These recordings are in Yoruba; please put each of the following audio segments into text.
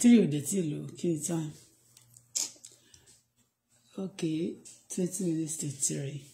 three ah, òde tí lò kí n time okay twenty minutes to three.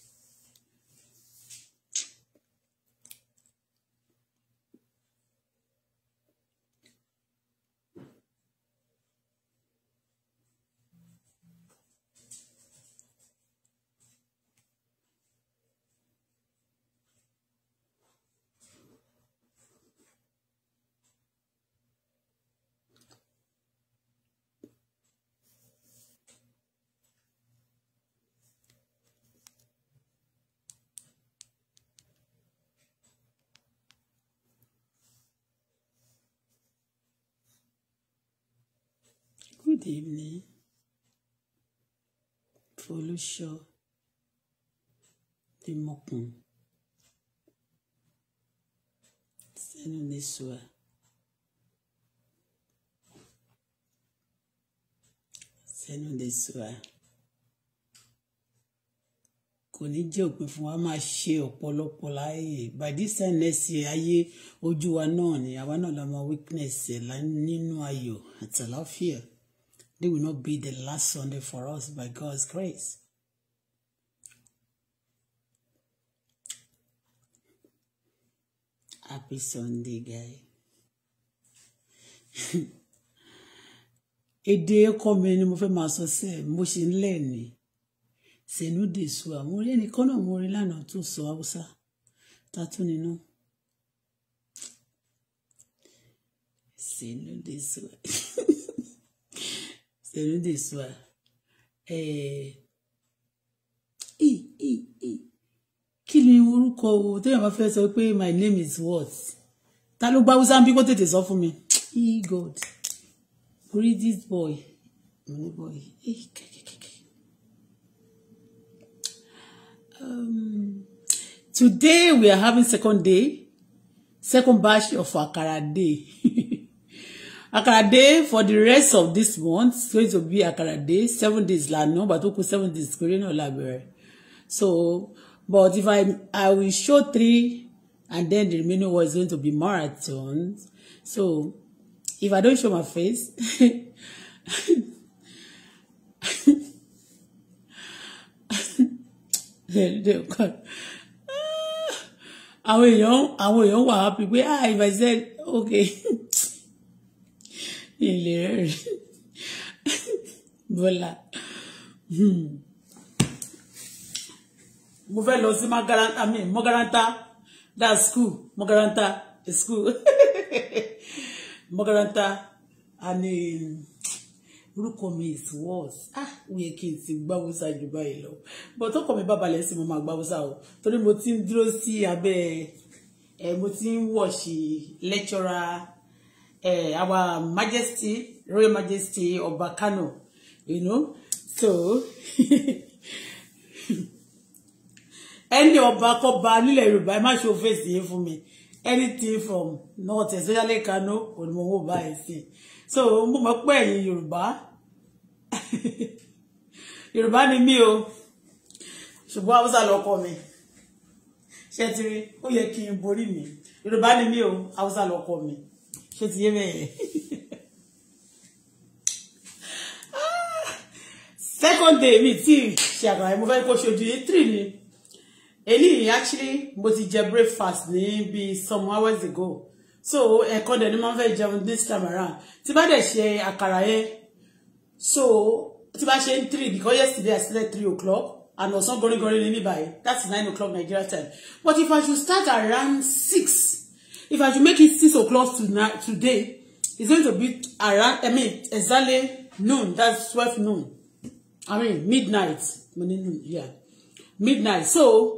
Good evening, Folusho Dimokun Senuniswa Senuniswa kò ní jẹ́ òpin fún wa máa ṣe ọ̀pọ̀lọpọ̀ láàyè by this time next year ayé ojú wa náà ni àwa náà la máa weakness ẹ̀ nínú ayọ̀ àtàláfíà. They will not be the last Sunday for us by God's grace. Happy Sunday, guy. Èdè ẹ̀kọ́ mi ni mo fẹ́ máa sọ sí ẹ̀ mo ṣe ń lẹ́ẹ̀ni. Sẹ̀nú dèṣù àwọn orí ẹnìkan náà mo rí lánàá tó sọ Haúsá ta nínú. Sẹ̀nú dèṣù. you know this one. Eh, e, e, e. Kí ni orúkọ o téèyàn bá fẹ́ sọ pé my name is what? Ta ló gba Hausa bí kò tètè sọ fún mi? E God, read this boy, money boy. Eh, kekekeke. Um, today we are having second day, second batch of Akara day. Akara day for the rest of this month is going to be Akara day. Seven days la no, but oku seven days kore no library. So, but if I I will show three, and then the remaining one is going to be marathons. So, if I don't show my face, àwọn èèyàn àwọn èèyàn wà happy pé ah if I said okay. ilé rẹ̀ Bọ́lá hmm. mo fẹ́ lọ sí magaranta mi magaranta that school magaranta school magaranta and orúkọ mi is worse ah ó yẹ kí n ti gbáwúsá jù báyìí lọ but ọkọ mi bá balẹ̀ sí mo máa gbáwúsá o torí mo ti ń dúró sí abẹ́ ẹ̀ mo ti ń wọ̀ lecturer uh, our Majesty, Royal Majesty of Bakano, you know. So, any ọba kọba nílẹ̀ Yorùbá ẹ my ṣe fèsì here for me. anything from north especially Kano onímọ̀wó bá ẹ̀ sí so mo mọ̀ pé ẹ̀yin Yorùbá Yorùbá ni mí o ṣùgbọ́n Haúsá lọkọ mi ṣé ti rí ó yẹ kí n borí mi Yorùbá ni mí o Haúsá lọkọ mi ṣé ti yé second day mi tí ṣe àgbàyẹ mo fẹ́ kó ṣojú yìí three ni eléyìí actually mo ti jẹ breakfast ní bíi some hours ago so ẹ̀kọ́ dẹ̀ ni mo fẹ́ jẹun this time around tí bá dẹ̀ ṣe àkàrà yẹn so tí bá ṣe three because yesterday I slept three o'clock and going going going by. that's nine o'clock Nigeria time but if I should start around six if I should make it six o'clock tonight today, it's going to be around I mean exactly noon. That's twelve noon. I mean midnight. Yeah, midnight. So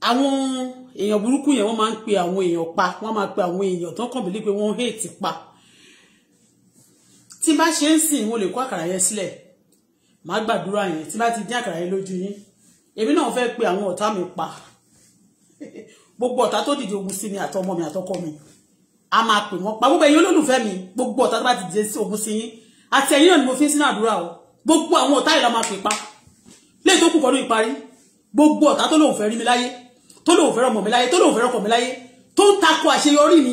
àwọn èèyàn burúkú yẹn wọ́n máa ń pe àwọn èèyàn pa wọ́n máa pe àwọn èèyàn tán kàn bílí pé wọ́n hate pa tí bá ṣe ń sìn mo lè kó àkàrà yẹn sílẹ̀ màá gbàdúrà yẹn tí bá ti dín àkàrà yẹn lójú yín èmi náà fẹ́ pe àwọn ọ̀tá mi pa gbogbo ọ̀tá tó dìde ogun sí mi àtọmọ mi àtọkọ mi a máa pè wọ́n pa gbogbo ẹ̀yin olólùfẹ́ mi gbogbo ọ̀tá tó bá ti dìde ogun sí yín àti ẹ̀yin náà ni mo fi ń sínú àdúrà o gbogbo àwọn ọ̀tá ìlà máa pè pa lè tó kù kọ́ lóyún parí gbogbo ọ̀tá tó lóun fẹ́ rí mi láyé tó lóun fẹ́ rọmọ mi láyé tó lóun fẹ́ rọkọ mi láyé tó ń takò àṣeyọrí mi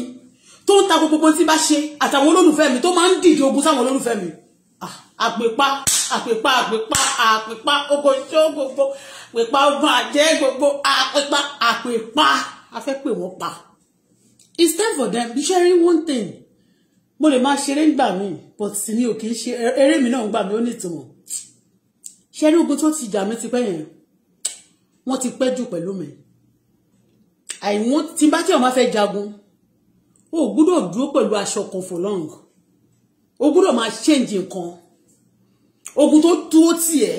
tó ń takò gbogbo tí bá ṣe àtàwọn olólùfẹ́ mi tó máa ń dìde ogun sáwọn olólùfẹ́ mi ah, àpèpá àpèpá àpèpá àpèpá ogoṣó gbogbo àpèpá ọgbọ́n àjẹ́ gbogbo àpèpá àpèpá a fẹ́ pè wọ́n pa it's for them bí ṣẹ́rí one thing mo lè máa ṣeré nígbà míì but mi ò kì í ṣe eré mi náà ń gbà mí ó ní ìtumọ̀ ṣẹ́rí ogun tó ti jà mí ti pẹ́ yẹn wọ́n ti pẹ́ jù pẹ̀lú mi àìwọ́n tí bá tí ọmọ fẹ́ jagun o gbúdọ̀ dúró pẹ̀lú aṣọ kan for long o gbúdọ̀ máa change nǹkan ogun tó dúró tiẹ̀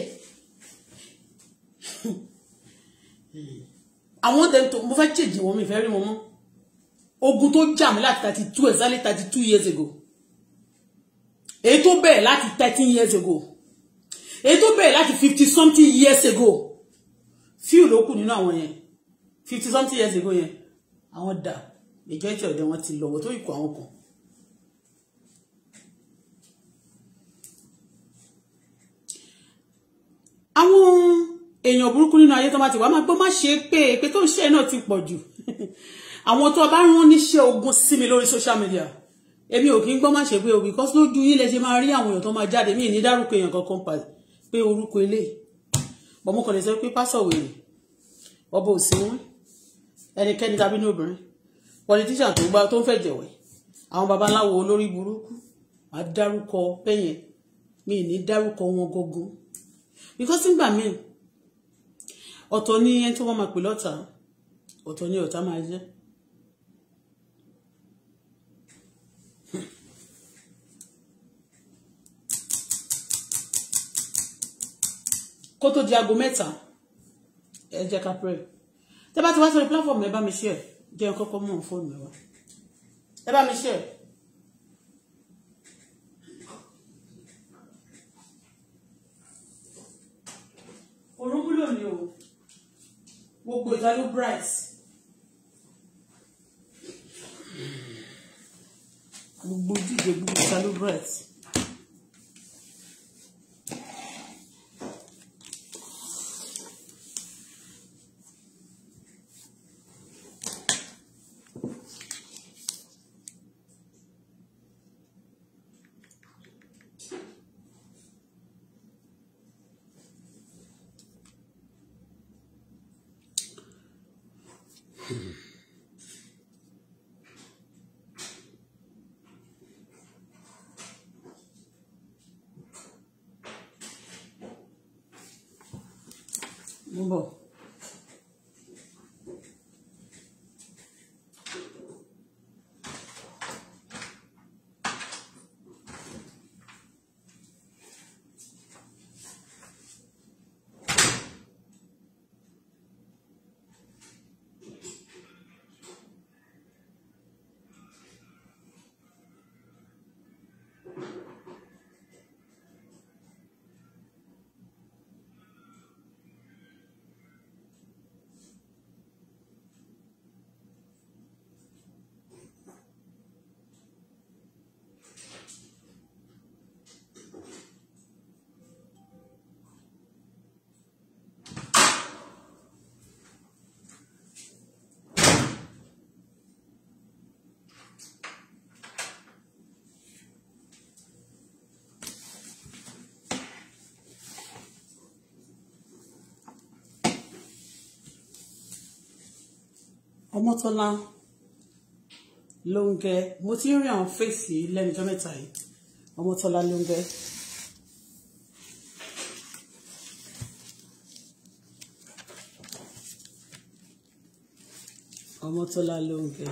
I want them to mo fẹ́ change wọn mi fẹ́ rí wọn mọ́ ogun tó jà mí láti thirty two exactly thirty two years ago èyí tó bẹ̀rẹ̀ láti thirteen years ago èyí tó bẹ̀rẹ̀ láti fifty something years ago few ló kù nínú àwọn yẹn fifty something years ago yẹn àwọn dà majority of them wọn ti lọ́wọ́ tó ikú àwọn kan àwọn èèyàn burúkú nínú ayé tó bá ti wá máa gbọ́ má ṣe pé èpè tó ń ṣe náà ti pọ̀ jù àwọn tó bá rán níṣẹ́ ogun sí mi lórí social media èmi ò kí ń gbọ́ má ṣe pé o because lójú yín lẹ ṣe máa rí àwọn èèyàn tó máa jáde mí ní dárúkọ èèyàn kankan pa pé orúkọ eléyìí bọ́n mo kàn lè sọ pé pásọ̀ wèrè ọba ò sí wọn ẹnikẹ́ni tàbí ní obìnrin politician tó gbá tó ń fẹ́ jẹ̀wẹ̀ àwọn babaláwo olórí burúkú máa dárúkọ bẹ́yẹn mi ní dárúkọ wọn gógó because nígbà míì ọ̀tọ̀ ní ẹni tí wọ́n máa pè lọ́tà ọ̀tọ̀ ní ọ̀tá máa jẹ́. kó tó di aago mẹ́ta ẹ jẹ́ ká pray tẹ́ bá ti wá sórí platform ẹ bá mi share jẹ́ kọ́kọ́ mú fóònù ẹ wá ẹ bá mi share. gbogbo ìta ló bright gbogbo jíjẹ gbogbo ìta ló bright. ọmọtọ́lá lóńgẹ mo ti ń rí àwọn fèsì lẹ́nujọ́ mẹ́ta yìí ọmọtọ́lá lóńgẹ. ọmọtọ́lá lóńgẹ.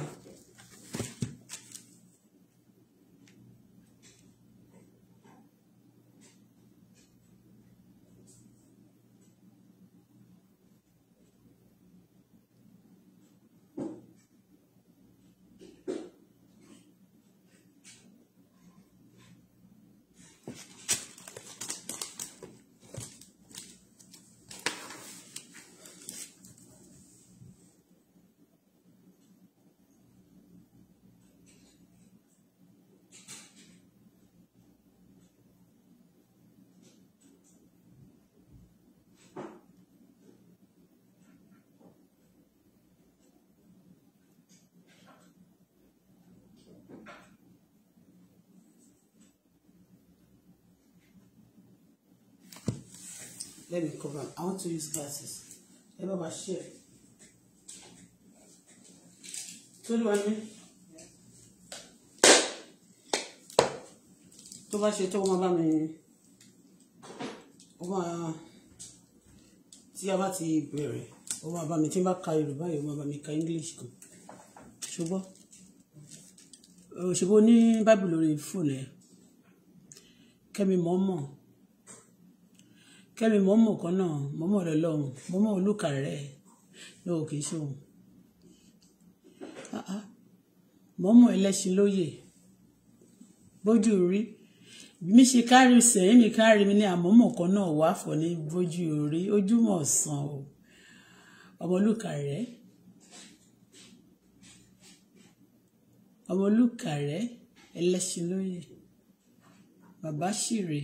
let me cover I want to use glasses ẹ bá wa ṣe ẹ tó lù wá ní tó bá ṣe tó wọn bá mi ó máa tí a bá ti bẹ̀rẹ̀ ó máa ba mi tí n ka Yorùbá yìí ó máa bá mi ka English kan ṣùgbọ́n òṣèbó ní báìbù lórí fóònù ẹ kẹ́mi mọ́ mọ́ kẹ́mi mọ́mọ́ kan náà mọ́mọ́ rẹ lọ́hùn mọ́mọ́ olùkà rẹ̀ ní òkè ṣòun ah, ah. mọ́mọ́ ẹlẹ́ṣin lóye bójú rí mi ṣe kárí sẹ́yìn mi kárí mi ní àmọ́mọ́ kan náà wà fọ́ ní bójú rí ojúmọ́ ọ̀sán o ọmọlúkà rẹ̀ ọmọlúkà rẹ̀ ẹlẹ́ṣin lóye bàbá ṣìrè.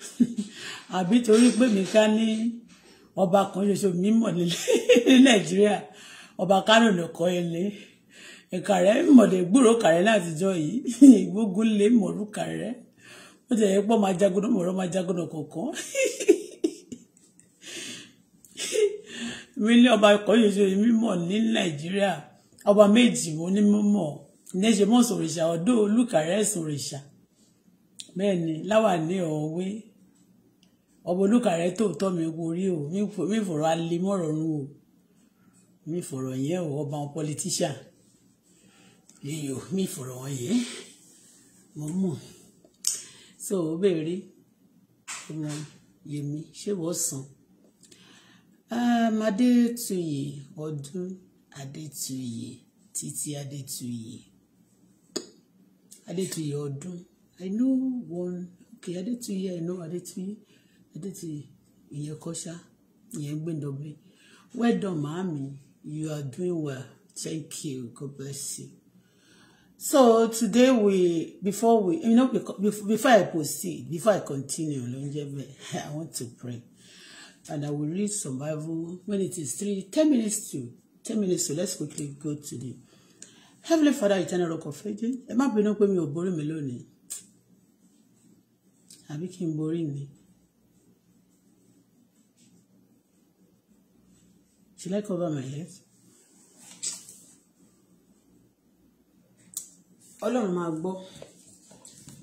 àbí torí pé mi ká ní ọba kan ṣoṣo mímọ̀ ní nàìjíríà ọba kánò lọkọ ilé ìkàrẹ mọdẹ gbúrò kàrẹ látijọ́ yìí ìgbógun lè mọrú kàrẹ ó ti yẹ pọ máa jágúnà mọrọ máa jágúnà kọ̀ọ̀kan mi ní ọba kan ṣoṣo mímọ̀ ní nàìjíríà ọba méjì mo ní mímọ̀ nẹṣẹ mọ sòrìṣà ọdọ olùkàrẹ sòrìṣà bẹ́ẹ̀ ni láwà ní ọwẹ ọmọ olúkà rẹ tòótọ́ mi gorí o mi fọ̀rọ̀ alemọ́rọ̀ nu o mi fọ̀rọ̀ yẹn o ọba politician yíyọ mi fọ̀rọ̀ wọn yẹn mo mọ̀ so ó béèrè ọmọ yèmí ṣé wọ́n sàn um, adétúyè ọdún adétúyè títí adétúyè adétúyè ọdún i know one okay adétúyè i know adétúyè. I did see ìyẹn kọ́ṣá ìyẹn gbẹ̀ndọ̀gbẹ̀ well done maami you are doing well thank you God bless you so today we before we you know before I proceed before I continue lonjebe I want to pray and I will read some Bible when it is three ten minutes to ten minutes to. let's quickly go to the heavenly father eternal rock of ages ẹ má bínú pé mi ò borí mi lónìí àbí kí n borí mi. Should I cover my head? Ọlọ́run máa gbọ́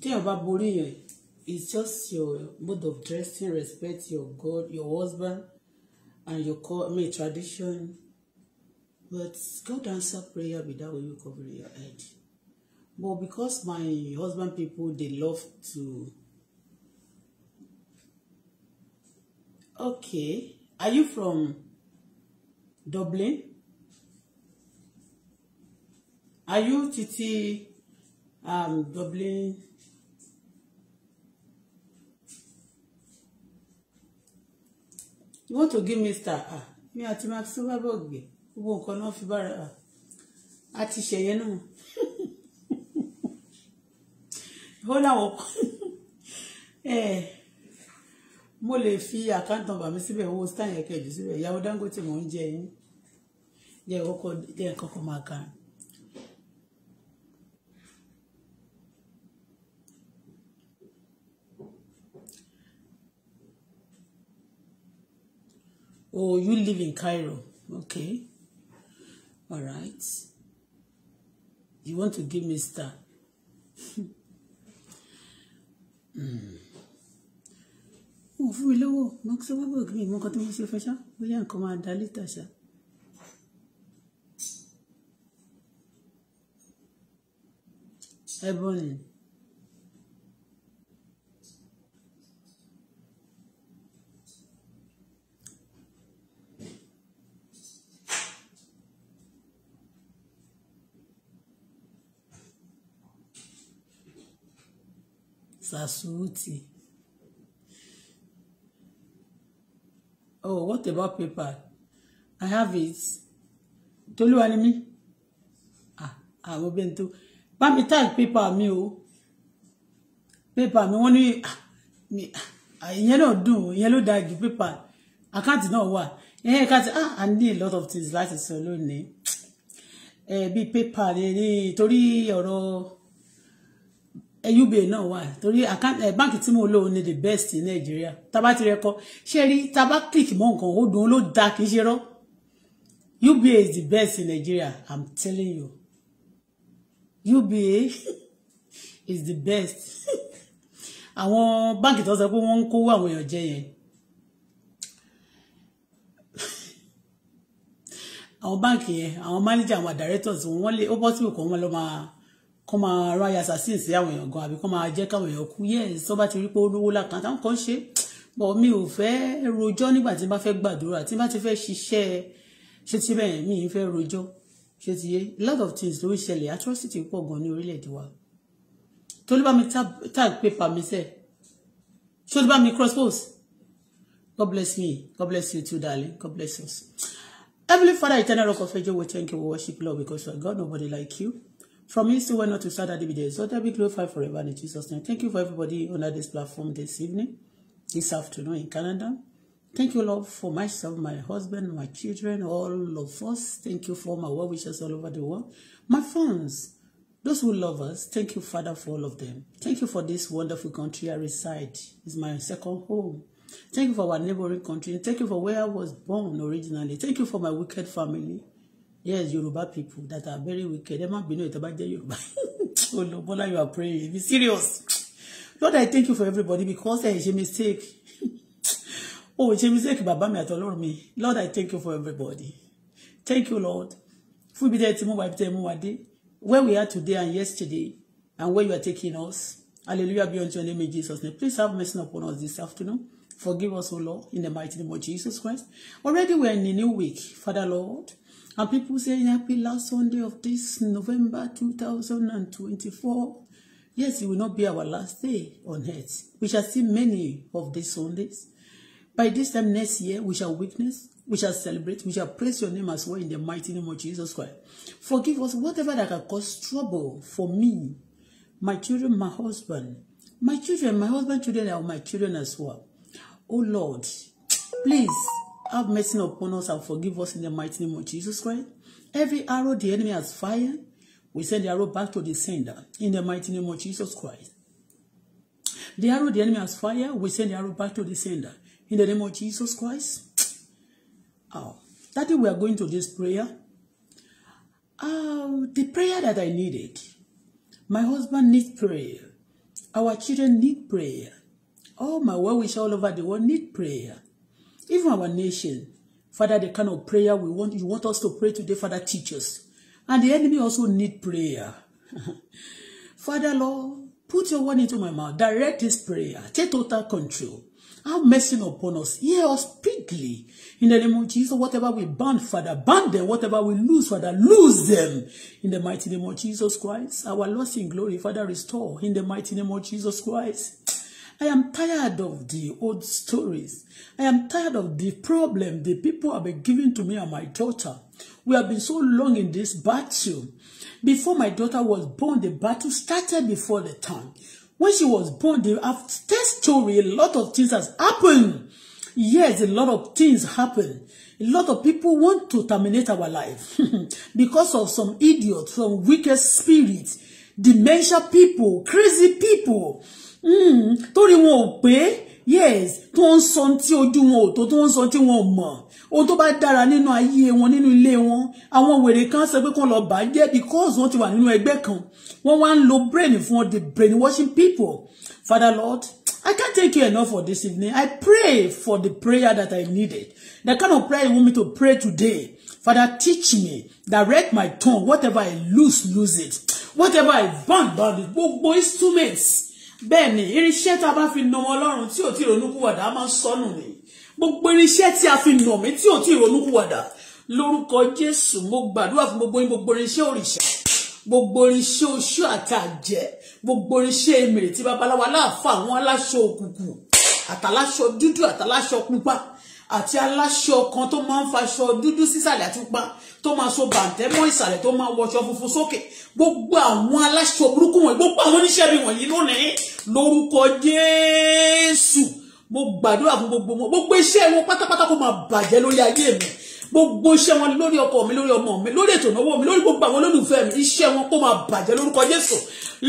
téèyàn bá borí yẹn it's just your mode of dressing respect your God your husband and your call I mean tradition but God answer prayer without you cover your head but because my husband people they love to okay are you from. Dublin are you Titi um, Dublin you want to give me star ah mi àti maxim bábọ̀ gbé won't come off your bára ah a ti ṣẹ̀yẹn náà ó láwọn eh, mo lè fi àkáǹtì nọ́mbà mi síbẹ̀ owó star yẹn kẹjù síbẹ̀ ìyàwó Dangote mò ń jẹ jẹ́ kọ́kọ́ jẹ́ kọ́kọ́ máa kà. Oh, you live in Cairo. Okay. All right. You want to give me star. Mo hmm. fún mi lówó, mo sọ wá bọ̀ kí ni mo kàn tí mo ṣe fẹ́ ṣá, bóyá nǹkan Ebony. Sasuti. Oh, what about paper? I have it. Tell you what, Toluwanimi. Ah, ah, Obento bá mi tag pépà mi o pépà mi wọ́n ní ah, ah, ìyẹn náà dùn ìyẹn ló dáa ju pépà àkáǹtì náà wà ìyẹn àkáǹtì ah i need a lot of things láti sọ lónìí bíi pépà rere torí ọ̀rọ̀ uba náà wà torí báńkì tí mo lò ní the best in Nigeria taba ti rẹkọ ṣé rí taba click mọ nǹkan ó dùn ó ló dáa kì í ṣe rọ uba is the best in Nigeria i'm telling you UBA is the best àwọn báǹkì tó sọ pé wọ́n ń kówó àwọn èèyàn jẹ yẹn àwọn báǹkì yẹn àwọn mánéjà àwọn directors wọ́n lè ó bọ́ sí òkò wọn lọ́ máa kọ́ máa ráyà sàṣìn sí àwọn èèyàn gan àbí kọ́ máa jẹ́ káwọn èèyàn kú yẹ́ sọ bá ti rí pé olówó làkàn táwọn kan ṣe bọ̀ mi ò fẹ́ rojọ́ nígbà tí bá fẹ́ gbàdúrà tí bá ti fẹ́ ṣiṣẹ́ ṣe ti bẹ́ẹ̀ mi ì fẹ́ rojọ́ ṣe ti a lot of things ló ń ṣẹlẹ̀ atrocity pọ̀ gan ní orílẹ̀-èdè wa tó ló bá mi tag paper mi sẹ́ẹ̀ ṣó ló bá mi cross post God bless me God bless you too darling God bless us. Heavenly Father, eternal rock of ages, we thank you, we worship Lord, because you are God, nobody like you. From east to west, not to south, that be there. So that be glorified forever in Jesus' name. Thank you for everybody under this platform this evening, this afternoon in Canada. Thank you, Lord, for myself, my husband, my children, all of us. Thank you for my well wishes all over the world. My friends, those who love us, thank you, Father, for all of them. Thank you for this wonderful country I reside. It's my second home. Thank you for our neighboring country. Thank you for where I was born originally. Thank you for my wicked family. Yes, Yoruba people that are very wicked. They might be no Itabaje Yoruba. Oh, no, Bola, you are praying. Be serious. Lord, I thank you for everybody because there is a mistake. Oh, ò ṣe mistake bàbá mi àti ọlọ́run mi lord i thank you for everybody thank you lord fún ibi tẹ́ ti mú wa ibi where we are today and yesterday and where you are taking us hallelujah be unto your name in jesus name please have mercy upon us this afternoon forgive us o lord in the mighty name of jesus christ already we are in a new week father lord and people say happy last sunday of this november two thousand and twenty-four yes it will not be our last day on earth we shall see many of these sundays By this time next year, we shall witness, we shall celebrate, we shall praise your name as well in the mighty name of Jesus Christ. Forgive us whatever that can cause trouble for me, my children, my husband, my children, my husband, children, and my children as well. Oh Lord, please have mercy upon us and forgive us in the mighty name of Jesus Christ. Every arrow the enemy has fired, we send the arrow back to the sender in the mighty name of Jesus Christ. The arrow the enemy has fired, we send the arrow back to the sender in the name of Jesus Christ. Oh, Daddy, we are going to this prayer. Oh, the prayer that I needed. My husband needs prayer. Our children need prayer. All my well-wishers all over the world need prayer. Even our nation. Father, the kind of prayer we want, you want us to pray today, Father, teach us. And the enemy also need prayer. Father, Lord, put your word into my mouth. Direct this prayer. Take total control. have mercy upon us. Hear us quickly. In the name of Jesus, whatever we burn, Father, burn them. Whatever we lose, Father, lose them. In the mighty name of Jesus Christ, our loss in glory, Father, restore. In the mighty name of Jesus Christ. I am tired of the old stories. I am tired of the problem the people have been giving to me and my daughter. We have been so long in this battle. Before my daughter was born, the battle started before the time. When she was born, they have test story. A lot of things has happened. Yes, a lot of things happen. A lot of people want to terminate our life because of some idiots, some wicked spirits, dementia people, crazy people. Mm, torí wọn ò pé yes tó ń sọ tí ojú wọn ò tó tó ń sọ tí wọn ò mọ̀ ohun tó bá dára nínú ayé wọn nínú ilé wọn àwọn wèrè kan sọ pé kán lọ bà á because wọ́n ti wà nínú ẹgbẹ́ kan wọ́n wá ń lo brain fún wọn the brainwashing people Father Lord I can't thank you enough for this evening I pray for the prayer that I needed the kind of prayer you want me to pray today Father teach me direct my tongue whatever I lose lose it whatever I burn burn it gbogbo instruments bẹ́ẹ̀ ni irinṣẹ́ tá a bá fi nà ọmọ ọlọ́run tí ò tí ìrònúkúwàdà a máa ń sọnù ni gbogbo irinṣẹ́ tí a fi nà mí tí ò tí ìrònúkúwàdà lórúkọ jésù mo gbàdúrà fún gbogbo yín gbogbo irinṣẹ́ òrìṣà gbogbo irinṣẹ́ oṣù àti àjẹ́ gbogbo irinṣẹ́ èmèrè tí babaláwa láàfà àwọn aláṣọ òkùnkùn àtàláṣọ dúdú àtàláṣọ pupa àti aláṣọ kan tó máa ń faṣọ dúdú sísàlẹ̀ àti pupa tó máa so bàǹtẹ́ mọ́ ìsàlẹ̀ tó máa wọṣọ funfun sókè gbogbo àwọn aláṣọ burúkú wọ̀nyí gbogbo àwọn oníṣẹ́ mi wọ̀nyí lónìí lórúkọ Jésù mo gbàdúrà fún gbogbo wọn gbogbo iṣẹ́ wọn pátápátá kó máa bàjẹ́ lórí ayé mi gbogbo iṣẹ́ wọn lórí ọkọ mi lórí ọmọ mi lórí ètò ìnáwó mi lórí gbogbo àwọn olólùfẹ́ mi iṣẹ́ wọn kó máa bàjẹ́ lórúkọ Jésù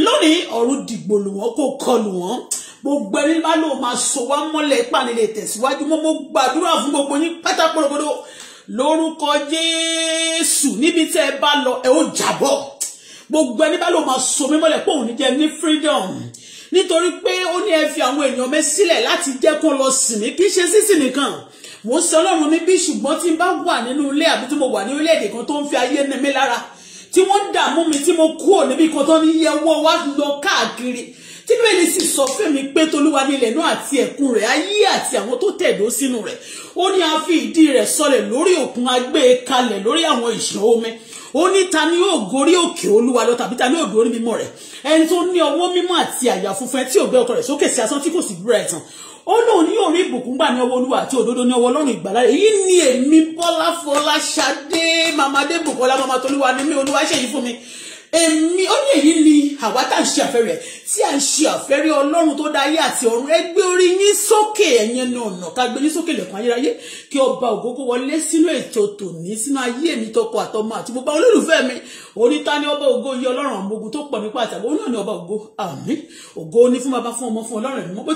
lónìí ọ̀run dìgbò lù wọ́n kó kọlù wọ́n gbogbo ẹni bá lò máa so wá mọ́lẹ̀ ìpànìlẹ̀ tẹ̀síwájú mo mo gbàdúrà fún gbogbo yín pátá pòròpòrò lórúkọ Jésù níbi tẹ́ ẹ bá lọ ẹ ó jàbọ̀ gbogbo ẹni bá lò máa so mí mọ́lẹ̀ pé òun ní jẹ́ ní freedom nítorí pé ó ní ẹ fi àwọn èèyàn mi sílẹ̀ láti jẹ́ kó lọ sìn mí kì í ṣe sísìn nìkan mo ń sọ ọlọ́run mi bí ṣùgbọ́n tí n bá wà nínú ilé àbí tí mo wà ní orílẹ̀ kan tó ń fi ayé ní mi lára tí wọ́n dààmú mi tí mo kúrò níbi kan tó ní yẹwọ́ wá lọ káàkiri tí bẹ́ẹ̀ni sì sọ fẹ́mi pé tolúwa nílẹ̀ náà àti ẹ̀kún rẹ̀ ayé àti àwọn tó tẹ̀dó sínú rẹ̀ ó ní a fi ìdí rẹ̀ sọlẹ̀ lórí òkun agbé e kalẹ̀ lórí àwọn ìṣàn omi ó ní ta ni yóò gorí òkè olúwa lọ tàbí ta ni yóò gorí mímọ́ rẹ̀ ẹni tó ní ọwọ́ mímọ́ àti àyà funfun tí ò gbé ọkọ rẹ̀ sókè sí asán tí kò sì búra ẹ̀tàn ó lóun ní òun rí ìbùkún gbà ní ọwọ́ olúwa àti òdodo ní ọwọ́ ọlọ́run ìgbàlá rẹ̀ èyí ni èmi bọ́lá fọlá ṣadé mamadé bùkọ́lá mamatolúwa ni mí olúwa ṣèyí fún mi èmi ó ní èyí ni àwa tá à ń ṣe àfẹ́rẹ́ tí à ń ṣe àfẹ́rẹ́ ọlọ́run tó dá ayé àti ọ̀run ẹ gbé orí yín sókè ẹ̀yẹn náà nà ká gbé yín sókè lẹ̀kùn ayérayé kí ọba ògógó wọlé sínú ètò tòní sínú ayé mi tọkọ àtọmọ àti gbogbo àwọn olólùfẹ́ mi oníta ní ọba ògo yìí ọlọ́run àwọn ogun tó pọ̀ nípa àtàgbọ́ náà ní ọba ògo àmín ògo ní fún bàbá fún ọmọ fún ọlọ́run ẹ̀mí bó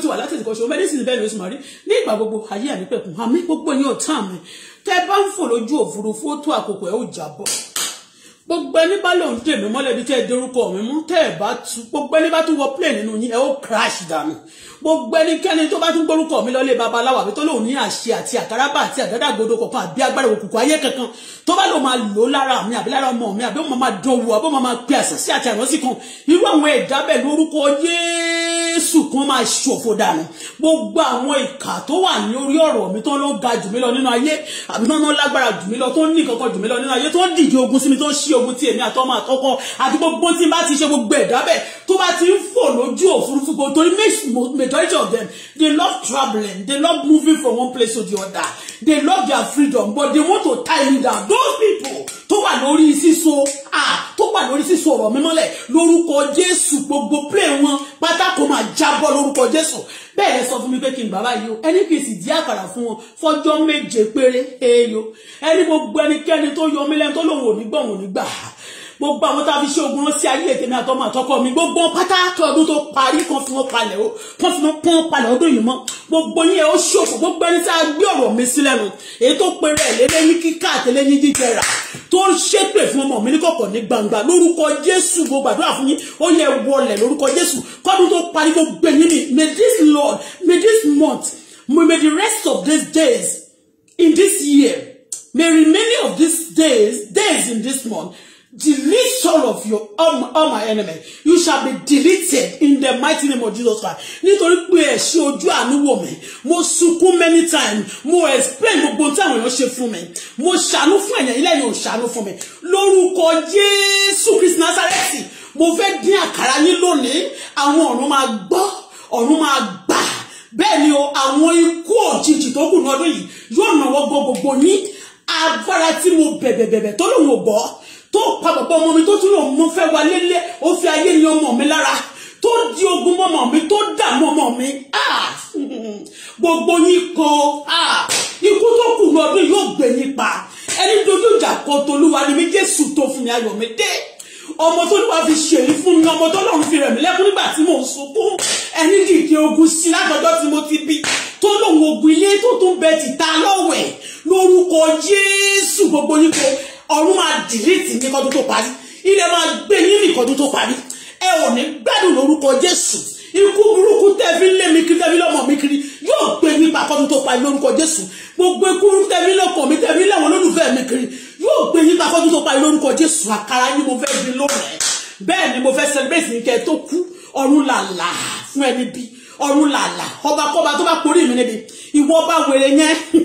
ti bá ń fò lójú òfurufú ó tó àkókò ẹ̀ ó jà bọ̀ gbogbo ẹni bá lòun dè mí mọ́lẹ̀ bí tẹ́ ẹ dorúkọ mi mú tẹ́ ẹ bá tu gbogbo ẹni bá tún wọ plane nínú yín ẹ ó crash dànù gbogbo ẹnikẹ́ni tó bá tún gbórúkọ mi lọ́lé babaláwo àbí tó lóun ní àṣẹ àti àkàràbà àti àdádàgbodò kọ̀ọ̀kan àbí agbára òkùnkùn ayé kankan tó bá lò máa lò lára mi àbí lára ọmọ mi àbí ó máa dán wò àbí ó máa pe àṣàṣì àti àránsì kan irú àwọn ẹ̀dá bẹ́ẹ̀ lórúkọ Jésù kan máa ṣòfò dànù gbogbo àwọn ìkà tó wà ní orí ọ̀rọ̀ mi tó ń lọ ga jù mí lọ nínú ayé àbí tó ń lágbára jù mí lọ tó ń ní nǹkan jù mí lọ nínú ayé tó ń dìde ogun sí mi tó ń ṣí ogun tí èmi àtọmọ àtọkọ àti gbogbo tí n bá ti ṣe gbogbo ẹ̀dá bẹ́ẹ̀ tó bá ti ń fò lójú òfurufú gbogbo torí mẹ́sì majority of them, they love traveling. They love moving from one place to the other. They love their freedom, but they want to tie me down. Those people, tó wà lórí sísọ, ah, tó wà lórí sísọ ọ̀rọ̀ mímọ́lẹ̀, lórúkọ Jésù, gbogbo play wọn, pátá kó máa jábọ́ lórúkọ Jésù. Bẹ́ẹ̀ sọ fún mi pé kí n bàbá yìí o, ẹni kì í sì di àkàrà fún wọn fọjọ́ méje péré, èèyàn. Ẹni gbogbo ẹnikẹ́ni tó yọ mí lẹ́nu tó lòun ò ní gbọ̀n ò ní gbà á gbogbo àwọn tá a fi ṣe ogun ránṣẹ́ ayé ètè mi àtọmọ mi gbogbo pátá kí tó parí kan fi wọn palẹ̀ o kan fi wọn pọ́n palẹ̀ ọdún yìí mọ́ gbogbo yẹn ó ṣòfò gbogbo ẹni tá a gbé ọ̀rọ̀ mi sílẹ̀ nù èyí tó pèrè lélẹ́yìn kíkà àtẹlẹ́yìn jíjẹ rà tó ń ṣépè fún ọmọ mi ní kọ̀kọ̀ ní gbangba lórúkọ Jésù gbogbo àdúrà fún yín ó yẹ wọlẹ̀ lórúkọ Jésù kọ́dún tó parí gbogbo ẹ̀yìn ni may this Lord may this month may the rest of these days in this year may remaining of these days days in this month Delete all of your all, all my enemy. You shall be deleted in the mighty name of Jesus Christ. Nítorí pé ẹ̀ṣẹ̀ ojú àánú wò mí, mo sunkún many times, mo explain gbogbo tí àwọn èèyàn ṣe fún mi, mo ṣàánú fún ẹ̀yàn ilé yóò ṣàánú fún mi. Lórúkọ Jésù Kristi Násárẹ́tì, mo fẹ́ dín àkàrà yín lónìí, àwọn ọ̀run máa gbọ́, ọ̀run máa gbà. Bẹ́ẹ̀ ni o, àwọn ikú òjijì tó kù ní ọdún yìí yóò nàwọ́ gbogbo yín. Agbára tí mo bẹ̀bẹ̀bẹ̀bẹ̀ tó lóun ò gbọ́ tó pa bàbá ọmọ mi tó tún lòun mo fẹ́ wálé lé ó fi ayé ní ọmọ mi lára tó di ogun mọ́mọ́ mi tó dààmú ọmọ mi ah! gbogbo yín kọ ah! ikú tó kù lọ́dún yóò gbé yín pa ẹni dojú ìjà kọ tolúwa ni mi jésù tó fún mi ayọ̀ mi dé ọmọ tó lùwà fi ṣèlú fún mi ọmọ tó lọ́run fi rẹ̀ mí lẹ́kún nígbà tí mò ń sunkún ẹni dìde ogun sí látọjọ́ tí mo ti bí tó lòun ogun ilé tó tún bẹ tìta lọ́wẹ̀ lórúkọ jésù gbogbo yín kọ ọ̀run máa dìlítì ní kọ́dún tó parí ilẹ̀ máa gbé yín ní kọ́dún tó parí ẹ ò ní gbádùn lórúkọ Jésù ikú burúkú tẹ́fí lé mi kiri tẹ́fí lọ́mọ mi kiri yóò gbé pa kọ́dún tó parí lórúkọ Jésù gbogbo ikú burúkú tẹ́fí lọ́kọ mi tẹ́fí lẹ́wọ̀n olólùfẹ́ mi kiri yóò gbé nípa kọ́dún tó parí lórúkọ Jésù àkàrà yín mo fẹ́ di lónìí bẹ́ẹ̀ ni mo fẹ́ celebrate ní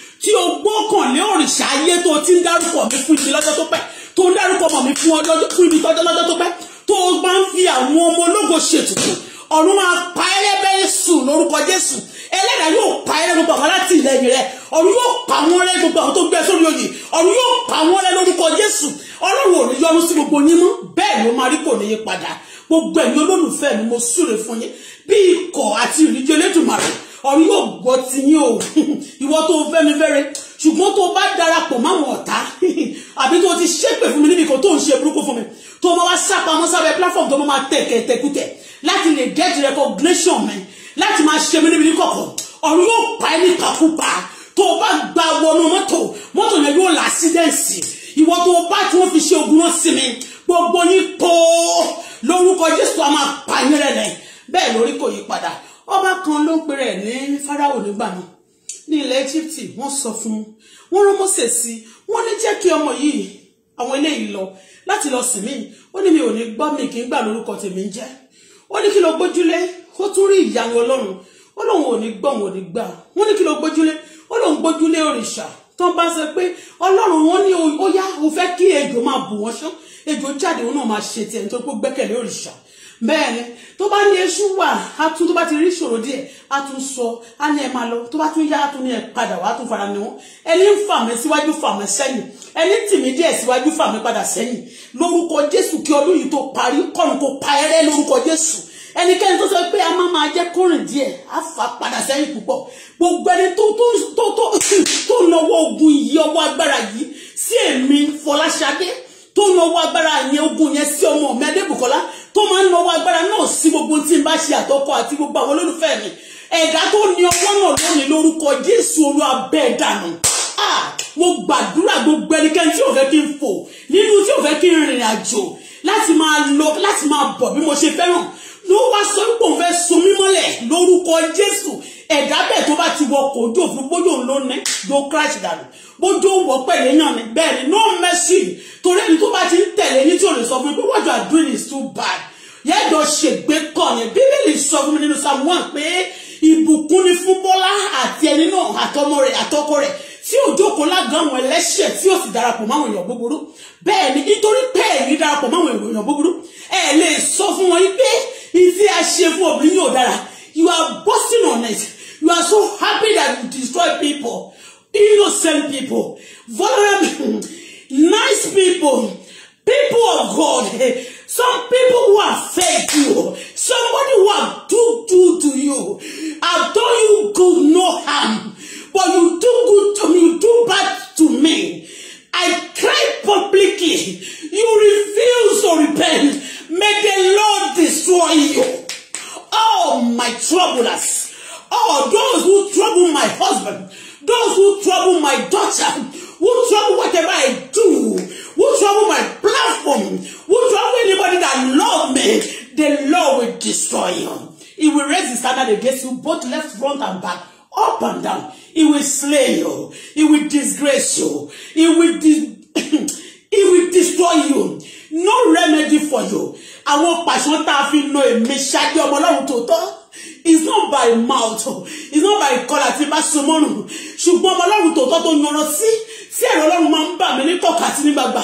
tí o gbọ́kànlé òrìṣà ayé tó ti ń dárúkọ mi fún ibi lọ́jọ́ tó pẹ́ tó ń dárúkọ mọ̀ mi fún ibi tọ́jọ́ lọ́jọ́ tó pẹ́ tó o bá ń fi àwọn ọmọ ológo ṣètùtù ọ̀run máa pa ẹlẹ́bẹ̀rẹ̀ sùn lórúkọ Jésù ẹlẹ́dàá yóò pa ẹlẹ́ gbogbo àwọn láti ìlẹ́yìn rẹ ọ̀run yóò pa wọ́n rẹ́ gbogbo àwọn tó gbé sórí oyè ọ̀run yóò pa wọ́n rẹ́ lórúkọ Jésù Ọlọ́run ò ní yọrù sí gbogbo yín mọ́ bẹ́ẹ̀ ló máa rí kò ní yí padà gbogbo ẹ̀yin olólùfẹ́ mi mo súre fún yín bí ikọ̀ àti ìrìnjẹ́ Elédùmarè ọ̀run yóò gbọ́ ti yín o ìwọ tó fẹ́ mi fẹ́re ṣùgbọ́n tó bá darapọ̀ máwọn ọ̀tá àbí tó ti ṣépè fún mi níbi kan tó ń ṣe burúkú fún mi tó máa wá sápamọ́ sábẹ́ platform tó máa tẹ̀kẹ̀ tẹ̀kútẹ̀ láti lè get recognition mi láti máa ṣe mí níbi ní kọ̀kọ̀ ọ̀run yóò pa ẹ́ ní kàkúpa tó bá gba wọnú mọ́tò mọ́tò yẹn yóò là sídẹ̀ǹsì ìwọ tó bá tí wọ́n fi ṣe ogun náà sí mi gbogbo yín kó lórúkọ Jésù a máa pa yín rẹ̀ lẹ̀ bẹ́ẹ̀ lórí kò yí padà ọba kan ló ń pè rẹ̀ ní Fáráò nígbà náà ní ilẹ̀ Egypt wọ́n sọ fún un wọ́n rán Mósè sí wọ́n ní jẹ́ kí ọmọ yìí àwọn eléyìí lọ láti lọ sìn mí ó ní mi ò ní gbọ́ mi kì í gbà lórúkọ tèmi ń jẹ́ ó ní kí ló gbójúlé ó tún rí ìyanu Ọlọ́run ó lóun ò ní gbọ́ òun ò ní gbà wọ́n ní kí ló gbójúlé ó lóun gbójúlé òrìṣà tó bá sọ pé Ọlọ́run wọn ní ó yá ó fẹ́ kí ejò máa bù wọ́n ṣán ejò jáde òun náà máa ṣe tiẹ̀ nítorí pé ó gbẹ́kẹ̀lé òrìṣà bẹ́ẹ̀ ni tó bá ní eṣú wà á tún tó bá ti rí ìṣòro díẹ̀ á tún sọ á ní ẹ máa lọ tó bá tún yá á tún ní ẹ padà wá á tún fara ní wọn ẹni ń fà mí síwájú fà mí sẹ́yìn ẹni tì mí díẹ̀ síwájú fà mí padà sẹ́yìn lórúkọ Jésù kí ọdún yìí tó parí kọ́run kó pa ẹrẹ́ lórúkọ Jésù ẹnikẹ́ni tó sọ pé a máa máa jẹ́ kórìn díẹ̀ á fà padà sẹ́yìn púpọ̀ gbogbo ẹni tó tó tó tó ogun yìí ọwọ́ agbára yìí sí èmi Fọláṣadé tó náwó agbára yẹn ogun yẹn sí ọmọ mi Adébùkọ́lá tó máa ń lọ́wọ́ agbára náà sí gbogbo tí n bá ṣe àtọkọ àti gbogbo àwọn olólùfẹ́ mi ẹ̀dá tó ní ọwọ́ náà lónìí lórúkọ Jésù Olúwa bẹ́ ẹ̀ dànù mo gbàdúrà gbogbo ẹnikẹ́ni tí ò fẹ́ kí n fò nínú tí ò fẹ́ kí n rìnrìn àjò láti máa lọ láti máa bọ̀ bí mo ṣe fẹ́ràn ló wá sọ pé òun fẹ́ so mí mọ́lẹ̀ lórúkọ Jésù ẹ̀dá bẹ́ẹ̀ tó bá ti wọ kò ojú òfin bójú òun ló ní ló crash dànù bójú òun wọ pẹ̀lẹ́ náà ni bẹ́ẹ̀ ni no mercy torí ẹni tó bá ti ń tẹ̀lé ní tí ò lè sọ fún mi pé what you are doing is too bad yẹ́jọ ṣègbè kọ̀ yẹn bíbélì sọ fún mi nínú psalm one pé ìbùkún ni fún bọ́lá àti ẹni náà àtọmọ rẹ̀ àtọkọ rẹ̀ tí ò jókòó lágàn àwọn ẹlẹ́ṣẹ̀ tí ò sì darapọ̀ máwọn èèyàn búburú bẹ́ẹ̀ ni nítorí pé èyí darapọ̀ máwọn èèyàn búburú ẹ lè sọ fún wọn pé ìfi àṣe fún obìnrin yóò dára you are boasting on it you are so happy that you destroy people innocent people vulnerable nice people People of God, some people who have failed you, somebody who have do do to you, have done you good no harm, but you do good to me, you do bad to me. I cry publicly. You refuse to repent. May the Lord destroy you. Oh, my troublers, Oh, those who trouble my husband, those who trouble my daughter, who trouble whatever I me, the law will destroy you. He will raise his standard against you, both left, front, and back, up and down. He will slay you. He will disgrace you. He will, he will destroy you. No remedy for you. I pàṣán tá a fi na èmi ṣáájú ọmọ ọlọ́run tòótọ́. It's not by mouth. It's not by call àti bá sọmọ́nù. Ṣùgbọ́n ọmọ ọlọ́run tòótọ́ tó yanran sí. Tí ẹ̀rọ ọlọ́run máa ń bà mí ní kọ̀kọ̀ àti ní gbàgbà.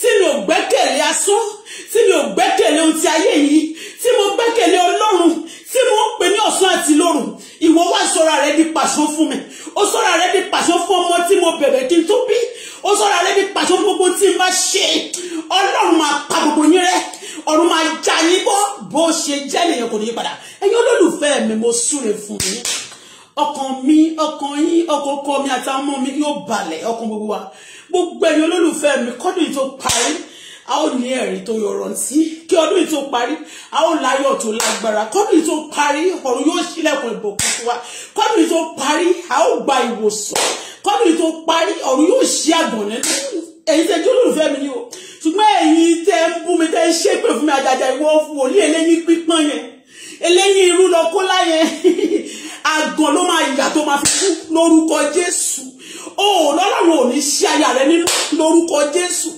Tí mi ò gbẹ́kẹ̀lé asán tí mi ò gbẹ́kẹ̀lé ohun ti ayé yìí tí mo gbẹ́kẹ̀lé ọlọ́run tí mo ń pè ní ọ̀sán àti lóru ìwọ wá sọra rẹ di pàṣán fún mi ó sọra rẹ di pàṣán fún ọmọ tí mo bẹ̀rẹ̀ kí n tó bí ó sọra rẹ di pàṣán fún gbogbo tí n bá ṣe ọlọ́run máa pa gbogbo yín rẹ ọ̀run máa já yín bọ́ bó ṣe jẹ́ nìyẹn kò ní padà ẹ̀yin olólùfẹ́ mi mo súre fún yín ọkàn mi ọkàn yín ọkàn ọkọ mi àtàwọn ọmọ mi yóò balẹ̀ ọkàn gbogbo wa gbogbo ẹ̀yin olólùfẹ́ mi kọ́dún yìí tó parí a ó ní ẹ̀rí tó yọrantí kí ọdún yìí tó parí a ó láyọ̀ tó lágbára kọ́dún yìí tó parí ọ̀run yóò ṣílẹ̀kùn ìbòkun fún wa kọ́dún yìí tó parí a ó gba ìwòsàn kọ́dún yìí tó parí ọ̀run yóò ṣí àgbọ̀nẹ́ ẹ̀yin tẹ́ jólólùfẹ́ mi ni o ṣùgbọ́n ẹ̀yin tẹ́ ń bú mi tẹ́ ń ṣépè fún mi àjàjà ìwọ wòlíì eléyìí pípọ́n yẹn eléyìí irú lọ kó láyẹn àgàn ló máa yà tó máa fi kú lórúkọ Jésù o lọ́lọ́run ò ní ṣe aya rẹ nínú lórúkọ Jésù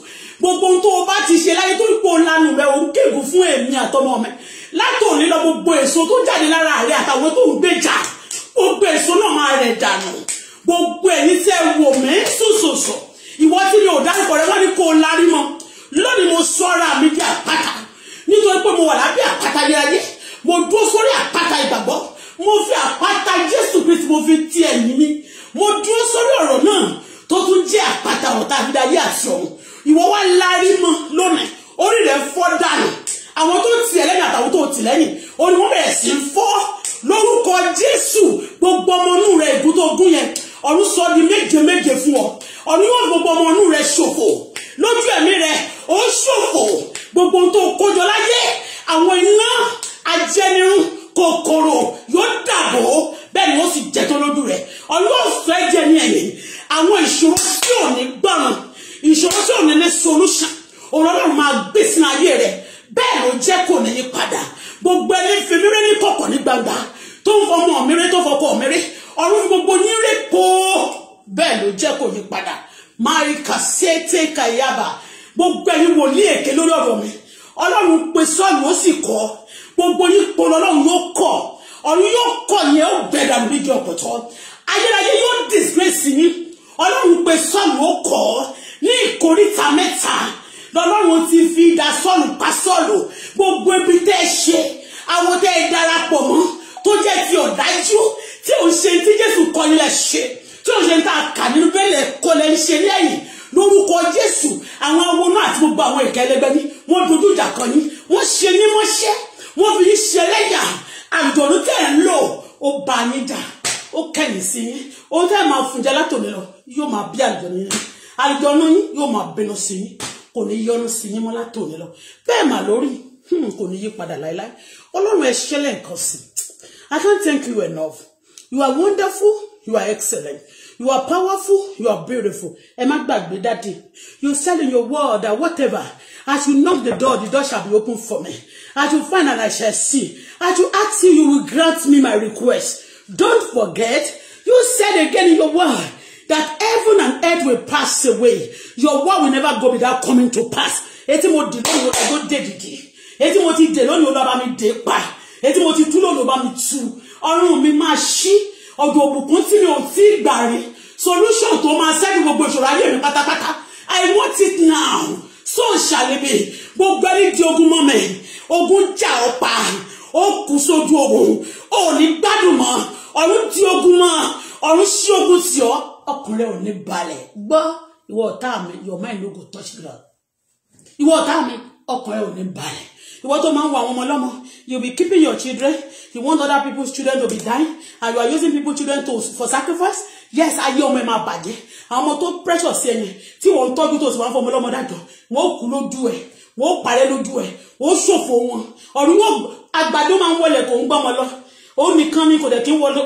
gbogbo ohun tó o bá ti ṣe láyé tó ń pò lanu rẹ òun kéèkù fún ẹ̀mí àtọmọ mi látòní lọ gbogbo èso tó jáde lára rẹ àtàwọn tó ń gbèjà gbogbo èso náà máa rẹ̀ dànù gbogbo ẹ̀yin tẹ́ wò mí sòsòsò ìwọ tí mi ò dárúkọ rẹ wọ́n ní kó o larí mọ́ lónìí mo sọ ara mi di àpáta nítorí pé mo wà lábẹ́ àpáta yẹrayé mo dúró sórí àpáta ìgbàgbọ́ mo fi àpáta Jésù Kristi mo fi ti ẹ̀yìn mi mo dúró sórí ọ̀rọ̀ náà tó tún jẹ́ àpáta ọ̀tá àbídáyé àti ọ̀hún ìwọ wá larí mọ́ lónìí orí rẹ̀ fọ́ dànù àwọn tó tì ẹ́ lẹ́yìn àtàwọn tó tì lẹ́yìn orí wọn bẹ̀rẹ̀ sí fọ́ lórúkọ jésù gbogbo ọmọ inú rẹ̀ ìbú tó gún yẹn ọ̀run sọ di méje méje fún ọ ọ̀run yóò gbogbo ọmọ inú rẹ̀ ṣòfò lójú ẹ̀mí rẹ̀ ó ṣòfò gbogbo ohun tó kójọ láyé àwọn iná ajẹnirun kòkòrò yóò dàbò bẹ́ẹ̀ ni wọ́n sì jẹ́ tó lójú rẹ̀ ọ̀run yóò sọ ẹ̀jẹ̀ ní ẹ̀yìn àwọn ìṣòro tí ò ní gbọ́ràn ìṣòro tí ò ní ní solution ọ̀rọ̀ náà máa gbé sínú ayé rẹ̀ bẹ́ẹ̀ ló jẹ́ kò ní yí padà gbogbo ẹni fèmíré ní kọ̀kọ̀ ní gbangba tó ń fọmọ méré tó fọkọ méré ọ̀run fi gbogbo nílé po bẹ́ẹ̀ ló jẹ́ kò yí padà máa kàṣẹ́tẹ̀ kàyàbà gbogbo ẹni wòlíì èké lórí ọ̀rọ̀ mi ọlọ́run pe sọ́ọ̀lù ó sì kọ́ gbogbo yín polo ọlọ́run yóò kọ̀ ọ̀run yóò kọ̀ yẹn ó gbẹ̀dà níbi ọ̀pọ̀tọ́ ayérayé yóò disgrace yín ọlọ́run pe sọ́ọ̀lù ó kọ́ ọ́ ní ìkóríta mẹ́ta lọ́lọ́run ti fi idà sọ́ọ̀lù pa sọ́ọ̀lù gbogbo ibi tẹ́ ẹ ṣe àwọn tẹ́ ẹ darapọ̀ mọ́ tó jẹ́ ti ọ̀dájú tí ò ń ṣe tí jésù kọ́ nílẹ̀ ṣe tí ò ń ṣe tá a kà nínú bẹ́ẹ̀lẹ̀ kọ́ lẹ́ ń ṣe lẹ́yìn lórúkọ jésù àwọn awo náà àti gbogbo àwọn ìkà ẹlẹgbẹ́ ní wọ́n dojú ìjà kan ní wọ́n ṣe ní mọ́ṣẹ́ wọ́n fi ṣe lẹ́yà àdùnnú tẹ̀ ń lò ó bá yín dà ó kẹ̀yìn sí yín ó tẹ̀ máa fún jẹ́ látòmí lọ yóò máa bí àdùnnú yín àjọ̀nú yín yóò máa bínú sí yín kò ní yọnu sí yín mọ́ látòní lọ bẹ́ẹ̀ mà lórí hmm, kò ní yí padà láéláé ọlọ́run ẹ ṣẹlẹ̀ nǹkan sí I can't thank you enough you are wonderful you are excellent you are powerful you are beautiful ẹ má gbàgbé dáàdi you said in your word that whatever as you knock the door the door shall be open for me as you find and I shall see as you ask me you will grant me my request don't forget you said again in your word that heaven and earth will pass away your word will never go without coming to pass etí mo dì lónìí olùbá tó dé mo ti dè lónìí olùbá mi dè pa etí mo ti tú lónìí olùbá mi tú ọrùn mi máa ṣí ọ̀dọ̀ òbùkún tí mi ò tí ì gbà rí solution tó máa ṣẹ́gun gbogbo ìṣòro ayé mi pátápátá i want it now so shall it be gbogbo ẹni di ogun mọ́ mi ogun jà ọ́ pa ó kù sójú ogun ó ní gbádùn mọ́ ọ̀run di ogun mọ́ ọ̀run ṣí ogun sí ọ́ ọkùnrin ò ní balẹ̀ gbọ́ ìwọ ọ̀tá mi your mind no go touch ground ìwọ ọ̀tá mi ọkùnrin ò ní balẹ̀ ìwọ tó máa ń wo àwọn ọmọ ọlọ́mọ you be keeping your children you want other people's children to be dying and you are using people's children to for sacrifice yes ayé ọmọ ẹ máa bàjẹ́ àwọn ọmọ tó precious sí ẹyìn tí wọ́n ń tọ́jú tó sì máa ń fọmọ ọlọ́mọ dájọ́ wọ́n kú lójú ẹ̀ wọ́n parẹ́ lójú ẹ̀ wọ́n ṣòfò wọn ọ̀run wọn àgbàdo máa ń wọlé kò ń gbọ́mọ lọ òun nìkan ni kò dẹ̀ kí ń wọlé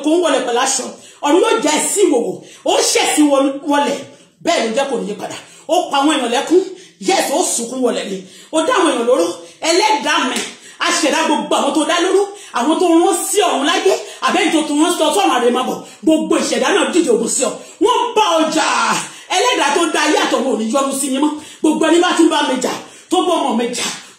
pẹ̀lú aṣọ ọ̀run yóò já ẹ̀sìn ìwòwò ó ṣẹ̀sìn wọlẹ̀ bẹ́ẹ̀ ló jẹ́ kò ní yí padà ó pa àwọn èèyàn lẹ́kún yes ó sunkún wọlẹ̀ ni ó dá àwọn èèyàn lóró ẹlẹ́dàá mi aṣẹ̀dá gbogbo àwọn tó dá lóró àwọn tó rán sí ọ̀run láyé àbẹ́yìn tó tó rán sí ọ̀tún àrẹ máa bọ̀ gbogbo ìṣẹ̀dá náà dìde ògùn sí ọ wọ́n bá ọjà ẹlẹ́dàá tó dá ayé àtọ̀wọ̀ òní yọnu sí yín mọ́ gbogbo ẹni bá tún bá mi tó bọ́ ọmọ mi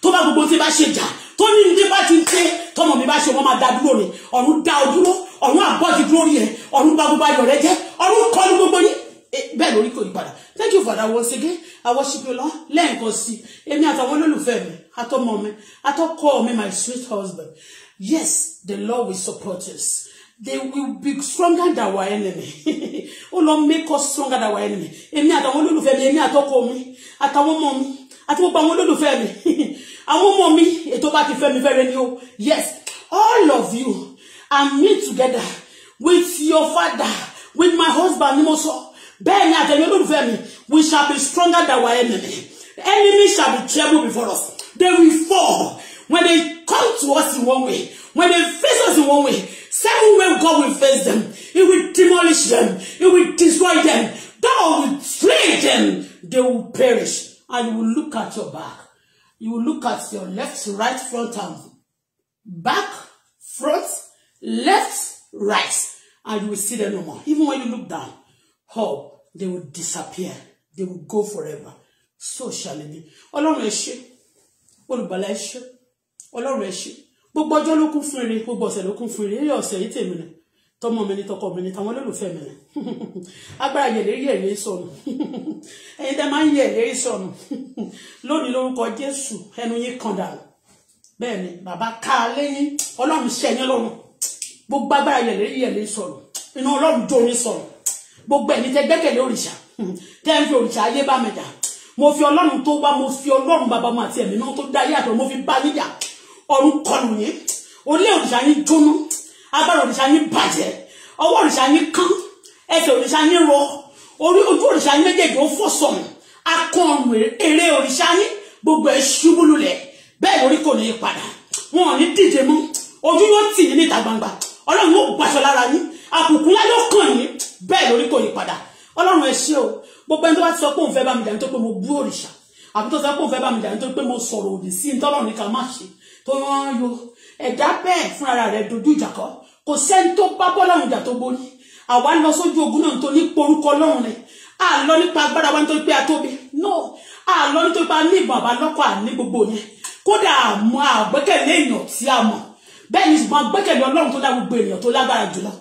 tó bá gbogbo tí bá ṣe jà tó ní ní bá ti ń ṣe tọmọ mi bá ṣe wọn máa da dúró ni ọ̀run da ọ dúró ọ̀run àbọ̀ ti dúró rí ẹ ọ̀run bá gbogbo ayọ̀ rẹ jẹ́ ọ̀run kọ́ ní gbogbo yín e, bẹ́ẹ̀ lórí kò yípadà thank you father once again àwọn ṣìpìlọ lẹ́ẹ̀kan sí èmi àtàwọn olólùfẹ́ mi àtọmọ mi àtọkọ mi my sweet husband yes the Lord will support us they will be stronger than our enemy ó lọ make us stronger than our enemy èmi àtàwọn olólùfẹ́ mi èmi àtọkọ mi àtàwọn ọmọ mi àti gbogbo àwọn olólùfẹ́ mi àwọn ọmọ mi ètò bá ti fẹ́ mi fẹ́rẹ̀ ni o yes all of you and me together with your father with my husband ni mo sọ bẹ́ẹ̀ ni àtẹ̀yìn olólùfẹ́ mi we shall be stronger than our enemy enemy shall be terrible before us they will fall when they come to us in one way when they face us in one way seven way God will face them he will demolish them he will destroy them God will slay them they will perish and you will look at your back. You will look at your left, right, front, and back, front, left, right, and you will see them no more. Even when you look down, oh, they will disappear. They will go forever. So shall it be. Ọlọ́run ẹ ṣé, olùgbàlà ẹ ṣé, Ọlọ́run ẹ ṣé, gbogbo ọjọ́ ló kún fún ire, gbogbo ọ̀sẹ̀ ló kún ire, eré ọ̀sẹ̀ yìí tèmi náà tọmọ mi ni tọkọ mi ni tàwọn olólùfẹ́ mi ni agbára yẹ̀lérí yẹ̀lérí sọnù ẹ̀yin tẹ́ máa ń yẹ̀lérí sọnù lónìí lórúkọ Jésù ẹnu yín kan dànù bẹ́ẹ̀ ni bàbá ká lẹ́yìn ọlọ́run ṣẹ́yìn lọ́rùn gbogbo agbára yẹ̀lérí yẹ̀lérí sọnù inú ọlọ́run dórin sọnù gbogbo ẹ̀yin tẹ́ gbẹ́kẹ̀lé òrìṣà tẹ́ ń fi òrìṣà ayé bá mi jà mo fi ọlọ́run tó wá mo fi ọlọ́run bàbá mo àti ẹ̀mí náà tó dáyé àtọ̀ mo agbára òrìṣà yín bàjẹ́ ọwọ́ òrìṣà yín kán ẹsẹ̀ òrìṣà yín rọ orí ojú òrìṣà yín méjèèjì ó fò sọ̀mù akọ ọ̀rùn eré òrìṣà yín gbogbo ẹ̀ ṣubú lulẹ̀ bẹ́ẹ̀ lórí kò ní í padà wọn ò ní díje mọ́ ojú yóò tì yín níta gbangba ọlọ́run yóò gbaṣọ lára yín àbùkù ńlá yóò yín bẹ́ẹ̀ lórí kò ní í padà ọlọ́run ẹ ṣé o gbogbo ẹni tó bá ti sọ pé òun fẹ́ bá mi jà nítorí pé mo bú òrìṣà àbí sọ pé òun fẹ́ bá mi jà nítorí pé mo sọ̀rọ̀ òdì sí ní tọ́lọ́run ní ká má ṣe tó rán yo ẹ̀dá bẹ́ẹ̀ fúnra rẹ̀ dojú ìjà kọ́ kò sẹ́ni tó bá bọ́ láwọn ìjà tó borí àwa lọ sójú ogun náà nítorí porúkọ ọlọ́run rẹ̀ a lọ nípa agbára wa nítorí pé a tóbi no a lọ nítorí pé a ní ìbọn àbálọ́kọ̀ àní gbogbo yẹn kódà àmọ́ àgbẹ́kẹ̀lé èèyàn tí a mọ̀ bẹ́ẹ̀ ni ṣùgbọ́n àgbẹ́kẹ̀lé ọlọ́run tó dá gbogbo èèyàn tó lágbára jùlọ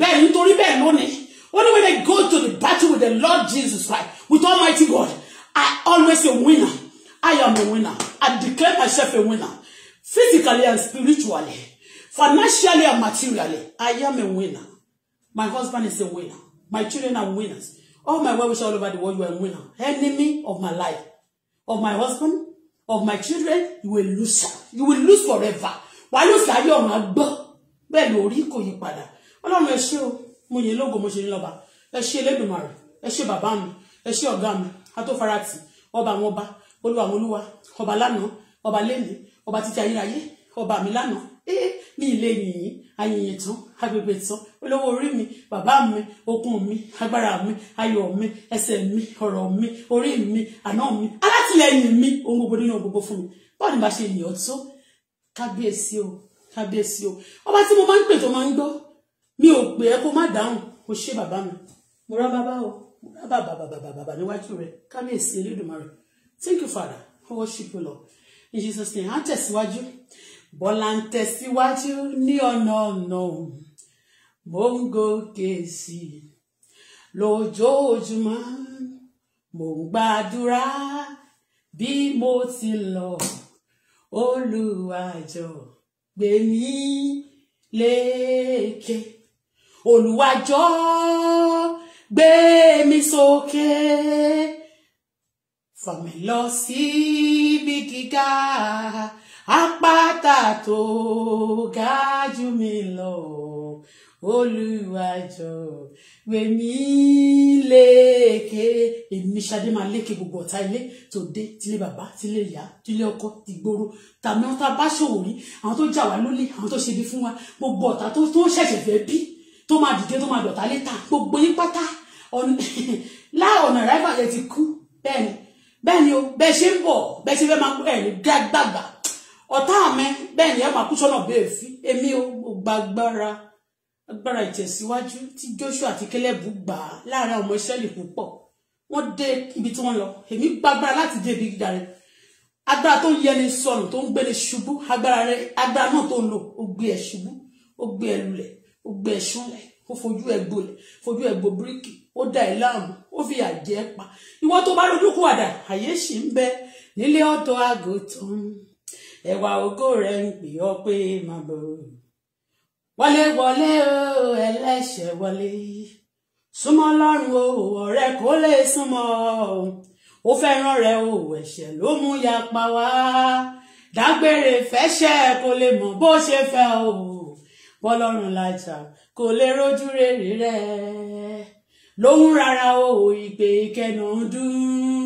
bẹ́ẹ̀ nítorí bẹ́ẹ̀ lónìí ó ní when I go to the battle with the Lord Jesus Christ with Almighty God I always a winner I am a winner I declare myself a winner physically and spiritually financially and materially. I am a winner. My husband is a winner. My children are winners. All my well all over the world, you are a winner. Enemy of my life, of my husband, of my children, you will lose. You will lose forever. Why á lọ you ayé ọ̀run àgbọ̀. Bẹ́ẹ̀ lórí kò yí padà. Ọlọ́run ẹ ṣé my mo my lógo mo ṣe ní lọ́ba. Ẹ ṣé Elédùmarè, ẹ ṣé bàbá mi, ẹ ṣé ọ̀gá mi, atófaratì, ọba àwọn ọba, olúwa àwọn olúwa, ọba lánàá, ọba lẹ́nu, ọba títí ayérayé, ní ilé yìnyín ayẹyẹ tán agbègbè tán olówó orí mi bàbá mi okun mi agbára mi ayọ̀ mi ẹsẹ̀ mi ọ̀rọ̀ mi orí mi àná mi alátìlẹyìn mi ohun gbogbo nínú gbogbo fún mi báwo ni bá ṣe yàn tó kábíyèsí o kábíyèsí o ọba tí mo máa ń pè tó máa ń gbọ́ mi ò pè é kó má dáhùn kó ṣe bàbá mi mo rá bàbá o mo rá bàbá bàbá bàbá níwájú rẹ kábíyèsí Elédùmarè thank you father I worship you in Jesus name á tẹ̀síwájú. Bọ́lá ń tẹ̀síwájú ní ọ̀nà ọ̀nà mo ń gòkè sí i lójoojúmọ́ mo ń gbàdúrà bí mo ti lọ Olúwa gbé mi lékè Olúwa gbé mi sókè fà lọ síbi gíga àpáta tó ga jù mí lọ Olúwa jọ̀ọ́ gbé mi lékè èmi ṣadé máa lékè gbogbo ọ̀tá ilé tòde tílé bàbá tílé ìyá tílé ọkọ tìgboro tàmí ọ̀tá bá ṣòwò rí àwọn tó jà wá lólè àwọn tó ṣe bí fún wa gbogbo ọ̀tá tó ṣẹ̀ṣẹ̀ fẹ́ bí tó máa dìde tó máa dọ̀tá létà gbogbo yín pátá láọ̀nà ìráìbàjẹ́ ti kú bẹ́ẹ̀ ni bẹ́ẹ̀ ni o bẹ́ẹ̀ ṣe ń bọ̀ bẹ́ẹ̀ ṣe fẹ́ máa kú ẹ̀ ní gbàgbà ọ̀tá mi bẹ́ẹ̀ ni ẹ máa kú sọ́nà bí èéfín èmi ò gbàgbára agbára ìtẹ̀síwájú tí Joshua àti Caleb gbà á láàárín ọmọ Ísírẹ́lì púpọ̀ wọ́n dé ibi tí wọ́n lọ èmi gbàgbára láti dé ibi gíga rẹ agbára tó ń yẹni sọnù tó ń gbéni ṣubú agbára rẹ agbára náà tó ń lò ó gbé ẹ ṣubú ó gbé ẹ lulẹ̀ ó gbé ẹ ṣúnlẹ̀ ó fojú ẹ gbolẹ̀ fojú ẹ gbo bíríkì ó da ẹ láàmú ó fi àjẹ́ pa ìwọ tó bá lójú kúwàdà àyè ṣì ń bẹ nílé ọ̀dọ̀ àgùntàn ẹwà ògo rẹ ń pè ọ pé máa bọ̀ wọlé wọlé o ẹlẹ́ṣẹ̀ wọlé súnmọ́ lọ́rùn o ọ̀rẹ́ kò lè súnmọ́ ó fẹ́ràn rẹ o ẹ̀ṣẹ̀ ló mú ya pa wá dágbére fẹ́ṣẹ̀ kò lè mọ̀ bó ṣe fẹ́ o bọ́lọ́run lajà kò lè rojú rere rẹ lóhùn rárá o ìpè ìkẹnà dún.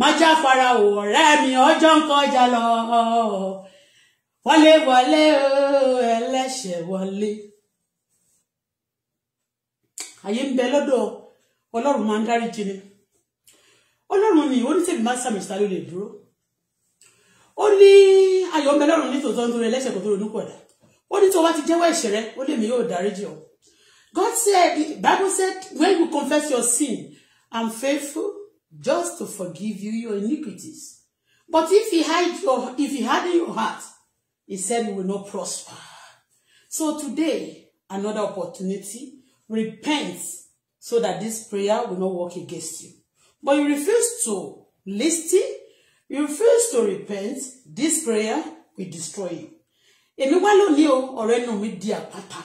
májáfara ò ọ̀rẹ́ mi ọjọ́ ń kọjá lọ wọlé wọlé ẹlẹ́ṣẹ̀ wọlé. àyè ń bẹ lọ́dọ̀ ọlọ́run máa ń dáríjì ni ọlọ́run ni onítẹ̀bí máa ń sàmì sáré lè dúró ó ní ayọ̀ ń bẹ lọ́run ní tòótọ́ nítorí ẹlẹ́ṣẹ̀ kò tó ronú pọ̀dà ó ní God said the said when you confess your sin I'm faithful just to forgive you your iniquities. But if he hide your, if he hide your heart, he said you will not prosper. So today, another opportunity, repent so that this prayer will not work against you. But you refuse to listen, you refuse to repent, this prayer will destroy you. Èmi wá lónìí o, ọ̀rẹ́ inú mi di àpáta,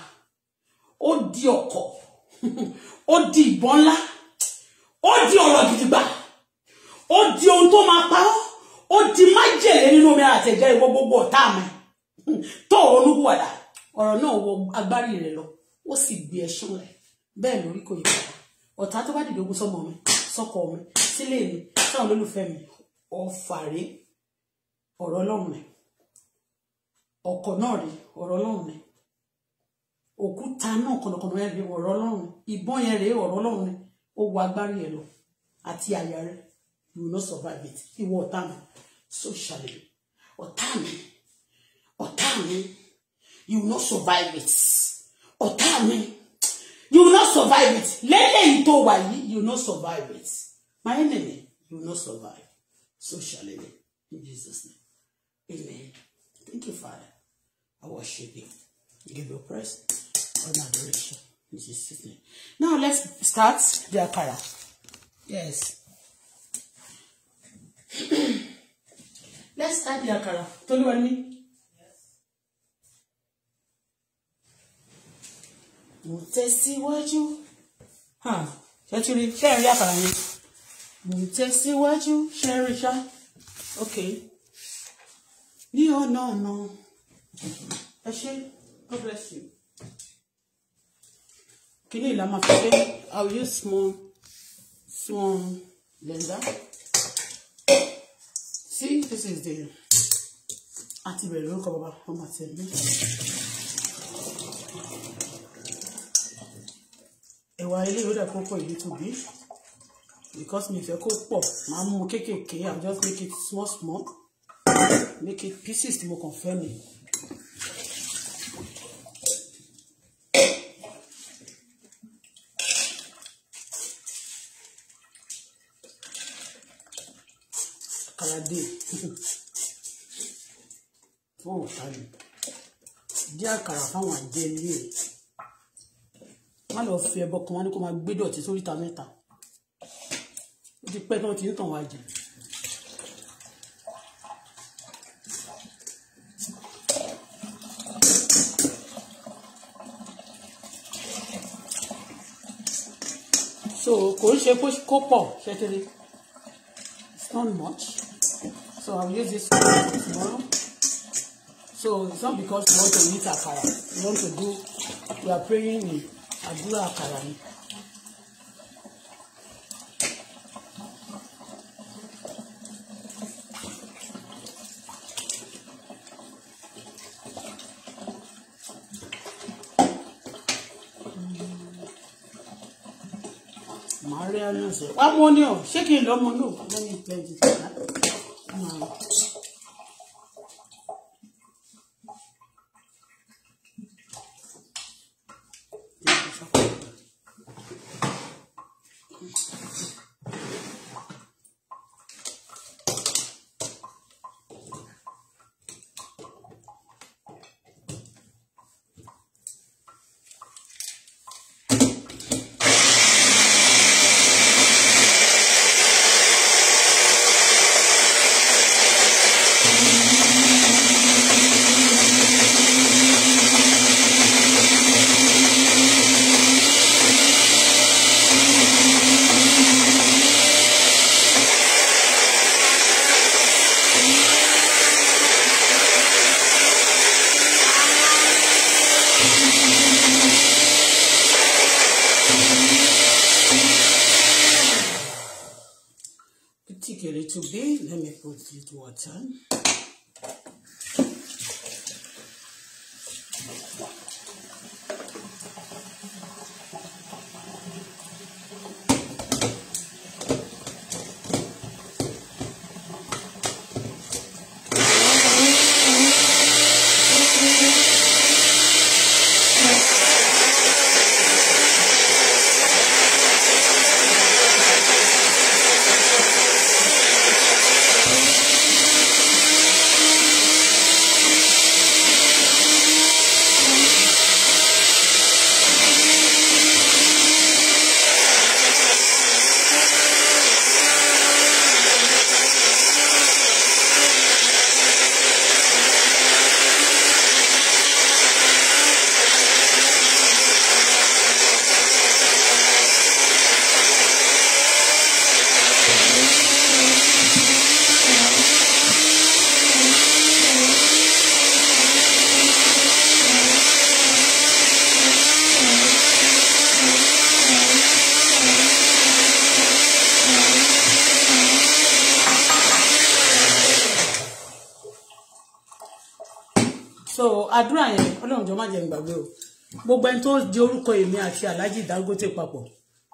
O di ọkọ̀, ó di ìbọn ńlá, di ọ̀rọ̀ ó di ohun tó máa pa ó di májèlé nínú mi àtẹ̀jẹ́ ìwọ gbogbo ọ̀tá mi tó ronú padà ọ̀rọ̀ náà wọ agbárí rẹ̀ lọ ó sì gbé ẹṣin rẹ̀ bẹ́ẹ̀ lórí kò yí padà ọ̀tá tó bá dìde ogun sọmọ mi sọkọ mi sílé mi sáwọn olólùfẹ́ mi ọ̀fà rèé ọ̀rọ̀ ọlọ́run rẹ̀ ọkọ̀ náà rèé ọ̀rọ̀ ọlọ́run rẹ̀ òkúta náà kọ̀nàkọ̀nà yẹn rèé ọ̀rọ̀ ọlọ́run ìbọn yẹn rèé ọ̀rọ̀ ọlọ́run ó wọ agbárí ẹ̀ lọ àti àyà rẹ̀ you will not survive it ìwọ ọ̀tá mi so shall you ọ̀tá mi ọ̀tá mi you will not survive it ọ̀tá mi you will not survive it lẹ́yìn èyí tó wà you will not survive it my enemy you will not survive so shall it in Jesus name amen thank you Father I worship you give your praise honor adoration in Jesus name now let's start the akara yes let's type the àkàrà tolúwa ní. mo tẹ̀síwájú ṣẹ́túrí fẹ́ẹ̀rí àkàrà yẹn mo tẹ̀síwájú ṣẹ́rí ṣá ok ní ọ̀nà ọ̀nà ẹ ṣe God bless you kí ni ìlànà fẹ́ I will use small small blender this is the àti Look over on my àti ẹ̀mí. ẹ̀wà ilé cook for a little bit because mi fẹ́ kó pọ̀ máa mú kéékèèké i just make it small small make it pieces to more kàn I did. àlù dín àkàrà fáwọn àjẹ ilé ẹ̀ má lọ fi ẹbọ kan wọn ni kó máa gbé dọ̀tí sórí ta mẹ́ta ó ti pẹ́ tán ti ń tàn wá jẹ. so kò ń ṣe kó pọ̀ ṣẹ́tẹ́rẹ́ it's not much so I will use this tomorrow. So it's not because we want to eat akara. We want to do, we are praying in Adura Akara. Mariana said, one more, shaking, no more, no, let me play this. 给它穿。àdúrà yẹn ọlọ́run jọ má jẹ́ gbàgbé o gbogbo ẹni tó di orúkọ èmi àti Alhaji Dangote papọ̀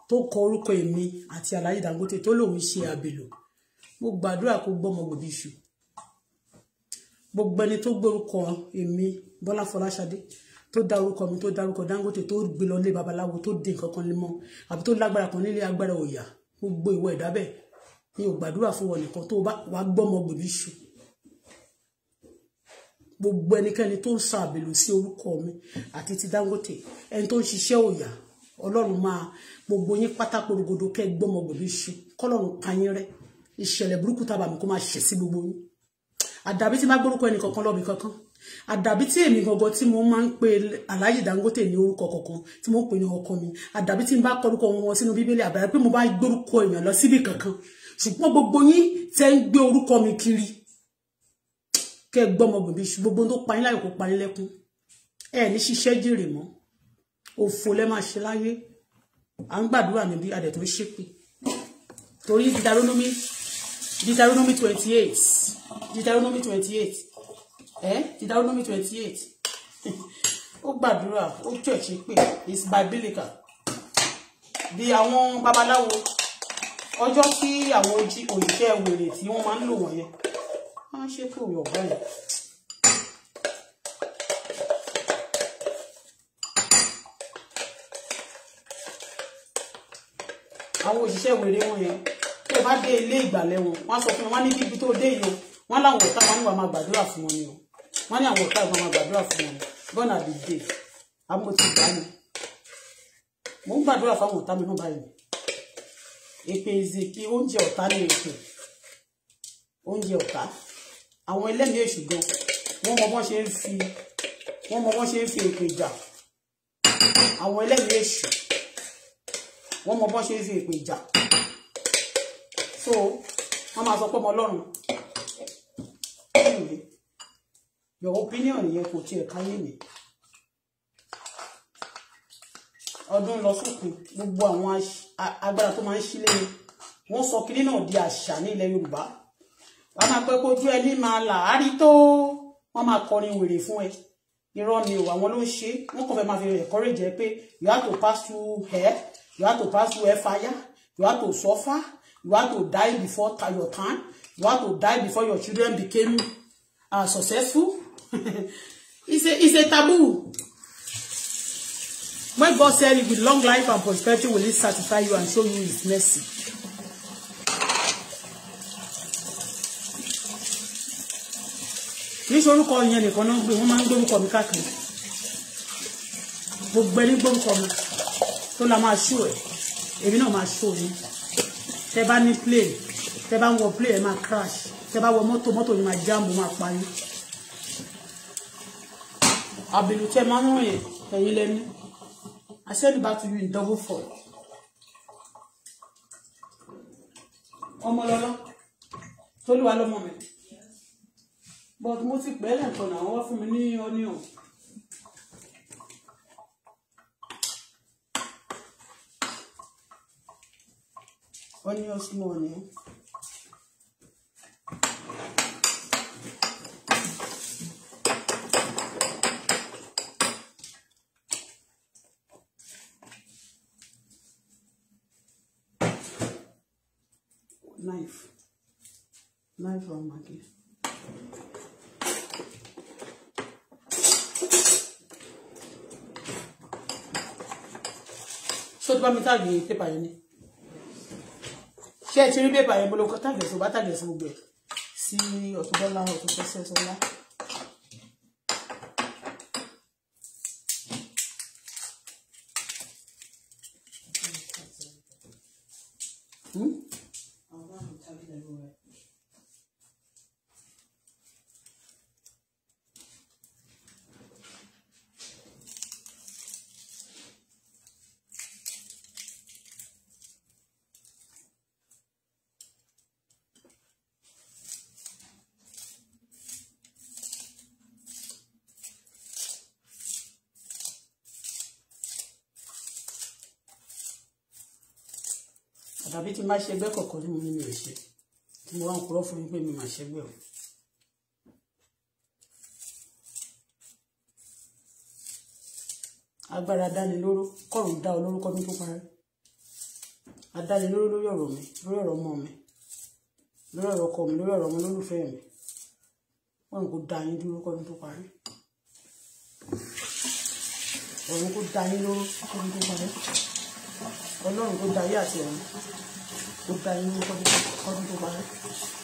tó kọ orúkọ èmi àti Alhaji Dangote tó lòun ṣe àbèlò mo gbàdúrà kó gbọ́mọ gbòbí iṣu gbogbo ẹni tó gbórúkọ èmi Bọ́lá Fọláṣadé tó dá orúkọ mi tó dá orúkọ Dangote tó gbé lọ lé babaláwo tó dé nǹkan kan lé mọ́ àbí tó lágbára kan nílé agbára òyà gbogbo ìwọ ẹ̀dá bẹ́ẹ̀ mi ò gbàdúrà fún wọn nìkan tó wàá gbọ́mọ gbòbí iṣu gbogbo ẹnikẹ́ni tó ń sa àbèlò sí orúkọ mi àti ti Dangote ẹni tó ń ṣiṣẹ́ òyà ọlọ́run máa gbogbo yín pátá porogodo kẹ́ gbọ́mọ gbòdò iṣu kọ́lọ́run pa yín rẹ́ ìṣẹ̀lẹ̀ burúkú tàbà mi kó máa ṣẹ̀ sí gbogbo yín àdàbí tí má gbórúkọ ẹnì kankan lọ́bì kankan àdàbí tí èmi gangan tí mo máa ń pe aláyè Dangote ní orúkọ kankan tí mo ń pè ní ọkọ mi àdàbí tí n bá kọrúkọ wọn sínú bíbélì àbàyà pé mo bá gbórúkọ èèyàn lọ síbì kankan ṣùgbọ́n gbogbo yín tẹ́ ń gbé orúkọ mi kiri kẹ́ ẹ gbọ́mọ bèbí gbogbo tó parí láyọ̀ kó parí lẹ́kún ẹ ní ṣiṣẹ́ jèrè mọ́ òfò lẹ́ máa ṣe láyé à ń gbàdúrà níbi adẹ̀ tó ń ṣépè torí Deuteronomy Deuteronomy twenty eight Deuteronomy twenty eight ẹ Deuteronomy twenty eight ó gbàdúrà ó jọ ìṣépè is biblical bí àwọn babaláwo ọjọ́ tí àwọn òṣìṣẹ́ wèrè tí wọ́n máa ń lò wọ̀nyẹn wọ́n ṣe kò wọ̀ báyìí. àwọn òṣìṣẹ́ wèrè wọn yẹn tó bá dé ilé ìgbàlẹ̀ wọn wọ́n sọ fún wọn ní bíbi tó dé yìí o láwọn ọ̀tá wọn ní máa gbàdúrà fún wọn ni o wọ́n ní àwọn ọ̀tá wọn máa gbàdúrà fún wọn ni gọ́nà dé àmọ́ ti gbà mí mò ń gbàdúrà fáwọn ọ̀tá mi náà báyìí èpè èzèké oúnjẹ ọ̀tá ní èpè oúnjẹ ọ̀tá àwọn ẹlẹ́mìí èṣù gan wọ́n mọ bọ́n ṣe ń fi wọ́n mọ bọ́n ṣe ń fi èpè jà àwọn ẹlẹ́mìí èṣù wọ́n mọ bọ́n ṣe ń fi èpè jà so wọ́n máa sọ pé ọmọ ọlọ́run anyway your opinion yẹn kò tiẹ̀ káyé mi ọdún lọ sókun gbogbo àwọn agbára tó máa ń sílé wọn sọ kiri náà di àṣà ní ilẹ̀ yorùbá wà á máa pẹ́ kojú ẹni máa là á rí tó wọ́n máa kọrin wèrè fún ẹ irọ́ ni o àwọn ló ń ṣe wọ́n kàn fẹ́ máa fi encourage ẹ pé you have to pass through hell you have to pass through hell fire you have to suffer you have to die before your time you have to die before your children became uh, successful it's a it's a taboo when God said with long life and prosperity will it satisfy you and show you his mercy kì í ṣe orúkọ yẹn nìkan náà ń gbé wọ́n máa ń gbórúkọ mi káàkiri gbogbo ẹni gbórúkọ mi tó la máa ṣó ẹ èmi náà máa ṣó ni tẹ bá ní plane tẹ bá ń wọ plane ẹ máa crash tẹ bá wọ mọ́tò mọ́tò yìí máa jáàmù máa parí àbèlú tẹ máa ń rìn ẹ̀yìn lẹ́nu I send it back to you in double four. ọmọ lọ́lọ́ tolúwa lọ́mọ mi but mo ti pẹ́ lẹ́ẹ̀kan náà wọ́n fún mi ní onion. onion small ni. knife knife or maggie. tó bá mi táàgì pépà yẹn ni ṣé ẹ ti rí pépà yẹn mo lọ táàgì ẹ̀sùn bá táàgì ẹ̀sùn gbogbo ẹ̀ sí ọ̀tún bọ́lá ọ̀tún fẹsẹ̀ ọ̀tún bọ́lá. tí máa ṣẹgbẹ́ kọ̀ọ̀kan ní mo ní mi ò ṣe tí mo wá ń kúrọ́ fún yín pé mi máa ṣẹgbẹ́ o. agbára adánilóró kọ̀rùn dá ọ lórúkọ mi tó parí adánilóró lórí ọ̀rọ̀ mi lórí ọ̀rọ̀ ọmọ mi lórí ọ̀rọ̀ ọkọ mi lórí ọ̀rọ̀ ọmọ lólùfẹ́ mi wọn kò dá yín dúró kọ́ tó parí ọ̀run kò dá yín lóró kọ́ tó parí ọlọ́run kò dá yín àti ọ̀run. 五百英里，或者多少？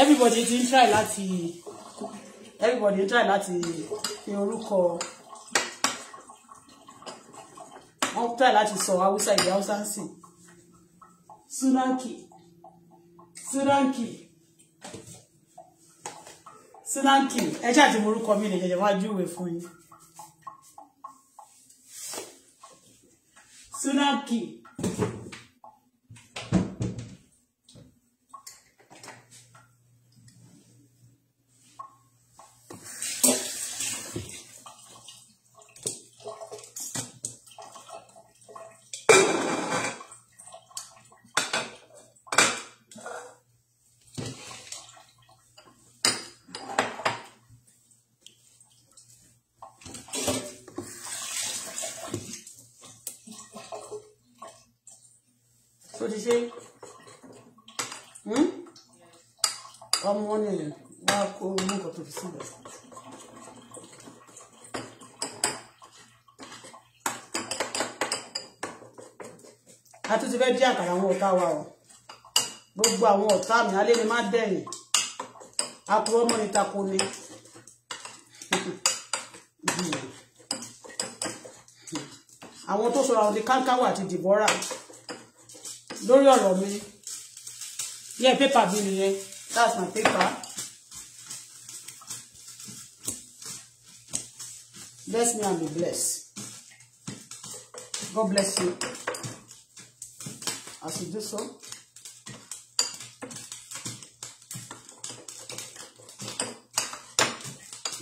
everybody ti ń try láti everybody ń try láti fi orúkọ wọ́n ń try láti sọ haúsá ìdí haúsá ń sìn sunanki sunanki sunanki ẹ ṣáà ti mọ orúkọ mi ní jẹjẹ wá júwe fún yín sunanki. àyíká wa o gbogbo àwọn ọ̀tá mi alẹ́ ni má dẹ̀yìn àkùrọ̀ mọ́ ni tako ni àwọn tó sọ̀rọ̀ àwọn di kánkáwà àti dìbọ́rà lórí ọ̀rọ̀ mi paper, pépà bí nìyẹn that's my paper bless me and be blessed God bless you as you do so.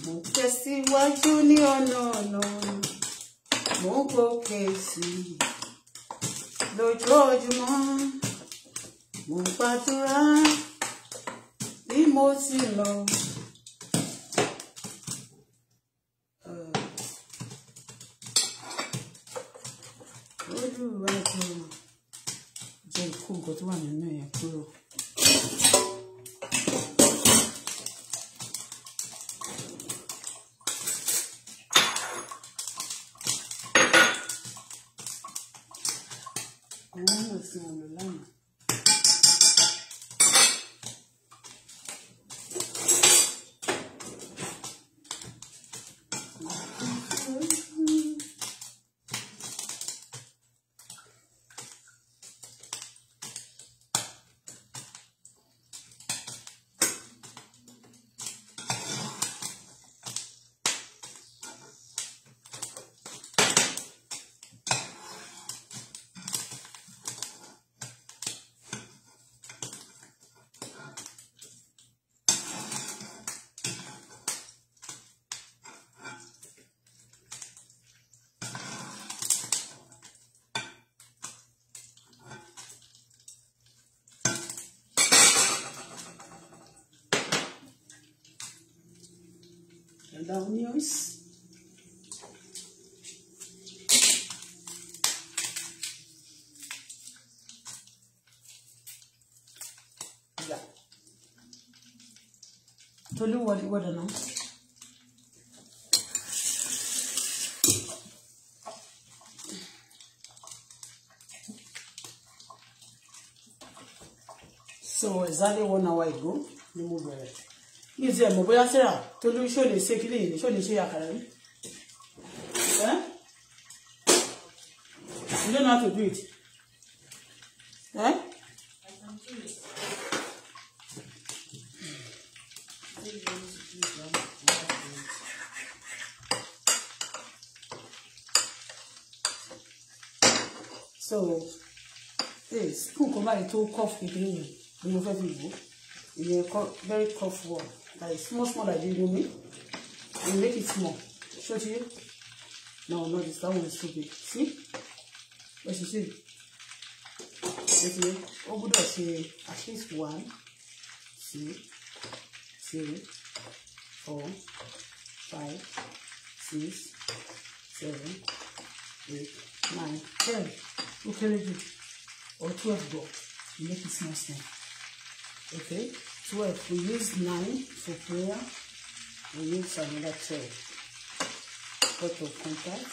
Mo ń tẹ̀síwájú ní ọ̀nà ọ̀nà mo ń gòkè sí i mo ń gbàdúrà mo ti lọ. 做完了，那也够。the onions. Yeah. Tolu, what, what do you So exactly one hour ago, you move it. mi ti ẹ̀ mọ̀ bóyá sarah tolú ṣó lè ṣe kílè yìí ṣó lè ṣe àkàrà rí eh you don't know how to do it eh. so ee spoon kan báyìí tó cough kékeré yẹn ni mo fẹ́ fi wò ìyẹn very cough one. like small small like this you mean You make it small show to you no no this that one is too big see what you see this way ó un, at least one two three four five six seven eight nine ten Okay, or twelve you make it small small okay. 12. We use 9 for prayer. We use another 12. Pot of contact.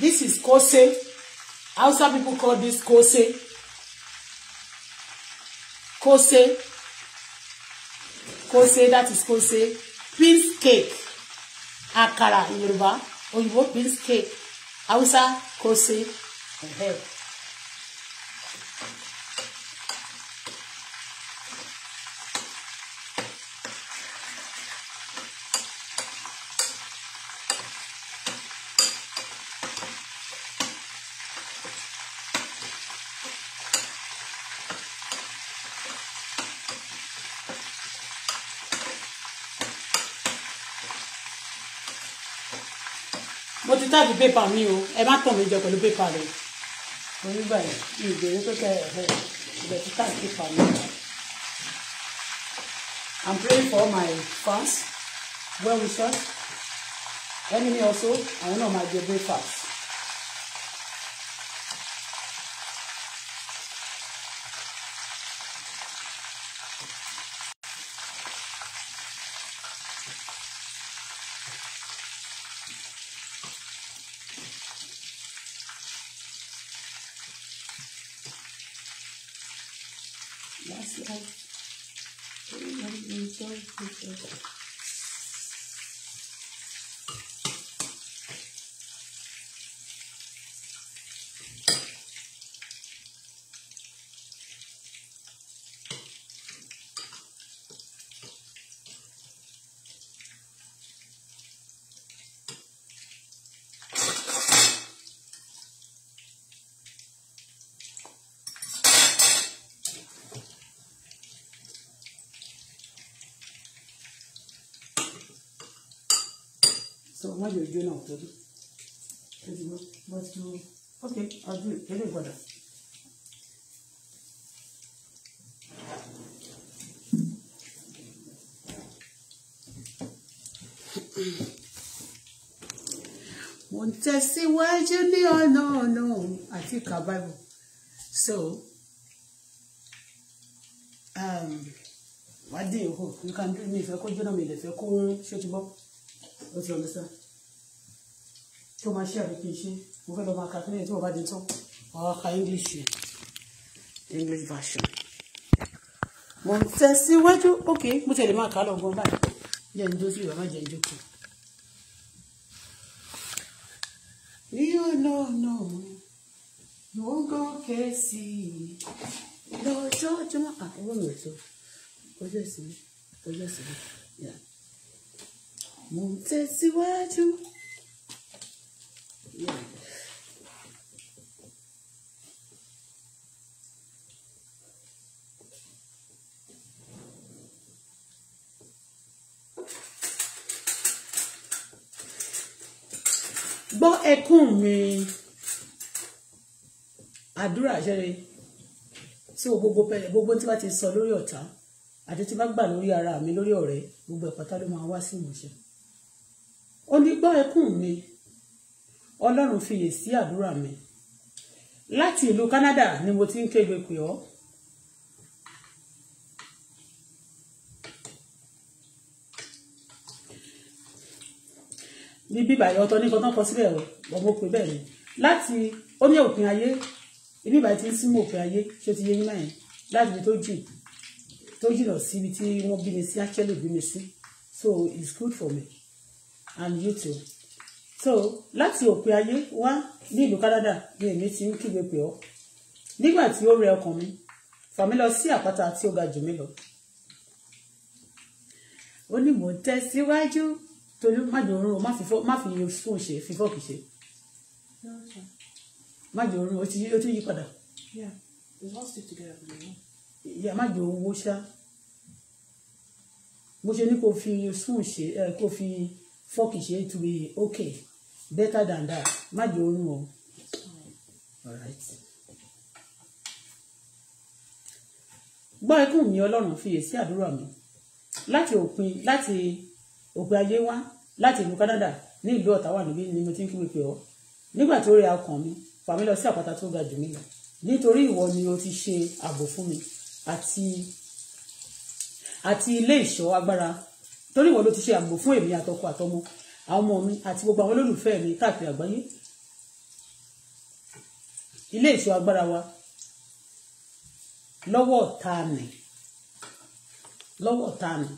This is kose. Hausa people call this kose. Kose. Kose, that is kose. Beans cake. Akara in Yoruba. Oyinbo beans cake. hausa ko sai pépà mi o ẹ má tàn mí jẹ pẹ̀lú pépà rẹ onígbà yìí ìbéèrè tó kẹ ẹ ìbẹ̀ títà pépà mi. I'm praying for my fans well wishes, enemy also I know my dear breakfast. má jẹ́ ojú náà tó dùn tó dùn bọ́ tó ok ọdún ìpínlẹ̀ ìgbọ́dọ̀. mo ń tẹ̀síwájú ní ọ̀nà ọ̀nà àti You bible so um, wá dé ìhò nǹkan dúró mi ìfẹ́ kó jóná mi ìlẹ̀fẹ́ kó ń ṣètúbọ̀ ó ti ọ̀lẹ́sà tí o máa ṣe àfikún iṣẹ́ mo fẹ́ lọ máa kà sílẹ̀ tí o bá di tán wàá ka english yẹn english version. mo ń tẹ̀síwájú ok mo tẹ̀lé máa kà á lọ́gbọ́n báyìí jẹ́ ń dójú ìwà má jẹ́ ń jókòó. Rio no no mo ń gán kẹ́sì lọ́jọ́ jọmọ́ àwọn ọmọ ẹ̀tọ́ ọjọ́ ìsinmi ọjọ́ ìsinmi mo ń tẹ̀síwájú. Yeah. gbọ́ ẹkún mi àdúrà ṣẹlẹ̀ tí o gbogbo pẹlẹ gbogbo tí wàá ti sọ lórí ọ̀tá àti tí wàá gbà lórí ara mi lórí ọ̀rẹ́ gbogbo ẹ̀pátá ló máa wá sí ìmọ̀ṣẹ́ ó ní gbọ́ ẹkún mi ọlọ́run fiyè sí àdúrà mi láti ìlú Canada ni mo ti ń kégbe pè ọ́ ní bíbà ọ̀tọ̀ ní kan tán kọ síbẹ̀ ọmọ pé bẹ́ẹ̀ ni láti ó ní òpin ayé ìníbà tí ń símú òpin ayé ṣé ti yé yín náà yẹn láti ibi tó jìn tó jìnà síbi tí wọ́n bí mi sí actually bí mi sí so it's good for me and you too so láti òpin ayé wá ní ìlú Canada ni èmi ti ń kígbe pè ọ́ nígbà tí ó rẹ ọkàn mi fà mí lọ sí àpáta tí ó ga jù mí lọ ó ní mò ń tẹ̀síwájú torí má jò orun o má fi fóun ṣe fi fọ́ọ̀kì ṣe má jò orun o ti yí padà ìyá má jò owó ṣá bó ṣe ní kò fi fóun ṣe eh, kò fi fọ́ọ̀kì ṣe to be okay better than that má jẹ oorun o alright. gbọ́ ikú mi ọlọ́run fiyèsí àdúrà mi láti òpin láti òpin ayé wá láti ìlú Canada ní ìlú Ottawa níbí ni mo ti ń kí wípé ọ nígbà tó rí ọkàn mi fà mí lọ sí àpáta tó ga jù mí lọ nítorí ìwọ ni o ti ṣe ààbò fún mi àti àti ilé ìṣọ́ agbára torí ìwọ ló ti ṣe ààbò fún èmi àtọkọ àtọmọ àwọn ọmọ mi àti gbogbo àwọn olólùfẹ́ mi káàkiri àgbáyé ilé ìṣọ́ agbára wa lọ́wọ́ ọ̀tá mi lọ́wọ́ ọ̀tá mi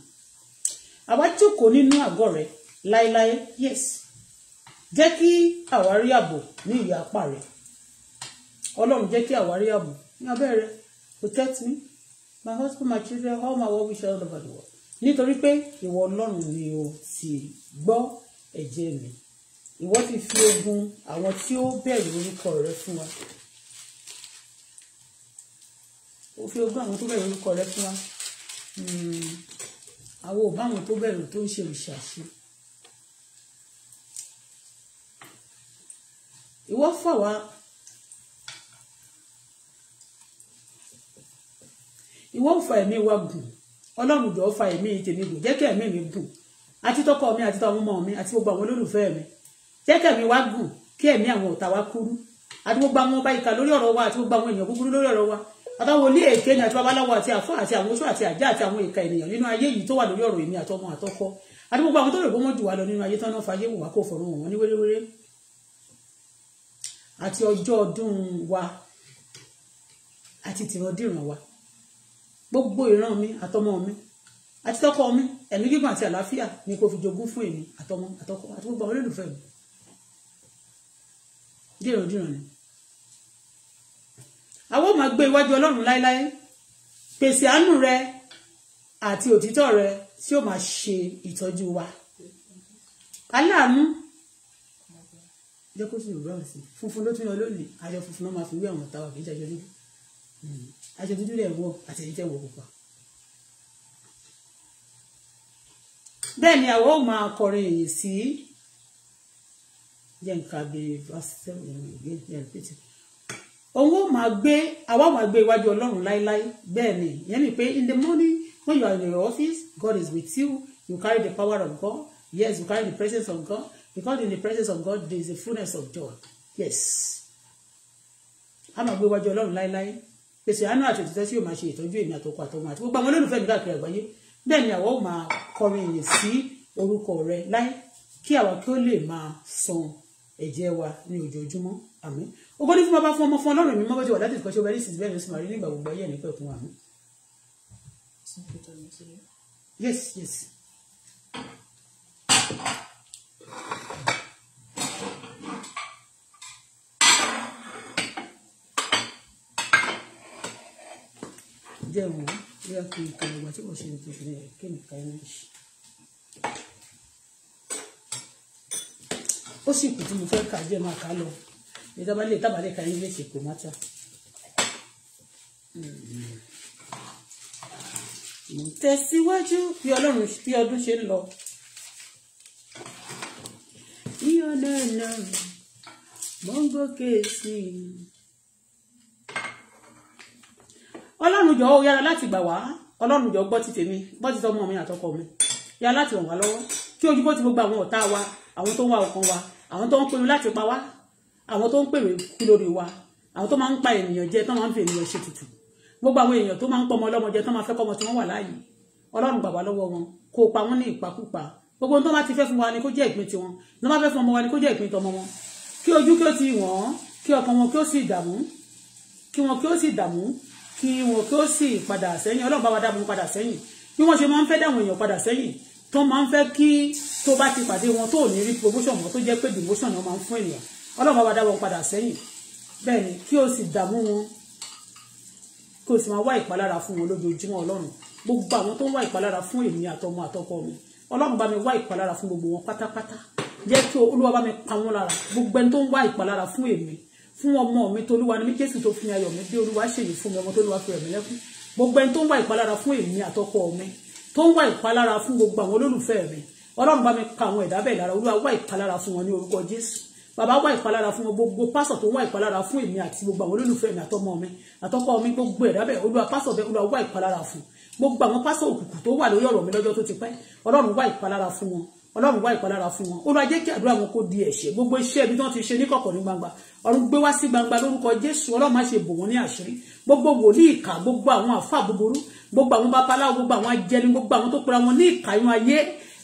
àwa jókòó nínú àgọ́ rẹ láéláé yes jẹ́ kí àwa rí ààbò ní ìyá apá rẹ ọlọ́run jẹ́ kí àwa rí ààbò ní abẹ́ protect me my husband my children all my work we shall over the world nítorí pé ìwọ ọlọ́run ni o ti gbọ́ ẹ̀jẹ̀ mi ìwọ ti fi ogun àwọn tí ó bẹ̀rù orúkọ rẹ fún wa ó fi ogun àwọn tó bẹ̀rù orúkọ rẹ fún wa hmm, àwọn ò bá àwọn tó bẹ̀rù tó ń ṣe òṣàṣe. ìwọ fà wá ìwọ fà ẹ̀mí wa gùn ọlọ́run jọ̀ọ́ fà ẹ̀mí tèmi gùn jẹ́ kí ẹ̀mí mi gùn àti tọkọ mi àti tọmọ ọmọ mi àti gbogbo àwọn olólùfẹ́ mi jẹ́ kẹ̀mí wá gùn kí ẹ̀mí àwọn ọ̀tá wa kúrú àti gbogbo àwọn ọba ìkà lórí ọ̀rọ̀ wa àti gbogbo àwọn èèyàn búburú lórí ọ̀rọ̀ wa àtàwọn olé èké ni àti babaláwo àti àfọ àti àwọn oṣù àti àjá àti àwọn ìkà ènìyàn nínú ayé yìí tó wà lórí ọ̀rọ̀ èmi àtọmọ àtọkọ àti gbogbo àwọn tó rè gbọmọ jù wá lọ nínú ayé tán náà fàyè wà kó fọ̀rọ̀ wọn ní wéréwéré àti ọjọ́ ọdún wa àti tìrọdìràn wa gbogbo ìran mi àtọmọ mi àti tọkọ mi ẹ̀mí gígùn àti àlàáfíà ni kò fi jogún fún èmi àtọmọ àtọkọ àti gbogbo àwọn olólùfẹ́ mi dìrò dìrò ni àwọn ò máa gbé iwájú Ọlọ́run láéláé pèsè àánú rẹ àti òtítọ́ rẹ tí ó máa ṣe ìtọ́jú wa aláàánú jẹ́ kó sì rọrùn sí funfun ló tún yọ lónìí aṣọ funfun náà máa fi wé àwọn ọ̀tá wa kì í ṣe aṣọ dúdú hmm. aṣọ dúdú rẹ̀ wọ̀ àti èyí tẹ̀ wọ̀ pupa. bẹ́ẹ̀ ni àwọn ò máa kọrin ìyìn sí jẹ́ nǹkan bíi òun ó máa gbé àwa máa gbé iwájú ọlọ́run láéláé bẹ́ẹ̀ ni ìyẹn ni pé in the morning when you are in your office God is with you you carry the power of God yes you carry the presence of God because in the presence of God there is a fullness of joy yes a máa gbé iwájú ọlọ́run láéláé pèsè àánú àti òtítọ́ tí yóò máa ṣe ìtọ́jú èmi àtọkọ àtọmọ àti gbogbo àwọn olólùfẹ́ mi káàkiri àgbáyé bẹ́ẹ̀ ni àwọn ò máa kọrin ìyìn sí orúkọ rẹ láì kí àwa kí ó lè máa san ẹ̀jẹ̀ wa ní ojoojúmọ́ àmín ogbó ní fún bàbá fún ọmọ fún ọlọ́run mi mọ́gbọ́jọ́ wà láti ìkọ́ṣe ọba ní sísè bẹ́ẹ̀ ló sì máa rí nígbà gbogbo ayé ẹ̀ nípa ẹ̀kún àmín. yes yes. jẹun. Yeah bóyá kí n kan ìgbà tí mo ṣe ètò ìpínlẹ̀ kí n ka ẹni ṣe. ó sì kù tí mo fẹ́ kà jẹ́ máa kà lọ ìjọba lè tábàlẹ̀ ka ẹni lè ṣe kò má ọlọ́run jọ ó yára láti gbà wá ọlọ́run jọ gbọ́ ti tèmi gbọ́ ti tọmọ mi àtọkọ mi yára láti ràn wá lọ́wọ́ kí ojú bó ti gbogbo àwọn ọ̀tá wa àwọn tó ń wá ọkàn wa àwọn tó ń pinnu láti pa wá àwọn tó ń pèrè kú lórí wa àwọn tó máa ń pa ènìyàn jẹ tó máa ń fi ènìyàn ṣe tutù gbogbo àwọn èèyàn tó máa ń pọmọ ọlọ́mọ jẹ tó máa fẹ́ kọ́mọ tí wọ́n wà láàyè ọlọ́run gbà wá lọ́wọ́ wọn kó pa wọ́n ní ìpakúpa gbogbo ohun tó bá ti fẹ́ fún wa ni kó jẹ́ ìpín tiwọn tó bá fẹ́ fún ọmọ wa ni kó jẹ́ ìpín tọmọ wọn kí ojú kí ó ti wọ́n kí ọkàn wọn kí ó sì dààmú kí wọn kí ó sì dààmú kí wọn kí ó sì padà sẹ́yìn ọlọ́run bá wa dá wọn padà sẹ́yìn bí wọ́n ṣe máa ń fẹ́ dáwọn èèyàn padà sẹ́yìn tó máa ń fẹ́ kí tó bá ti pàdé wọn tó ò ní rí promotion mọ́ tó jẹ́ pé demotion náà máa ń fún ènìyàn ọlọ́run bá wa dá wọn padà sẹ́yìn bẹ́ẹ̀ ni kí o sì dààmú wọn kí o sì máa wá ìpalára fún wọn lójoojúmọ́ ọlọ́run gbogbo àwọn tó ń wá ìpalára fún èmi àtọmọ àtọkọ mi ọlọ́run bá mi wá ìpalára fún gbogbo wọn pátápátá jẹ́ kí olúwa bá mi pa wọn lára gbogbo ẹni tó ń wá ìpalára fún èmi fún ọmọ mi tolúwa ni mí jésù tó fi ayọ̀ mi bí olúwa ṣèyí fún mi ọmọ tolúwa fi ẹ̀mí lẹ́kún gbogbo ẹni tó ń wá ìpalára fún èmi àtọkọ mi tó ń wá ìpalára fún gbogbo àwọn olólùfẹ́ mi ọlọ́run bá mi ka àwọn ẹ̀dá bẹ́ẹ̀ lára olúwa wá ìpalára fún wọn ní orúkọ jésù bàbá wá ìpalára fún gbogbo pásọ̀ tó wá ìpalára fún èmi àti gbogbo àwọn olólùfẹ́ mi àtọmọ mi àtọkọ mi gbogbo ẹ̀dá bẹ́ẹ̀ olúwa pásọ̀ bẹ́ẹ̀ olúwa wá ìpalára fún gbogbo àwọn pásọ̀ òkùnkùn tó wà lórí ọ̀rọ̀ mi lọ́jọ́ tó ti pẹ́ ọlọ́run wá ìpalára fún wọn ọlọ́run wá ìpalára fún wọn ó lọ ajé kí àdúrà wọn kó di ẹ̀ṣẹ̀ gbogbo iṣẹ́ ibi tí wọ́n ti ṣe níkọ̀kọ̀ ní gbangba ọ̀run gbé wá sí gbangba lórúkọ jésù ọlọ́run má ṣe bò wọ́n ní àṣírí gbogbo wòlíì ìkà gbogbo àwọn àfa búburú gbogbo àwọn babaláwo gbogbo àwọn ajẹni gbogbo àwọn tó pera wọn ní ìkà inú ayé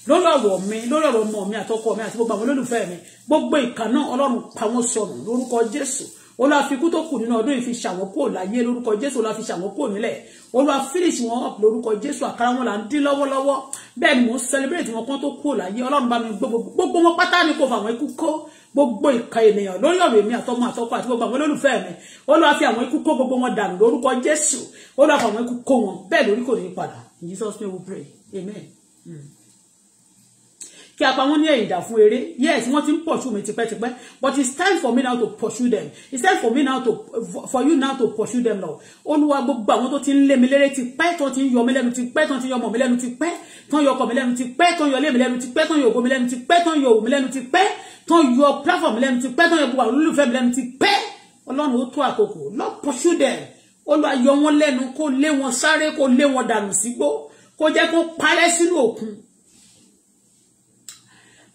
lórí ọ̀rọ̀ mi lórí ọmọ mi àtọkọ mi àti gbogbo àwọn olólùfẹ́ mi gbogbo ìkà náà ọlọ́run pa wọ́n sọnù lórúkọ jésù olúwa fi ikú tó kù nínú ọdún yìí fi ṣàwọ́ kúrò láyé lórúkọ jésù olúwa fi ṣàwọ́ nílẹ̀ olúwa finish wọn up lórúkọ jésù àkàrà wọn là ń dín lọ́wọ́lọ́wọ́ bẹ́ẹ̀ ni mò ń celebrate wọn kán tó kúrò láyé ọlọ́run bá mi gbogbo gbogbo wọn pátá ni kò fà wọn ikú kó gbogbo ìka ènìyàn lórí ọ̀rọ̀ èmi àtọmọ àtọkọ àti gbogbo àwọn olólùfẹ́ mi olúwa fi àwọn ikú kó gbogbo wọn dànù lórúkọ jésù olúwa fi àwọn ikú kó wọn bẹ́ẹ̀ lórí kò ní padà in Jesus name we pray amen. Mm kí a pa wọ́n ní ẹ̀yìn dà fún eré yes wọ́n ti ń pursue mi tipẹ́tipẹ́ but it's time for me now to pursue them it's time for me now to for you now to pursue them now olúwa gbogbo àwọn tó ti ń lé mi léré ti pẹ́ tó ti ń yọ mi lẹ́nu ti pẹ́ tó ti ń yọ mọ̀ mi lẹ́nu ti pẹ́ tó ń yọ ọkọ̀ mi lẹ́nu ti pẹ́ tó ń yọ ilé mi lẹ́nu ti pẹ́ tó ń yọ ògo mi lẹ́nu ti pẹ́ tó ń yọ òwò mi lẹ́nu ti pẹ́ tó ń yọ platform mi lẹ́nu ti pẹ́ tó ń yọ gbogbo àwọn mi lẹ́nu ti pẹ́ ọlọ́run ó tó àkókò lọ pursue them olúwa yọ wọn lẹ́nu kó lé wọn sáré kó lé wọn dànù sígbó kó jẹ́ kó parẹ́ sínú òkun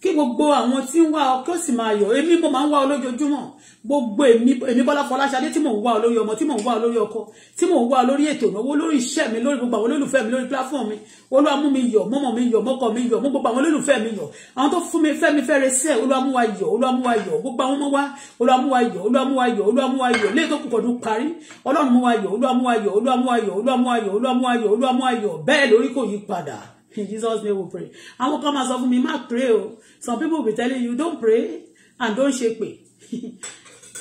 kí gbogbo àwọn tí ń wá ọ kí ó sì máa yọ̀ èmi mo máa ń wá ọ lójoojúmọ́ gbogbo èmi èmi Bọ́lá Fọláṣadé tí mò ń wá ọ lórí ọmọ tí mò ń wá ọ lórí ọkọ tí mò ń wá ọ lórí ètò ìnáwó lórí iṣẹ́ mi lórí gbogbo àwọn olólùfẹ́ mi lórí platform mi Olúwa mú mi yọ̀ mọ́mọ́ mi yọ̀ mọ́kọ mi yọ̀ mú gbogbo àwọn olólùfẹ́ mi yọ̀ àwọn tó fún mi fẹ́ mi fẹ́rẹ̀ sẹ́ Olúwa mú wa yọ̀ Olúwa mú wa yọ̀ gbogbo àwọn ọmọ wa Olúwa mú wa yọ̀ Olúwa mú wa yọ̀ Olúwa mú wa yọ̀ lé tó kù kọdún parí Ọlọ́run mú wa yọ̀ Olúwa mú wa yọ̀ Olúwa mú wa yọ̀ Olúwa mú wa yọ̀ Olúwa mú wa yọ̀ Olúwa mú wa yọ̀ bẹ́ẹ̀ lórí kò yí padà in Jesus name we pray àwọn kan máa sọ fún mi má pray o some people be telling you don't pray and don't ṣépè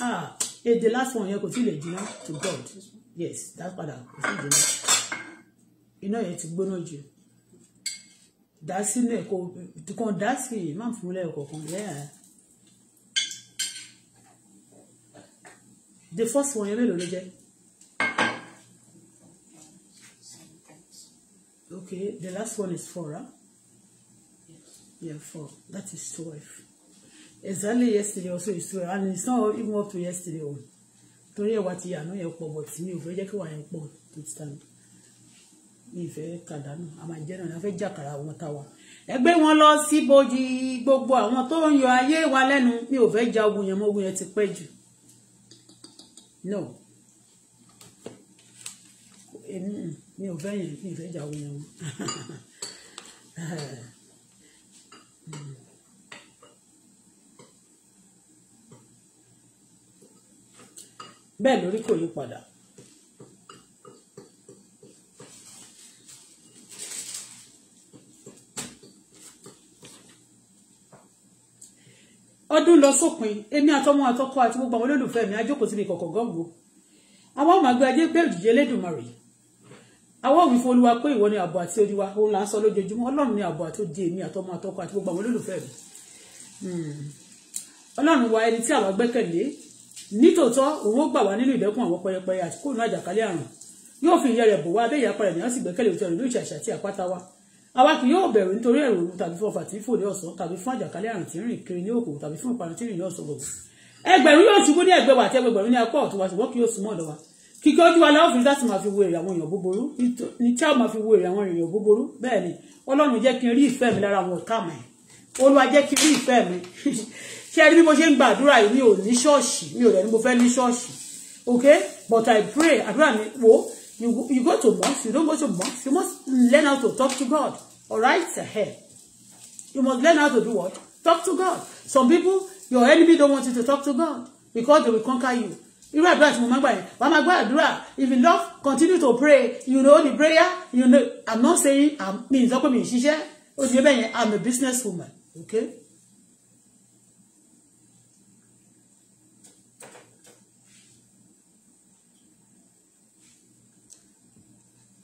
ah the last one kò continue lè jiná to God yes that's what I tí jiná know. You know gbóná jù dá sínú ẹ̀ kó tukàn dá sí i má fún un lẹ́ẹ̀kọ̀ọ̀kan lẹ́yà. the first one you know ló jẹ́ okay the last one is four. Huh? year four. That is twelve. Exactly yesterday also is twelve, And it's not even up to yesterday Oh, to hear what you are not your poor, but ò fẹ́ jẹ́ kí wà yẹn pọ̀ tó ti tán. a ìfẹ́ kàdánù, a máa jẹ́ náà, a fẹ́ jàkàrà wọn táwa. Ẹgbẹ́ wọn lọ sí bojì gbogbo àwọn tó ń yọ ayé wa lẹ́nu. Mi ò fẹ́ ja ogun yẹn mọ́, ogun yẹn ti pẹ́ No. Èmi mi ò fẹ́ yẹn, mi ò fẹ́ ja ogun yẹn bẹ́ẹ̀ lórí kò yí padà. ọdún lọ sópin èmi àtọmọ àtọkọ àti gbogbo àwọn olólùfẹ́ mi ajókòó síbi kọ̀kọ̀ gọ́ǹgò àwọn ọmọ àgbẹ̀ ajé pé òjìjẹ́ lẹ́dùnmarè yìí àwọn òwì fún olúwa pé ìwọ ni ààbò àti odi wa òun là ń sọ lójoojúmọ́ ọlọ́run ni ààbò àti odi èmi àtọmọ àtọkọ àti gbogbo àwọn olólùfẹ́ mi hmm. ọlọ́run wa ẹni tí àwa gbẹ́kẹ̀lé nítòótọ́ òun ó gbà wá nínú ìdẹ́kùn àwọn pẹyẹpẹyẹ àti kóònù àjàkálẹ̀ àrùn yóò fi ìyẹ́ rẹ̀ bò wá abẹ́yẹ apá rẹ̀ ní wọ́n sì gbẹ́kẹ̀lé òtún ìlú ìṣàṣà àti àpáta wa àwa kì yóò bẹ̀rù nítorí ẹ̀rù òru tàbí fún ọfà tí fò ní ọ̀sán tàbí fún àjàkálẹ̀ àrùn tí ń rìn kiri ní òkò tàbí fún ìparun tí ń rìn ní ọ̀sán gbogbo ẹgbẹ̀rún yóò ṣubú ní ẹ̀gbẹ́ àti ẹgbẹ̀rún ní apá ọ̀tún wa ṣùgbọ́n kì yóò súnmọ́ ọ̀dọ̀ wa kíkẹ́ ojú alẹ́ òfin láti máa fi wo èrè àwọn èèyàn búburú ní tí a máa fi wo èrè àwọn èèyàn búburú bẹ́ẹ̀ ni ọlọ́run jẹ́ kí n rí ìfẹ́ mi lára àwọn ọ̀tá mi olúwa jẹ́ kí n rí ìfẹ́ mi ṣé ẹni bí mo ṣe ń gbàdúrà yìí mi ò ní ṣọ́ọ̀ṣì mi ò rẹ̀ ni mo fẹ́ ní ṣọ́ọ̀ṣì okay but I pray àdúrà mi wo you, you go to mosque you don't go to mosque you must learn how to talk to God alright hey. you must learn how to do what talk to God some people your enemy don't want you to talk to God because they will conquer you irú àdúrà tí mo máa ń gbà yẹn wàá máa gbọ́ àdúrà if you love continue to pray you know the prayer you know i'm not saying i'm mi n sọ pé mi n ṣiṣẹ́ ó ti bẹ́ẹ̀ yẹn i'm a business woman okay.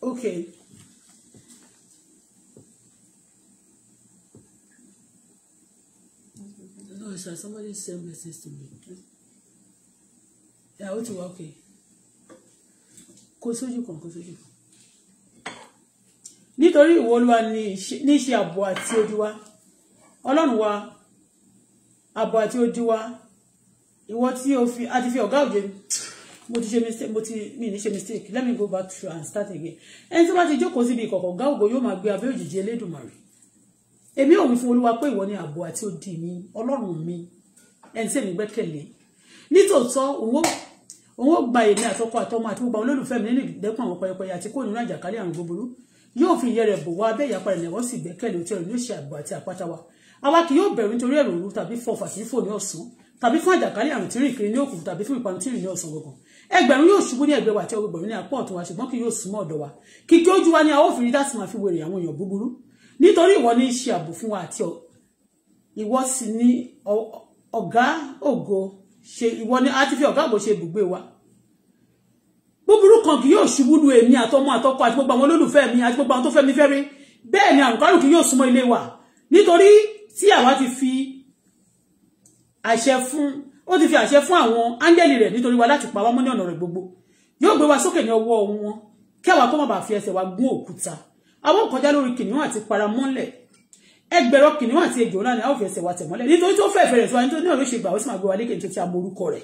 okay. No, sir, somebody send messages to me ìyá ó ti wá òkè kó sójú kan kó sójú kan nítorí ìwọ olúwa ní ṣe ààbò àti ojú wa ọlọ́run wa ààbò àti ojú ìwọ tí o fi a ti fi ọ̀gá òjò mo ti ṣe mistake mo ti mi ní ṣe mistake let me go back to and start again ẹni tí wọ́n ti jókòó síbi ìkọ̀kọ̀ ọ̀gá ògo yóò máa gbé abẹ́ òjìji elédùnmarè èmi ò wí fún olúwa pé ìwọ ni ààbò àti odi mi ọlọ́run mi ẹni tí èmi gbẹ́kẹ̀lé nítòótọ́ òun ó òun ó gba èmi àtọkọ àtọmọ àti gbogbo àwọn olólùfẹ́ mi nínú ìdẹ́kùn àwọn pẹyẹpẹyẹ àti kó nínú àjàkálẹ̀ àrùn gbogbo yóò fi ìyẹ́ rẹ̀ bò wá abẹ́ ìyapa rẹ̀ lẹ́wọ́ sì gbẹ́kẹ̀lé òtí ọ̀rọ̀ ní òṣì àgbò àti àpáta wa àwa kì yóò bẹ̀rù nítorí ẹ̀rù òru tàbí fọ fàṣífò ní ọ̀sán tàbí fún àjàkálẹ̀ àrùn tí rìn kiri ní òkùnkùn tàbí fún ìparun tí rìn ní ọ̀sán gbọ̀ngàn ẹgbẹ̀rún yóò ṣubú ní ẹgbẹ́ wa àti ọgbẹ̀rún ní apá ọ̀tún wa ṣùgbọ́n kì yóò súnmọ́ ọ̀dọ̀ wa kíkí ojú wa ni a ó fi rí láti máa fi wèrè àwọn èèyàn búburú nítorí ìwọ ní í ṣe fún wa àti ìwọ sì ni ọ̀gá ògo ṣe ìwọ ni a ti fi ọ̀gá àgbò ṣe ibùgbé wa búburú kan kì yóò ṣubú lu èmi àtọmọ àtọkọ àti gbogbo àwọn olólùfẹ́ mi àti gbogbo àwọn tó fẹ́ mi fẹ́rẹ́ bẹ́ẹ̀ ni àrùkárù kì yóò súnmọ́ ilé wa nítorí tí àwa ti fi àṣẹ fún ó ti fi àṣẹ fún àwọn áńgẹ́lì rẹ̀ nítorí wa láti pa wá mọ́ ní ọ̀nà rẹ̀ gbogbo yóò gbé wa sókè ní ọwọ́ wọn kí àwa kó má bàa fi ẹsẹ̀ wa gún òkúta àwọn kọjá lórí kìnìún àti paramọ́lẹ̀ ẹgbẹ̀rọ kìnìún àti ejò náà ni a ó fẹsẹ̀ wa tẹ̀mọ́lẹ̀ nítorí tó fẹ́ fẹ́rẹ̀ síwájú tó ní ọ̀rọ̀ ṣe gbà ó sì máa gbé wa lékè nítorí tí a mọ orúkọ rẹ̀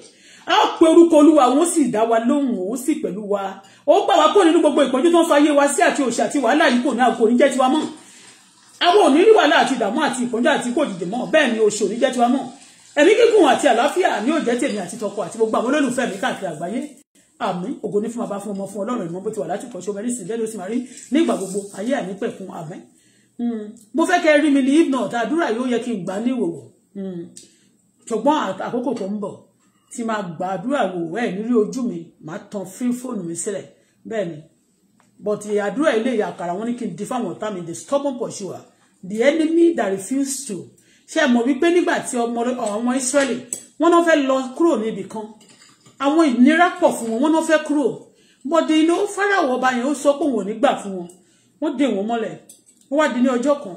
a ó pe orúkọ olúwa òun sì dá wa lóhùn òun sì pẹ̀lú wa ó gbà wá kó nínú gbogbo ìpọ́njú tó ń fa ayé wa sí àti òṣì àti wàhálà yìí kò ní àgò oníjẹ́ tiwa mọ́ àwọn òní rí wàhálà àti ìdààmú àti ìpọ́njú àti kò dìde mọ́ bẹ́ẹ̀ ni òṣì oníjẹ́ tiwa mọ́ ẹ̀mí gígùn àti àlàáfíà ni ó jẹ́ tèmi àti tọkọ àti gbogbo àwọn olólùfẹ́ mi káàkiri àgbáyé àmín ògo ní fún bàbá fún ọmọ fún ọlọ́run ìmọ̀ bó ti wà látìkọ́ ṣọ́bẹ̀rì sí lẹ́nu sí màrí nígbà gbogbo ayé àìnípẹ̀kun àmín mo fẹ́ kẹ́ rí mi ní if not àdúrà yóò yẹ kí n gbà ní ìwòwò hmm. ṣùgbọ́n àkókò tó ń bọ̀ tí máa gbà àdúrà ìwòwò ẹ̀ nírí ojú mi máa tan fí fóònù mi sílẹ̀ bẹ́ẹ̀ ni but àdúrà ilé ìyá àkàrà wọn ní kí n di fáwọn ọ̀tá mi the stubborn pursuer the enemy that refuse to ṣe mọ̀ wípé nígbà tí ọmọ ọmọ Ísírẹ́lì wọ́n náà fẹ́ lọ kúrò níbì kan àwọn ìnira pọ̀ fún wọn wọ́n náà fẹ́ kúrò bọ́dé iná Fáráò ọba yẹn ó sọ pé òun ò ní gbà fún wọn wọ́n dè wọ́n ó wá di ní ọjọ́ kan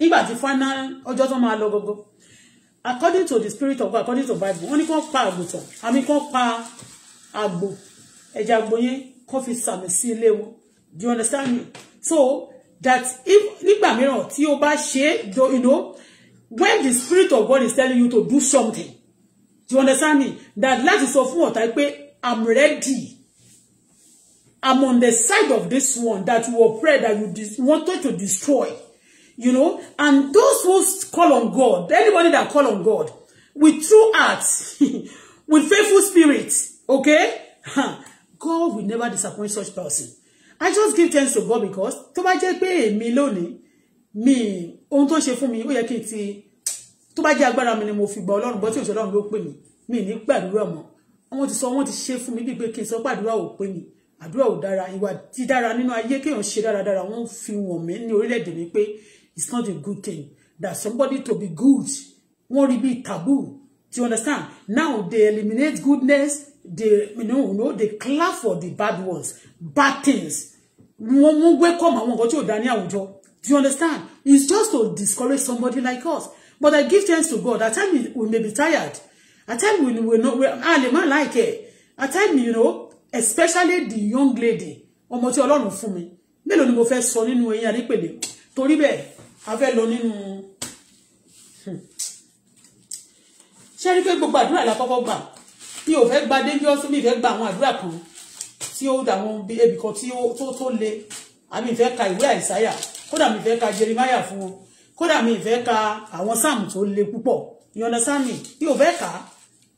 nígbà tí final ọjọ́ tó máa lọ gbogbo according to the spirit of God according to Bible wọ́n ní kàn pa àgùntàn àmì kàn pa àgbò ẹ̀jẹ̀ àgbò yẹn fi sàmì sí ilé wọn do you understand me so that if nígbà mìíràn tí o bá ṣe you know when the spirit of God is telling you to do something do you understand me that láti sọ fún ọ̀tá pé i'm ready I'm on the side of this one that you will pray that you wanted to destroy. You know, and those who call on God, anybody that call on God, with true hearts, with faithful spirits, okay? God will never disappoint such person. I just give thanks to God because tó bá jẹ́ pé èmi lónìí mi ohun tó ṣe fún mi ó yẹ kí ti tó bá jẹ́ agbára mi ni mo fi gba Ọlọ́run gbọ́ tí òṣèlú Ọlọ́run ló pè mí mi ní gbàdúrà mọ́ wọ́n ti sọ wọ́n ti ṣe fún mi bíi pé kí n sọ gbàdúrà ò pè àdúrà ò dára ìwà dídára nínú ayé kéèyàn ṣe dáradára wọ́n fi wọ̀n mí ní orílẹ̀-èdè mi pé it's not a good thing that somebody to be good wọ́n rí bíi taboo do you understand now they eliminate goodness they you know, you know they clap for the bad ones bad things wọ́n mú welcome àwọn nǹkan tí ò dá ní àwùjọ do you understand it's just to discourage somebody like us but I give thanks to God at times we may be tired at times we will not we, ah le ma like it at times you know especially the young lady ọmọ tí ọlọ́run fún mi mélòó ni mo fẹ́ sọ nínú eyín adépèlé torí bẹ́ẹ̀ a fẹ́ lọ nínú hmm. ṣé rí pé gbogbo àdúrà la kọ́kọ́ gbà mi ò fẹ́ gba dangerous mi fẹ́ gba àwọn àdúrà kan tí ó dà wọn bí ebì kan tí ó tó tó le àmì ìfẹ́ ka ìwé àìsáyà kódà mi fẹ́ ka jeremiah fún wọn kódà mi fẹ́ ka àwọn sáàmù tó le púpọ̀ ìyọ̀nà sáàmì mi ò fẹ́ kà á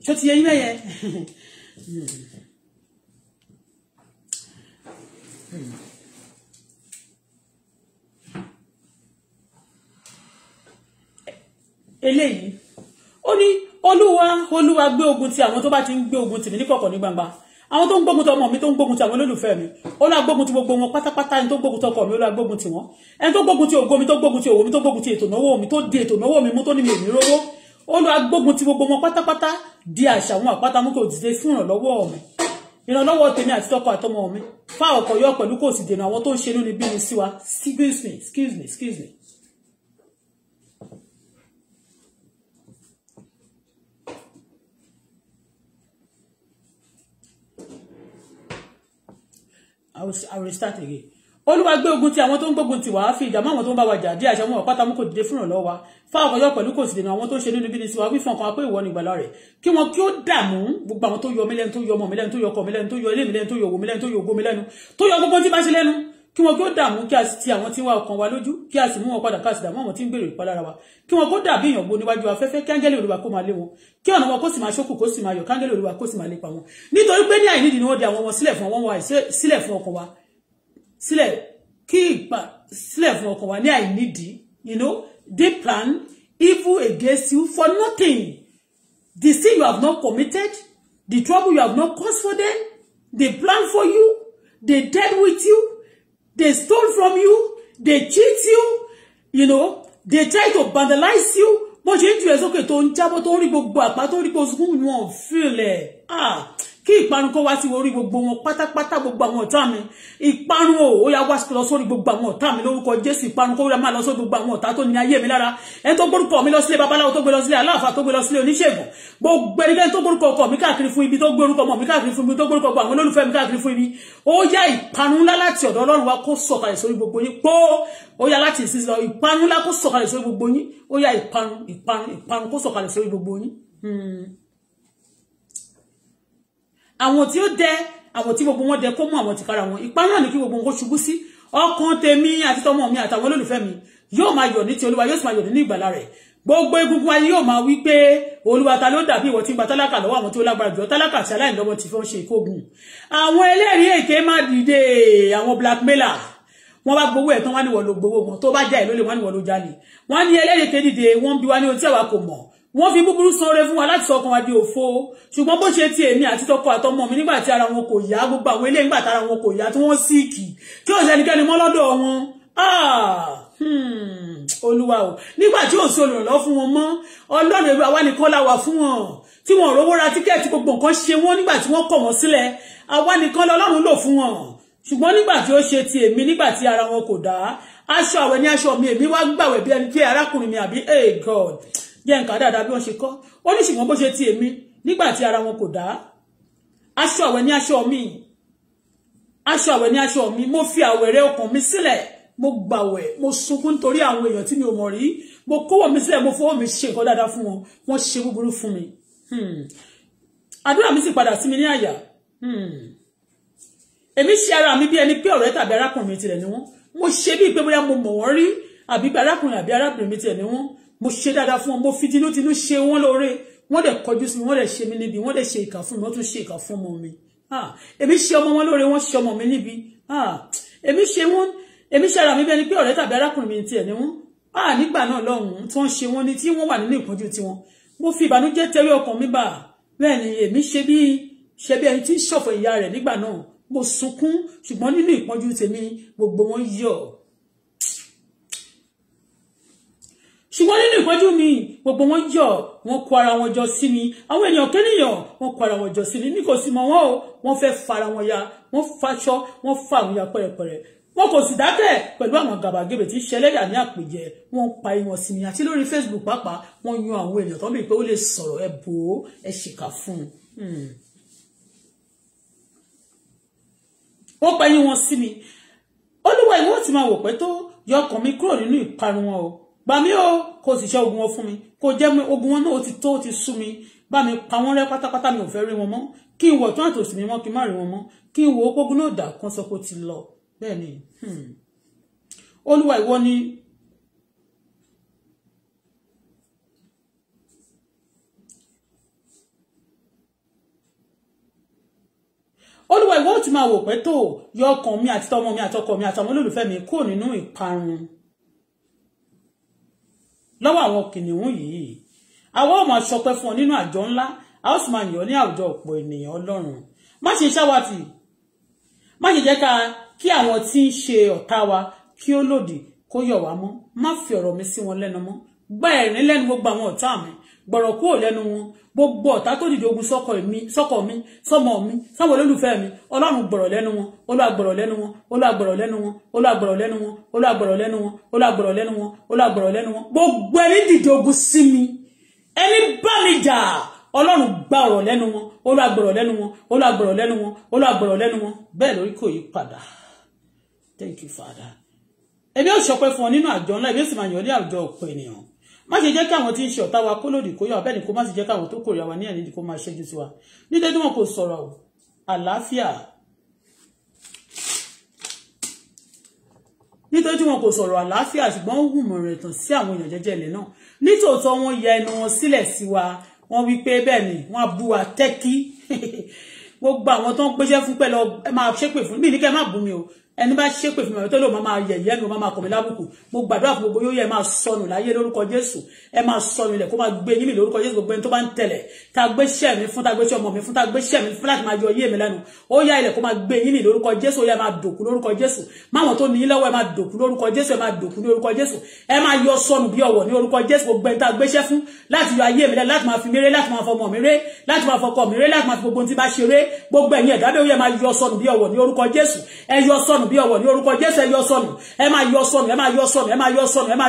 ṣó ti yẹ yín mẹ́yẹn. eléyìí ó ní olúwa olúwa gbé ogun ti àwọn tó bá ti ń gbé ogun tèmi níkọ̀kọ̀ ní gbangba àwọn tó ń gbógun ti ọmọ mi tó ń gbógun ti àwọn olólùfẹ́ mi olúwa gbógun ti gbogbo wọn pátápátá ẹni tó gbógun ti ọkọ mi olúwa gbógun ti wọn ẹni tó gbógun ti ògo mi tó gbógun ti òwò mi tó gbógun ti ètò náwó mi tó di ètò náwó mi mú tó ní mi ò ní rówó olúwa gbógun ti gbogbo wọn pátápátá di àṣà wọn àpáta mú kí òtítẹ́ fún ìrànlọ́wọ́ mi ìrànlọ́wọ́ tèmi àti tọkọ àtọmọ mi fá ọkọ̀ yọ pẹ̀lú kò sì dènà àwọn tó ń ṣe lónìí bí ni sí wa excuse me excuse me excuse me. I will, I will start again olúwa gbé ogun ti àwọn tó ń gbógun ti wá fi ìjà àwọn tó ń bá wa jà dé àṣà mọ́ ọ̀pá tamú kò dìde fún ìrànlọ́wọ́ wa fáwọn ọkọ̀ yọ pẹ̀lú kò sì dènà àwọn tó ń ṣe nínú ibi ní tiwa wífọ̀n kan apé ìwọ ni ìgbàlá rẹ̀ kí wọn kí ó dààmú gbogbo àwọn tó yọ mí lẹ́nu tó yọ ọmọ mi lẹ́nu tó yọ ọkọ mi lẹ́nu tó yọ ilé mi lẹ́nu tó yọ òwò mi lẹ́nu tó yọ ògo mi tó yọ gbogbo tí bá ṣe lẹ́nu kí wọn kí ó dààmú kí a sì ti àwọn tí wá ọkàn wa lójú kí a sì mú wọn padà ká sì dààmú àwọn tí ń gbèrò ìpalára wa kí wọn kó dàbí ìyàngbò níwájú afẹ́fẹ́ kí áńgẹ́lì olúwa kó máa lé wọn kí ọ̀nà wọn kó sì máa ṣókù kó sì máa yọ kí áńgẹ́lì olúwa kó sì máa lépa wọn nítorí pé ní àìnídìí ni wọ́n di àwọn wọn sílẹ̀ fún ọwọ́ wọn sílẹ̀ fún ọkàn wa sílẹ̀ kí ìpa sílẹ̀ fún ọkàn wa ní àìnídìí you know they plan evil against you for nothing the sin you have not committed the trouble you have not caused for them they plan for you they dead with you they stole from you they cheat you you know they try to vandalize you bó ṣe ń ju ẹ sókè tó ń jábọ́ tó ń rí gbogbo àpá tó ń rí gbogbo sukùn wọn fílẹ̀ ah ki ìparun kó wá sí orí gbogbo wọn pátápátá gbogbo àwọn ọ̀tá mi ìparun o ya yá wá lọ sórí gbogbo àwọn ọ̀tá mi lórúkọ Jésù ìparun kó wá máa lọ sórí gbogbo àwọn ọ̀tá tó ní ayé mi lára ẹni tó gbórúkọ mi lọ sílé babaláwo tó gbé lọ sílé aláàfáà tó gbé lọ sílé oníṣègùn gbogbo ẹnikẹ́ni tó gbórúkọ ọkọ mi káàkiri fún ibi tó gbórúkọ ọmọ mi káàkiri fún ibi tó gbórúkọ gbogbo àwọn olólùfẹ́ mi káàkiri fún ibi ó yá ìparun ńlá láti ọ̀dọ̀ Ọlọ́run wa kó sọ̀kalẹ̀ sórí gbogbo yín pọ́ ó yá láti ìsinsìnyí lọ ìparun ńlá kó sọ̀kalẹ̀ sórí gbogbo yín ó yá ìparun ìparun ìparun kó sọ̀kalẹ̀ sórí gbogbo yín. Hmm àwọn tí ó dẹ àwọn tí gbogbo wọn dẹ kó mú àwọn tìkára wọn ìparun ní kí gbogbo wọn kó ṣubú sí ọkàn tèmi àti tọmọ mi àtàwọn olólùfẹ́ mi yóò máa yọ̀ ní ti olúwa yóò sì máa yọ̀ nínú ìgbàlà rẹ̀ gbogbo egungun ayé yóò máa wí pé olúwa ta ló dàbí ìwọ tí ń gba tálákà lọ́wọ́ àwọn tí ó lágbára jù tálákà àti aláìlọ́wọ́ ti fẹ́ ṣe ìkógun àwọn ẹlẹ́rìí èké má dìde àwọn blackmailer wọ́n bá gbowó ẹ̀ tán wá ní wọ́n ló gbowó wọn tó bá jà ẹ̀ ló lè wá ní wọ́n ló jalè wọ́n ní ẹlẹ́rìí èké dìde wọ́n bí wá ní ohun tí àwa kò mọ̀ wọ́n fi búburú sanre fún wa láti sọkàn wa di òfo ṣùgbọ́n bó ṣe ti èmi àti tọkọ àtọmọ mi nígbà tí ara wọn kò yá gbogbo àwọn eléyìí nígbà tí ara wọn kò yá tí wọ́n síìkì kí ò sẹ́nikẹ́ni mọ́ lọ́dọ̀ wọn ah, hmm, olúwa o nígbà tí ò sí olùrànlọ́wọ́ fún wọn mọ́ ọlọ́run ẹgbẹ́ àwa nìkan la wà fún wọn tí wọn rówó ra tíkẹ́ẹ̀tì gbogbo nǹkan ṣe wọn nígbà tí wọ́n kọ̀ wọ́n sílẹ̀ àwa nìkan lọ́lọ́run lò fún wọn ṣùgbọ́n nígbà tí ó ṣe ti èmi nígbà tí ara wọn kò dá aṣọ àwẹ̀ ní aṣọ mi èmi wá gbàwẹ̀ bí ẹni pé arákùnrin mi àbí hey God jẹ́ nǹkan dáadáa bí wọ́n ṣe kọ́ ó ní ṣùgbọ́n bó ṣe ti èmi nígbà tí ara wọn kò dá aṣọ àwẹ̀ ní aṣọ mi aṣọ àwẹ̀ ní aṣọ mi mo fi àwẹ̀rẹ̀ ọkàn mi sílẹ̀ mo gbàwẹ̀ mo sunkún nítorí àwọn èèyàn tí mi ò mọ̀ rí mo kówó mi sílẹ̀ mo fowó mi ṣe nǹkan dáadáa fún wọn wọ́n ṣe búburú fún mi hmm. àdúrà mi sì padà sí mi ní àyà hmm. èmi ṣe ara mi bí ẹni pé ọ̀rẹ́ tàbí arákùnrin mi tilẹ̀ ni wọ́n mo ṣe bíi pé bóyá mo mọ̀ wọ́n rí àbí arákùnrin àbí arábìnrin mi tilẹ̀ ni wọ́n mo ṣe dáadáa fún mo fi tinútinú ṣe wọn lóore wọ́n dẹ̀ kọjú sí mi wọ́n dẹ̀ ṣe mí níbi wọ́n dẹ̀ ṣe ìkà fún mi wọ́n tún ṣe ìkà fún ọmọ mi ah, èmi ṣe ọmọ wọn lóore wọ́n ṣe ọmọ mi níbi ah, èmi ṣe wọn èmi ṣe ara mi bẹ́ẹ̀ ni pé ọ̀rẹ́ tàbí arákùnrin mi tiẹ̀ ni wọ́n ah, nígbà náà lọ́hùn-ún tí wọ́n ṣe wọ́n ní tí wọ́n wà nínú ìpọ́njú tiwọn mo fi ìbànújẹ́ tẹrí ọkàn mi bà bẹ́ẹ̀ ni èmi ṣe bí ṣe bí ẹni tí ń ṣọ̀fọ̀ ìyá rẹ̀ nígbà náà mo sunkún ṣùgbọ́n nínú ìpọ́njú tèmi gbogbo wọn yọ̀ ṣùgbọ́n nínú ìpọ́njú mi gbogbo wọn yọ̀ wọ́n kó ara wọn jọ sí mi àwọn ènìyàn kéèyàn wọ́n kó ara wọn jọ sí mi ní kò sí mọ wọn o wọ́n fẹ́ fara wọn ya wọ́n faṣọ wọ́n fa àwọn ya pẹ̀rẹ̀pẹ̀rẹ̀ wọn kò sì dákẹ́ pẹ̀lú àwọn gàbàgebè tí ṣẹlẹ́dà ní àpèjẹ wọ́n pa ìwọ̀n sí mi àti lórí Facebook pàápàá wọ́n yan àwọn ènìyàn tó ń bì pé ó lè sọ̀rọ̀ ẹ bò ó ẹ ṣìkà fún un. Hmm. ó pa ẹyin sí mi olúwa ìwọ́n ti máa wò pẹ́ tó yọ ọkàn mi kúrò nínú ìparun wọn o gbà mí o kò sì ṣe ogun wọn fún mi kò jẹ́ mi ogun wọn náà ó ti tó ó ti sú mi bá mi pa wọ́n rẹ́ pátápátá mi o fẹ́ rí wọn mọ́ kí n wọ̀ tún àtòsí mi mọ́ kí n má rí wọn mọ́ kí n wo ogun náà dà kan sọ pé ó ti lọ bẹ́ẹ̀ ni hmm. olúwa ìwọ ni olúwa ìwọ ti máa wò pé tó yọ ọkàn mi àti tọmọ mi àtọkọ mi àtàwọn olólùfẹ́ mi kúrò nínú ìparun lọ́wọ́ àwọn kìnìún yìí àwa ò máa ṣọpẹ́ fún ọ nínú àjọ ńlá a ó sì máa yàn ní àwùjọ ọ̀pọ̀ ènìyàn ọlọ́run má ṣe ṣáwàtì má ṣe jẹ́ ká kí àwọn tí ń ṣe ọ̀tá wa kí ó lòdì kó yọ̀ wá mọ́ má fi ọ̀rọ̀ mi sí wọn lẹ́nu mọ́ gbá ẹ̀rín lẹ́nu gbogbo àwọn ọ̀tá mi gbọ̀rọ̀ kúrò lẹ́nu wọn gbogbo ọ̀tá tó dìde ogun sọ́kọ mi sọ́kọ mi sọ́mọ mi sáwọn olólùfẹ́ mi ọlọ́run gbọ̀rọ̀ lẹ́nu wọn olúwa gbọ̀rọ̀ lẹ́nu wọn olúwa gbọ̀rọ̀ lẹ́nu wọn olúwa gbọ̀rọ̀ lẹ́nu wọn olúwa gbọ̀rọ̀ lẹ́nu wọn olúwa gbọ̀rọ̀ lẹ́nu wọn olúwa gbọ̀rọ̀ lẹ́nu wọn gbogbo ẹni dìde ogun sí mi ẹni bá mi jà ọlọ́run gbà ọ̀rọ̀ lẹ́nu wọn olúwa gbọ̀rọ̀ lẹ́nu wọn olúwa gbọ̀rọ̀ lẹ́nu wọn olúwa gbọ̀rọ̀ lẹ́nu wọn bẹ́ẹ̀ lórí kò yí padà thank you father ebi ó ṣọpẹ́ fún ọ nínú àjọ ńlá ebi ó sì máa yàn ọ ní àjọ ọ̀pọ̀ ènìyàn má ṣe jẹ́ kí àwọn tí ń ṣe ọ̀tá wa kó lòdì kó yà bẹ́ẹ̀ ni kó má ṣe jẹ́ kí àwọn tó kórè wa ní ẹ̀yìn kó máa ṣẹ́jú sí wa nítorí wọn kò sọ̀rọ̀ àlàáfíà nítorí wọn kò sọ̀rọ̀ àlàáfíà ṣùgbọ́n ó hùmọ̀ rẹ̀ tàn sí àwọn èèyàn jẹ́jẹ́ ilẹ̀ náà nítòótọ́ wọn ya ẹnu wọn sílẹ̀ sí wa wọn wí pé bẹ́ẹ̀ ni wọn bú wa tẹ́kí gbogbo àwọn tó ń pèsè fún pẹ̀lú ẹ máa ṣépè fún mi ní kẹ́ má bú mi o ẹni bá ṣépè fún mi tó lò máa máa yẹ̀yẹ́ mi máa máa kọ̀ mí lábùkù mo gbàdúrà fún gbogbo yóò yẹ máa sọnù láyé lórúkọ jésù ẹ máa sọnù ilẹ̀ kó máa gbé yín mi lórúkọ jésù gbogbo ẹni tó bá ń tẹ̀lẹ̀ tá a gbé ṣẹ́ mi fún tá a gbé ṣẹ́ ọmọ mi fún tá a gbé ṣẹ́ mi fún láti máa yọ yé mi lẹ́nu ó yá ilẹ̀ kó máa gbé yín mi lórúkọ jésù ó yá máa dòkú lórúkọ jésù máwọn tó ní lọ́wọ́ ẹ máa dòkú lórúkọ jésù ẹ máa dòkú lórúkọ jésù ẹ máa yọ sọnù bí sọnù bí ọwọ́ ní orúkọ Jésù ẹ yọ sọnù ẹ máa yọ sọnù ẹ máa yọ sọnù ẹ máa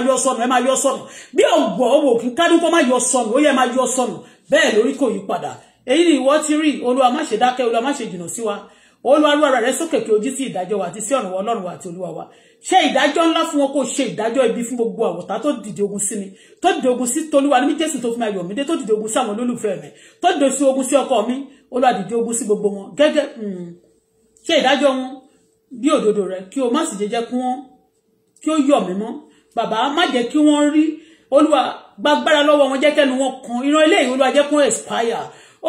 yọ sọnù ẹ máa yọ sọnù ẹ máa yọ sọnù bí ọgbọ owó kí kádùkọ má yọ sọnù ó yẹ máa yọ sọnù bẹ́ẹ̀ lórí kò yí padà èyí ni ìwọ ti rí olúwa má ṣe dákẹ́ olúwa má ṣe jìnnà sí wa olúwa rú ara rẹ sókè kí ojú sí ìdájọ́ wa àti sí ọ̀ràn wa Ọlọ́run wa àti olúwa wa ṣe ìdájọ́ ńlá fún wọn kó ṣe ìdájọ́ ibi fún gbogbo àwọ̀tá tó dìde ogun sí mi tó dìde ogun sí tolúwa ní Jésù tó fi máa yọ̀ mí dé tó dìde ogun sí àwọn olólùfẹ́ mi tó dìde ogun sí ọkọ mi olúwa dìde ogun sí gbogbo wọn gẹ́gẹ́ hmm, ṣe ìdájọ́ wọn bí òdodo rẹ kí o má sì jẹ́ kí wọ́n kí ó yọ̀ mímọ́ bàbá má jẹ́ kí wọ́n rí olúwa gbàgbára lọ́wọ́ wọn jẹ́ kẹ́nu wọn kan ìran eléyìí olúwa jẹ́ kí wọ́n expire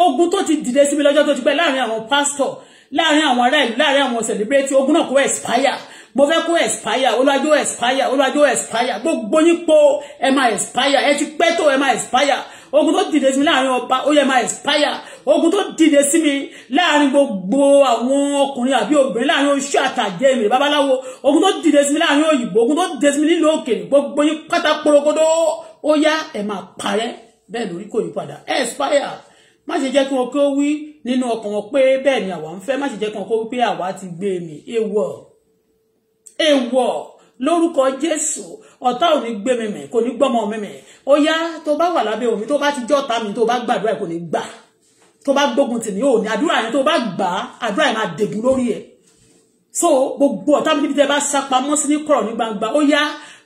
ogun tó ti dìde síbi lọ́jọ́ tó ti pẹ́ láàrin àwọn pásítọ̀ láàrin àwọn ará ìlú láàrin àwọn celebrate ogun náà kó expire mo fẹ́ kó expire olúwàjò expire olúwàjò expire gbogbo yín po ẹ máa expire ẹ ti pẹ́ tó ẹ máa expire ogun tó dìde sí mi láàrin ọba ó yẹ máa expire ogun tó dìde sí mi láàrin gbogbo àwọn ọkùnrin àbí obìnrin láàrin oṣù àtàjẹ mi babaláwo ogun tó dìde sí mi láàrin òyìnbó ogun tó dìde sí mi nílùú òkèèrè gbogbo yín pátá porogodo ó yá ẹ máa parẹ́ bẹ́ẹ̀ lórí kò ní padà expire má ṣe jẹ́ kí wọn kó wí nínú ọkàn wọn pé bẹ́ẹ̀ ni àwa ń fẹ́ má ṣe jẹ́ kí wọn kó wí pé àwa ti gbé mi èèwọ̀ èèwọ̀ lórúkọ jésù ọ̀tá ò ní gbé mímẹ̀ kò ní gbọ́mọ mímẹ̀ ó yá tó bá wà lábẹ́ omi tó bá ti jọ́ta mi tó bá gbàdúrà kò ní gbà tó bá gbógun tì mí ò àdúrà yẹn tó bá gbà àdúrà yẹn máa dègùn lórí ẹ̀ so gbogbo ọ̀tá mi níbi tẹ́ bá sá pamọ́ sí ní kọ̀rọ̀ ní gbangba ó yá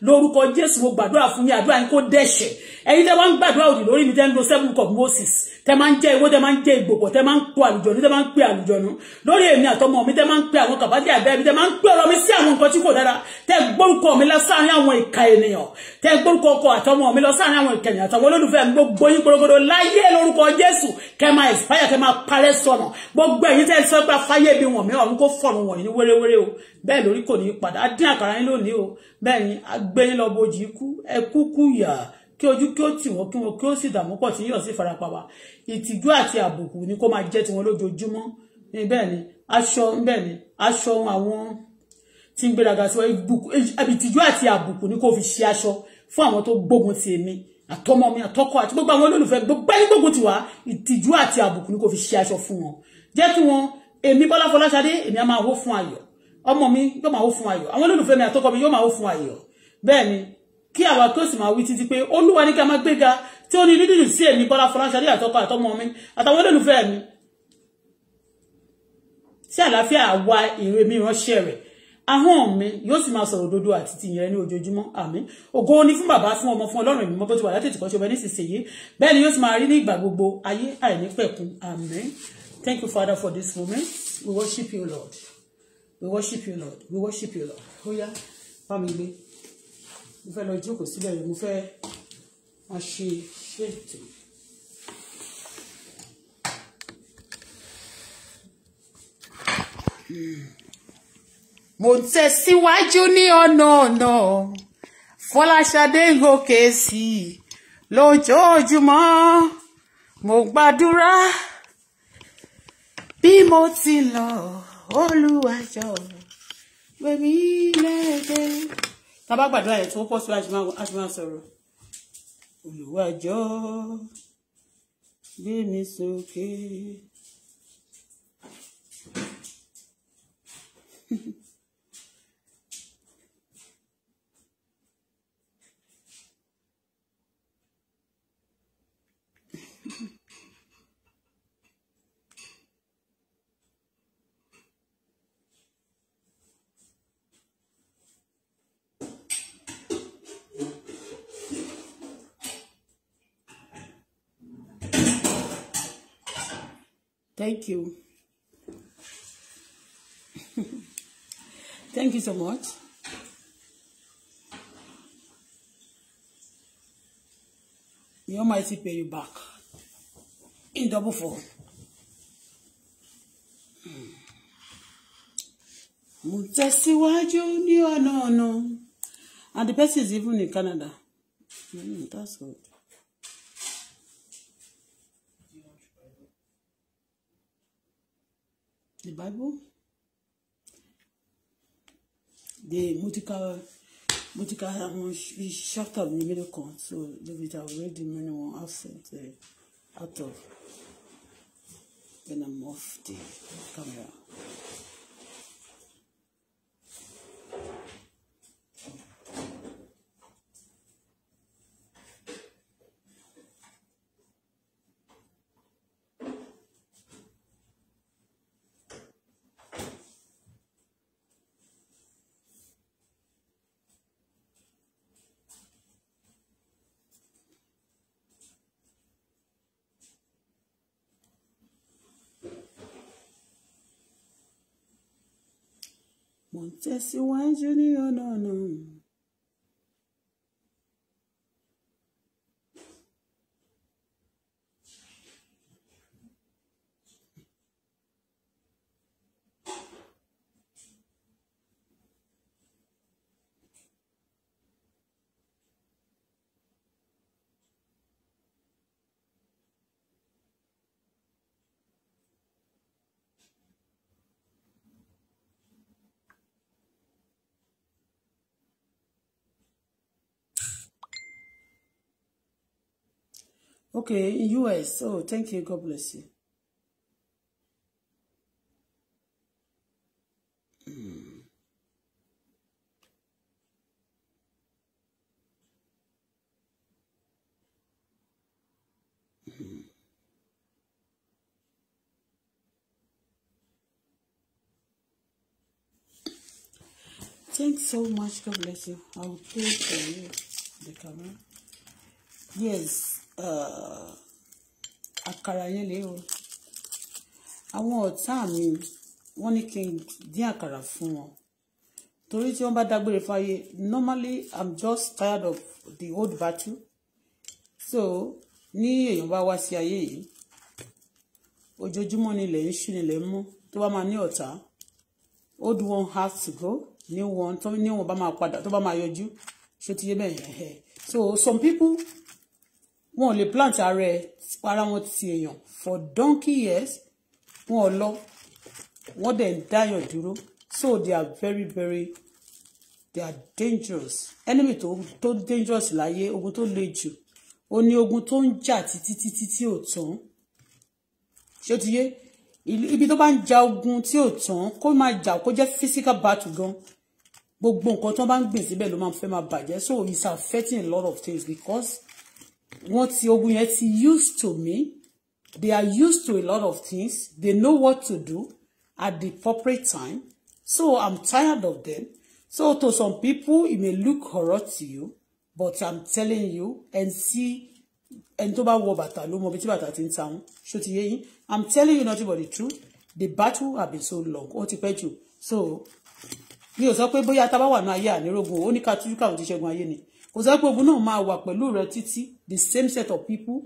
lórúkọ jésù mo gbàdúrà fún yín àdúrà yín kó dẹ̀ṣẹ̀ ẹ̀yin tẹ́ wá ń gbàdúrà òdì lórí mi tẹ́ ń lo seven cup moses tẹ máa ń jẹ ewé tẹ máa ń jẹ ìgbòpọ̀ tẹ máa ń kó àlùjọ̀nú tẹ máa ń pè àlùjọ̀nú lórí èmi àtọmọ mi tẹ máa ń pè àwọn kàbájẹ àbẹ mi tẹ máa ń pè ọ̀rọ̀ mi sí àwọn nǹkan tí kò dára tẹ gbórúkọ mi lọ sáàrin àwọn ìka ènìyàn tẹ gbórúkọ ọkọ àtọmọ mi lọ sáàrin àwọn ìka ènìyàn àtàwọn olólùfẹ́ gbogbo yín gbogbo láyé lórúkọ Jésù kẹ máa expire kẹ máa parẹ́ sọnà gbogbo ẹ̀yin tẹ sọ pé afáyé mi wọ̀n mi ọ̀run kó fọ̀rùn wọ̀nyí wéréwéré o bẹ́ẹ̀ lórí kò ní í padà á dín àkàrà yín lónìí o bẹ́ẹ̀ ni agbẹ́yìn lọ bojì ikú ẹ kúkú kí ojú kí ó tì wọ́n kí wọ́n kí ó sì dààmú pọ̀ tí yíyọ̀ sí farapa wa ìtìjú àti àbùkù ni kó máa jẹ́ tiwọn lójoojúmọ́ bẹ́ẹ̀ ni aṣọ bẹ́ẹ̀ ni aṣọ àwọn tí ń gbéraga sí ìtìjú àti àbùkù ni kó fi ṣe aṣọ fún àwọn tó gbógun ti èmi àtọmọ mi àtọkọ àti gbogbo àwọn olólùfẹ́ gbogbo ẹni gbógun ti wá ìtìjú àti àbùkù ni kó fi ṣe aṣọ fún wọn jẹ́ kí wọn èmi Bọ́lá Fọláṣadé èmi á máa hó fún ayọ̀ ọmọ mi yóò máa hó fún ayọ̀ àwọn olólùfẹ́ mi àtọkọ mi yóò máa hó fún ayọ̀ bẹ́ẹ̀ ni kí àwa kí sì máa wí títí pé olúwa ní kí a máa gbéga tí ó ní dídùn sí èmi bọ́lá fọláṣadé àtọkọ àtọmọ mi àtàwọn olólùfẹ́ mi tí àlàáfíà àwa ìwé mi ránṣẹ́ rẹ̀ ahọ́n mi yóò sì máa sọ̀rọ̀ òdodo àti tìyẹn ní ojoojúmọ́ àmín ògo ni fún bàbá fún ọmọ fún ọlọ́run ìmọ̀ bó ti wà látètè kọ́ ṣọba nísinsìnyí bẹ́ẹ̀ ni yóò sì máa rí ní ìgbà gbogbo ayé àìní pẹ̀kun àmín thank you father for this moment we worship you lord we worship you lord we worship you lord ó yá mo fẹ́ lọ jókòó síbẹ̀ mo fẹ́ wọ́n ṣe ṣètò. mo ń tẹ̀síwájú ní ọ̀nà ọ̀nà Fọláṣadé ń gòkè sí i lójoojúmọ́ mo gbàdúrà bí mo ti lọ Olúwa jọ̀ọ́ lẹ́gbẹ̀ẹ́ tábà gbàdúrà yẹn tí ó pọ̀ sí a ṣe máa sọ̀rọ̀ Olúwa jọ̀ọ́ gbé mi sókè. Thank you. Thank you so much. The Almighty pay you back in double four. Mo tẹ̀síwájú ní ọ̀nà and the person is even in Canada. Mm, that's good. the Bible. The multiple multiple one um, short of the middle con, so leave it. I'll read the main one absent uh, out of then I'm off the camera. tẹ̀síwájú ní ọ̀nà náà. Okay, in US. Oh, thank you. God bless you. Mm. Mm. Thanks so much. God bless you. I will pray for you, the camera. Yes àkàrà yẹn lè o àwọn ọ̀tá mi wọ́n ní kí n dín àkàrà fún wọn torí tí wọ́n bá dágbére fáyé normally i'm just tired of the old battle so ní èèyàn bá wá sí ayé yìí ojoojúmọ́ ni ilẹ̀ ń ṣú ni ilẹ̀ ń mú tó bá máa ní ọ̀tá old one has to go new one tó ní wọn bá máa padà tó bá máa yọjú ṣó ti yé bẹ́ẹ̀ so some people wọn ò lè plant ara ẹ ara wọn ti èèyàn for donkey years wọn ò lọ wọn dẹ̀ ń dáyàn dúró so they are very very they are dangerous enemy tó tó dangerous láyé ogun tó le jù ó ní ogun tó ń jà títí títí tí ò tán ṣé ó ti yé ibi tó bá ń ja ogun tí ò tán kó máa jà kó jẹ́ physical battle gan gbogbo nǹkan tó bá ń gbìn síbẹ̀ ló máa fẹ́ máa bàjẹ́ so it's affecting a lot of things because wọ́n ti ogun yẹn ti used to me they are used to a lot of things they know what to do at the appropriate time so I'm tired of them so to some people it may look horror to you but I'm telling you and see ẹni tó bá wọ bàtà ló mọ ibi tí bàtà ti ń ta wọn ṣó ti yé yín I'm telling you nothing but the truth the battle has been so long ó ti pẹ́ jù so mi ò sọ pé bóyá tá a bá wà ní ayé ànírógun ó ní ká túká òun ti ṣẹ́gun ayé ni kò sọ pé ogun náà máa wà pẹ̀lú rẹ títí the same set of people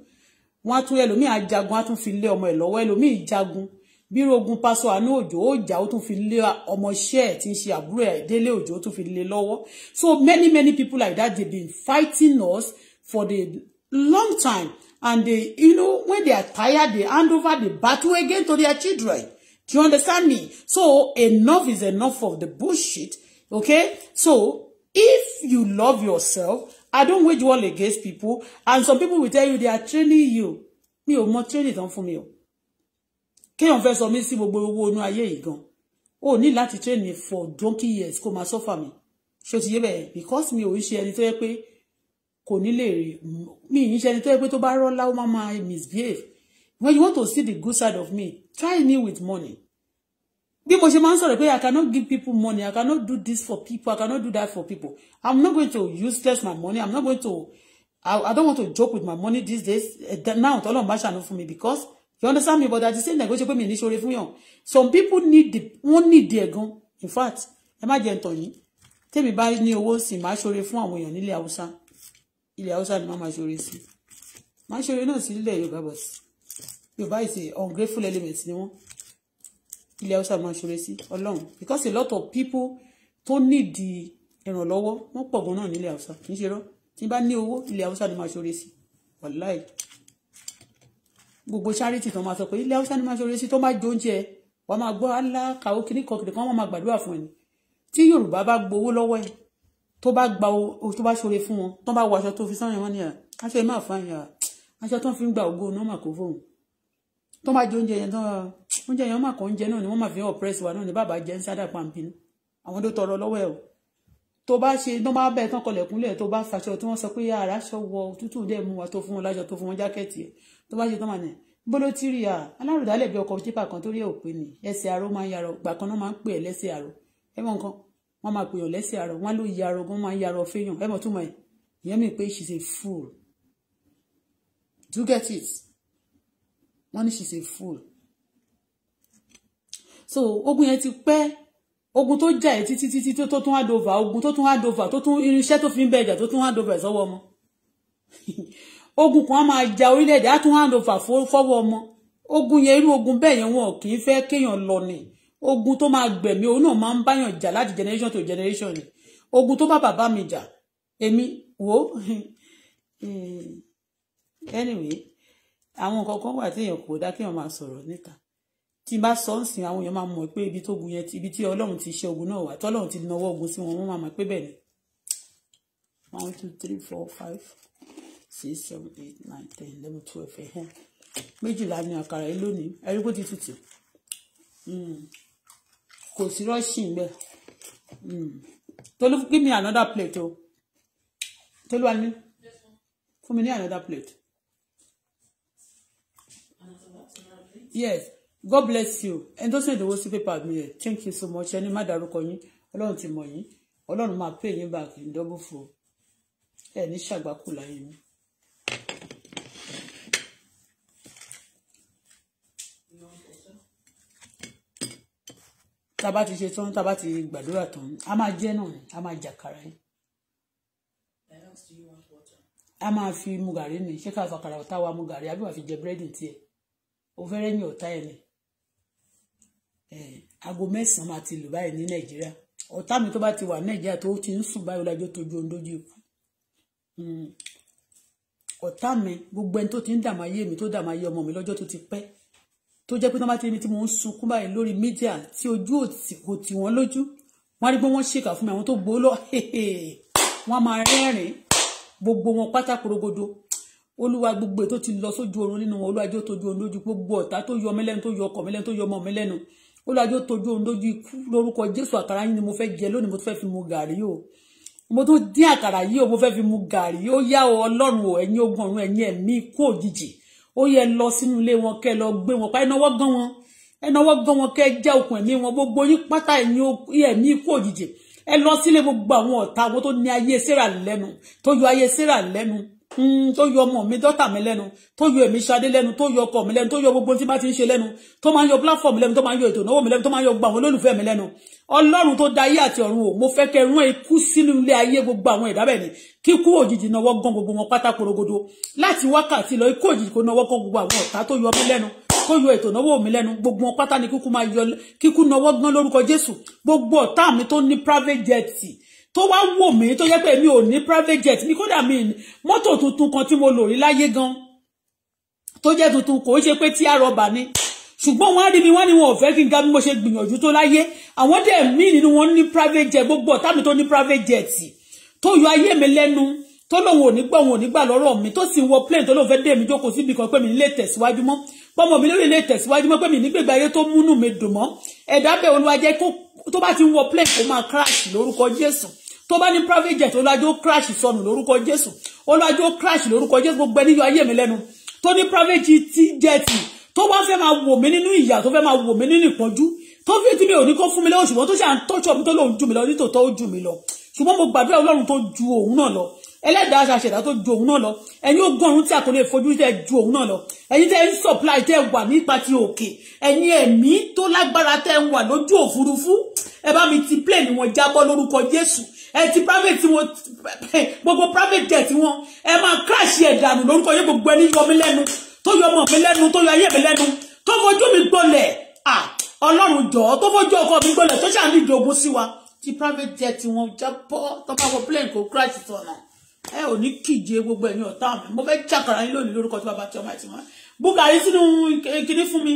wọ́n á tún ẹlòmíì á jagun á tún fi lé ọmọ ẹ̀ lọ́wọ́ ẹlòmíì jagun bírò ogun pásọ àánú òjò ó jà ó tún fi lé ọmọọṣẹ́ ẹ̀ tí ń ṣe àbúrò ẹ̀ délé òjò ó tún fi lé lọ́wọ́ so many many people like that they've been fighting us for the long time and they you know when they are tired they hand over the battle again to their children do you understand me so enough is enough of the bullshit okay so if you love yourself I don't wage war against people and some people will tell you they are training you Me, ò mọ training tán for me. o kéèyàn fẹ́ sọ mí sí gbogbo owó inú ayé yìí gan o ní láti train me for donkey years come máa sọ́fà mi ṣé o because me, ò ń ṣe ẹni tó yẹ pé me, ní lè rí mi to ń ṣe mama tó misbehave when you want to see the good side of me try me with money bí mo ṣe máa ń sọ̀rọ̀ pé i cannot give people money i cannot do this for people i cannot do that for people i'm not going to use useless my money i'm not going to i, I don't want to joke with my money these days eh, now tọ́lọ́mù bá ṣàánú fún mi because you understand me but at the same time kò ṣe pé mi ní ṣoore fún yàn some people need the wọ́n need the ẹ̀gan in fact ẹ má jẹ́ ntọ̀ yín tèmi bá ní owó sì máa ṣoore fún àwọn èèyàn nílẹ̀ haúsá ilẹ̀ haúsá ni máa máa ṣoore sí máa ṣoore náà sí nílẹ̀ yorùbá but yorùbá is a ungrateful element ni wọ́n ilẹ̀ haúsá máa ṣoore sí ọlọ́run because a lot of people tó nídìí ìrànlọ́wọ́ wọ́n pọ̀ gan náà nílẹ̀ haúsá kì í ṣe rọ́ tí n bá ní owó ilẹ̀ haúsá ni máa ṣoore sí wàláì gbogbo charity tó máa sọ pé ilẹ̀ haúsá ni máa ṣoore sí tó máa jó oúnjẹ wà á máa gbọ́ alákàwọ́ kiri kọkiri kan wọ́n máa gbàdúrà fún ẹni tí yorùbá bá gbowó lọ́wọ́ ẹ̀ tó bá gba o tó bá ṣoore fún wọn tó bá wọ aṣọ tó fi sáyẹn wọn ni à ah, aṣọ ẹ máa fà yà ah, aṣọ tó fi ń gba ògo náà mà kó fóun tó máa jó oúnjẹ yẹn tó máa oúnjẹ yẹn máa kàn ń jẹ náà ni wọ́n máa fi hàn press wa náà ni bàbá jẹ́ ń sádà pàǹpin àwọn tó tọrọ lọ́wọ́ ẹ̀ o tó bá ṣe tó bá bẹ̀ tán kọlẹ̀kúnlẹ̀ tó bá faṣọ tí wọ́n sọ pé yàrá aṣọ wọ tútù dẹ̀ mú wa tó fún wọn láṣọ tó fún wọn jákẹ́ẹ̀tì ẹ̀ tó bá ṣe tán màá nà bóló tí rí a alárùdálẹ̀ bí ọkọ̀ jípà kan tó rí ẹ̀ òpin ni ẹsẹ̀ aró máa ń yarọ gbà kan náà máa ń pè ẹ́ lẹ́sẹ̀ aró ẹ mọ nǹkan wọ́n máa pè ọ́ lẹ́sẹ̀ aró wọ́n ló yarọ wọ́n máa ń yarọ fẹ́yàn ẹ mọ̀ túmọ̀ ẹ̀ ìyẹn mi pé she's a fool do you get it wọ́n ní she's a fool so ogun yẹn ti pẹ́ ogun tó jà ẹ́ títí títí tó tún hand over ogun tó tún hand over tó tún irinṣẹ́ tó fi ń bẹ ìjà tó tún hand over sọ́wọ́ ọmọ ogun kan máa ja orílẹ̀-èdè á tún hand over fọ́wọ́ ọmọ ogun yẹn irú ogun bẹ́ẹ̀ yẹn wọn kì í fẹ́ kéèyàn lọ ni ogun tó máa gbẹ̀mí òun náà máa ń báyàn jà láti generation to generation ni ogun tó bá bàbá mi jà èmi wò ó hmm. anyway àwọn nǹkan kan wà téèyàn kò dá kéèyàn máa sọ̀rọ̀ níta tí bá sọ ń sìn àwọn èèyàn máa mọ̀ pé ibi tó gun yẹn ibi tí ọlọ́run ti ṣe ogun náà wà tọ́lọ́run ti nawọ́ ogun sí wọn wọ́n máa mọ̀ pé bẹ́ẹ̀ ni one two three four five six seven eight nine ten eleven twelve ẹ̀hẹ́n méjìlá ni àkàrà yìí lónìí ẹ̀rí kó ti tutù hmm. kò sí rọ́ọ̀ṣì ń bẹ̀ hmm. tolú give me another plate o tolú wa ní fún mi ní another plate yes. God bless you ẹni tó sì ìdòwò sí pépà mi rẹ̀ thank you so much ẹni má dárúkọ yín ọlọ́run ti mọ̀ yín ọlọ́run máa pè yín back in double four ẹ ní ṣàgbákù láyé mi. tá a bá ti ṣe tán tá a bá ti gbàdúrà tán a máa jẹ náà ni a máa jàkàrà yìí a máa fi mu gàrí ni ṣé ká fa kàrà ọ̀tá wa mu gàrí àbí wàá fi jẹ búrẹ́dì tiẹ̀ o fẹ́rẹ́ ní ọ̀tá ẹ̀ ni aago mẹ́sàn-án máa ti lù báyìí ní nàìjíríà ọ̀tá mi tó bá ti wà nàìjíríà tó ti ń sùn báyìí ọlájọ́ tójú ohun dójú ikú hmm. ọ̀tá mi gbogbo ẹni tó ti ń dààmú ayé mi tó dààmú ayé ọmọ mi lọ́jọ́ tó ti pẹ́ tó jẹ́ pé tó bá ti ní tí mo ń sunkún báyìí lórí mídíà tí ojú kò tì wọ́n lójú wọ́n á rí pé wọ́n ṣèkà fún mi àwọn tó gbó lọ wọ́n máa rẹ́rìn gbogbo wọn pátá korogodo olúwa gbogbo ètò ti lọ sójú oorun nínú wọn olúwa jẹ́ ó oorun lójú gbogbo ọ̀tá tó yọ ọmọ ẹlẹ́nu tó yọ ọkọ̀ ọmọ ẹlẹ́nu tó yọ ọmọ ọmọ ẹlẹ́nu olùwàjò tójú ohun lójú ikú lórúkọ jésù àkàrà yín ni mo fẹ́ jẹ lónìí mo tún fẹ́ fi mu gàrí o mo tún dín àkàrà yìí o mo fẹ́ fi mu gàrí ó yá o ọlọ́run o ẹ̀yin ogun ọ̀run ẹ̀yin ẹ̀mí ikú òjijì ó yẹ lọ sínú ilé wọn kẹ́ lọ gbé wọn pa ẹnáwó gan wọn ẹnáwó gan wọn kẹ́ já okùn ẹ̀mí wọn gbogbo yín pátá ẹ̀yin ẹ̀mí ikú òjijì ẹ lọ sílé gbogbo àwọn ọ̀tá àwọn tó ní ayé sẹ́rà lẹ́nu tó yọ ayé sẹ́rà lẹ́nu tó yọ ọmọ mi dọ́tà mi lẹ́nu tó yọ èmi ṣadé lẹ́nu tó yọ ọkọ mi lẹ́nu tó yọ gbogbo tí bá ti ń ṣe lẹ́nu tó máa ń yọ platform lẹ́nu tó máa ń yọ ètò ìnáwó mi lẹ́nu tó máa ń yọ gbogbo àwọn olólùfẹ́ mi lẹ́nu ọlọ́run tó da ayé àti ọ̀run o mo fẹ́ kẹ́ rún ikú sínú ilé ayé gbogbo àwọn ẹ̀dá bẹ́ẹ̀ ni kíkú òjijì náwó gan gbogbo wọn pátá korogodo láti wákàtí lọ ikú òjijì kò náwó gan gbogbo àwọn ọ̀tá tó yọ mí lẹ́nu kó yọ ètò ìnáwó mi lẹ́nu gbogbo wọn pátá ni kíkú máa yọ kíkú náwó gan lórúkọ Jésù gbogbo ọ̀tá mi tó ní private jet tó wá wò mí tó yẹ pé mi ò ní private jet mi kódà mi mọ́tò tuntun kan tí mo lò rí láyé gan tó jẹ́ tuntun kò ṣe pé tí a rọ̀bà ni ṣùgbọ́n wọ́n á rí mi wọ́n ní wọn ò fẹ́ kí n ga bí mo ṣe gbìyànjú tó láyé àwọn dẹ̀ mí nínú wọn ní private jet gbogbo ọ̀tá mi tó ní private jet tó yọ ayé mi lẹ́nu tó lòun ò ní gbọ́ òun ò ní gbà lọ́rọ̀ mi tó sì wọ plane tó lòun fẹ́ dé mi jókòó síbi kan pé mi nílé tẹ̀síwájú mọ́ pọ́mọ mi lórí ilé tẹ̀síwájú mọ́ pé mi nígbègbè ayé tó múnú mi dùn mọ́ ẹ̀dá bẹ̀ olúwa jẹ́ tó bá ti ń wọ plane kó máa crash lórúkọ jésù tó bá ní private jet olùwàjò crash sọnù lórúkọ jésù olùwàjò crash lórúkọ jésù gbogbo ẹni yọ ayé mi lẹ́nu tó ní private jet tó wá fẹ́ máa wò mí nínú ìyà tó fẹ́ máa wò mí nínú ìpọ́njú tó fi tí mi ò ní kó fún mi lọ́wọ́ ṣùgbọ́n tó ṣe à ń tọ́jú ọmọ tó lòun jù mí lọ nítòótọ́ ó jù mí lọ ṣùgbọ́n mo gbàdúrà ọlọ́run tó ju òun náà lọ ẹlẹ́dàá aṣàṣẹ̀dá tó ju òun náà lọ ẹ̀yin ọgọ́rùn-ún tí a kò lè fojú tẹ́ ju òun náà lọ ẹ̀yin tẹ́ ń supply tẹ́ wà nípa ti òkè ẹ̀yin ẹ̀mí tó lágbára tẹ́ ń wà lójú òfurufú ẹ bá mi ti plane wọn jábọ́ lórúkọ Jésù ẹ ti private tí wọn gbogbo private jet tí wọn ẹ máa crash ẹ̀ dànù lórúkọ yẹn gbogbo ẹni yọ mí lẹ́nu tó yọ ọmọ mi lẹ́nu tó yọ ayé mi lẹ́nu tó fojú mi gbọ́lẹ̀ Ọlọ́run jọ̀ọ́ tó fojú ọkọ mi gbọ́lẹ̀ tó ṣàǹdí ìdògún sí wa ti private jet tí wọn jábọ́ tó bá wọ plane kò crash tọ̀nà ẹ ò ní kíje gbogbo ẹ̀yin ọ̀tá mi mo fẹ́ jàkàrà yín lónìí lórúkọ tí bàbá tí ọmọ àti mọ́ búgàrí sínú kinní fún mi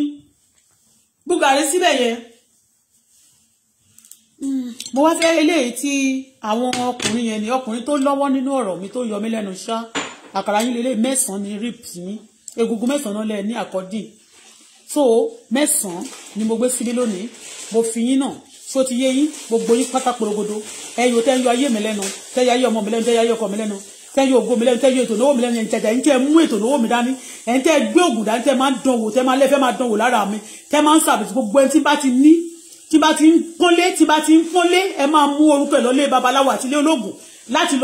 búgàrí síbẹ̀ yẹn mo wá fẹ́ eléyìí tí àwọn ọkùnrin yẹn ni ọkùnrin tó lọ́wọ́ nínú ọ̀rọ̀ mi tó yọ mí lẹ́nu ṣá àkàrà yín lélẹ̀ mẹ́sàn-án ni rips mi egungun mẹ́sàn-án lẹ́ ní àkọ́dì so mẹ́sàn-án ni mo gbé síbí lónìí mo fi yín náà so ti yé yín gbogbo yín pátá porogodo ẹyọ tẹ́ ń yọ ayé mi lẹ́nu tẹ́ yọ ayé ọmọ mi lẹ́nu tẹ́ yọ ayé ọkọ mi lẹ́nu tẹ́ yọ ògo mi lẹ́nu tẹ́ yọ ètò lówó mi lẹ́nu ẹ̀ǹtẹ̀tẹ̀ ẹ̀ǹ tẹ́ mú ètò lówó mi dání ẹ̀ǹ tẹ́ gbé ògùn dání tẹ́ máa ń dánwò tẹ́ máa lẹ́fẹ́ máa dánwò lára mi tẹ́ máa ń sàbẹ̀tì gbogbo ẹni tí bá ti ní tí bá ti ń pọ́nlé tí bá ti ń pọ́nlé ẹ máa mú orúkọ ẹ̀ lọ́lé babaláwo àti ilé ológun láti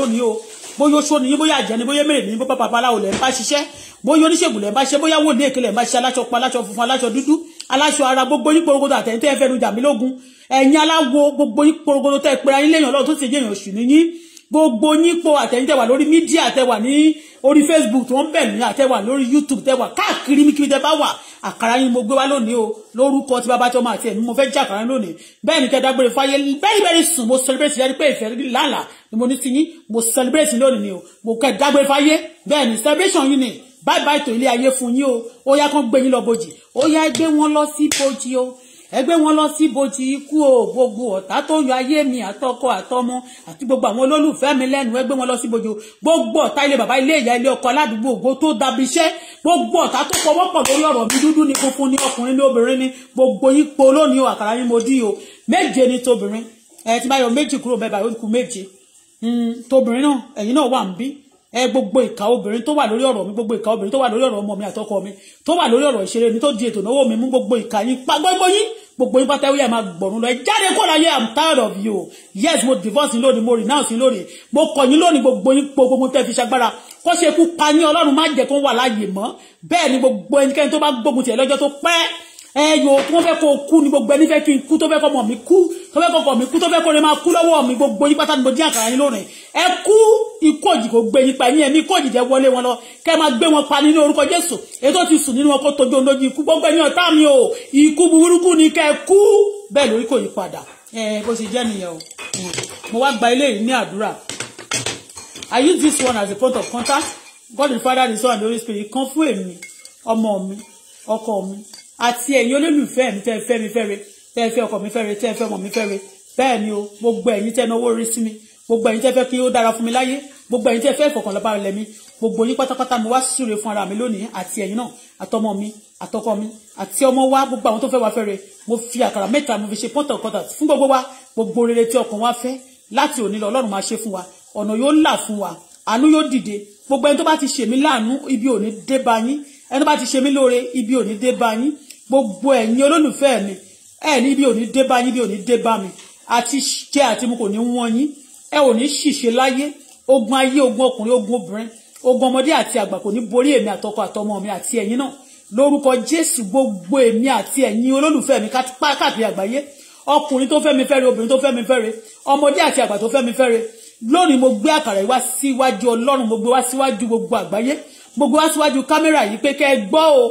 lọ bóyá oṣó ni bóyá àjẹ́ ni bóyá mèrè ni bóyá babaláwo lẹ̀ ń bá ṣiṣẹ́ bóyá oníṣègùn lẹ̀ ń bá ṣiṣẹ́ bóyá wòlíì èké lẹ̀ ń bá ṣiṣẹ́ aláṣọ pa aláṣọ funfun aláṣọ dúdú aláṣọ ara gbogbo yín porogodo àtẹ̀yìn tẹ́ ẹ fẹ́ nu jàmílógún ẹ̀yin aláwo gbogbo yín porogodo tẹ́ ẹ pera yín léèyàn lọ́wọ́ tó sì jẹ́ èèyàn ṣù níyín gbogbo yín po àtẹ̀yìntẹ̀wà lórí mídíà tẹ̀wà ní orí facebook tí wọ́n bẹ̀ ní àtẹ̀wà lórí youtube tẹ̀wà káàkiri mi kiri tẹ̀ bá wà àkàrà yín mo gbé wá lónìí o lórúkọ tí bàbá tí ọmọ àti ẹ̀mí mo fẹ́ jẹ́ àkàrà lónìí bẹ́ẹ̀ ni kẹ́ dágbére fáyé very bẹ́ẹ̀ sùn mo celebrate yẹn pé ìfẹ́ lálàá ni mo ní sí yín mo celebrate lónìí ni o mo kẹ́ dágbére fáyé bẹ́ẹ̀ ni celebration yín ni bye bye tó ilé ayé fún yín o ó yá kán gbé yín lọ bojì ó yá gbé wọn lọ sí bojì o ẹgbẹ́ wọn lọ sí bojì ikú o gbogbo ọ̀tá tó yọ ayé mi àtọkọ àtọmọ àti gbogbo àwọn olólùfẹ́ mi lẹ́nu ẹgbẹ́ wọn lọ sí bojì gbogbo ọ̀tá ilé bàbá ilé ìyá ilé ọkọ aládùúgbò ògbó tó dàbí iṣẹ́ gbogbo ọ̀tá tó pọwọ́pọ̀ lórí ọ̀rọ̀ mi dúdú ni funfun ni ọkùnrin ni obìnrin ni gbogbo ipò lónìí o àkàrà yín mo dí o méje ni tóbìnrin ẹ̀ ti bá yọ méjì kúrò bẹ́ẹ̀ bá kú méje hmm, tóbìnrin náà ẹ̀yin náà wà ń bí ẹ gbogbo ìka obìnrin tó wà lórí ọ̀rọ̀ mi gbogbo ìka obìnrin tó wà lórí ọ̀rọ̀ ọmọ mi àtọkọ mi tó wà lórí ọ̀rọ̀ ìṣeré mi tó di ètò ìnáwó mi mú gbogbo ìka yín pa gbogbo yín gbogbo yín pátá wíyà máa gbọ̀rún lọ ẹ jáde kó láyé i'm tired of you yes mo divorce yín lónìí mo renounce yín lónìí mo kọ̀ yín lónìí gbogbo yín gbogbo mo tẹ́ fi ṣagbára kó ṣe kú pa yín ọlọ́run má jẹ́ kó wà láàyè mọ́ bẹ́ẹ̀ ni gbogbo ẹnikẹ́ni tó bá gbógun tiẹ̀ lọ́jọ́ tó pẹ́ ẹyọ tí wọ́n fẹ́ kó kú ni gbogbo ẹni fẹ́ kí n kú tó fẹ́ kọ́ mọ̀ mí kú tó fẹ́ kọ́ kọ̀ mí kú tó fẹ́ kọ́ ni máa kú lọ́wọ́ mi gbogbo yín pátá ni mo dín àkàrà yín lónìí ẹ kú ikú òjì kò gbé yín pa yín ẹ̀mí ikú òjì jẹ́ wọlé wọn lọ kẹ́ máa gbé wọn pa nínú orúkọ Jésù èyí tó ti sùn nínú wọn kó tojú olójú ikú gbogbo ẹni ọ̀tá mi o ikú burúkú ni kẹ́ kú bẹ́ẹ̀ lórí kò yí padà ẹ bó ṣe jẹ́ nìyẹn o mo wá gba ilé yìí ní àdúrà I use this one as a point of contact God the Father the Son and the Holy Spirit kan fún èmi ọmọ àti ẹ̀yin olólùfẹ́ mi tẹ́ fẹ́ mi fẹ́re tẹ́ fẹ́ ọkọ mi fẹ́re tẹ́ fẹ́ ọmọ mi fẹ́re bẹ́ẹ̀ ni o gbogbo ẹ̀yin tẹ́ náwó rí sí mi gbogbo ẹ̀yin tẹ́ fẹ́ kí ó dára fún mi láyé gbogbo ẹ̀yin tẹ́ fẹ́ ìfọ̀kànlọ́ba rẹ̀ mi gbogbo yín pátápátá mi wá súre fún ara mi lónìí àti ẹ̀yin náà àtọmọ mi àtọkọ mi àti ọmọ wa gbogbo àwọn tó fẹ́ wa fẹ́re mo fi àkàrà mẹ́ta mo fi ṣe pọ́tàkọ́tà fún gbogbo wa gbogbo wa fẹ́ láti òní lọ ọlọ́run máa ṣe fún wa ọ̀nà yóò là fún wa àánú yóò dìde gbogbo ẹni tó bá ti ṣèmí láàánú ibi òní dé bá yín lóore ibi òní dé bá yín gbogbo ẹ̀yin olólùfẹ́ mi ẹ̀ níbi ò ní dé bá yín bí ò ní dé bá mi àti jẹ́ àti mu kò ní wọ́n yín ẹ ò ní ṣìṣe láyé ogun ayé ogun ọkùnrin ogun obìnrin ogun ọmọdé àti àgbà kò ní borí èmi àtọkọ àtọmọ mi àti ẹ̀yin náà lórúkọ Jésù gbogbo èmi àti ẹ̀yin olólùfẹ́ mi káàkiri àgbáyé ọkùnrin tó fẹ́ mi fẹ́re obìnrin tó fẹ́ mi fẹ́re ọmọdé àti àgbà tó fẹ́ mi fẹ́re lónìí mo gbé àkàrà wá síwájú Ọlọ́run mo gbé wá síwájú gbogbo àgbáyé mo wá síwájú kámẹ́rà yìí pé kẹ́ ẹ gbọ́ o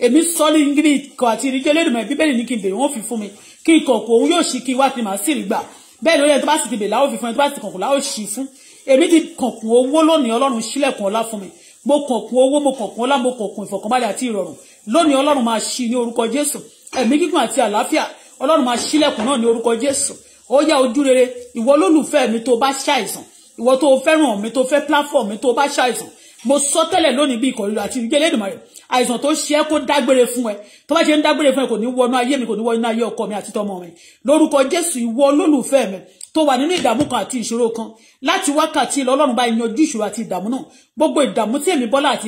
èmi sọ ní gírí ikọ̀ àti ìrìjẹ́ lẹ́dùnmọ̀ bíbélì ní kí n bèrè wọ́n fi fún mi kí ikọ̀ kò òun yóò ṣí kí wá ti màá sì rí gbà bẹ́ẹ̀ ló yẹ tó bá sì ti bèrè láwọ́ fi fún ẹ tó bá sì kànkùn láwọ́ ṣí fún èmi ti kànkùn owó lónìí ọlọ́run sílẹ̀kùn ọlá fún mi mo kànkùn owó mo kànkùn ọlá mo kànkùn ìfọ̀kànbalẹ̀ àti ìrọ̀rùn lónìí ọlọ́run máa ṣí ní orúkọ jésù ẹ̀mí gígùn àti àlàáfíà ọlọ́run máa ṣílẹ̀kùn náà ní orúkọ jésù ó yá ojú rere ìwọ lólùfẹ́ mi tó bá ṣàìsàn ìwọ tó fẹ́ràn mi tó fẹ́ pláfọ̀m mi tó bá ṣàìsàn mo sọ tẹ́lẹ̀ lónìí bí ìkọ̀lù àti ìgbé lẹ́dùnmọ́ rẹ̀ àìsàn tó ṣe é kó dágbére fún ẹ tó bá ṣe ń dágbére fún ẹ kò ní wọnú ayé mi kò ní wọnú ayé ọkọ mi àti tọmọ mi lórúkọ Jésù ìwọ olólùfẹ́ mi tó wà nínú ìdààmú kan àti ìṣòro kan láti wákàtí lọ́lọ́run bá yanjú ìṣòro àti ìdààmú náà gbogbo ìdààmú tí èmi Bọ́lá àti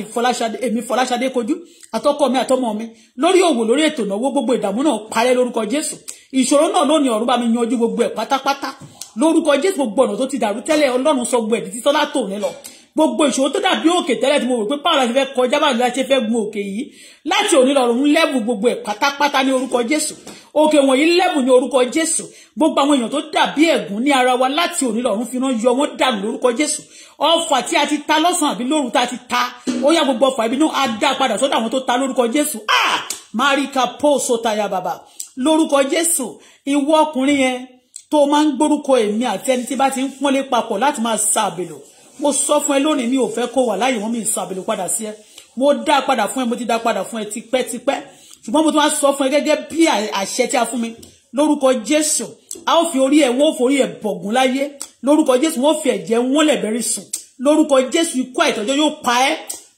èmi Fọláṣadé kojú àtọkọ mi àtọmọ mi lórí òwò lórí ètò ìnáwó gbogbo ìdààmú náà parẹ́ lórúkọ Jésù ìṣòro náà lónìí ọ̀run bá mi yanjú gbogbo ẹ̀ pátápátá lórúkọ Jésù gbogbo ọ̀nà tó ti dàrú tẹ́lẹ̀ Ọlọ́run sọ gbogbo ẹ̀dí títọ́ látòun lọ gbogbo ìṣòro tó dàbí òkè tẹ́lẹ̀ tí mo rò pé báwo la ṣe fẹ́ kọjá báwo la ṣe fẹ́ gun òkè yìí láti òní lọ́rùn ń lẹ́bù gbogbo ẹ̀ pátápátá ní orúkọ Jésù òkè wọ̀nyí lẹ́bù ní orúkọ Jésù gbogbo àwọn èèyàn tó dàbí ẹ̀gún ní ara wa láti òní lọ́rùn fi rán yọ wọ́n dànù lórúkọ Jésù ọfà tí a ti ta lọ́sàn-án àbí lóru tá a ti ta ó yá gbogbo ọfà ibi náà á dá padà sọ́dọ̀ àwọn tó ta lórúkọ Jésù ah marika po sotaya baba lórúkọ Jésù ìwọ ọkùnrin yẹn tó máa ń gbórúkọ èmi àti ẹni tí bá ti ń pọ́nlé papọ̀ láti máa sa mo sọ fún ẹ lónìí mi ò fẹ́ kó wà láyé wọn mi sọ àbẹ̀lẹ̀ padà sí ẹ mo dá padà fún ẹ mo ti dá padà fún ẹ tipẹ́tipẹ́ ṣùgbọ́n mo tún wá sọ fún ẹ gẹ́gẹ́ bí àṣẹ tí a fún mi lórúkọ Jésù a ó fi orí ẹ wọ́n ó forí ẹ bọ̀gùn láyé lórúkọ Jésù wọ́n ó fi ẹ̀jẹ̀ wọn lẹ̀ bẹ̀rẹ̀ sùn lórúkọ Jésù ikú àìtọ́jọ́ yóò pa ẹ́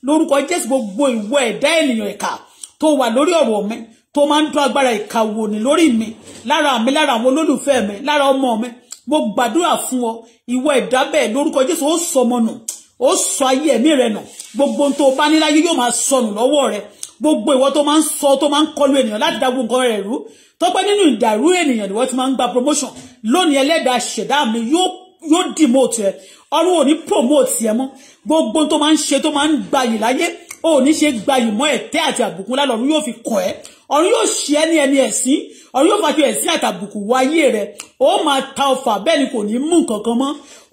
lórúkọ Jésù gbogbo ìwọ ẹ̀dá ènìyàn ìkà tó wà lórí ọ̀rọ̀ mi tó máa ń dún agbára ìkà lórí mi lára mi lára àwọn olólùfẹ́ mi lára ọmọ mi mo gbàdúrà fún ọ ìwọ ẹ̀dá bẹ́ẹ̀ lórúkọ Jésù ó sọmọ nù ó sọ ayé ẹ̀mí rẹ nù gbogbo tó bá níláyé yóò máa sọnù lọ́wọ́ rẹ gbogbo ìwọ tó máa ń sọ tó máa ń kọlu ènìyàn láti dá gbogbo nǹkan rẹ rú tó pé nínú ìdàrú ènìyàn ni wọ́n ti máa ń gba promotion lónìí ẹlẹ́dàá ṣẹ̀dá mi yóò yóò demote ẹ ọlọ́run ò ní promote ẹ mọ́ gbogbo tó máa ń ṣe tó máa ń o láyé ò ní ṣe gbayì mọ́ ẹ̀tẹ́ àti àbùkù lálọ́run yóò fi kọ̀ ẹ́ ọ̀run yóò ṣe ẹni ẹni ẹ̀sín ọ̀run yóò fàṣẹ ẹ̀sín àtàbùkù wọ ayé rẹ ó máa ta ọfà bẹ́ẹ̀ ni kò ní mú nǹkan kan mọ́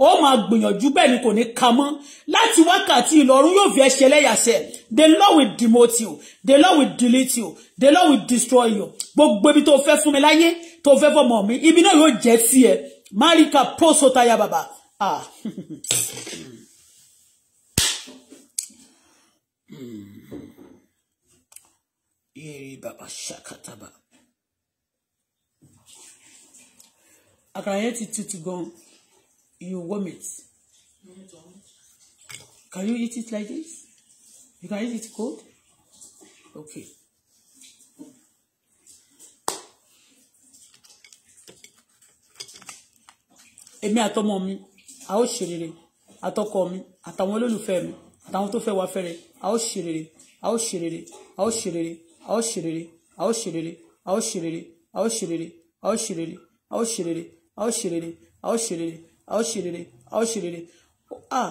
ó máa gbìyànjú bẹ́ẹ̀ ni kò ní ka mọ́ láti wákàtí ìlọrun yóò fi ẹṣẹ lẹ́yàṣẹ the Lord will demote you the Lord will delete you the Lord will destroy you gbogbo ibi tó fẹ́ fún mi láyé tó fẹ́ fọmọ mi ibi náà yóò jẹ́ tiẹ̀ máríkà pósótáyà bàbá ah Yeri baba shakataba. You vomit. No, Can you eat it like this? You can eat it cold? Okay. Èmi àtọmọ mi, a ó ṣe rere, àtọkọ mi, àtàwọn olólùfẹ́ mi, àtàwọn tó fẹ́ wa fẹ́rẹ̀, a ó ṣe rere, a ó ṣe rere, a ó ṣe a ó ṣe rere a ó ṣe rere a ó ṣe rere a ó ṣe rere a ó ṣe rere a ó ṣe rere a ó ṣe rere a ó ṣe rere a ó ṣe rere a ó ṣe rere ah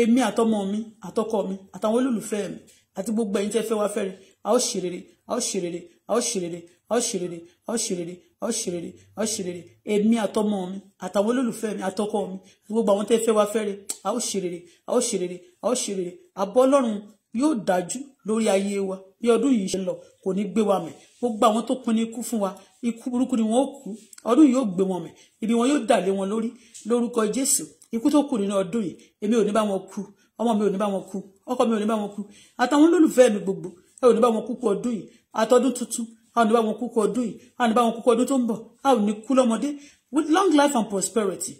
èmi àtọmọ mi àtọkọ mi àtàwọn olólùfẹ́ mi àti gbogbo ẹ̀yin tẹ́ fẹ́ wá fẹ́rẹ̀ a ó ṣe rere a ó ṣe rere a ó ṣe rere a ó ṣe rere a ó ṣe rere a ó ṣe rere a ó ṣe rere èmi àtọmọ mi àtàwọn olólùfẹ́ mi àtọkọ mi àti gbogbo àwọn tẹ́ fẹ́ wá fẹ́rẹ̀ a ó ṣe rere a ó ṣe rere a ó ṣe rere àbọ̀ ọlọ́run yóò dájú lórí ayé wa bí ọdún yìí ṣe lọ kò ní gbé wa mẹ gbogbo àwọn tó pinnu ikú fún wa ikú burúkú ni wọn ó kú ọdún yìí yóò gbé wọn mẹ ibi wọn yóò dàlé wọn lórí lórúkọ Jésù ikú tó kù nínú ọdún yìí èmi ò ní bá wọn kú ọmọ mi ò ní bá wọn kú ọkọ mi ò ní bá wọn kú àtàwọn olólùfẹ́ mi gbogbo ẹ ò ní bá wọn kú kú ọdún yìí àtọdún tuntun a ò ní bá wọn kú kú ọdún yìí a ò ní bá wọn kú kú ọdún tó ń bọ̀ a ò ní kú lọ́mọdé with long life and prosperity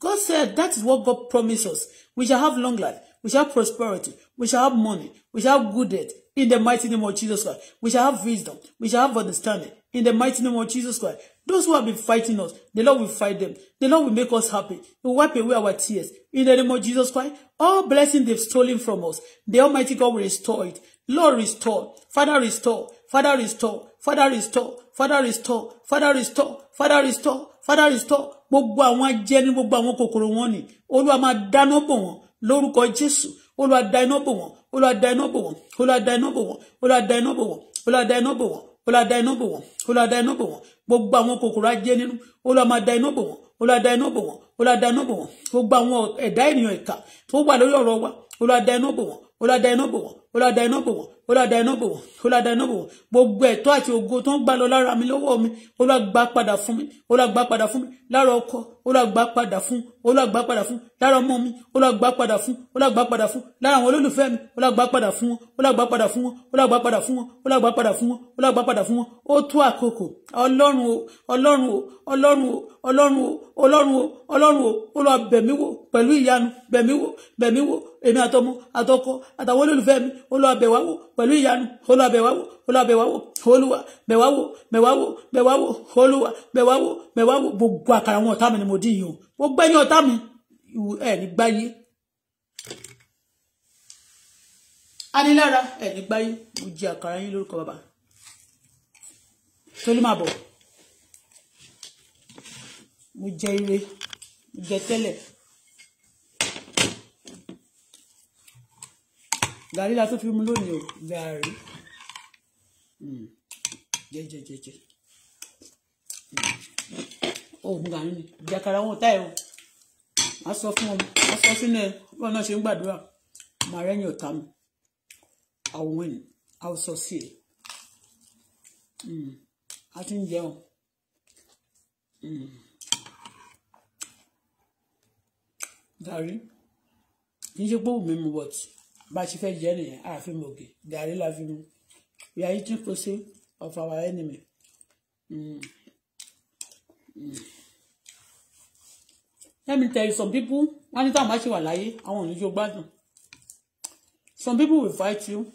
God said that is what God promised us we shall have long life We shall have prosperity. We shall have money. We shall have good debt In the mighty name of Jesus Christ. We shall have wisdom. We shall have understanding. In the mighty name of Jesus Christ. Those who have been fighting us, the Lord will fight them. The Lord will make us happy. He will wipe away our tears. In the name of Jesus Christ, all blessings they've stolen from us, the Almighty God will restore it. Lord, restore. Father, restore. Father, restore. Father, restore. Father, restore. Father, restore. Father, restore. Father, restore. Gbogbo àwọn ajẹ́ ní gbogbo àwọn kòkòrò wọn ni. Olúwa máa dáná bò wọ́n lórúkọ jésù olúwa da iná bò wọ́n olúwa da iná bò wọ́n olúwa da iná bò wọ́n olúwa da iná bò wọ́n olúwa da iná bò wọ́n olúwa da iná bò wọ́n olúwa da iná bò wọ́n gbogbo àwọn kòkòrò ajé nínú olúwa máa da iná bò wọ́n olúwa da iná bò wọ́n olúwa da iná bò wọ́n gbogbo àwọn ẹ̀dá ènìyàn ìkà tó wà lórí ọ̀rọ̀ wa olúwa da iná bò wọ́n olúwa da iná bò wọ́n olúwa da iná bò wọ́n olùwàdà iná bò wọ́n olùwàdà iná bò wọ́n gbogbo ẹ̀tọ́ àti ògo tó ń gbà lọ lára mi lọ́wọ́ mi olùwàgbà padà fún mi olùwàgbà padà fún mi lára ọkọ olùwàgbà padà fún olùwàgbà padà fún lára ọmọ mi olùwàgbà padà fún olùwàgbà padà fún lára àwọn olólùfẹ́ mi olùwàgbà padà fún wọn olùwàgbà padà fún wọn olùwàgbà padà fún wọn olùwàgbà padà fún wọn olùwàgbà padà fún wọn ó tó àkókò ọlọ́run o ọlọ́run o ọlọ́run o ọlọ́run o ọlọ́run o ọlọ́run o olúwa bẹ̀mí wò pẹ̀lú ìyanu bẹ̀mí wò bẹ̀mí wò èmi àtọmọ àtọkọ àtàwọn olólùfẹ́ mi olúwa bẹ̀ wá wò pẹ̀lú ìyanu olúwa bẹ̀ wá wò olúwa bẹ̀ wá wò olúwa bẹ̀ wá wò bẹ̀ wá wò olúwa bẹ̀ wá gbogbo àkàrà àwọn ọ̀tá mi ni mo dì yìí o gbogbo ẹ̀yin ọ̀tá mi ẹ̀ ní gbáyé anilára ẹ̀ ní gbáyé mo jẹ àkàrà yín lórúkọ bàbá tolú máa bọ̀ mo jẹ ire mo jẹ tẹ́lẹ̀ gàrí la tó fi mu lónìí o gàrí jẹjẹjẹjẹ hmm. hmm. oògùn gàrí ni ìjàkadà wọn ọ̀tá ẹ o má sọ fún ọ má sọ sínú ẹ bọ́ọ̀ náà ṣe ń gbàdúrà màá rẹ́yìn ọ̀tá mi I will win I will succeed a ti ń jẹun. Hmm. gàrí kì í ṣe pé òun mímu wọ̀tí bá a ṣe fẹ́ jẹ́ nìyẹn àfin mògì gàrí la fi mu we are eating pussy of our enemy. Mm. mm. Let me tell you some people wọ́n ní táwọn bá ṣe wà láyé àwọn ò ní jó gbádùn some people will fight you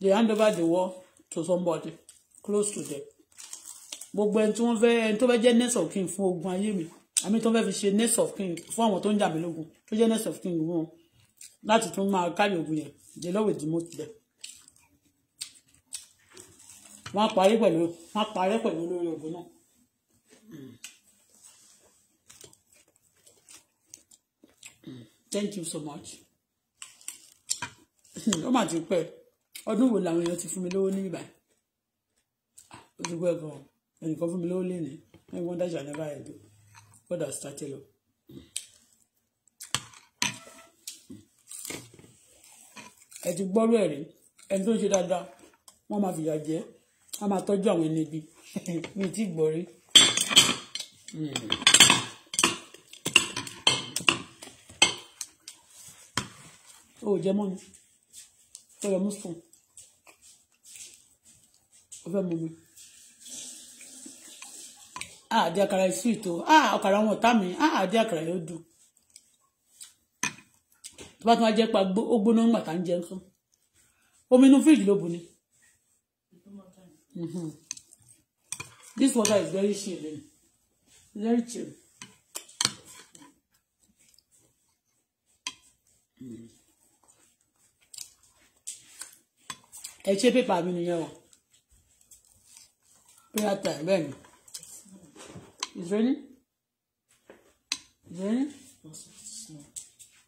they hand over the war to somebody close to them gbogbo ẹni tí wọ́n fẹ́ ẹni tó fẹ́ jẹ́ next of kin fún ogun ayé mi àmì tó fẹ́ fi ṣe next of kin fún àwọn tó ń jà mí lógun tó jẹ́ next of king wọn láti tún máa kárí ogun yẹn the Lord will demote wọ́n parí pẹ̀lú wọ́n parí pẹ̀lú olórí ogun náà. thank you so much ó mà ti pẹ́ ọdún wo làwọn èèyàn ti fún mi lówó ní ìbàdàn ah, ó ti pẹ́ gan ẹnìkan fún mi lówó lénìí ẹnìkan dájà never end God has started up. ẹ ti gbọ́rọ̀ ẹ̀rí ẹni tó ń ṣe dáadáa wọ́n máa fìyà jẹ wọ́n máa tọ́jú àwọn ẹni ibi mi ti gbọ́ rí. Hmm. o ò jẹ mọ́ mi ah, o lọ mú sùn o fẹ́ mú mi àdé àkàrà ìsú ìtò àkàrà àwọn ọ̀tá mi ah, àdé àkàrà yóò dùn tó bá tún wá jẹ́ pa ó gbóná ńgbà tá ń jẹ nǹkan omi inú fíríjì ló bu ni. Mhm. This water is very chilling very chill. ẹ ṣe pépà mi nìyẹn o prayer time bẹ́ẹ̀ ni it's raining it's raining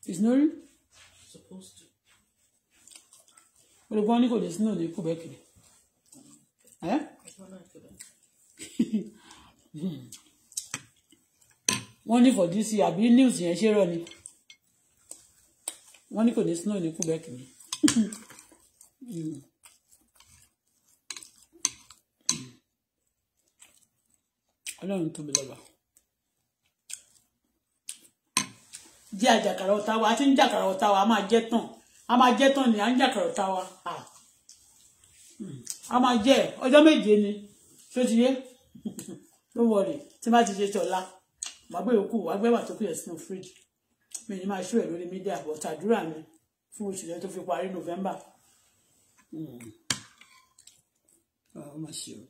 it's snoring supposed to. olùkọ́ ní kò lè sínú òde kú bẹ́ẹ̀ kiri. wọ́n ní for this year àbí news yẹn ṣe rọ̀ ni wọ́n ní kò ní sínú òde kú bẹ́ẹ̀ kiri. ọlọ́run tóbi lọ́ba. jẹ́ àjàkàrà ọ̀tá wa àti ń jàkàrà ọ̀tá wa a máa jẹ́ tán a máa jẹ́ tán ni à ń jàkàrà ọ̀tá wa hmm. a máa jẹ́ ọjọ́ méje ni tó ti yé ló wọlé tí má ti ṣe tọ́lá màá gbé yòókù wá gbé wà tó kúrò sínú fíríjì mi ni máa ṣó ẹ̀ lórí mídíà bọ̀ tàdúrà mi fún oṣù yẹn tó fi parí November. Mm. Oh, ah, my shoot.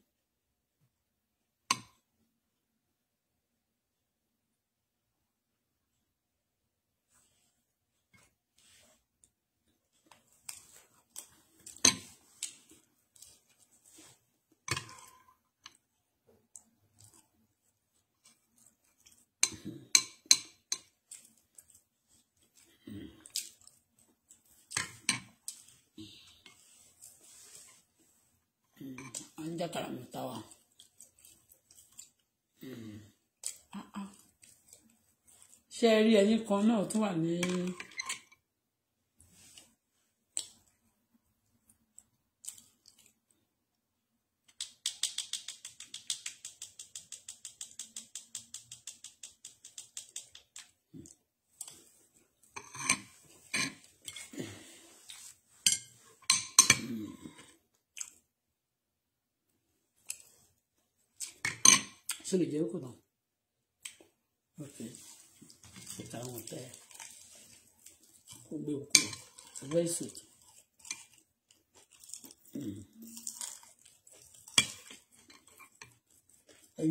ṣe rí ẹyin kan náà tún wà ní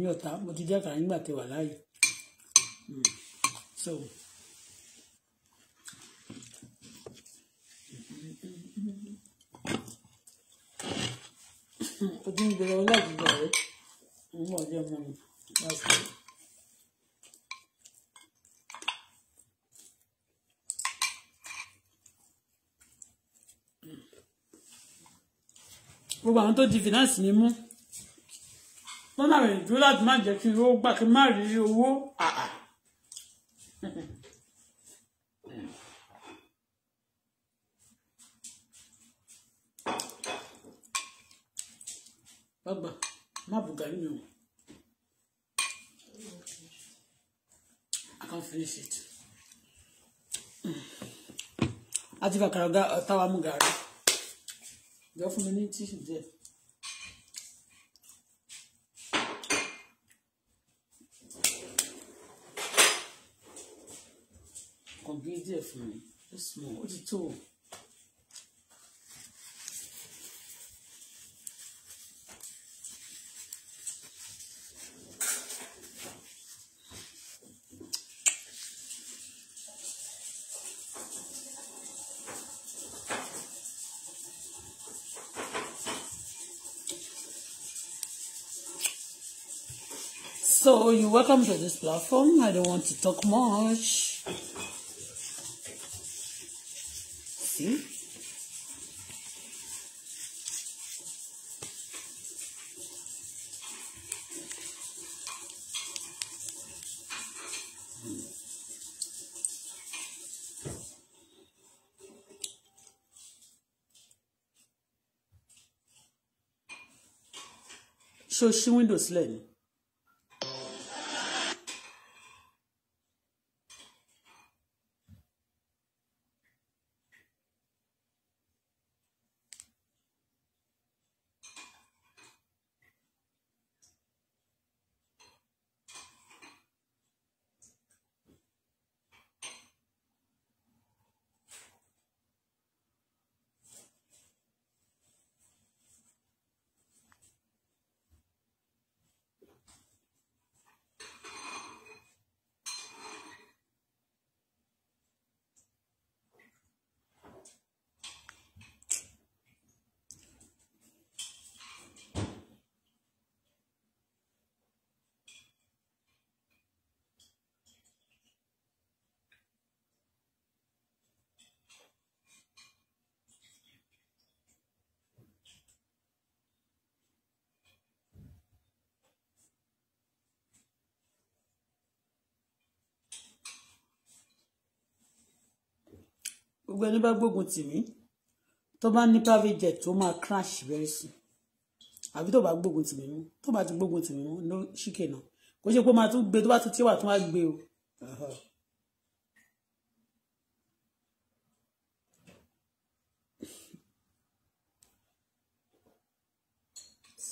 mi ọ̀tá mo ti jẹ́ àkàrà nígbà tí wà láàyè so. ojú ń gbèrò ọlọ́ọ̀dúnrún rẹ̀ ń wọ̀ ọjọ́ mọ́ mi lásìkò. gbogbo àwọn tó di finance mi mú lọ́nà rẹ̀ dúró láti má jẹ́ kí n ó gbà kí n má rí owó àà. bàbá má bù gàrí mi o I can't finish it àti bàkàrà táwa mú gàrí jọ fún mi ní tíṣù díẹ̀. So you're welcome to this platform. I don't want to talk much. ṣó ṣí window sílẹ̀ ni gbogbo ẹni bá gbógun tì mí tó bá ní private jet tó máa crash very soon àbí tó bá gbógun tì mí mú tó bá ti gbógun tì mí mú ló ṣìkè náà kò ṣe pé ó máa tún gbé tó bá tún tí wà tó wá gbé o.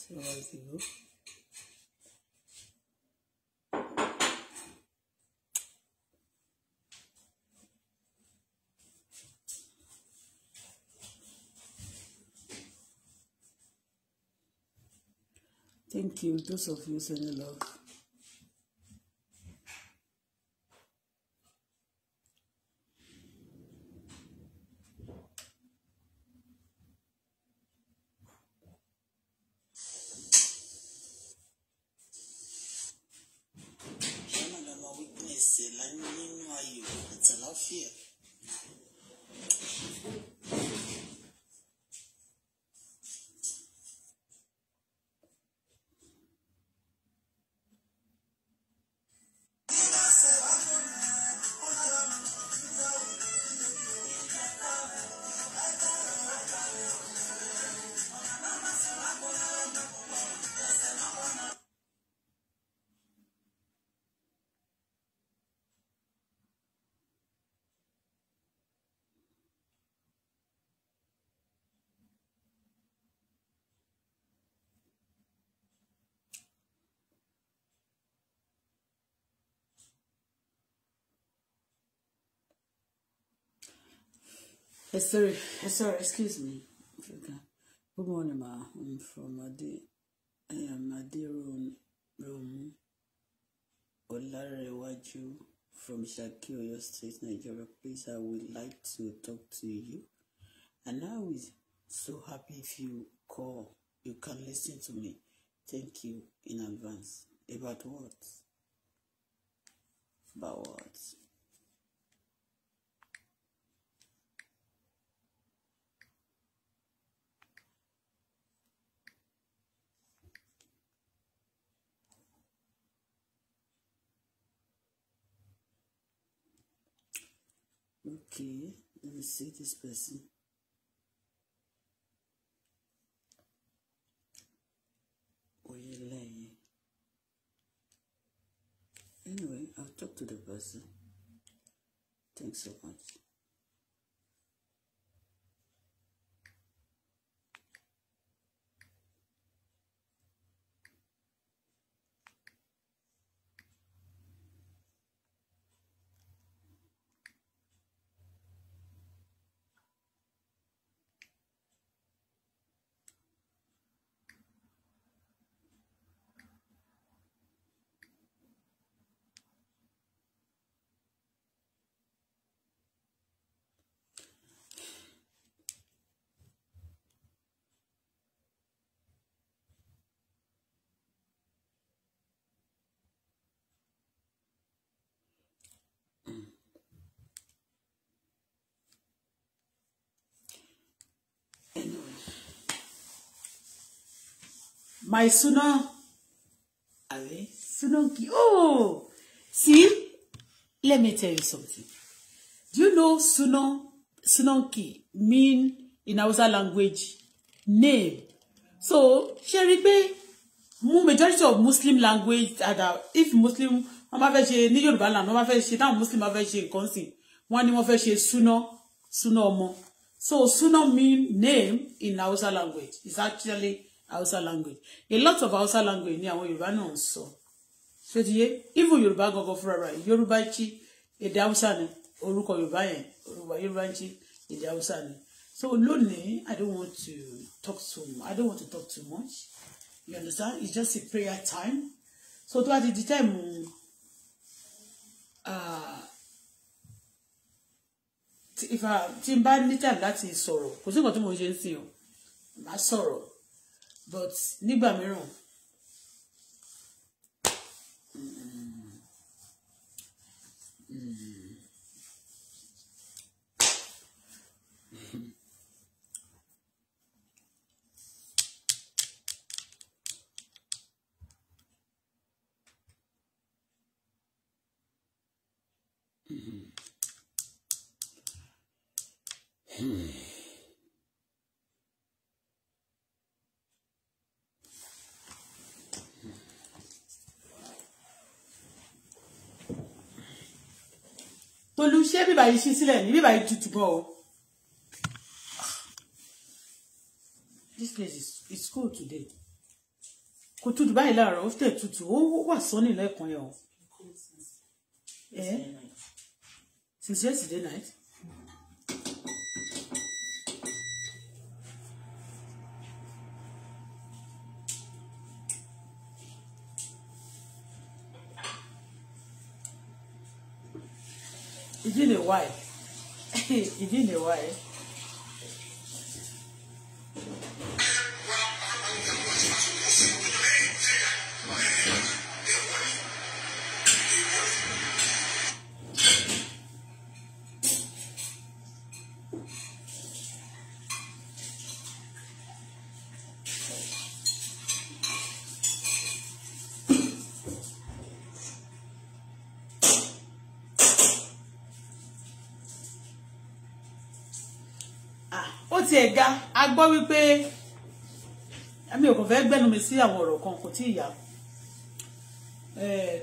Thank you. Thank you, those of you sending love. Uh, sorry, eh, sorry, excuse me. Good morning, ma. I'm from Adi. I am Adirun Romu you from Shaki, Oyo State, Nigeria. Please, I would like to talk to you. And I was so happy if you call. You can listen to me. Thank you in advance. About what? About what? Okay, let me see this person. Where you Oyeleye. Anyway, I'll talk to the person. Thanks so much. my suno, suna suno ki. oh see let me tell you something do you know suno, suno ki mean in Hausa language name so ṣe rí majority of muslim language ada if muslim wọ́n bá fẹ́ ṣe ní yorùbá land wọ́n bá fẹ́ muslim bá fẹ́ ṣe nǹkan sìn wọ́n ní wọ́n fẹ́ ṣe so suna mean name in Hausa language is actually Hausa language a lot of Hausa language ni àwọn Yorùbá náà So sọ ṣé ti yé even Yorùbá gangan fúnra rẹ̀ Yorùbá chi èdè Hausa ni orúkọ Yorùbá yẹn Yorùbá Yorùbá chi èdè Hausa ni so lonely. I don't want to talk too much I don't want to talk too much you understand it's just a prayer time so to bá ti di time ah, If n timba ni time that is sorrow. sí nǹkan tí mo ṣe ń sìn o but nígbà me Hmm. bíbà yìí ṣí sílẹ̀ ní bíbà yìí tutù gan o. this place is is cool today kò tutù báyìí láàárọ̀ ó tẹ̀ tutù ó wà sọ́nì lẹ́ẹ̀kan yẹn o. Eh? since yesterday night. It's been a while. It's been a while. gbọ́ wípé mi ò kàn fẹ́ gbẹ́nu mi sí àwọn ọ̀rọ̀ kan kò tí ì yá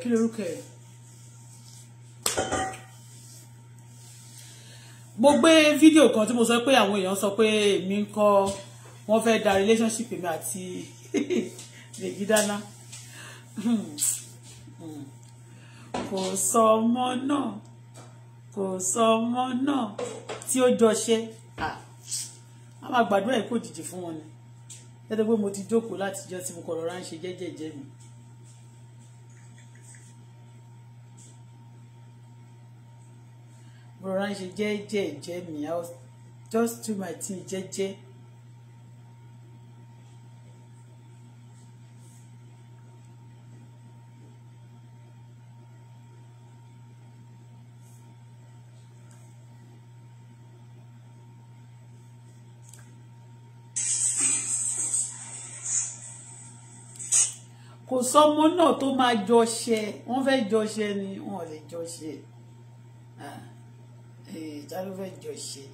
kí lorúkọ ẹ̀ mo gbé fídíò kan tí mo sọ pé àwọn èèyàn sọ pé èmi ń kọ́ wọ́n fẹ́ da relationship mi àti Jegidana kò sọ ọmọ náà kò sọ ọmọ náà tí ó jọ ṣe. Ah wọ́n máa gbàdúrà ikú òjijì fún wọn ni lẹ́tọ́ pé mo ti jókòó látijọ́ tí mo kọ̀ rọra ń ṣe jẹ́jẹ́jẹ́ mi. mo rọra ń ṣe jẹ́jẹ́jẹ́ mi i was just do my thing jẹ́jẹ́. sọmọ náà tó máa jọṣẹ wọ́n fẹ́ jọṣẹ ni wọn ò lè jọṣẹ ìjà eh, ló fẹ́ jọṣẹ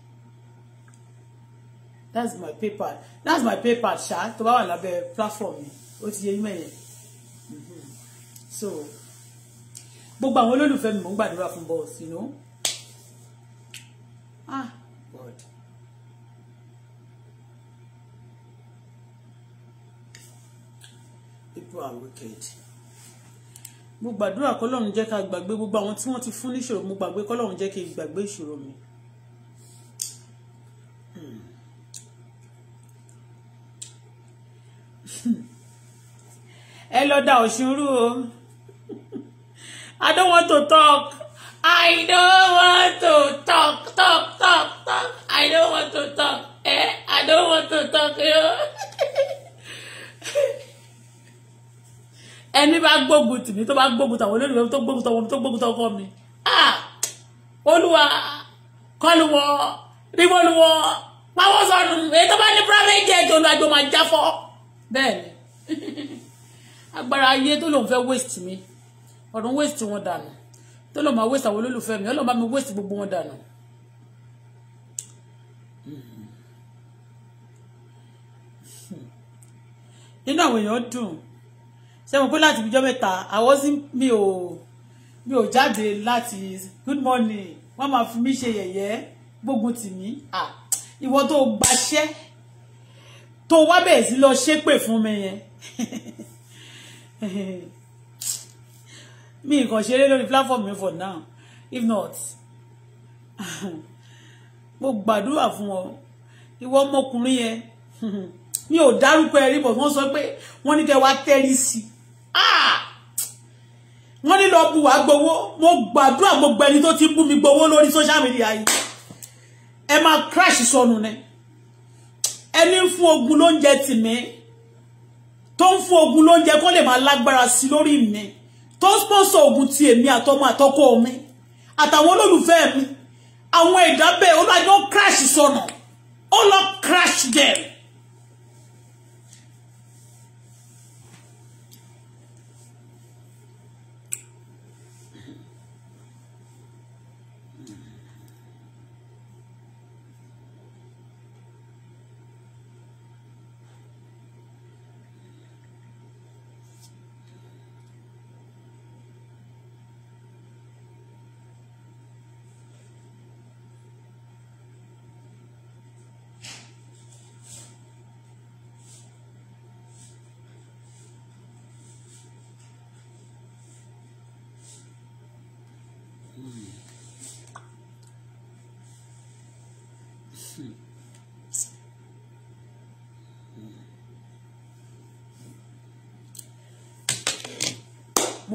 that's my paper that's my paper ṣá tó bá wà lábẹ́ platform mi ó ti yẹ yín mẹyẹ mm-hmm. so gbogbo àwọn olólùfẹ́ mi mò ń gbàdúrà fún bọ́ọ̀sì you know ah people are wicked. mo gbàdúrà kọ́lọ́run jẹ́ ká gbàgbé gbogbo àwọn tí wọ́n ti fún níṣòro mo gbàgbé kọ́lọ́run jẹ́ kí n gbàgbé ìṣòro mi. Hmm. ẹ lọ da ọ̀ṣun o I don't want to talk I don't want to talk talk talk talk I don't want to talk eh I don't want to talk yo. ẹni bá gbógun tì mí tó bá gbógun tàwọn olórí mi tó gbógun tọwọ́ mi tó gbógun tọkọ mi ah, olúwa kọlu wọn rímọ lu wọn pàwọ́ sọnù èyí tó bá ní private jet olùwàjò máa jáfọ́ bẹ́ẹ̀ ni agbára ayé tó lòun fẹ́ waste mi ọ̀run waste wọn dànù tó lòun máa waste àwọn olólùfẹ́ mi ọlọ́run bá mi waste gbogbo wọn dànù. Hmm. Hmm. inú àwọn èèyàn dùn ṣé mo pé láti ibi ijọ́ mẹ́ta àwọn sí mi ò mi ò jáde láti good morning wọ́n máa fi mí ṣe yẹ̀yẹ́ gbógun tì mí ìwọ tó gbaṣẹ́ tó wá bẹ̀rẹ̀ sí lọ ṣépè fún mi yẹn mi nǹkan ṣeré lórí platform mi for now if not mo gbàdúrà fún ọ ìwọ ọmọkùnrin yẹn mi ò dárúkọ ẹ rí bọ̀ wọ́n sọ pé wọ́n ní kẹ́ wá tẹ́rí sí i Ah! wọ́n ní lọ bu wá gbowó mo gbàdúrà gbogbo ẹni tó ti bú mi gbowó lórí social media yìí ẹ máa crash sọnù ni ẹni ń fún ogun lóúnjẹ tì mí tó ń fún ogun lóúnjẹ kó lè máa lágbára sí lórí mi tó ń sponsor ogun ti èmi àtọmọ àtọkọ mi àtàwọn olólùfẹ́ mi àwọn ìdábẹ́ olùwàjọ crash sọnù ó lọ crash them.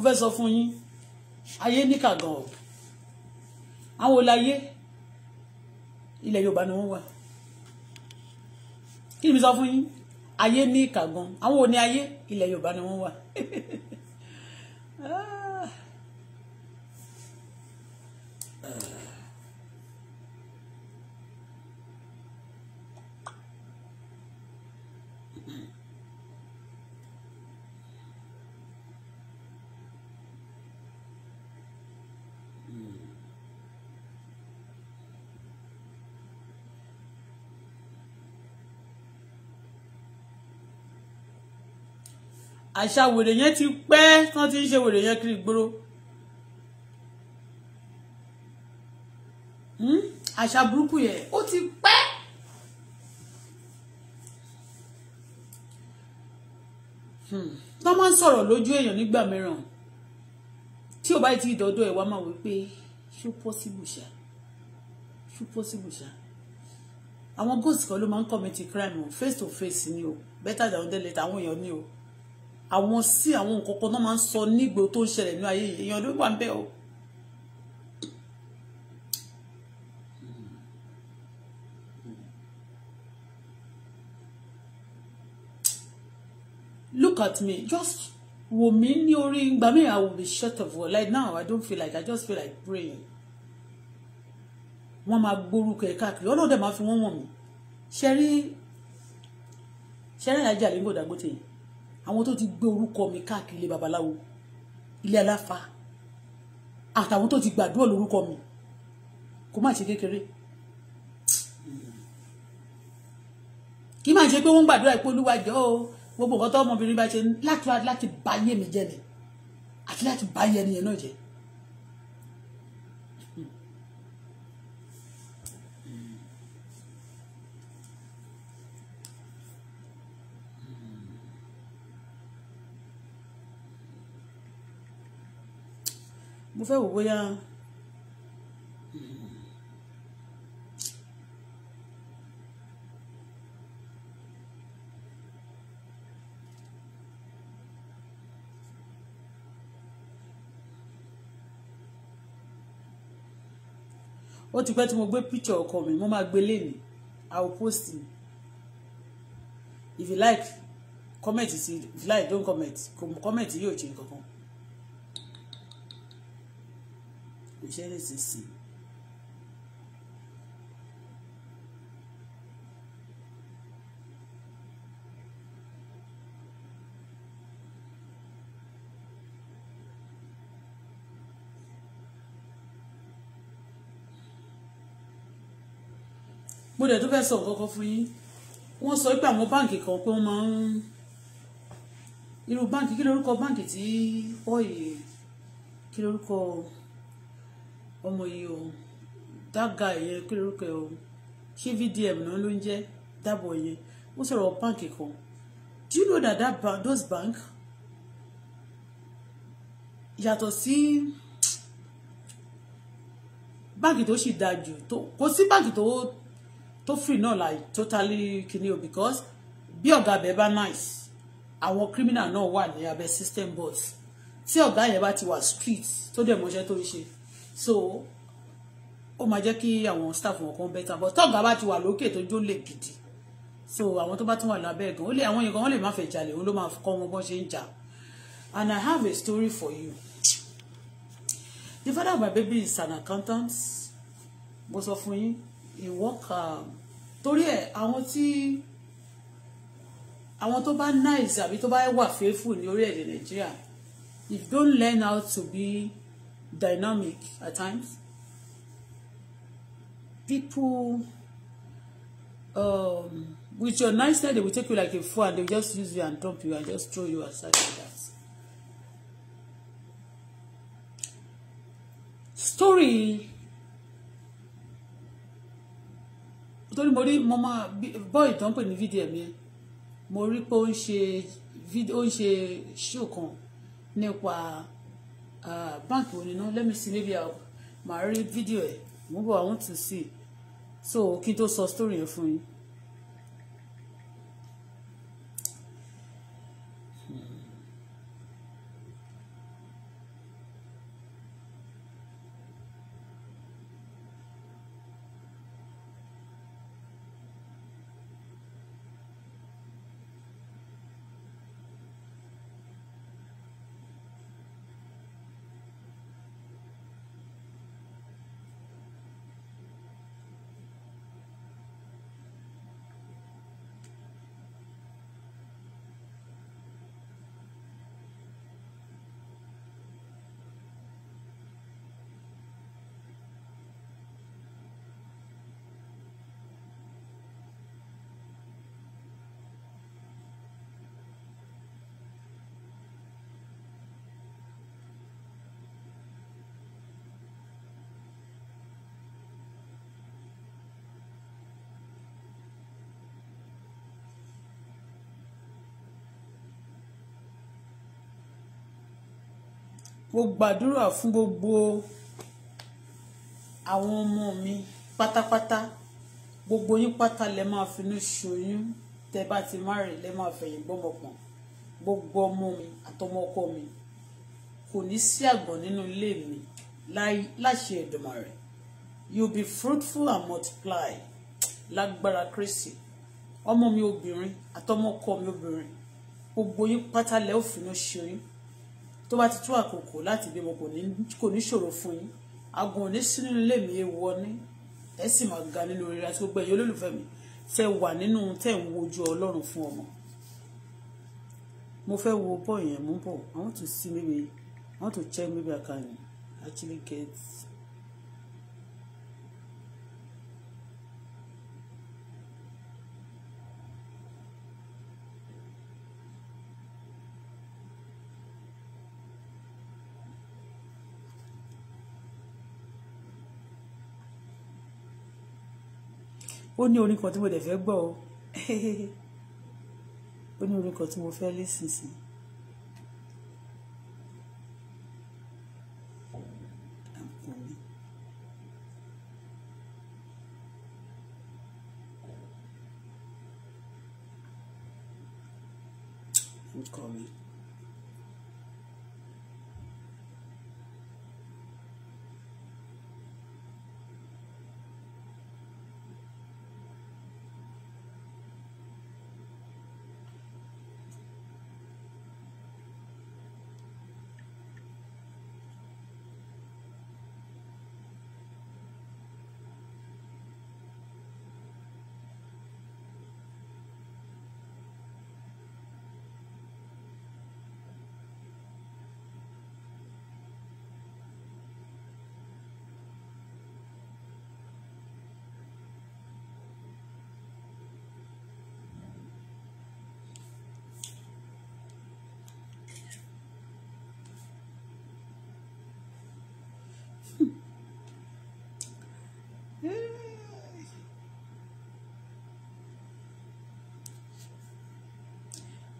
mo fẹ́ sọ fún yín ayé níkà gan o àwọn oláyé ilẹ̀ Yorùbá ni wọ́n wà kí ni mo sọ fún yín ayé ní gan àwọn òní ayé ilẹ̀ Yorùbá ni wọ́n wà àṣà wèrè yẹn ti pẹ́ tán ti ń ṣe wèrè yẹn kiri ìgboro hmm? àṣà burúkú yẹn ó ti pẹ́. Hmm. tọ́ máa ń sọ̀rọ̀ lójú èèyàn nígbà mìíràn tí ò bá ti dọ́dọ̀ ẹ̀ wá máa wí pé ṣó possible ṣá ṣó possible ṣá àwọn ghost kan ló máa ń commit crime o face to face ni o better than hundred later àwọn èèyàn ni o àwọn sí àwọn nǹkan kan náà máa ń sọ nígbò tó ń ṣẹlẹ̀ ní ayé èèyàn ló wà ń bẹ̀ o. look at me just wò mí ní orí ìgbà mi I will be short of word like now I don't feel like I just feel like praying. wọ́n máa gbórúkọ ẹ̀ káàkiri ọlọ́dẹ máa fi wọ́n wọ̀n mí ṣẹ́rí ṣẹ́rí ìlàjà lè ń gò Dangote yìí àwọn tó ti gbé orúkọ mi káàkiri ilé babaláwo ilé aláfa àtàwọn tó ti gbàdúrà lórúkọ mi kó má ṣe kékeré kí má ṣe pé wọ́n gbàdúrà pé Olúwa jọ̀ọ́ o gbogbo nǹkan tó ọmọbìnrin bá ṣe láti láti bá yé mi jẹ́ ni àti láti bá yẹ ẹni yẹn náà jẹ́ mo fẹ́ wò bóyá ó ti pẹ́ tí mo gbé picture ọkọ mi mo máa gbé lénìí i will post if you like comment sí if you like don't comment comment yóò ṣe nǹkan kan iṣẹ́ nísinsìnyí. mo dẹ̀ tó fẹ́ sọ nǹkan fún yín wọ́n sọ pé àwọn báǹkì kan pé wọ́n máa ń irú báǹkì kí lórúkọ báǹkì tí ọ̀yẹ̀ kí lórúkọ. Ko ọmọ yìí o dága ìyẹn kí lórúkọ o ṣé vdm náà ló ń jẹ́ dábọ̀ yẹn ó sọ̀rọ̀ báǹkì kan do you know that, that bank, those bank yàtọ̀ sí báǹkì tó sì dáa jù kò sí báǹkì tó tó free náà like totally kìíní o because bí ọ̀gá abẹ bá nice àwọn criminal náà wà ní abẹ system boss tí ọ̀gá yẹn bá ti wà street tó dẹ̀ mọ́ṣẹ́ tó ń ṣe so ó máa jẹ́ kí àwọn staff wọn kan bẹ́tà but tọ́gà bá ti wà lókè tó jó lè gidi so àwọn tó bá tún wà lábẹ́ ẹ̀gàn ó lè àwọn èèyàn wọn lè má fẹ́ jalè òun ló máa kọ́ wọn bọ́n ṣe ń jà and I have a story for you the father of my baby is an accountant mo sọ fún yín he work um, torí ẹ̀ àwọn tí àwọn tó bá nice àbí tó bá wà faithful ní orílẹ̀-èdè Nàìjíríà if you don't learn how to be dynamic at times. People, um, with your nice niceness, they will take you like a fool and they will just use you and dump you and just throw you aside like that. Story. torí mo rí mo máa bọ́ọ̀lì tó ń pè ní fídíò mi mo she, pé ó ń ṣe ó uh, bank wo ni náà let me see maybe màá rí video. ẹ̀ mo bọ̀ i want to see so kí n tó sọ story yẹn fún yín mo gbàdúrà fún gbogbo àwọn ọmọ mi pátápátá gbogbo yín pátá lẹ máa finú ṣoyún tẹ bá ti má rìn lẹ máa fẹ̀yìn gbọ́mọpọ̀n gbogbo ọmọ mi àtọmọkọ mi kò ní sí àgbọ̀n nínú ilé mi láṣẹ Èdùmàrè you be fruitful and multiply lágbára Kristi ọmọ mi obìnrin àtọmọkọ mi obìnrin gbogbo yín pátá lẹ ó finú ṣoyún tó bá ti tó àkókò láti bímọ kò ní ṣòro fún yín agun òní sínú ilé mi ewu ọní ẹ sì máa ga nínú oríire àti gbogbo ẹ̀yin olólùfẹ́ mi tẹ wà nínú tẹ ń wojú ọlọ́run fún ọmọ mo fẹ́ wo bọ́ yẹn mú bọ̀ I want to see maybe I want to check maybe I can actually get ó ní orin kan tí mo dẹ̀ fẹ́ gbọ́ o ó ní orin kan tí mo fẹ́ listen sí. Call me.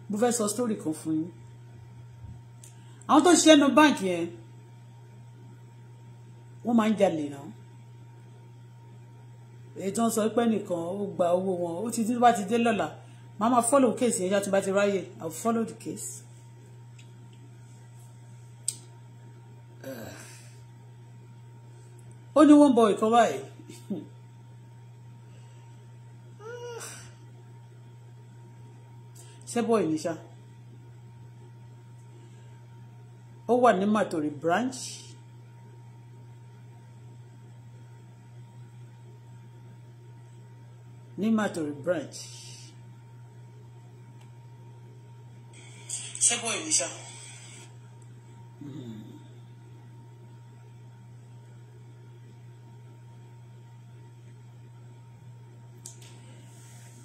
mo fẹ́ sọ story kan fún yín àwọn tó ń ṣiṣẹ́ nu báǹkì yẹn wọ́n máa ń jalè náà èyí tó ń sọ pé nìkan ó gba owó wọn ó ti dín bá ti dé lọ́la màá máa follow case yẹn ṣáà tí bá ti ráyè i will follow the case. ní wọ́n bọ ìkan báyìí. ṣé bọ́ọ̀ ní ṣá ó wà ní Màtòrí branch. ní Màtòrí branch. ṣé bọ́ọ̀ ní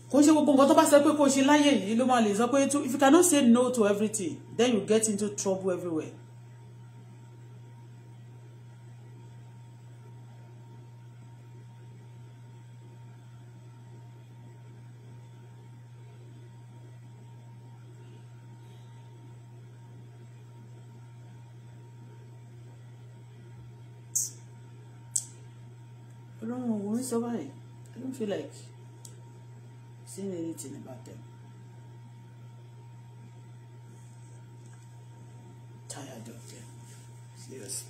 kò ṣe gbogbo nǹkan tó bá sọ pé kò ṣe láyé yìí ló máa lè sọ pé if you cannot say no to everything then you get into trouble everywhere. ọlọ́run òun ń sọ báyìí I don't feel like. Seen anything about them. Tired of them. Seriously.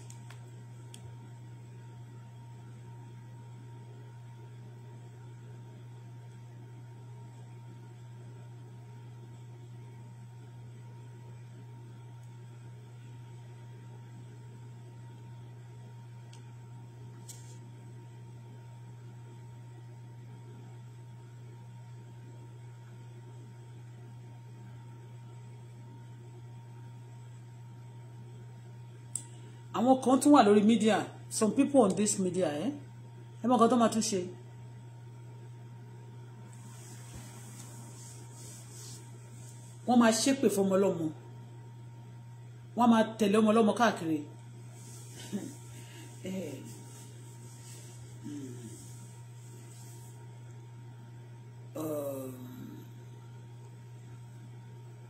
àwọn kan tún wà lórí media some people on this media ẹ eh? ẹ mọ nǹkan tó máa tún ṣe. wọ́n máa ṣépè fún ọmọlọ́mọ wọ́n máa tẹ̀lé ọmọlọ́mọ káàkiri eh. hmm. um.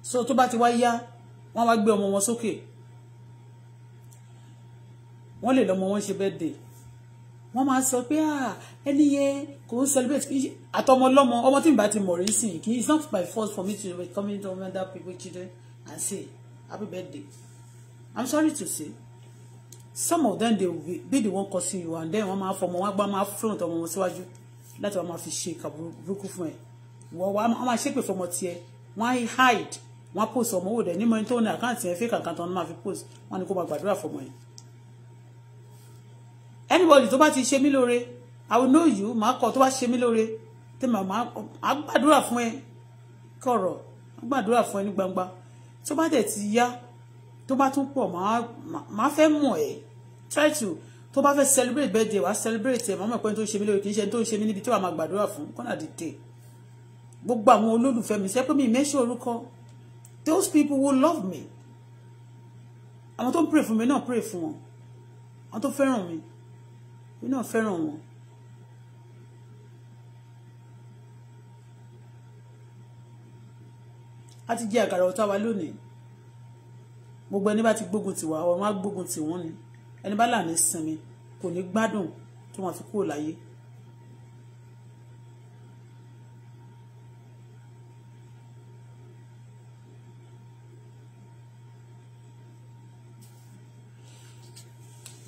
so tó bá ti wá yá wọ́n wá gbé ọmọ wọn sókè. Okay wọ́n lè lọ́mọ wọn ṣe birthday wọ́n máa sọ pé ah, ẹni yẹn kò ń celebrate àtọmọ lọ́mọ ọmọ tí mi bá ti mọ̀ rí sí kì í not by force for me to be coming to other people children and say happy birthday i'm sorry to say some of them they be, be the one causing you and then wọ́n máa fọmọ wọn gbá máa front ọmọ wọn síwájú láti wọ́n máa fi ṣe ìkà burúkú fún ẹ wọ́n wọ́n máa ṣépè fọmọ tiẹ̀ wọ́n á hide wọ́n á post ọmọ wò dẹ̀ nímọ̀ ní tó ní àkáǹtì yẹn fake àkáǹtì wọn máa fi post wọ́n á ní kó máa gbàdúrà fọmọ yẹn anybody tó bá ti ṣe mí lóore i will know you màá kọ tó bá ṣe mí lóore tí màmá á gbàdúrà fún ẹ kọ̀rọ̀ á gbàdúrà fún ẹ ní gbangba tó bá dẹ̀ ti yá tó bá tún pọ̀ màá fẹ́ mọ̀ ẹ́ try to tó bá fẹ́ celebrate birthday wàá celebrate ẹ̀ màmá ìpẹ́ni tó ṣe mí lóore kì í ṣe tó ṣe mí níbi tí wàá máa gbàdúrà fún kọ́nà dìde gbogbo àwọn olólùfẹ́ mi sẹ́pẹ́ mi ìmẹ́ṣẹ́ orúkọ those people who love me àwọn tó ń pray fún mi náà pray fún wọn àwọn tó fẹ́ràn mi èmi náà fẹ́ràn wọn. a ti jẹ àkàrà ọ̀tá wa lónìí gbogbo ẹni bá ti gbógun tiwa ọ̀run á gbógun tiwọn ni ẹni bá là ní sinmi kò ní gbádùn tó wọn fi kúrò láyé.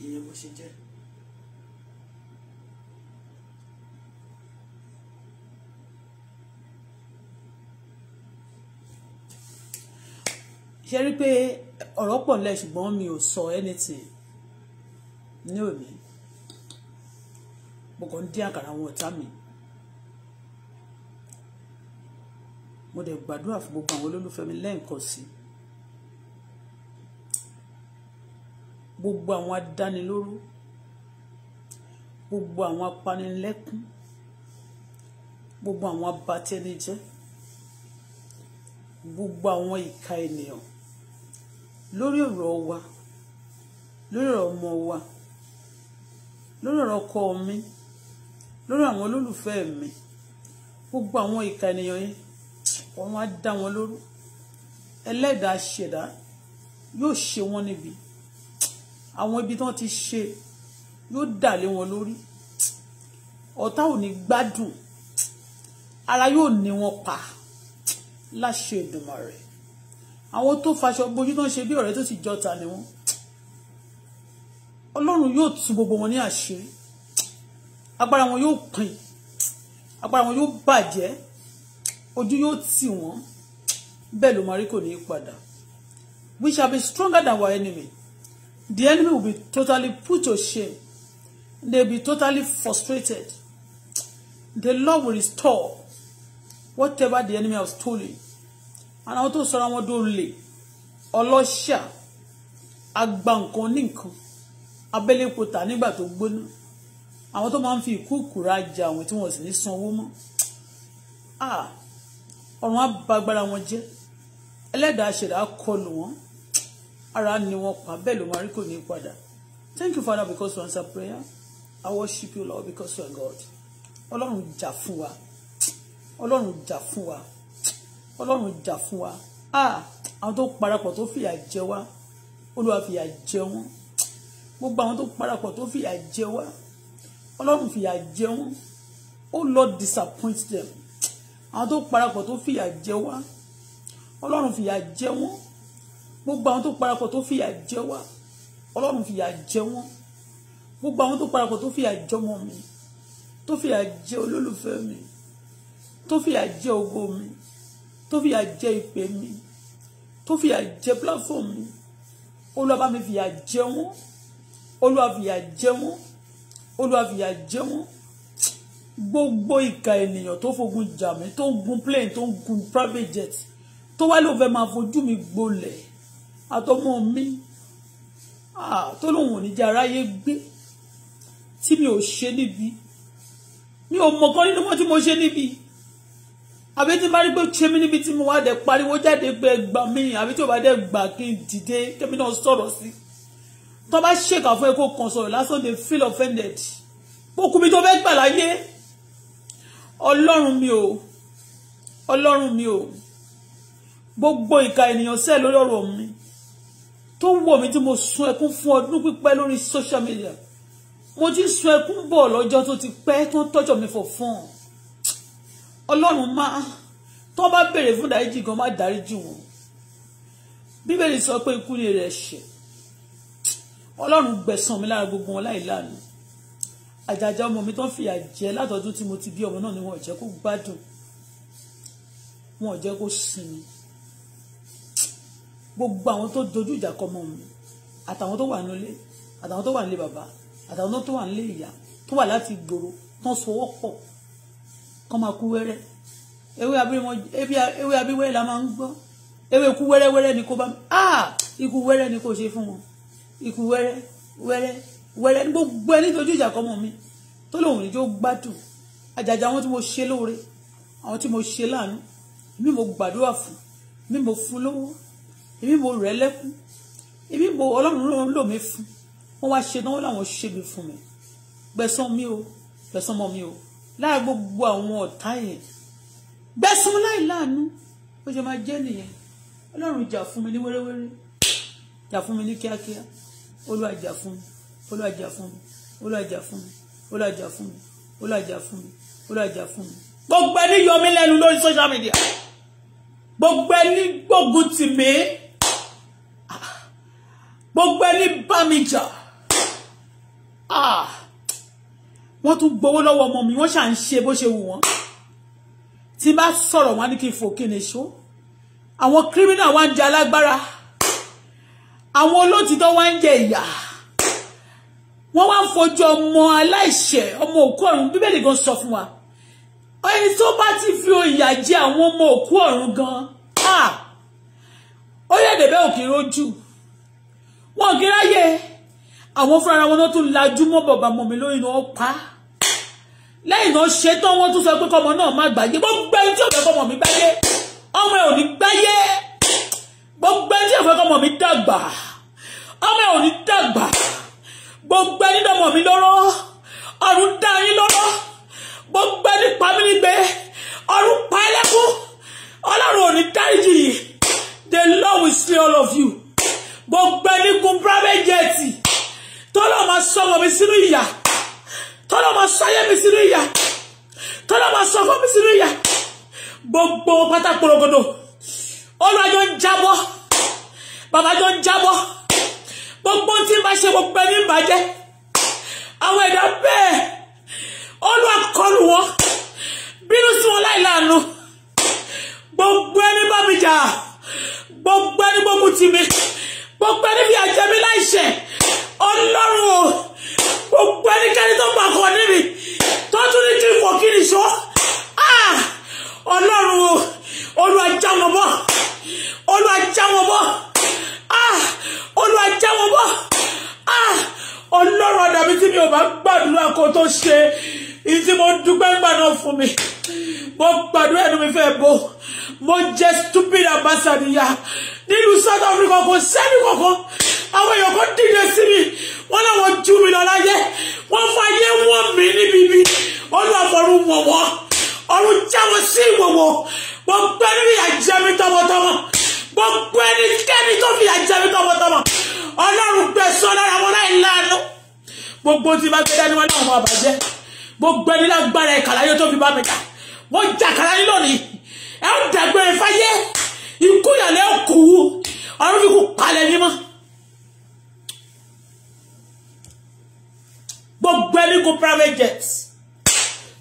ìyẹn bó ṣe jẹ́. ṣe rí pé ọ̀rọ̀ pọ̀ lẹ̀ ṣùgbọ́n mi ò sọ anything ní òní mo kàn ń dín àkàrà àwọn ọ̀tá mi mo dẹ̀ gbàdúrà fún gbogbo àwọn olólùfẹ́ mi lẹ́ẹ̀kan sí gbogbo àwọn adánilóró gbogbo àwọn apanilẹ́kún gbogbo àwọn abatẹnijẹ́ gbogbo àwọn ìka ènìyàn lórí ọ̀rọ̀ wa lórí ọ̀rọ̀ ọmọ wa lórí ọ̀rọ̀ ọkọ mi lórí àwọn olólùfẹ́ mi gbogbo àwọn ìka ènìyàn yẹn wọn á dá wọn lóró ẹlẹ́dàá ṣẹ̀dá yóò ṣe wọn níbi àwọn ibi tí wọ́n ti ṣe yóò dà lé wọn lórí ọ̀tá ò ní gbádùn ara yóò ní wọn pa láṣẹ Èdùmàrè àwọn tó faṣọ bojú tó ń ṣe bí ọ̀rẹ́ tó sì jọta ni wọ́n ọlọ́run yóò tú gbogbo wọn ní àṣírí agbára wọn yóò pin agbára wọn yóò bàjẹ́ ojú yóò tì wọ́n bẹ́ẹ̀ ló máa kò ní í padà we shall be stronger than our enemy the enemy will be totally put to shame they will be totally frustrated the Lord will restore whatever the enemy has stolen àwọn tó sọra wọn dólè ọlọ́ṣà agba nǹkan ní nǹkan abẹ́lẹ́po tà nígbà tó gbóná àwọn tó máa ń fi ìkúùkùrà ja àwọn tí wọ́n sì ní san owó mọ́ ọ̀run á ba wọn jẹ́ ẹlẹ́dàá ṣẹ̀dá kọlù wọn ara ni wọn pa bẹ́ẹ̀ ló máa rí kò ní padà thank you father because you answer prayer i worship you lord because you are god ọlọ́run jà fún wa ọlọ́run jà fún wa ọlọ́run jà fún wa àwọn tó parapọ̀ tó fìyà jẹ wá olúwa fìyà jẹ wọ́n gbogbo àwọn tó parapọ̀ tó fìyà jẹ wá ọlọ́run fìyà jẹ wọ́n oh lord disappoint them àwọn tó parapọ̀ tó fìyà jẹ wá ọlọ́run fìyà jẹ wọ́n gbogbo àwọn tó parapọ̀ tó fìyà jẹ wá ọlọ́run fìyà jẹ wọ́n gbogbo àwọn tó parapọ̀ tó fìyà jẹ ọmọ mi tó fìyà jẹ olólùfẹ́ mi tó fìyà jẹ ògo mi tó fìyà jẹ ìpè mi tó fìyà jẹ platform mi olúwa bá mi fìyà jẹ wọ́n olúwa fìyà jẹ wọ́n olúwa fìyà jẹ wọ́n gbogbo ìka ènìyàn tó fogun jà mí tó gun plane tó gun private jet tó wá ló fẹ́ máa fojú mi gbolẹ̀ àtọmọ mi tó lóun ò ní jẹ́ aráyé gbé tí mi ò ṣe níbi mi ò mọ̀ kan nínú wọn tí mo ṣe níbi àbí tí bá rí pé ṣe mí níbi tí mo wá dẹ̀ pariwo jáde pé gbà mí àbí tí ò bá dẹ̀ gbà kí n dìde kẹ́mi náà sọ̀rọ̀ sí tó bá ṣèkà fún ẹ kó kàn sọ̀rọ̀ lásán dey feel offended okùn mi tó fẹ́ gbà láyé ọlọ́run mi ò ọlọ́run mi ò gbogbo ìka ènìyàn sẹ́ẹ̀ lórí ọ̀rọ̀ mi tó wò mí tí mo sun ẹkún fún ọdún pípẹ́ lórí social media mo ti sun ẹkún bọ̀ lọ́jọ́ tó ti pẹ́ tó ń tọ́jọ́ mi fọ̀ fún ọ ọlọ́run má tó bá béèrè fún dáríjì gan má dáríjì wọn bíbélì sọ pé ikú ni rẹ̀ ṣẹ̀ ọlọ́run gbẹ̀sán mi lára gbogbo wọn láì láàánú àjàjà ọmọ mi tó ń fìyà jẹ látọdún tí mo ti bí ọmọ náà ni wọn ò jẹ́ kó gbádùn wọn ò jẹ́ kó sinmi gbogbo àwọn tó dojú ìjà kọ ọmọ mi àtàwọn tó wà nílé àtàwọn tó wà nílé bàbá àtàwọn tó wà nílé ìyá tó wà láti gbòòrò tán sowọ́ pọ̀ kọ́ máa kú wẹ́rẹ́ ewé abíwẹ́rẹ́ la máa ń gbọ́ ewé ikú wẹ́rẹ́wẹ́rẹ́ ni kò bá mi ah ikú wẹ́rẹ́ ni kò ṣe fún wọn ikú wẹ́rẹ́ wẹ́rẹ́ wẹ́rẹ́ ní gbogbo ẹni tójú ìjà kọ́mọ mi tó lòun níjó gbádùn àjàjà àwọn tí mo ṣe lóore àwọn tí mo ṣe láàánú èmi mo gbàdúrà fún èmi mo fún lówó èmi mo rẹ̀ lẹ́kún èmi mo ọlọ́run lò mí fún wọ́n wá ṣe náwó làwọn ṣe mí fún mi gbẹ̀san mi o gbẹ̀san mọ́ mi o lára gbogbo àwọn ọ̀tá yẹn gbẹ̀sùn láì láàánú ó ṣe máa jẹ́ nìyẹn ọlọ́run jà fún mi ní wẹ́rẹ́wẹ́rẹ́ jà fún mi ní kíákíá olúwa jà fún mi olúwa jà fún mi olúwa jà fún mi olúwa jà fún mi olúwa jà fún mi olúwa jà fún mi. gbogbo ẹni yọ mí lẹ́nu lórí social media gbogbo ẹni gbógun tì mí ah. gbogbo ẹni bá mi jà. Ah wọ́n tún gbowó lọ́wọ́ ọmọ mi wọ́n ṣà ń ṣe bó ṣe wù wọ́n tí bá sọ̀rọ̀ wọn ní kí n fò kí n ṣó àwọn kírímínà wa ń jẹ alágbára àwọn olótìtọ́ wa ń jẹ ìyà wọ́n wá ń fojú ọmọ aláìṣẹ̀ ọmọ òkú ọ̀run bíbélì gan sọ fún wa ẹni tó bá ti fi ìyà jẹ àwọn ọmọ òkú ọ̀run gan ah! ó yẹ dẹ̀bẹ́ òkè rojú wọn kì í ráyè àwọn fúnra wọn náà tún lajú mọ́ bàbá mọ̀mí lóyún náà pa lẹ́yìn náà ṣe tán wọ́n tún sọ pé kọ́mọ náà má gbàgbé gbogbo ẹni tí òfẹ́ kọ́mọ mi gbáyé ọmọ ẹ̀ ò ní gbáyé gbogbo ẹni tí òfẹ́ kọ́mọ mi dàgbà ọmọ ẹ̀ ò ní dàgbà gbogbo ẹni dọ̀mọ mi lọ́rọ́ ọ̀run dá yín lọ́rọ́ gbogbo ẹni pa mí nígbẹ́ ọ̀run pa ẹlẹ́kún ọlọ́run ò ní dáríjì the law will slay all of you gbogbo ẹni gun private jet yìí tọ́lọ́ máa sọ ọmọ mi sínú ìyà tọ́lọ́ máa sọ ayé mi sínú ìyà tọ́lọ́ máa sọ ọkọ mi sínú ìyà gbogbo pátá porogodo olùwàjọ ń jábọ́ babajọ ń jábọ́ gbogbo tí n bá ṣe gbogbo ẹni bàjẹ́ àwọn ẹ̀dá bẹ́ẹ̀ olùwàkọlù wọn bínú sí wọn láìláàánú gbogbo ẹni bá mi jà gbogbo ẹni gbogbo tì mí gbogbo ẹni bí àjẹmí láìṣẹ̀ ọlọ́run o gbogbo ẹnikẹ́ni tó bá kọ níbi tó tún ní kí n kò kí ni sọ ah! ọlọ́run o olúwa já wọn bọ́ olúwa já wọn bọ́ ah! olúwa já wọn bọ́ ah! ọlọ́run ọ̀dà mi tí mi ò bá gbàdúrà kó tó ṣe ìyí tí mo dúpẹ́ gbà náà fún mi mo gbàdúrà ẹnu mi fẹ́ bò mo jẹ́ stupid ambassador ya nínú South Africa kò sẹ́ni kankan àwọn èèyàn kan dìde sí mi wọ́n láwọn ju mi lọ láyé wọ́n fa ayé wọ́n mi níbi ibi olúwa fọ̀run wọ̀ wọ́n ọ̀run jáwọ́ sí ìwòwò gbogbo ẹni ní àjẹmí tọmọtọmọ gbogbo ẹni kẹ́ni tó fi àjẹmí tọmọtọmọ ọlọ́run gbé sọ lára wọn láì lánà gbogbo tí bá gbé dání wọn náà máa bàjẹ́ gbogbo ẹni lágbára ìkàlàyé tó fi bá mi dà wọ́n jà kàlàyé lónìí ẹ ń dàgbére fáyé ikú yàrá ẹ kú ọ̀run fi kú palẹ̀ ní mọ́. gbogbo ẹni kó private jet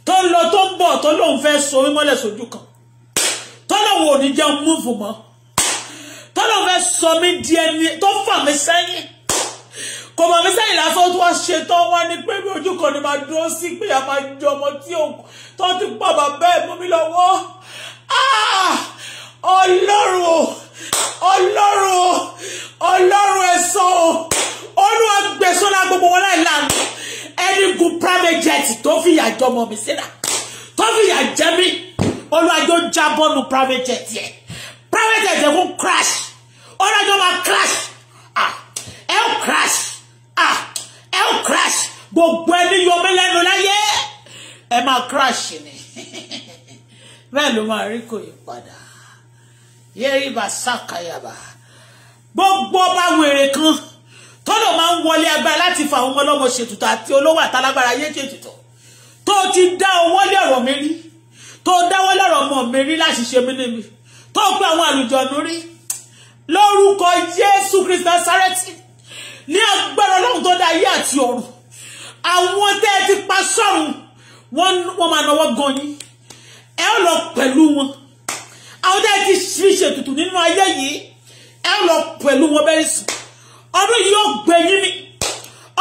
tó ń lọ tó ń bọ̀ tó lóun fẹ́ so mímọ́lẹ̀ sójú kan tó lóun ò ní jẹun múùfù mọ́ tó lóun fẹ́ sọ mí di ẹni tó fà mí sẹ́yìn kò mọ̀ mí sẹ́yìn lásán tó wá ṣe tán wá ní pé bí ojú kan ni máa dúró sí pé a máa jọ ọmọ tí òun tó ti pa bàbá ẹ̀ mú mi lọ́wọ́ ah! ọlọ́run ọlọ́run ọlọ́run ẹ̀sán olúwa gbẹ̀sọ́lá gbogbo wọn láìláàánú ẹnigun private jet tó fìyà jọmọ mi síra tó fìyà jẹ mí olùwàjò jábọ́ nu private jet yẹ private jet yẹ kó crash olùwàjò máa crash ah ẹ ó crash ah ẹ ó crash gbogbo ẹni yọmí lẹ́nu láyé ẹ máa crash ni bẹ́ẹ̀ ló máa rí kò yí padà yẹ́rì bá sákàyàbá gbogbo ọba wèrè kan tó lò máa ń wọlé agbára láti fa àwọn ọmọ ọlọ́mọ ṣètùtù àti olówó àtàlágbára ayé ṣètùtù tó ti dá owó lé ọ̀rọ̀ mi rí tó dáwọ́ lọ́rọ̀ ọmọ mi rí láti ṣe mí níbi tó pé àwọn àlùjọ̀nù rí lórúkọ Jésù Kristi Násárẹ́tì ní agbára ọlọ́run tó dá ayé àti ọ̀run àwọn tẹ́ ẹ ti pa sọ́run wọ́n máa náwó gan yín ẹ ó lọ pẹ̀lú wọn àwọn tẹ́ ẹ ti fi ṣètùtù nínú ayé yìí ẹ ó lọ pẹ̀lú wọn bẹ́ẹ̀ sùn ọdún yìí yóò gbẹ̀yìn mi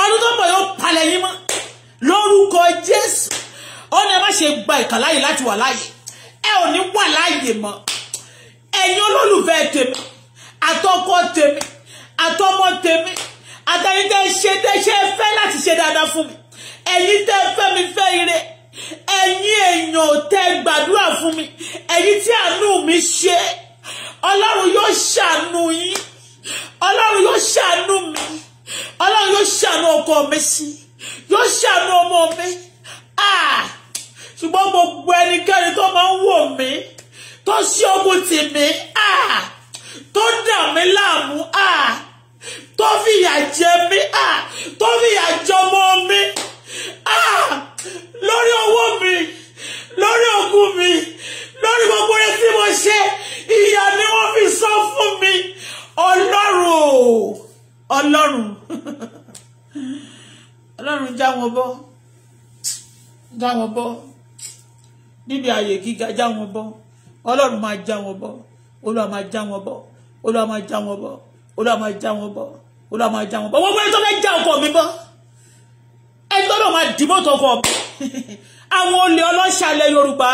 ọdún tó bọ̀ yóò palẹ̀ yín mọ́ lórúkọ Jésù ó ní ẹ má ṣe gba ìkà láàyè láti wà láàyè ẹ ò ní wà láàyè mọ́ ẹ̀yin olólùfẹ́ tèmi àtọkọ tèmi àtọmọ tèmi àtẹ̀yin tẹ́ ṣe tẹ́ ṣe fẹ́ láti ṣe dáadáa fún mi ẹ̀yin tẹ́ fẹ́ mi fẹ́ ire ẹ̀yin èèyàn tẹ́ gbàdúrà fún mi ẹ̀yin tí àánú mi ṣe Ọlọ́run yóò ṣàánú yín ọlọ́run yóò ṣàánú mi ọlọ́run yóò ṣàánú ọkọ mi sí yóò ṣàánú ọmọ mi ah! ṣùgbọ́n gbogbo ẹnikẹ́ni tó máa ń wò mí tó ṣí ogun tì mí ah! tó dà mí láàmú ah! tó fìyà jẹ mí tó fìyà jẹ ọmọ mi lórí owó mi lórí ogún mi lórí gbogbo rẹ tí mo ṣe ìyà ni wọ́n fi san fún mi ọlọ́run o ọlọ́run ọlọ́run já wọn bọ́ já wọn bọ́ níbi ààyè gíga já wọn bọ́ ọlọ́run máa já wọn bọ́ olúwa máa já wọn bọ́ olúwa máa já wọn bọ́ olúwa máa já wọn bọ́ olúwa máa já wọn bọ́ gbogbo ẹni tó fẹ́ já ọkọ mi bọ́ ẹni tó náà máa dìbò tó kọ àwọn olè ọlọ́ṣà ilẹ̀ yorùbá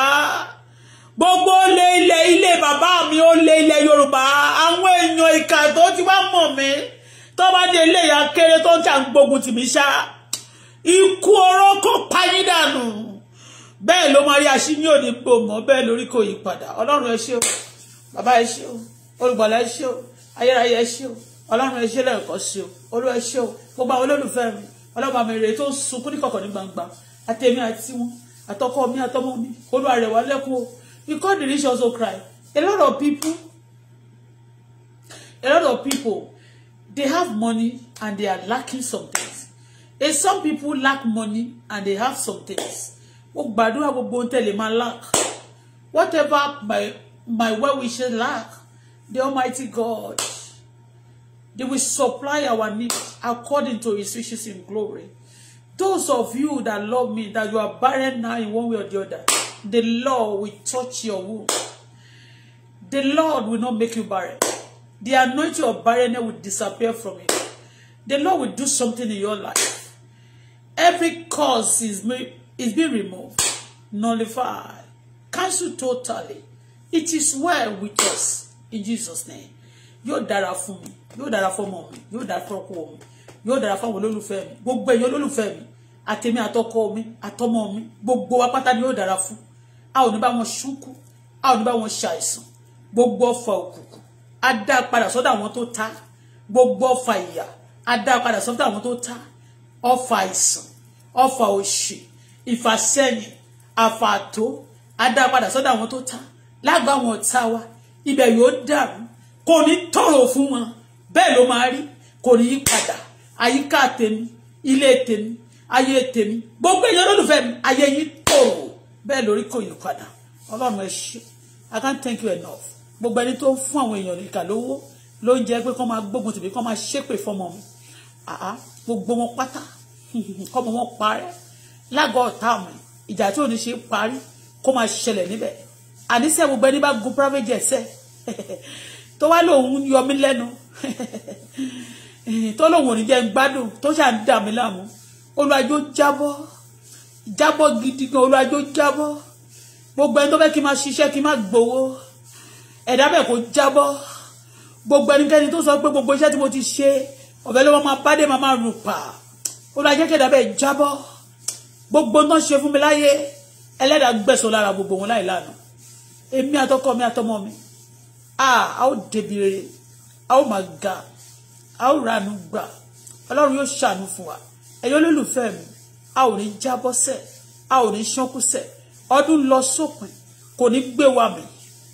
gbogbo olè ilẹ̀ ilé bàbá mi olè ilẹ̀ yorùbá àwọn èèyàn ìka tó ti wá mọ̀ mí tó bá dé ilé ìyá kéré tó ń tà ń gbógun tì mí ṣá ikú oró kó payí dànù bẹ́ẹ̀ ló máa rí aṣíní òní gbòmọ́ bẹ́ẹ̀ lórí kò yí padà ọlọ́run ẹ ṣé o bàbá ẹ ṣé o olùgbàlà ẹ ṣé o ayérayé ẹ ṣé o ọlọ́run ẹ ṣé lẹ́ẹ̀kan sí o olú ẹ ṣé o gbogbo àwọn olólùfẹ́ mi ọlọ́run àmì rèé tó ń sunkún ní kọ̀kọ̀ ní gbangba àtẹ̀mí àti wọn àtọkọ mi àtọmọ mi olú àrẹwà lẹ́kọ̀ọ́ You call the rich also cry a lot of people a lot of people they have money and they are lacking some things and eh, some people lack money and they have some things mo gbàdúrà gbogbo ohun tẹ̀lé máa lack whatever my my well wishes lack the Almighty God they will supply our need according to his riches in glory those of you that love me that you are barren now in one way or the other The Lord will touch your womb. The Lord will not make you barren. The anointing of barrenness will disappear from it. The Lord will do something in your life. Every cause is, is being removed, nullified, cancelled totally. It is well with us in Jesus' name. Yóò dára fún mi, yóò dára fún ọmọ mi, yóò dára fún ọkọ mi, yóò dára fún àwọn olólùfẹ́ mi, gbogbo ẹ̀yin olólùfẹ́ mi, àtèmi àtọkọ mi, àtọmọ mi, gbogbo wa ni yóò dára fún a ò ní bá wọn ṣúkú a ò ní bá wọn ṣàìsàn gbogbo ọfà òkùnkùn a dá padà sọ́dọ̀ àwọn tó ta gbogbo ọfà ìyà a dá padà sọ́dọ̀ àwọn tó ta ọfà àìsàn ọfà òṣì ìfàsẹ́yìn àfààtó a dá padà sọ́dọ̀ àwọn tó ta lágbà àwọn ọ̀tá wa ibẹ̀ yóò dàrú kò ní tọrọ fún wọn bẹ́ẹ̀ ló máa rí kò ní yí padà àyíká tèmi ilé tèmi ayé tèmi gbogbo èèyàn lólùfẹ́ mi ayé yín tòrò bẹ́ẹ̀ lórí kò yí padà ọlọ́run ẹ ṣé i can't thank you enough gbogbo ẹni tó ń fún àwọn èèyàn ìkà lówó ló ń jẹ́ pé kọ́ máa gbógun tìbí kọ́ máa ṣépè fọmọ mi àá gbogbo wọn pátá kọ́mọ wọn parẹ́ lágọ̀ ọ̀tá mi ìjà tí ò ní ṣe parí kó máa ṣẹlẹ̀ níbẹ̀ àníṣe gbogbo ẹni bá gun private jet sẹ́ tó wá lòun yọ mí lẹ́nu tó lòun ò ní jẹ́ ń gbádùn tó ṣà ń dà mí láàmú olùwàjò jábọ́ jábọ́ gidi gan olùwàjò jábọ́ gbogbo ẹni tó fẹ́ kí n máa ṣiṣẹ́ kí n máa gbowó ẹ̀dá bẹ́ẹ̀ kò jábọ́ gbogbo ẹnikẹ́ni tó sọ pé gbogbo iṣẹ́ tí mo ti ṣe ọ̀fẹ́ ló máa pàdé máa máa rùpà olùwàjò kẹ̀dá bẹ́ẹ̀ jábọ́ gbogbo náà ṣe fún mi láyé ẹlẹ́dàá gbẹ̀sọ̀ lára gbogbo wọn láì lánàá èmi àtọkọ mi àtọmọ mi a ó débi a ó máa ga a ó ràánú gbà ọlọ́run yóò ṣàánú fún wa ẹ̀yin olólùfẹ́ mi a ò ní jábọ́sẹ̀ a ò ní ṣánkúsẹ̀ ọdún lọ sópin kò ní gbé wa mì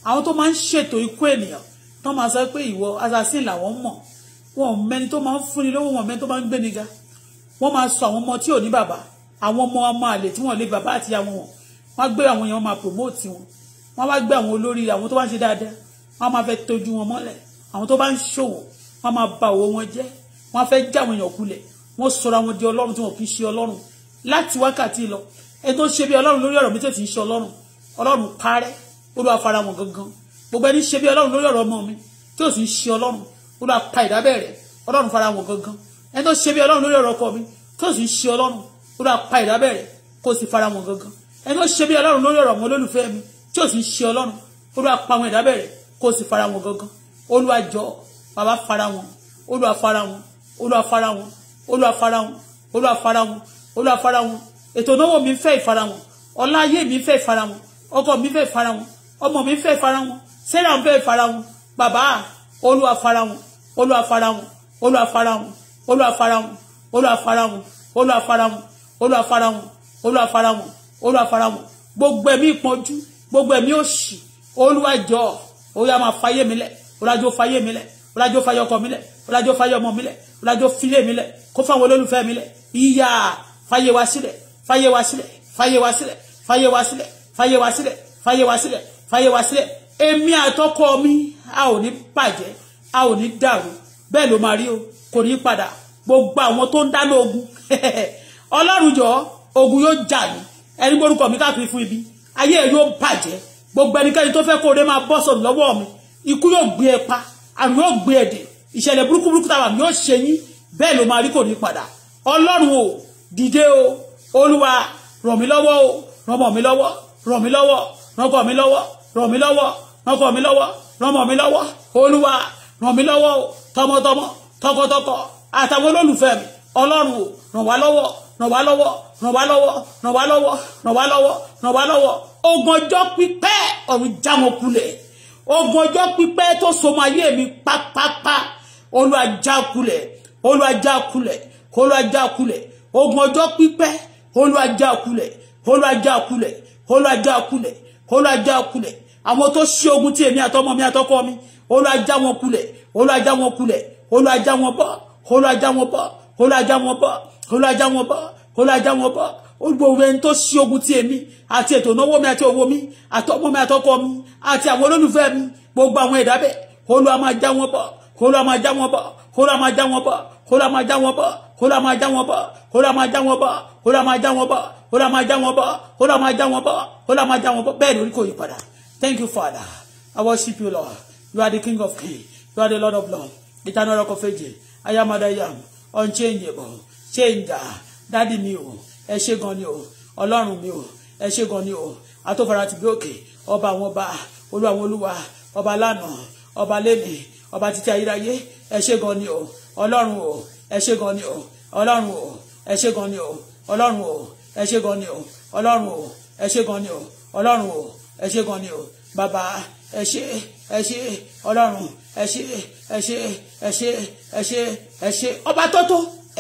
àwọn tó máa ń ṣètò ikú ènìyàn tó máa sọ pé ìwọ assassin làwọn mọ̀ wọn mẹni tó máa ń fúnni lówó wọn mẹni tó máa ń gbéni ga wọn máa sọ àwọn ọmọ tí ò ní bàbá àwọn ọmọ ọmọ àlè tí wọn lè bàbá àti àwọn wọn wọn gbé àwọn èèyàn máa promote wọn wọn wá gbé àwọn olórí àwọn tó bá ń ṣe dáadáa wọn máa fẹ́ tọ́jú wọn mọ́lẹ̀ àwọn tó bá ń ṣòwò wọn máa bà owó wọn jẹ́ wọn fẹ́ já àwọn èèyàn kulẹ̀ wọn sọra wọn di ọlọ́run tí wọn kì í ṣe ọlọ́run láti wákàtí lọ ẹni tó ń ṣe bí ọlọ́run lórí ọ̀rọ̀ mi tètè ń ṣe ọlọ́run ọlọ́run parẹ́ olúwa fara wọn gangan gbogbo ẹni ṣe bí ọlọ́run lórí ọ̀rọ̀ ọmọ mi tí ò sì ń ṣe ọlọ́run olúwa pa ìdábẹ́rẹ́ ọlọ́run fara wọn gangan ẹni tó ṣe bí ọlọ́run lórí ọ̀rọ̀ ọkọ mi tí ò sì ń ṣe ọlọ́run olúwa pa ìdábẹ́rẹ́ kó sì fara wọn gangan ẹni tó ṣe bí ọlọ́run lórí ọ̀rọ̀ ọmọ olólùfẹ́ mi tí ò sì ń ṣe ọlọ́run olúwa pa wọn ìdábẹ́rẹ́ kó sì fara wọn gangan olúwa jọ bàbá fara wọn olúwa fara wọn olúwa fara wọn olúwa fara wọn olúwa fara wọn olúwa fara wọn ètò ìnáwó mi fẹ́ ìfara wọn ọlá ayé mi fẹ́ ìfara wọn ọkọ mi fẹ́ ìfara wọn ọmọ mi fẹ́ ìfara wọn sarah ń fẹ́ ìfara wọn bàbá olúwa fara wọn olúwa fara wọn olúwa fara wọn olúwa fara wọn olúwa fara wọn olúwa fara wọn olúwa fara wọn olúwa fara wọn olúwa fara wọn gbogbo ẹ̀mí ìpọ́njú gbogbo ẹ̀mí òṣì olúwa jọ̀ọ́ ó yá máa fayé mi lẹ̀ olájó fayé mi lẹ̀ olájó fayé ọkọ mi lẹ̀ olájó fayé ọmọ mi lẹ̀ olájó filé mi lẹ̀ kó fáwọn olólùfẹ́ mi lẹ̀ ìyá fàyè wa sílẹ̀ fàyè wa sílẹ̀ fàyè wa sílẹ̀ fàyè wa sílẹ̀ fàyè wa sílẹ̀ fàyè wa sílẹ̀ fàyè wa sílẹ̀ èmi àtọkọ mi a ò ní bàjẹ́ a ò ní dàrú bẹ́ẹ̀ ló máa rí o kò ní padà gbogbo àwọn tó ń dáná ogun ọlọ́run jọ ogun yóò jà mí ẹni gbórúkọ mi káàkiri fún ibi ayé ẹ yóò bàjẹ́ gbogbo ẹnikẹ́ni tó fẹ́ kó rẹ máa bọ́ sọ̀rọ̀ lọ́wọ́ mi ikú yóò gbé ẹ pa àrùn yóò gbé ẹ dè ìṣẹ̀lẹ̀ burúkú burúkú táwa yóò ṣe yín bẹ́ẹ̀ ló máa rí kò ní padà ọlọ́run o dìde o olúwa ràn mí lọ́wọ́ o ràn mọ̀ mí lọ́wọ́ ràn mí lọ́wọ́ ràn kọ̀ mí lọ́wọ́ ràn mí lọ́wọ́ ràn kọ̀ mí lọ́wọ́ ràn mọ̀ mí lọ́wọ́ olúwa ràn mí lọ́wọ́ o tọmọtọmọ tọkọtọkọ àtàwọn olólùfẹ́ mi ọlọ́run o ràn wá lọ́wọ́ ràn wá lọ́wọ́ ràn wá lọ́wọ́ ràn wá lọ́wọ́ ràn wá lọ́wọ́ ràn wá lọ́wọ́ ogun ọjọ́ pípẹ́ ọ̀run já wọn kulẹ̀ ogun ọjọ́ pípẹ́ tó so mọ́ ayé mi pápápá olúwa já kulẹ̀ olúwa já kulẹ̀ olúwa já kulẹ̀ ogun ọjọ́ pípẹ́ Olúwa já kulẹ̀ Olúwa já kulẹ̀ Olúwa já kulẹ̀ Olúwa já kulẹ̀ àwọn tó ṣí ogun tí èmi àtọmọ mi àtọkọ mi Olúwa já wọn kulẹ̀ Olúwa já wọn kulẹ̀ Olúwa já wọn bọ́ Olúwa já wọn bọ́ Olúwa já wọn bọ́ Olúwa já wọn bọ́ Olúwa já wọn bọ́ gbogbo ẹni tó ṣí ogun tí èmi àti ètò ìnáwó mi àti owó mi àtọmọ mi àtọkọ mi àti àwọn olólùfẹ́ mi gbogbo àwọn ẹ̀dá bẹ́ẹ̀ Olúwa máa já wọn bọ́ Olúwa máa já wọn bọ́ Olúwa máa já wọn bọ́ Olúwa máa já wọn bọ́ kó lọ máa já wọn bọ́ kó lọ máa já wọn bọ́ kó lọ máa já wọn bọ́ kó lọ máa já wọn bọ́ kó máa já wọn bọ́ kó máa já wọn bọ́ bẹ́ẹ̀ ni orí kò yí padà thank you father i worship you lord you are the king of kings you are the lord of lords eternal rock of ages i am unchangeable changer dádì mi o ẹ ṣé gan ni o ọlọ́run mi o ẹ ṣé gan ni o atófaratìbí òkè ọba àwọn ọba olúwa àwọn olúwa ọba lánàá ọba lẹ́nìí ọba títí ayérayé ẹ ṣé gan ni o ọlọ́run o ẹ ṣé gan ni o ọlọ́run o ẹ ṣé gan ni o ọlọ́run o ẹ ṣé gan ni o ọlọ́run o ẹ ṣé gan ni o ọlọ́run o ẹ ṣé gan ni o bàbá ẹ ṣé ẹ ṣé ọlọ́run ẹ ṣé ẹ ṣé ẹ ṣé ẹ ṣé ẹ ṣé ọba tó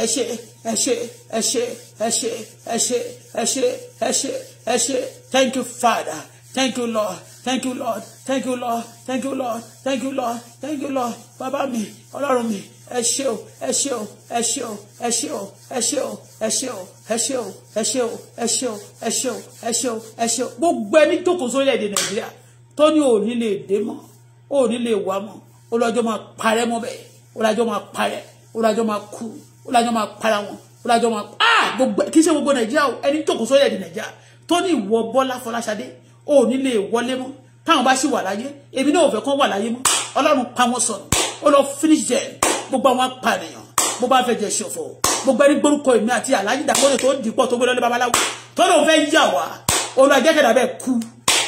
ẹ ṣé ẹ ṣé ẹ ṣé ẹ ṣé ẹ ṣé ẹ ṣé ẹ ṣé ẹ ṣé thank you father thank you lord thank you lord thank you lord thank you lord thank you lord thank you lord bàbá mi ọlọ́run mi ẹ ṣé o ẹ ṣé o ẹ ṣé o ẹ ṣé o ẹ ṣé o ẹ ṣé o ẹ ṣé o ẹ ṣé o ẹ ṣé o ẹ ṣé o ẹ ṣé o ẹ ṣé o gbogbo ẹni jókòó sórílẹ̀-èdè nàìjíríà tó ní òní lè dé mọ́ òní lè wá mọ́ olùdájọ́ máa parẹ́ mọ́ bẹ́ẹ̀ olùdájọ́ máa parẹ́ olùdájọ́ máa kú olùdájọ́ máa para wọn olùdájọ́ máa ah gbogbo kì í ṣe gbogbo nàìjíríà o ẹni jókòó sórílẹ̀-èdè nàìjíríà tó ní ìwọ bọ́lá fọláṣadé òní lè wọlé mọ́ táwọn bá sì wà láyé èmi náà ò fẹ́ kán wà láyé mọ́ ọlọ́run pa wọn sọ̀rọ̀ ó lọ finish jẹ́ gbogbo àwọn apànìyàn gbogbo afẹ́jẹ̀ ṣòfò gbogbo ẹni gbórúkọ èmi àti aláàjì Dangote tó dìpọ̀ tó gbélé babaláwo tó lóun fẹ́ yà wá olùwàjẹ́kẹ̀dà bẹ́ẹ̀ kú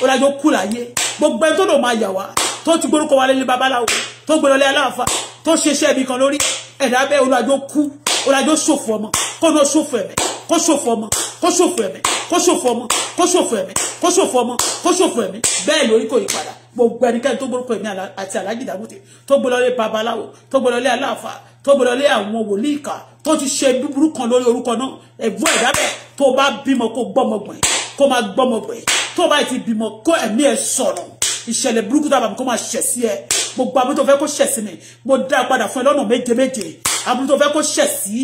olùwàjọ kú láyé gbogbo ẹni tó lóun máa yà wá tó ti gbórúkọ wa lélé babaláwo tó gbélé ọlẹ́ aláàfà tó ṣeṣẹ́ ibi kan lórí ẹ̀dá bẹ́ẹ̀ olùwàjọ kú olùwàjọ ṣòfò ọmọ kó lọ ṣòfò ẹ̀mẹ́ kó ṣòfò ọmọ kó ṣòfò ẹ̀mẹ́ kó ṣòfò ọmọ kó ṣòfò ẹ̀mẹ́ kó ṣòfò ọmọ kó ṣòfò ẹ̀mẹ́ bẹ́ẹ̀ lórí kò yí padà gbogbo ẹnikẹ́ni tó gbórúkọ èmi àti aláàjì dàgùtì tó gbé lọlé babaláwo tó gbé lọlé aláàfà tó gbé lọlé àwọn wòlíì ìkà tó ti ṣe búburú kan lórí orúkọ náà ẹ̀gbọ́n ẹ̀dá bẹ́ẹ̀ tó bá bímọ kó gbọ́mọgbọ̀n kó máa gbọ́mọgbọ̀n tó bá ti bímọ kó ẹ̀mí ẹ̀ sọ̀rọ̀ ìṣẹ̀lẹ̀ burúkú tó àbàmì kó máa ṣẹ̀ sí ẹ gbogbo àbúrò tó fẹ́ kó ṣẹ̀ sí mi mo dá padà fún ẹ lọ́nà méje méje àbúrò tó fẹ́ kó ṣẹ̀ sí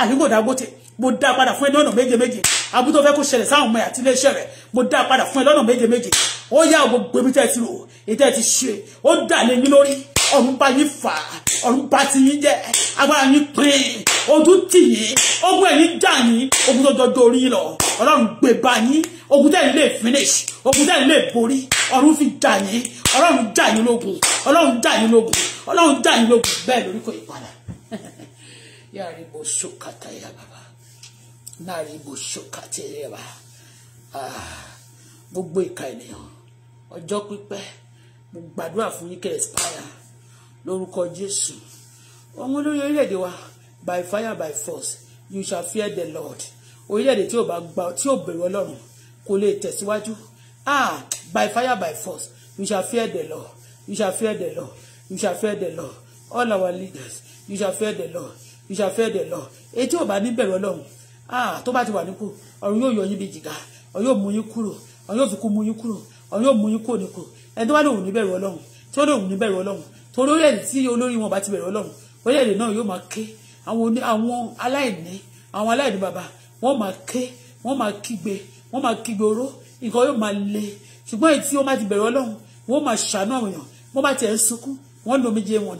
àlíkò Dangote mo dá padà fún ẹ lọ́nà méje méje àbúrò tó fẹ́ kó ṣẹlẹ̀ sáwọn ọmọ ẹ̀ àti iléeṣẹ́ rẹ̀ mo dá padà fún ẹ lọ́nà méje méje ó yá gbogbo ibi tẹ́ ti rò èyí tẹ́ ti ṣe ó dà lé yín lórí ọ̀run bá yín fà ọ̀run bá ti yín jẹ́ agbára yín pín ojú tì yín ogun ẹ̀yìn jà yín ogun tó dọdọ orí lọ ọlọ́run gbé bá yín ogun tẹ́ lè finish ogun tẹ́ lè borí ọ̀run fi jà yín ọlọ́run jà yín lógun ọlọ́run jà yín lógun ọlọ́run jà yín lógun bẹ́ẹ̀ lórí kò yí padà yàrá ibo sókàtà yà bàbá náà ibo sókàtà yà bàbá ah, gbogbo ìka ènìyàn ọjọ́ pípẹ́ mo gbàdúrà fún yín kẹ́ expire lórúkọ Jésù àwọn olórí orílẹ̀-èdè wa by fire by force you shall fear the Lord orílẹ̀-èdè tí ò bá gba tí ò bẹ̀rù Ọlọ́run kò lè tẹ̀síwájú ah by fire by force you shall fear the Lord you shall fear the Lord you shall fear the Lord all our leaders you shall fear the Lord you shall fear the Lord etí ò bá ní bẹ̀rù Ọlọ́run ah tó bá ti wà nípò ọ̀run yóò yọ yín bí jìgá ọ̀run yóò mú yín kúrò ọ̀run yóò fi kú mú yín kúrò ọ̀run yóò mú yín kò ní kúrò ẹni tó bá lòun ní bẹ̀rù ọlọ́run tó lòun ní bẹ̀rù ọlọ́run torí orílẹ̀-èdè tí olórí wọn bá ti bẹ̀rù ọlọ́run orílẹ̀-èdè náà yóò máa ké àwọn aláìní àwọn aláìní bàbá wọ́n máa ké wọ́n máa kígbe wọ́n máa kígbe oró nǹkan yóò máa le ṣùgbọ́n èyí tí wọ́n bá ti bẹ̀rù ọlọ́run wọ́n máa ṣàánú àwọn èèyàn wọ́n bá tiẹ̀ ń sunkún wọ́n lomi jẹ wọn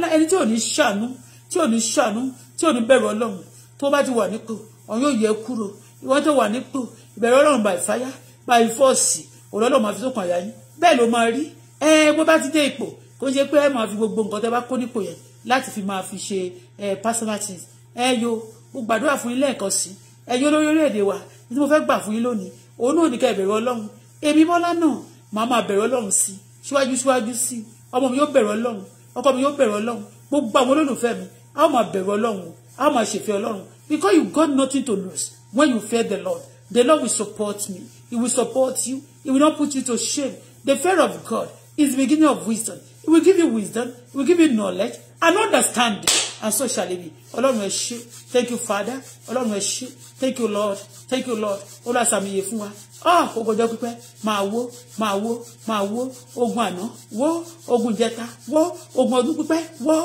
nà ẹni tí ò ní ṣàánú tí ò ní ṣàánú tí ò ní bẹ̀rù ọlọ́run tó bá ti wà nípò ọ̀run yóò yẹ kúrò ìwọ́n tó wà nípò ìbẹ̀rù ọlọ́run by fire by force òrọ́lọ́ máa fi sókàn àyà yín bẹ́ẹ̀ ló máa rí ẹ bó bá ti dé ipò kó ń ṣe pé ẹ máa fi gbogbo nǹkan tẹ bá kó nípò yẹn láti fi máa fi ṣe ẹ personal things ẹ yo mo gbàdúrà fún yín lẹ́ẹ̀kan sí ẹ yó lórí orílẹ̀-èdè wa tí mo fẹ́ gbà fún yín lónìí òun náà ní ká ìbẹ̀rù ọlọ́run èmi bọ́lá náà màá máa bẹ̀rù ọlọ́run sí síwájú síwájú sí ọmọ mi yóò bẹ̀rù ọlọ́run ọkọ mi yóò bẹ̀rù ọlọ́run gbogbo àwọn olólùfẹ́ mi a ó máa bẹ̀rù ọlọ́run a ó máa ṣèfẹ́ ọlọ́run because you got nothing to lose when you fear the Lord the Lord will support me he will support you It will not put you to shame. The fear of God is the beginning of wisdom. It will give you wisdom. It will give you knowledge and understanding. And so shall it be. Ọlọ́run ẹ Thank you, Father. Ọlọ́run ẹ Thank you, Lord. Thank you, Lord. Ola samiye fún wa. Ah, ogun ọjọ́ pípẹ́ máa wó máa wó máa wó ogun àná wo ogun jẹta wo ogun ọdún pípẹ́ wo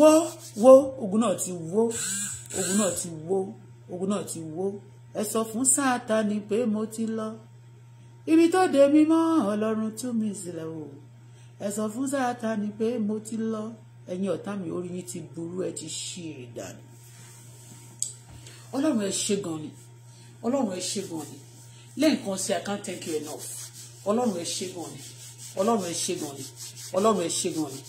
wó wo ogun náà ti wó ogun náà ti wó ogun náà ti wó ẹ sọ fún Sátánì pé mo ti lọ ibi tó dè mí mọ́ ọlọ́run tú mi sílẹ̀ o ẹ sọ fún Sátánì pé mo ti lọ ẹ̀yin ọ̀tá mi orí yín ti burú ẹ ti ṣí èrè dànù ọlọ́run ẹ ṣé gan ni ọlọ́run ẹ ṣé gan ni lẹ́ẹ̀kan sí i can't thank you enough ọlọ́run ẹ ṣé gan ni ọlọ́run ẹ ṣé gan ni ọlọ́run ẹ ṣé gan ni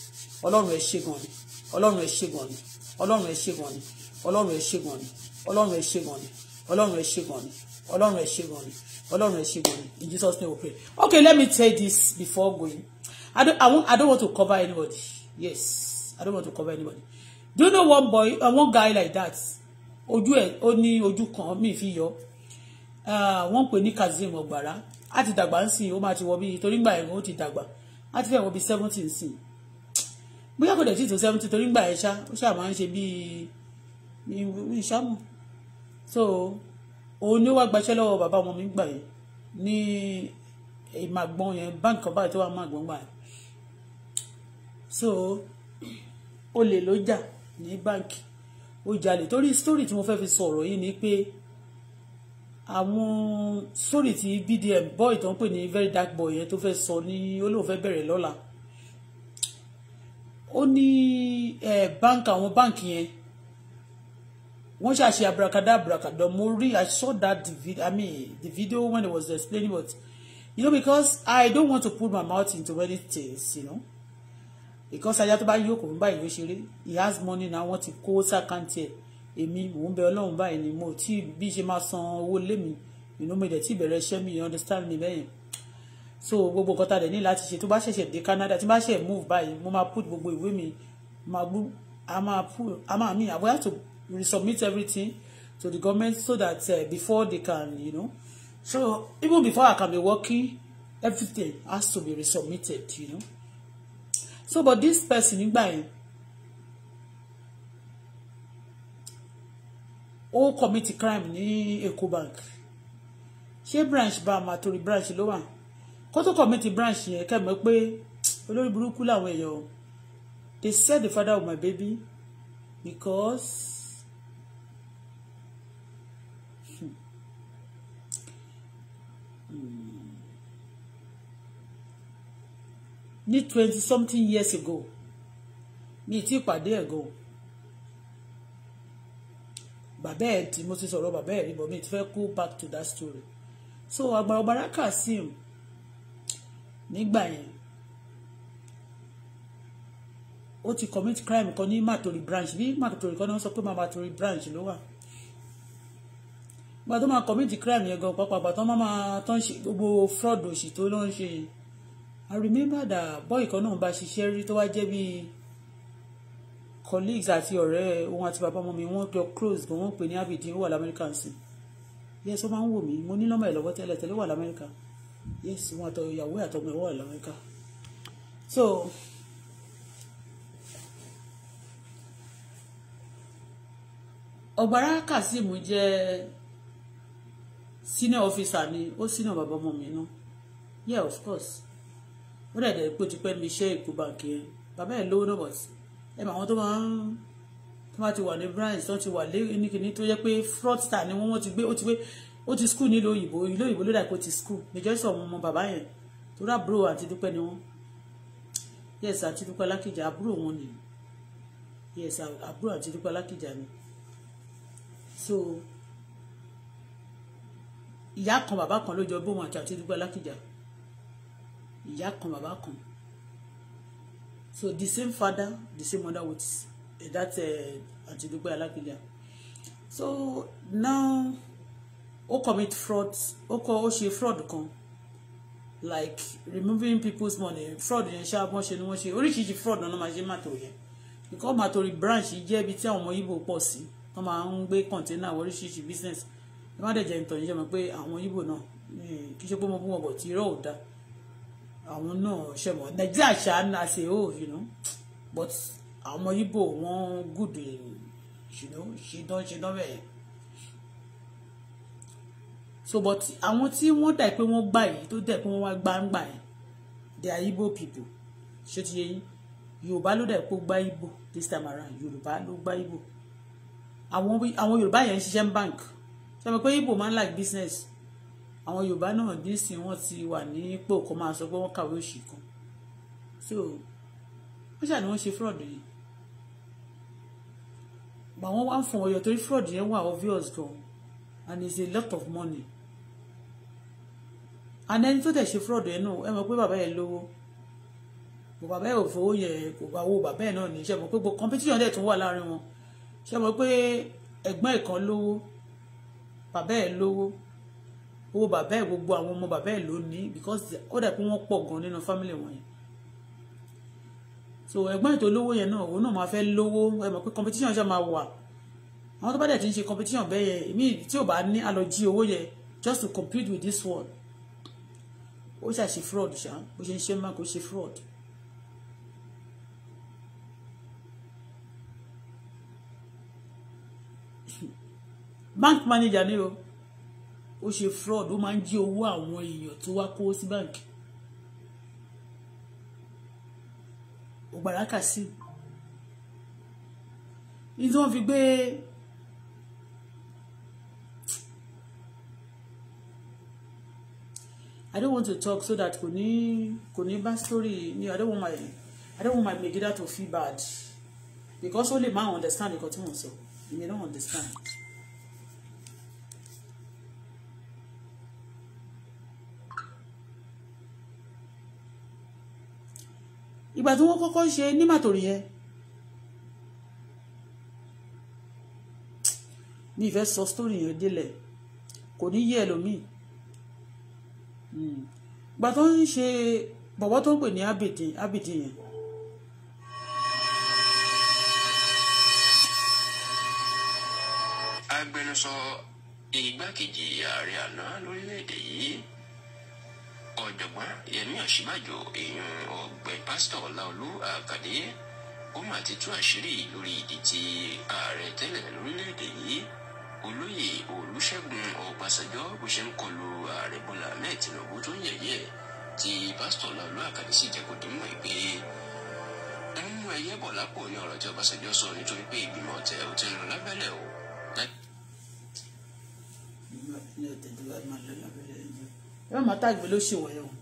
ọlọ́run ẹ ṣé gan ni ọlọ́run ẹ ṣé gan ni ọlọ́run ẹ ṣé gan ni ọlọ́run ẹ ṣé gan ni ọlọ́run ẹ ṣé gan ni ọlọ́run ẹ ṣé gan ni ọlọ́run ẹ ṣé gan ni ọlọ́run ẹ̀ ṣe wò in Jesus name we pray okay let me tell this before going I don't I, won't, I don't want to cover anybody yes I don't want to cover anybody do you know one boy uh, one guy like that ojú ẹ̀ ó ní ojú kan mi fi yọ uh, wọ́n pè ní Kazeem Ọ̀gbàrá á ti dàgbà ń sìn ó máa ti wọ bí torí gbà ẹ̀rọ ó ti dàgbà á ti fẹ́ wọ bí seventy ń sìn bóyá kò dẹ̀ tí tó seventy torí gbà ẹ̀ ṣá ó ṣáà máa ń ṣe bíi ìṣàmù so òun ni ó wá gbaṣẹ́ lọ́wọ́ bàbá ọmọ mi gbà yẹn ní ìmàgbọ́n yẹn báńkì ọba àti wàá màgbọ́n gbà yẹn so olè ló jà ní báńkì ó jalè torí sítórì tí mo fẹ́ fi sọ̀rọ̀ yìí ni pé àwọn sórí ti BDM boy tó ń pè ní very dark boy yẹn tó fẹ́ sọ ní olóò fẹ́ bẹ̀rẹ̀ lọ́la ó ní eh, bank àwọn bank yẹn wọ́n ṣàṣe abrakada abrakada mo rí i saw that the video i mean the video when it was explaining but you know because i don't want to put my mouth into many things you know because ajá tó bá yóò kò ń báyìí ló ṣeré he has money now wọ́n ti kó sàkántì ẹ̀ èmi mò ń bẹ ọlọ́run báyìí ni mo tí bí ṣe máa san owó lé You know, mi dẹ̀ tí ìbẹ̀rẹ̀ iṣẹ́ mi you understand me bẹ́yẹn so gbogbo nǹkan tá a dẹ̀ ní láti ṣe tó bá ṣẹ̀ṣẹ̀ dé Canada tí bá ṣẹ̀ move báyìí mo máa put gbogbo ìwé mi máa gbú a máa put a I will to we submit everything to the government so that uh, before they can, you know, so even before I can be working, everything has to be resubmitted, you know. So, but this person, nígbà yẹn, ó commit crime ní Eco Bank. Ṣé branch bá a máa torí branch ló wà? Kó tó commit branch yẹn kẹ́mọ̀ pé olórí burúkú làwọn èèyàn o. They said the father of my baby because ní twenty something years ago mi ti pàdé ẹ̀ gan bàbá ẹ̀ tí mo ti sọ̀rọ̀ bàbá ẹ̀ rí bọ̀ mi ti fẹ́ go back to that story so agbára ọba Kazeem nígbà yẹn ó ti commit crime kan ní Matori branch bí Matori kan náà sọ pé Matori branch ló wà gba tó máa commit crime yẹn gan pápá tó máa tó ṣe gbogbo fraud òṣì tó ló ń ṣe yẹn I remember that boy kan náà bá ṣiṣẹ́ rí tó wá jẹ́ bíi colleagues àti ọ̀rẹ́ òun àti bàbá ọmọ mi wọ́n jọ close gan wọ́n pè ní Abidin ó wà lamẹ́ríkà ń sìn yes ó máa ń wò mí mo ní nọ́mbà ẹ̀ lọ́wọ́ tẹ́lẹ̀ tẹ́lẹ̀ wà lamẹ́ríkà yes wọn àtọ ìyàwó àtọmọ ẹ̀ wà lamẹ́ríkà so ọ̀gbàrá Kazeem jẹ́ senior officer ni ó senior bàbá ọmọ mi náà yeah of course ó dẹ̀ dẹ̀ pé tipẹ́ ní iṣẹ́ èkó bàǹkì yẹn bàbá ẹ̀ lówó náà bọ̀ sí ẹ mà wọn tó máa ń tó máa ti wà ní branch tó ti wà lé nìkíní tó yẹ pé fraudster ni wọ́n wọ́n ti gbé ó ti gbé ó ti school nílùú òyìnbó ìlú òyìnbó ló dà pé ó ti school majority ọmọ ọmọ bàbá yẹn tó rà bro àti dúpẹ́ ni wọ́n yes àti dúpẹ́ lákìjà àbúrò wọn ni yes àbúrò àti dúpẹ́ lákìjà ni so ìyá kan bàbá kan ló jọ bóun àti àti dúpẹ́ lákìjà ìyá kan bàbá kan so the same father the same mother with uh, that uh, Aunty Dupe Alakilia so now ó commit fraud ó kọ ó ṣe fraud kan like removing people's money fraud yẹn ṣáà wọ́n ṣe ni wọ́n ṣe oríṣiríṣi fraud náà máa ṣe má tó yẹn because matori branch jẹ́ ibi tí àwọn ọmọ Ìgbò pọ̀ sí wọ́n máa ń gbé container oríṣiríṣi business ẹ má dẹ̀ jẹ́ ìtọ́jú ṣe mọ̀ pé àwọn Ìgbò náà eh, kì í ṣe pé mo fún wọn bọ̀ tí irọ́ ò dáa àwọn náà ṣẹmọ Nàìjíríà ṣáà as a whole oh, you know but àwọn ọmọ Igbo wọn good you know ṣetán ṣetán bẹ́ẹ̀ so but àwọn tí wọ́n dà pé wọ́n gbà yìí tó dẹ̀ pé wọ́n wá gbangba yìí they are Igbo people ṣé ti yẹ yín Yorùbá ló dà pé ó gbá Igbo this time around Yorùbá ló gbá Igbo àwọn Yorùbá yẹn ń ṣiṣẹ́ bank ṣe mọ̀ pé Igbo máa ń like business àwọn yorùbá náà nísìnyí wọ́n ti wà ní ipò kan máa sọ pé wọ́n kàwé òṣì kan so wọ́n ṣàní wọ́n ṣe fraud yìí But wọ́n wá ń fún ọyọ torí fraud yẹn wà obvious gan and it's a lot of money and ẹni tó tẹ̀ ṣe fraud yẹn náà ẹ mọ̀ pé bàbá yẹn lówó bàbá yẹn ò fowó yẹn kò gba owó bàbá yẹn náà ní ṣe mọ̀ pé gbogbo competition dẹ̀ tún wà láàrin wọn ṣe mọ̀ pé ẹ̀gbọ́n ẹ̀kan lówó bàbá yẹn lówó owó bàbá ẹ̀ gbogbo àwọn ọmọ bàbá ẹ̀ ló ní because ó dà pé wọ́n pọ̀ gan nínú family wọn yẹn so ẹ̀gbọ́n ètò olówó yẹn náà òun náà máa fẹ́ lówó ẹ mọ̀ pé competition ṣe máa wà àwọn tó bá dẹ̀ ti ń ṣe competition bẹ́ẹ̀ yẹn èmi tí ò bá ní alọ jí owó yẹn just to compete with this one. ó ṣàṣe fraud ṣá ó ṣe ń ṣe máa kó ṣe fraud. bank manager ni o ó ṣe fraud ó máa ń jí owó àwọn èèyàn tó wá kówó sí báǹkì ògbàrá kàsí ní tí wọ́n fi gbé I don't want to talk so that kò ní kò ní bá story ni I don't want my I don't want my megida to feel bad because ó lè má understand nǹkan tí mo sọ èmi don't understand. ìgbà tí wọ́n kọ́kọ́ ṣe ní màtòrí yẹn ní ìfẹ́ sọ story yẹn délẹ̀ kò ní yé ẹlòmíì hmm. ìgbà tó ń ṣe bọ̀bọ́ tó ń pè ní abidi yẹn. agbẹnusọ igbákejì ààrẹ àná lórílẹ̀ yìí ọ̀jọ̀gbọ́n yẹmí ọ̀ṣíbàjò èèyàn ọ̀gbẹ́ pásítọ̀ ọláolú àkàdé ó mà ti tú àṣírí lórí ìdí tí ààrẹ tẹ́lẹ̀ lórílẹ̀‐èdè yìí olóyè olùṣègùn ọ̀básàjọ́ bó ṣe ń kọlu ààrẹ bọ́lá ahmed tinubu tó ń yẹ̀yẹ́ tí pásítọ̀ ọláolú àkàdé sì jẹ́ kó dín mọ́ ìpè ń mú ẹyẹ bọ̀ lápò ní ọ̀rọ̀ tí ọbásàjọ́ sọ nítorí pé ìgbìmọ̀ ọ̀tẹ̀ ò ti ń lọ lábẹ́lẹ̀ o ẹ má má tag mi ṣe wọ̀nyẹn o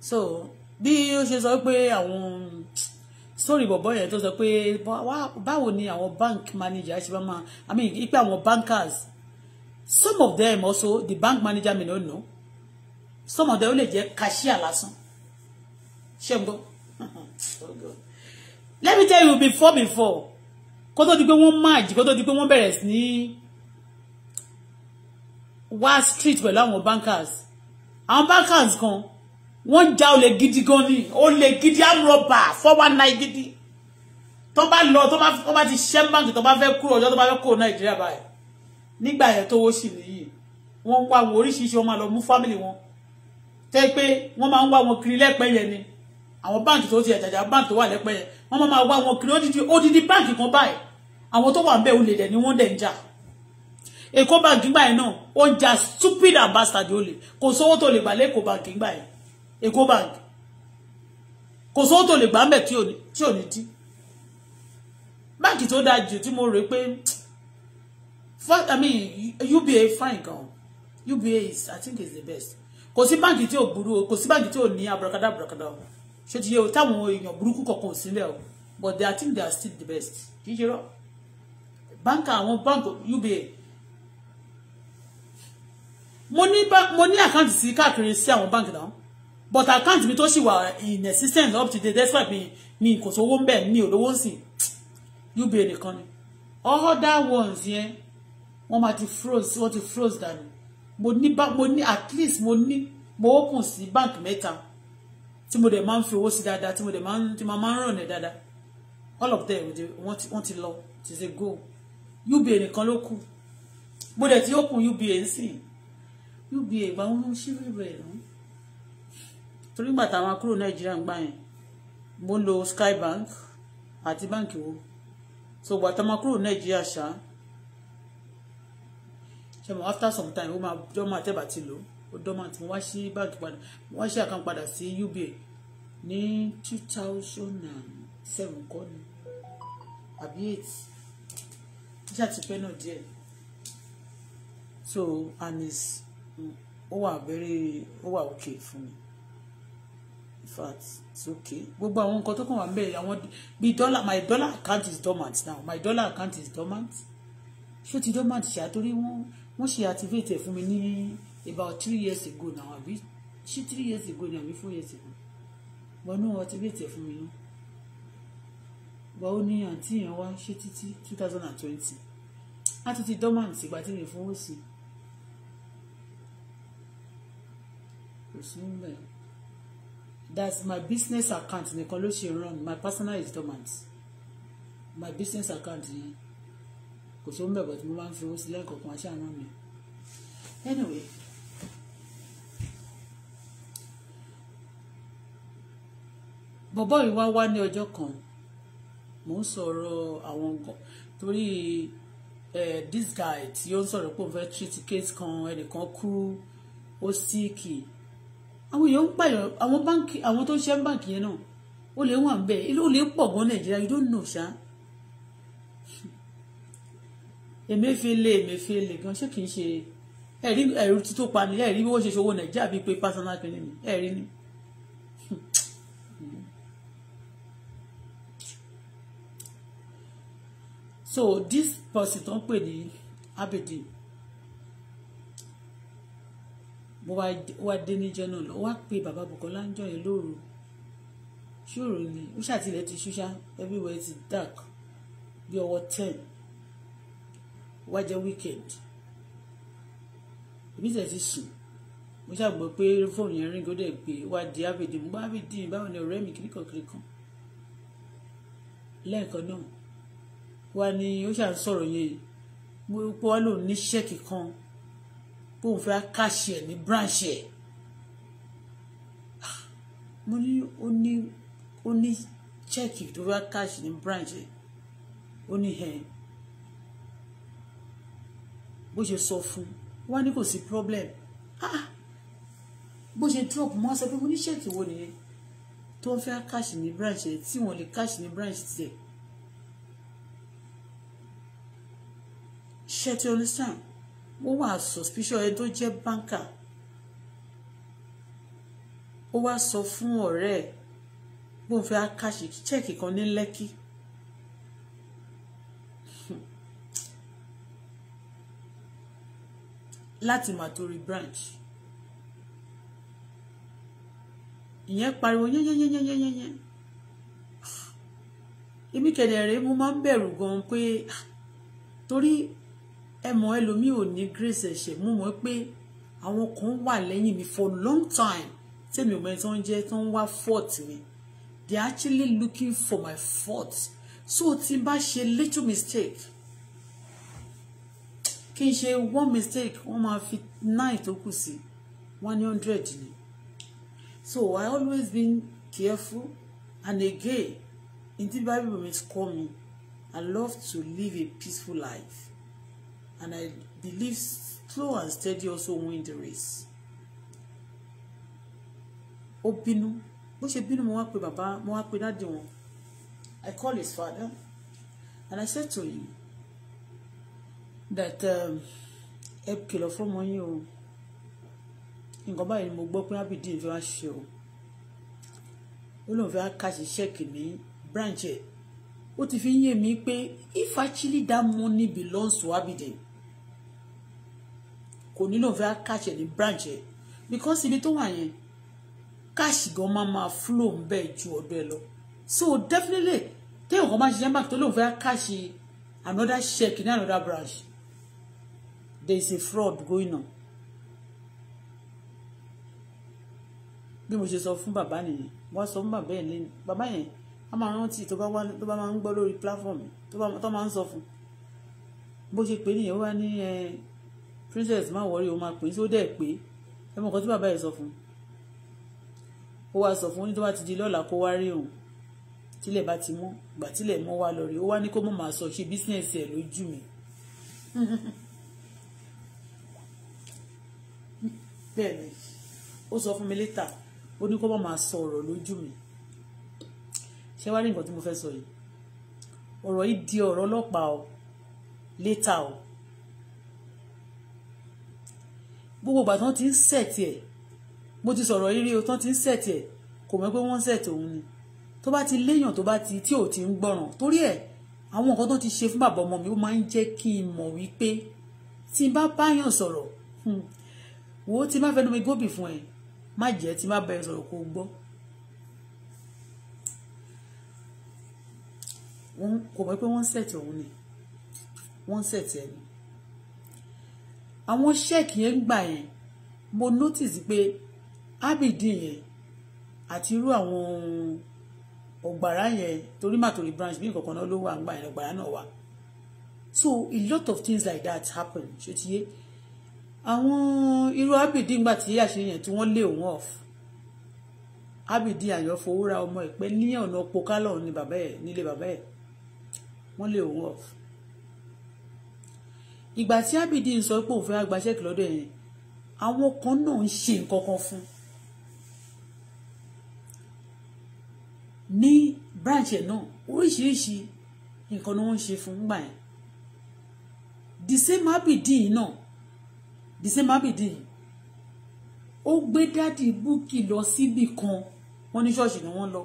so bí ó ṣe sọ pé àwọn sórí bọ̀bọ̀ yẹn tó sọ pé báwo ni àwọn bank manager ṣe bá máa i mean ipe àwọn bankers some of them also the bank manager may not know some of them ó lè jẹ́ cashier lásán ṣé n gbọ́ oh let me tell you before before kó tó di pé wọ́n merge kó tó di pé wọ́n bẹ̀rẹ̀ sí ní wá street pẹ̀lú àwọn bankers àwọn bankers kan wọ́n ja olè gidi gan ni olè gidi amúrọ̀bà fọ́wá náà gidi tó bá lọ tó bá ti ṣẹ́ báńkì tó bá fẹ́ kúrò ọjọ́ tó bá fẹ́ kúrò nàìjíríà báyìí nígbà yẹn tó wó sì nìyí wọ́n ń wá wọn oríṣiríṣi wọ́n máa lọ mú fámìlì wọn tẹ́ pé wọ́n máa ń wá wọn kiri lẹ́pẹ́ yẹn ni àwọn báńkì tó ti ẹ̀jàjà báńkì tó wà lẹ́pẹ́ yẹn wọ́n máa wá wọn kiri odidi odidi báńkì kan báyìí àwọn tó wà ń bẹ̀ olè dẹ̀ ni wọ́n dẹ̀ ń jà èkó báńkì gbà yẹn náà ó ń jà stupid ambassador olè kò sówó tó lè gbà lẹ́kọ̀ọ́ báńkì gbà yẹn èkó bank kò sówó tó lè gbà ń bẹ̀ tí ò ní dí báǹkì tó dáa jù tí mo rò pé i mean uba fine gan uba is i think is the best kò sí báǹkì tí ò burú o kò sí báǹkì tí ò ní abúrakadà abúrakadà o ṣé ti yé o táwọn èèyàn burúkú kọ̀ọ̀kan ò o but they, i think they are still the best kì í ṣe rọ báǹkì àwọn báǹkì uba mo ní àkáǹtì sí káàkiri sí àwọn báǹkì náà but account mi tó ṣì wà in existence up to date despite mi mi kò sówó ń bẹ̀ mi ò lówó ń sìn uba nìkan ni other ones yẹn wọ́n máa ti froze wọ́n ti froze dànù mo ní mo ní at least mo ní mo open sí bank mẹ́ta tí mo dẹ̀ máa ń fi owó sí dáadáa tí mo dẹ̀ máa ń tí mo máa ń ràn ní dáadáa all of them wọ́n ti wọ́n ti lọ ti ṣe go uba nìkan ló kù mo dẹ̀ ti open uba ń sìn uba ìgbà wọn ṣí rẹ̀ rẹ̀ rẹ̀ torí gbà táwọn kúrò nàìjíríà ń gbà yẹn mo ń lo sky bank àti báǹkì wo so gbà táwọn kúrò nàìjíríà ṣá ṣe mo after some time ó máa dọ́mọ àtẹ̀bà ti lò ó dọ́mọ àti mo wá sí báǹkì padà mo wá sí àkàn padà sí uba ní two thousand and seven kọ́ ni àbí eight iṣẹ́ àtìpẹ́ náà díẹ̀ so and it's ó wà very ó wà okay fún mi fact it's okay gbogbo àwọn nǹkan tó kàn wá ń bẹ̀rẹ̀ àwọn bíi dollar my dollar account is dormant now my dollar account is dormant ṣó ti dormant ṣá torí wọ́n wọ́n ṣe activate ẹ̀ fún mi ní about three years ago now àbí ṣé three years ago ni àbí four years ago wọnú activate ẹ̀ fún mi náà wọ́n ó ní àǹtí yẹn wá ṣé títí two thousand and twenty á tún ti dormant ìgbà tí mi fowó sí i kò sí ń bẹ̀rẹ̀ that's my business account nìkan ló ṣe run my personal installment my business account yẹn kò tó ń bẹ̀ bọ̀tí mo máa ń fi owó sí lẹ́ẹ̀kọ̀ọ̀kan aṣááná mi anyway bọ̀bọ̀ yìí wá wá ní ọjọ́ kan mò ń sọ̀rọ̀ àwọn nǹkan torí this guy tí ó ń sọ̀rọ̀ pé òun fẹ́ treat case kan ẹnìkan kú ó síìkì àwọn èèyàn ń pààyàn àwọn báǹkì àwọn tó ń ṣe báǹkì yẹn náà ó lè wà bẹ́ẹ̀ ilé ó lè pọ̀ gan nàìjíríà you don't know ṣá Emefiele Emefiele gan ṣé kìí ṣe ẹ̀rí ẹ̀rú tító pani ẹ̀rí bí wọ́n ṣe ṣòwò nàìjíríà bíi pé personal clinic ẹ̀rí ni. so this person tó ń pè ní Abidi mo wá dé níjọ́ náà lọ wá pe bàbá Bùkọ́lá ń jọ yẹn lóru ṣòro ni ó ṣàtìlẹ́ ti ṣúṣá everywhere ti dark bí ọwọ́ ten wá jẹ́ weekend èmi tẹ̀ ti sùn mo ṣàgbọ́ pé fóònù yẹn rìn gòdè pé wá di ábèdì mo bá ábèdì báwo ni ọ̀rẹ́ mi kiri kankiri kan lẹ́ẹ̀kan náà wá ní ó ṣà ń sọ̀rọ̀ yẹn mo pọ́ wá lòun ní ṣẹ́ẹ̀kì kan kó n fẹ́ káṣí ẹ̀ ní branch ẹ̀ ah, mo ní ó ní ó ní chẹ́ẹ̀kì tó fẹ́ káṣí ní branch ẹ̀ ó ní ẹ̀ bó ṣe sọ fún wá ní kò sí problem ah bó ṣe drop mọ́ sọ pé mo ní chẹ́ẹ̀kì wo nìyẹn tó ń fẹ́ káṣí ní branch ẹ̀ tí wọ́n lè káṣí ní branch tiẹ̀ ṣẹ́ẹ̀tì understand ó wà suspicious ẹ tó jẹ́ báńkà ó wá sọ fún ọ̀rẹ́ ẹ̀ bóun fẹ́ káṣí chẹ́ẹ̀kì kan ní lẹ́kì láti Matori branch ìyẹn pariwo yẹ́nyẹ́nyẹ́nyẹ́nyẹ́ èmi kẹ̀dẹ̀ rèé mo máa ń bẹ̀rù gan-an pé ah, torí ẹ mọ̀ ẹlòmíì ò ní grace ẹ̀ṣẹ̀ mú wọn pé àwọn kan wà lẹ́yìn mi for long time tèmi ò mọ ẹni tó ń jẹ́ tó ń wá fault mi they are actually looking for my fault so tí n bá ṣe little mistake kí n ṣe one mistake wọ́n máa fi nine tó kù sí one hundred ni so I always been careful and again in the Bible means call me I love to live a peaceful life and I believe slow and steady also win the race. ó bínú bó ṣe bínú mo wá pe bàbá mo wá pe dáàdì wọn I call his father and I said to him that um, ẹ kìlọ̀ fọ́mọ yín o nǹkan báyìí ni mo gbọ́ pé abidin fi wá ṣe o ó lóun fi wá káṣí ṣẹ́ẹ̀kì ní branch ẹ̀ ó ti fi ń yé mi pé if actually that money belongs to abidin kò nílò fẹ́ káṣẹ̀ ní branch ẹ̀ because ibi tó wà yẹn káṣì gan máa máa flow ń bẹ́ẹ̀ ju ọ̀dọ̀ ẹ lọ so definitely téèyàn kan máa ṣiṣẹ́ bank tó lóun fẹ́ káṣì another check ní another branch there is a fraud going on bí mo ṣe sọ fún bàbá nìyẹn wọ́n sọ fún bàbá yẹn lẹ́nu bàbá yẹn a máa rántí tó bá wá tó bá máa ń gbọ́ lórí platform tó bá máa ń sọ fún bó ṣe pè nìyẹn wá ní ẹ princess má wọrí o máa pè é tó dẹ̀ pé ẹ mọ̀ kan tí bàbá yẹn sọ fún ó wá sọ fún ní tó bá ti di lọ́la kó wá rí òun tílẹ̀ bá ti mọ́ gbà tílẹ̀ mọ́ wá lọ rí ó wá ní kó mọ̀ máa sọ ṣe bísíǹsì ẹ̀ lójú mi bẹ́ẹ̀ ni ó sọ fún mi létà ó ní kó mọ̀ máa sọ ọ̀rọ̀ lójú mi ṣé wá rí nǹkan tí mo fẹ́ sọ yìí ọ̀rọ̀ yìí di ọ̀rọ̀ ọlọ́pàá o létà o. gbogbo ìgbà tán ti ń sẹ̀tì ẹ̀ mo ti sọ̀rọ̀ rírí o tán ti ń sẹ̀tì ẹ̀ kò mọ̀ pé wọ́n ń sẹ̀tì òun ni tó bá ti léèyàn tó bá ti tí ò ti ń gbọ́ràn torí ẹ̀ àwọn nǹkan tó ti ṣe fún bàbá ọmọ mi ó máa ń jẹ́ kí n mọ̀ wípé tí n bá báyàn sọ̀rọ̀ hmm, wo tí n bá fẹnu mi gómìn fún ẹ má jẹ́ tí n bá bẹ̀rẹ̀ sọ̀rọ̀ kó o gbọ́. kò mọ̀ pé wọ́n ń sẹ̀tì òun ni wọ́n ń sẹ̀tì ẹni àwọn ṣẹ́ẹ̀kì yẹn ń gbà yẹn mo notice pé ábìdí yẹn àti irú àwọn ọ̀gbàrá yẹn torí màtòrí branch bí nǹkan kan náà ló wà ń gbà yẹn ọ̀gbàrá náà wà so a lot of things like that happen ṣé ti yé àwọn irú ábìdí ńgbà tí àṣẹ yẹn tí wọ́n lé òun off ábìdí àyànfowóra ọmọ ìpẹ́ ní ọ̀nà pọkálọ̀ ní bàbá ẹ̀ nílé bàbá ẹ̀ wọ́n lé òun off ìgbà tí Abidi ń sọ pé òun fẹ́ gba ṣẹ́ẹ̀kì lọ́dọ̀ yẹn àwọn kan náà ń ṣe nǹkan kan fún ní branch ẹ̀ náà oríṣiríṣi nǹkan ni wọ́n ń ṣe fún gbà yẹn the same Abidi náà the same Abidi ó gbé dádì búkì lọ síbì kan wọ́n ní ṣọ́ọ̀ṣì ni wọ́n lọ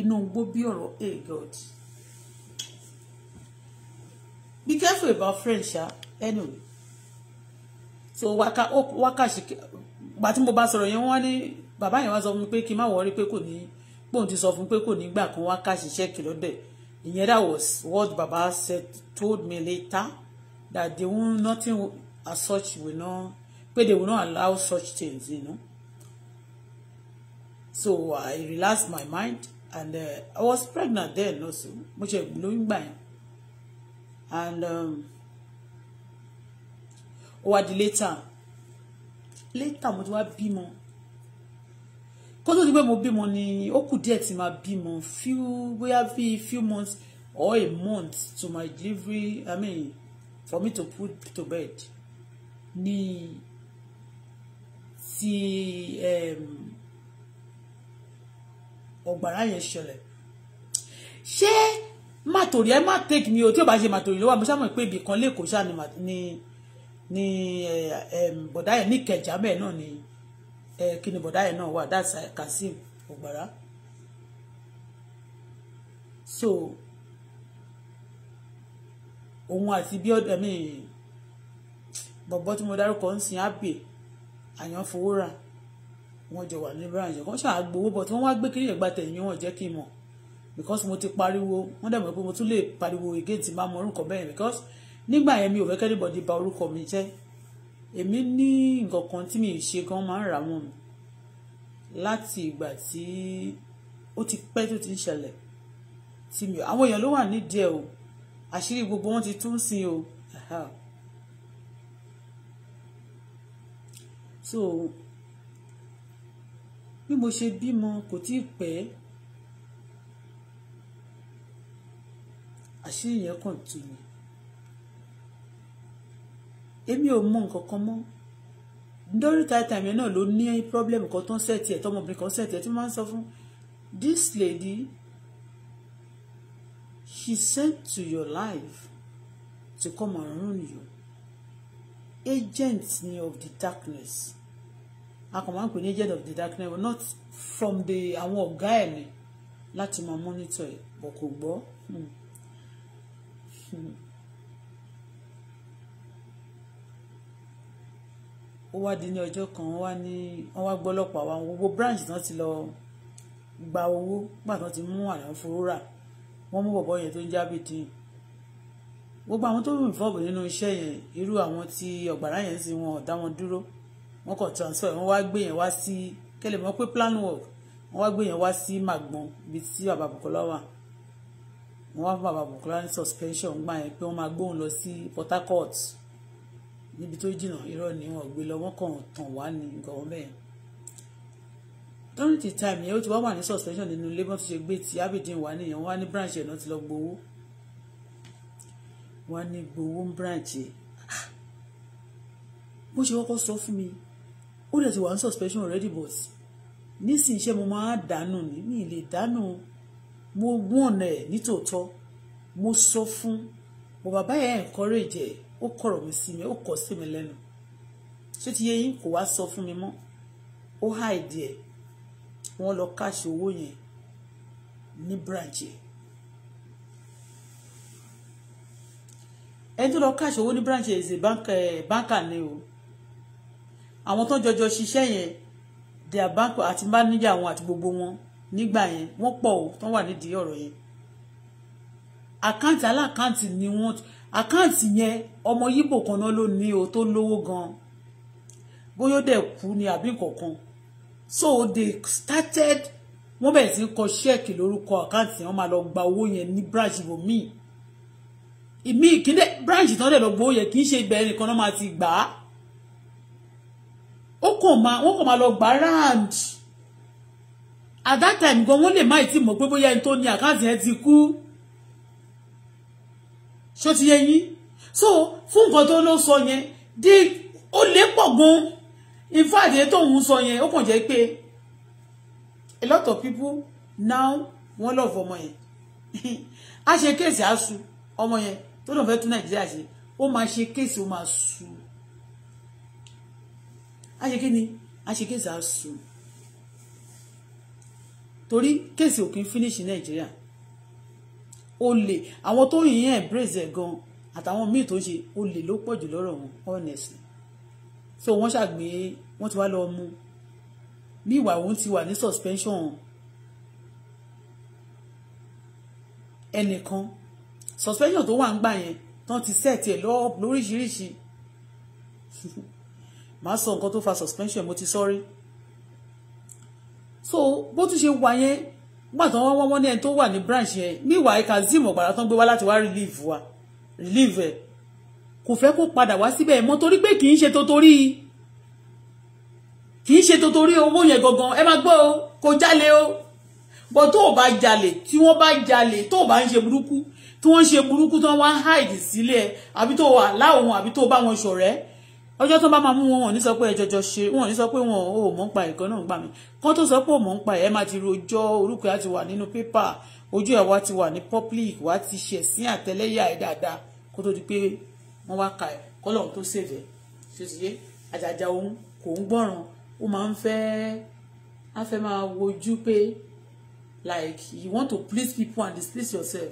inú gbó bí ọ̀rọ̀ hey God be careful about friends ṣáà anyway so waka waka wákà ṣe gbà tí mo bá sọ̀rọ̀ yẹn wọ́n ní bàbá yẹn wá sọ fún mi pé kí n má wọrí pé kò ní pòun ti sọ fún pé kò ní gbà kan wákà ṣiṣẹ́ kìlọ́ dẹ̀ ìyẹn that was what baba said told me later that they will nothing as such will not pé they will not allow such things you know so I relaxed my mind and uh, I was pregnant then also mo ṣe lóyún gbà yẹn and. Um, ó wá di later later mo ti wá bímọ kó tó di pé mo bímọ ni ó kù díẹ̀ tí máa bímọ few bóyá bíi few months or a month to my delivery i mean for me to put to bed ní ti ọ̀gbàrá yẹn ṣẹlẹ̀ ṣé màtòrí ẹ má take me. o tí ò bá ṣe màtòrí ló wà mo ṣàmọ̀ pé ibì kan lẹ́kọ̀ọ́ ṣáà ni ní eh, bọ̀dá ní Ìkẹjà náà ni eh, kí ni bọ̀dá náà wà that's uh, Kazeem Ògbàrá so òun àti bí ọdẹ mi bọ̀bọ̀ tí mo dárúkọ ń sin ápè àyànfowóra wọn jọ wà ní branch kan ṣáà gbowó bọ̀ tí wọ́n wá gbé kiri ẹ̀gbà tẹ̀yìn wọn jẹ́ kí n mọ̀ because mo ti pariwo wọ́n dẹ̀ mọ̀ pé mo tún lè pariwo again tí máa mọ orúkọ bẹ́ẹ̀ because nígbà yẹn mi ò fẹ́ kẹ́rìbọ̀dì bà orúkọ mi jẹ́ èmi ní nǹkan kan tí mi ì ṣe gan máa ń rà wọ́n mi láti ìgbà tí ó ti pẹ́ tó ti ń ṣẹlẹ̀ tí mi ò àwọn èèyàn ló wà nídìí ẹ̀ o àṣírí gbogbo wọn ti tún sin o so bí mo ṣe bímọ kò tí ì pẹ́ àṣírí yẹn kàn tù mí èmi ò mọ nǹkan kan mọ́ nítorí táìtà yẹn náà ló ní problem kan tó ń sẹ̀tì ẹ̀ tọmọbìnrin kan sẹ̀tì ẹ̀ tí wọ́n sọ fún this lady she sent to your life to come and ruin you agent ni of the darkness a kò máa ń pè ní agent of the darkness but not from the àwọn ọ̀gá ẹ̀ ni láti máa monitor ẹ̀ bọ̀ kò gbọ́. Hmm. hmm. ó wá di ní ọjọ́ kan wá ní wọ́n wá gbọ́lọ́pọ̀ àwọn gbogbo branch náà ti lọ gba owó nígbà tó ti mú àlàfo rà wọ́n mú bọ̀bọ́ yẹn tó ń jábìdín gbogbo àwọn tó rìn fọ́ọ̀bù nínú iṣẹ́ yẹn irú àwọn tí ọ̀gbàrá yẹn sì wọn ọ̀dá wọn dúró wọ́n kàn transfer wọ́n wá gbé yẹn wá sí kẹlẹ̀ mọ́ pé plan work wọ́n wá gbé yẹn wá sí Magbon ibi tí bàbá Bùkọ́lá wà wọ́n wá bàbá Bùkọ́lá ní suspension gbà yẹn pé wọ́n máa gbóhùn lọ sí Port Harcourt níbi tó jìnnà irọ́ ni wọ́n gbé lọ wọ́n kàn tàn wá ní nǹkan wọn bẹ́ẹ̀ during the time yẹn ó ti wá wà ní suspension nínú ilé bọ́n ti ṣe gbé ti abidin wà nìyẹn wọ́n wá ní branch ẹ̀ náà ti lọ gbowó wọ́n ní gbowó ń branch ẹ̀ bó ṣe kọ́kọ́ sọ fún mi ó dẹ̀ ti wà ní suspension already but nísìnyí ṣé mo máa dànù ní mi lè dànù mo wọ̀n ẹ̀ nítòótọ́ mo sọ fún mo bàbá yẹn encourage ẹ̀ ó kọ̀rọ̀ mi sí mi ó kọ̀ sí mi lẹ́nu ṣé ti yẹ yín kò wá sọ fún mi mọ́ ó há ìdí ẹ̀ wọ́n lọ káṣí owó yẹn ní branch ẹ̀ ẹni tó lọ káṣí owó ní branch ẹ̀ ṣe báńkà eh, ni o àwọn tó jọjọ ṣiṣẹ́ yẹn their bank àti manager àwọn àti gbogbo wọn nígbà yẹn wọ́n pọ̀ o tó wà nídìí ọ̀rọ̀ yẹn àkáǹtì aláàkáǹtì ni wọ́n àkáǹtì yẹn ọmọ yíbò kan náà ló ní o tó lówó gan bóyá ó dẹ̀ kú ni àbí kankan so they started wọ́n bẹ̀rẹ̀ sí kọ ṣẹ́ẹ̀kì lórúkọ àkáǹtì yẹn wọ́n máa lọ gba owó yẹn ní branch ibòmíì ìmí ìkíndẹ̀ branch tán dẹ̀ lọ gbowó yẹn kì í ṣe ibẹ̀ nìkan náà máa ti gbà á ó kàn máa wọ́n kàn máa lọ gbà round at that time gan wọ́n lè má ì tí mọ̀ pé bóyá ẹni tó ní àkáǹtì yẹn ti kú ṣó ti yẹ yín so fún nǹkan tó ló sọ yẹn dé ó lè pọ̀ gan in fact èyí tóun sọ yẹn ó kàn jẹ́ pé a lot of people now wọ́n lọ́ọ̀fọ̀ ọmọ yẹn a ṣe kéèsì àṣù ọmọ yẹn tó lọ́ọ̀ fẹ́ tún nàìjíríà ṣe ó máa ṣe kéèsì ó máa ṣù a ṣe kí ni a ṣe kéèsì àṣù torí kéèsì ò finish nàìjíríà olè àwọn tó yìn yẹn embrace ẹ̀ gan àtàwọn míì tó ń ṣe olè ló pọ̀ jù lọ́rọ̀ wọn honestly so wọ́n ṣàgbé wọ́n ti wá lọ mú ní ìwà òun ti wà ní suspension ẹnìkan suspension tó wà ń gbà yẹn tán ti set ẹ̀ lọ́ọ́ lóríṣiríṣi màá sọ nǹkan tó fa suspension mo ti sọ́rí so bó tún ṣe wà yẹn nígbà tí wọ́n wọ́n ní ẹni tó wà ní branch yẹn meanwhile kazeem ọ̀gbàrà tó ń gbé wá láti wá relieve wa relieve ẹ̀ kò fẹ́ kó padà wá síbẹ̀ mọ́ torí pé kì í ṣe totorí kì í ṣe totorí owó yẹn gangan ẹ máa gbọ́ o kò jalè o bọ́ tó o bá jalè tí wọ́n bá jalè tó o bá ń ṣe burúkú tí wọ́n ń ṣe burúkú tí wọ́n wá ń hide sílẹ̀ àbí tó o wà láwọn àbí tó o bá wọn ṣọ̀rẹ́ ọjọ́ tó bá máa mú wọn wọn ní sọ pé ẹjọjọ ṣe wọn ní sọ pé wọn ò mọ̀ ń pa ẹ̀kan náà ń gbà mí kán tó sọ pé ò mọ̀ ń pa ẹ̀ máa ti rojọ́ orúkọ á ti wà nínú pépà ojú ẹ̀ wá ti wà ní public wá ti ṣẹ̀ sí àtẹlẹ́yà ẹ̀ dáadáa kó tó di pé wọ́n wá ka ẹ̀ kọ́lọ́run tó ṣèjẹ́ ṣe ti yé àjàjà òun kò ń gbọ́ràn ó máa ń fẹ́ á fẹ́ máa wojú pé like you want to please people and displease yourself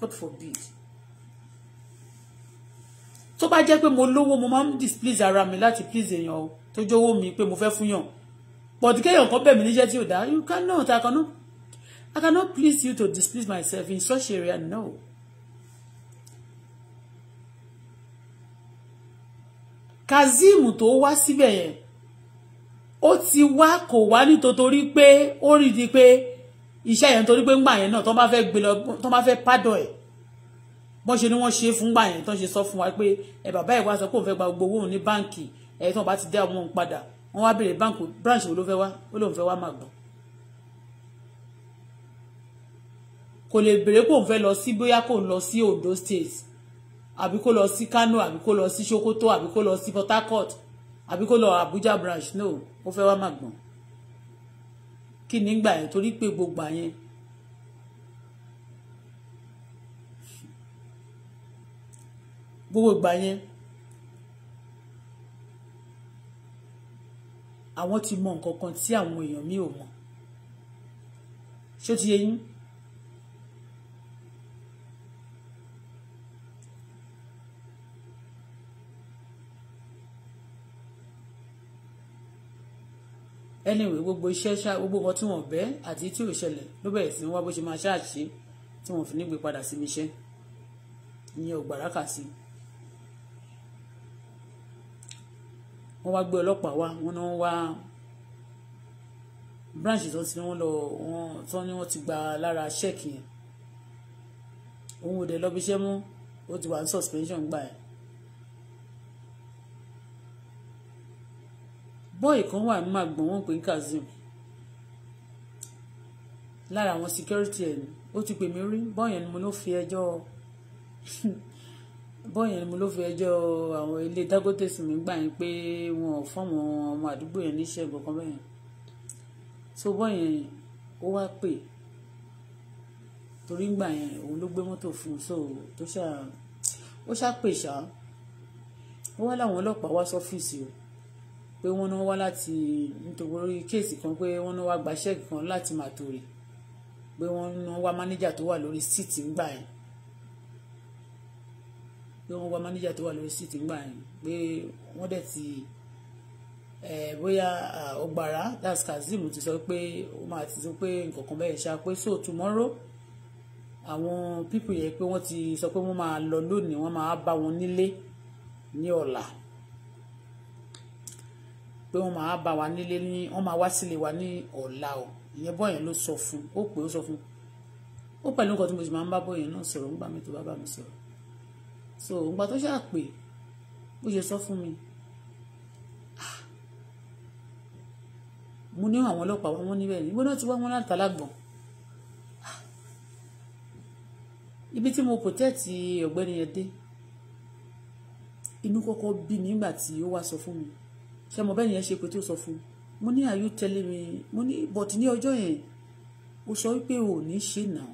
God forbid tó bá jẹ́ pé mo lówó mo máa ń displease ara mi láti please èèyàn o tó jówó mi pé mo fẹ́ fún yàn but kéèyàn kan bẹ̀ mí níṣẹ́ tí ò dá you cannot I cannot I cannot please you to displease myself in such area no. Kazeem tó wá síbẹ̀ yẹn ó ti wá kò wá nítorí pé ó rí di pé iṣẹ́ yẹn torí pé ńgbà yẹn náà tó bá fẹ́ gbé lọ tó bá fẹ́ pádọ̀ ẹ̀ bọ́n ṣe ni wọ́n ṣe fún gbà yẹn tó ń ṣe sọ fún wa pé ẹ bàbá ẹ̀ wá sọ pé òun fẹ́ gba gbogbo owó òun ní báǹkì ẹ̀ tó ń bá ti dá ọmọ òun padà wọ́n wá béèrè báǹkì branch wo ló fẹ́ wá ó lóun fẹ́ wá Magbon. kò lè béèrè kó òun fẹ́ lọ sí bóyá kó lọ sí Ondo State àbí kó lọ sí Kano àbí kó lọ sí Sokoto àbí kó lọ sí Port Harcourt àbí kó lọ Abuja branch no ó fẹ́ wá Magbon kí nígbà yẹn torí pé gbogbo àyẹn gbogbo ìgbà yẹn àwọn ti mọ nǹkan kan tí àwọn èèyàn mi ò mọ̀ ṣó ti yé anyway gbogbo iṣẹ́ ṣá gbogbo nǹkan tí wọ́n bẹ́ àti tí ò ṣẹlẹ̀ ló bẹ̀rẹ̀ sí wá bó ṣe máa ṣáàṣì tí wọ́n fi nígbè padà síbi iṣẹ́ ìyẹn ò gbàrà kà sí i. wọ́n wá gbé ọlọ́pàá wá wọ́n náà wá branches tó ti ní wọ́n lọ wọ́n tán ni wọ́n ti gba lára ṣẹ́ẹ̀kì yẹn òun ò dẹ̀ lọ iṣẹ́ mú ó ti wà ní suspension gbà ẹ̀. bọ́ọ̀ì kan wà ní màgbọ́n wọ́n pè ní kazeem lára àwọn security ẹ̀ ó ti pè mí rí bọ́ọ̀yẹn ni mo ló fi ẹjọ́ bọ́ọ̀yẹn ni mo ló fi ẹjọ́ àwọn ilé Dangote sùn mí gbà yín pé wọn ò fọ́ọ̀mù ọmọ àdúgbò yẹn níṣẹ́ gbọ̀kan bẹ́yẹn so bọ́ọ̀yẹn ó wá pè torí gbà yẹn òun ló gbé mọ́tò fún un so tó ṣà ó ṣà pè ṣá ó wá láwọn ọlọ́pàá wá sọ́fíìsì o pé wọ́n náà wá láti nítorí kéèsì kan pé wọ́n náà wá gba ṣẹ́ẹ̀kì kan láti Màtòrè pé wọ́n náà wá mánéjà tó wà lórí síìtì ńgbà yẹn pé wọ́n wá mánéjà tó wà lórí street ńgbà yẹn pé wọ́n dẹ̀ ti bóyá ọgbàrá that's kazeem ti sọ pé ó máa ti sọ pé nǹkan bẹ́ẹ̀ ṣá pé so tomorrow àwọn pípù yẹn pé wọ́n ti sọ pé wọ́n máa lọ lónìí wọ́n máa bá wọn nílé ní ọ̀la pé wọ́n máa bá wa nílé ní wọ́n máa wá sílé wa ní ọ̀la o ìyẹn bọ́yẹn ló sọ fún ó pè ó sọ fún ó pẹ̀lú nǹkan tí mo sì máa ń bá bọ́yẹn náà sọ̀rọ̀ nígbà mi tó bá bá mi sọ̀rọ̀ so ìgbà tó ṣáà pè bó ṣe sọ fún mi ah, mo ní àwọn ọlọ́pàá wọn wọn níbẹ̀ níbo náà ti wá wọn láti alágbọ̀n ah, ibi tí mo protect ọ̀gbẹ́ni yẹn dé inú kọ́kọ́ bí mi nígbà tí ó wá sọ fún mi ṣé mo bẹ́ẹ̀ yẹn ṣe pé tó sọ fún mo ní are you telling me mo ní but ní ọjọ́ yẹn ó sọ wípé ò ní ṣe náà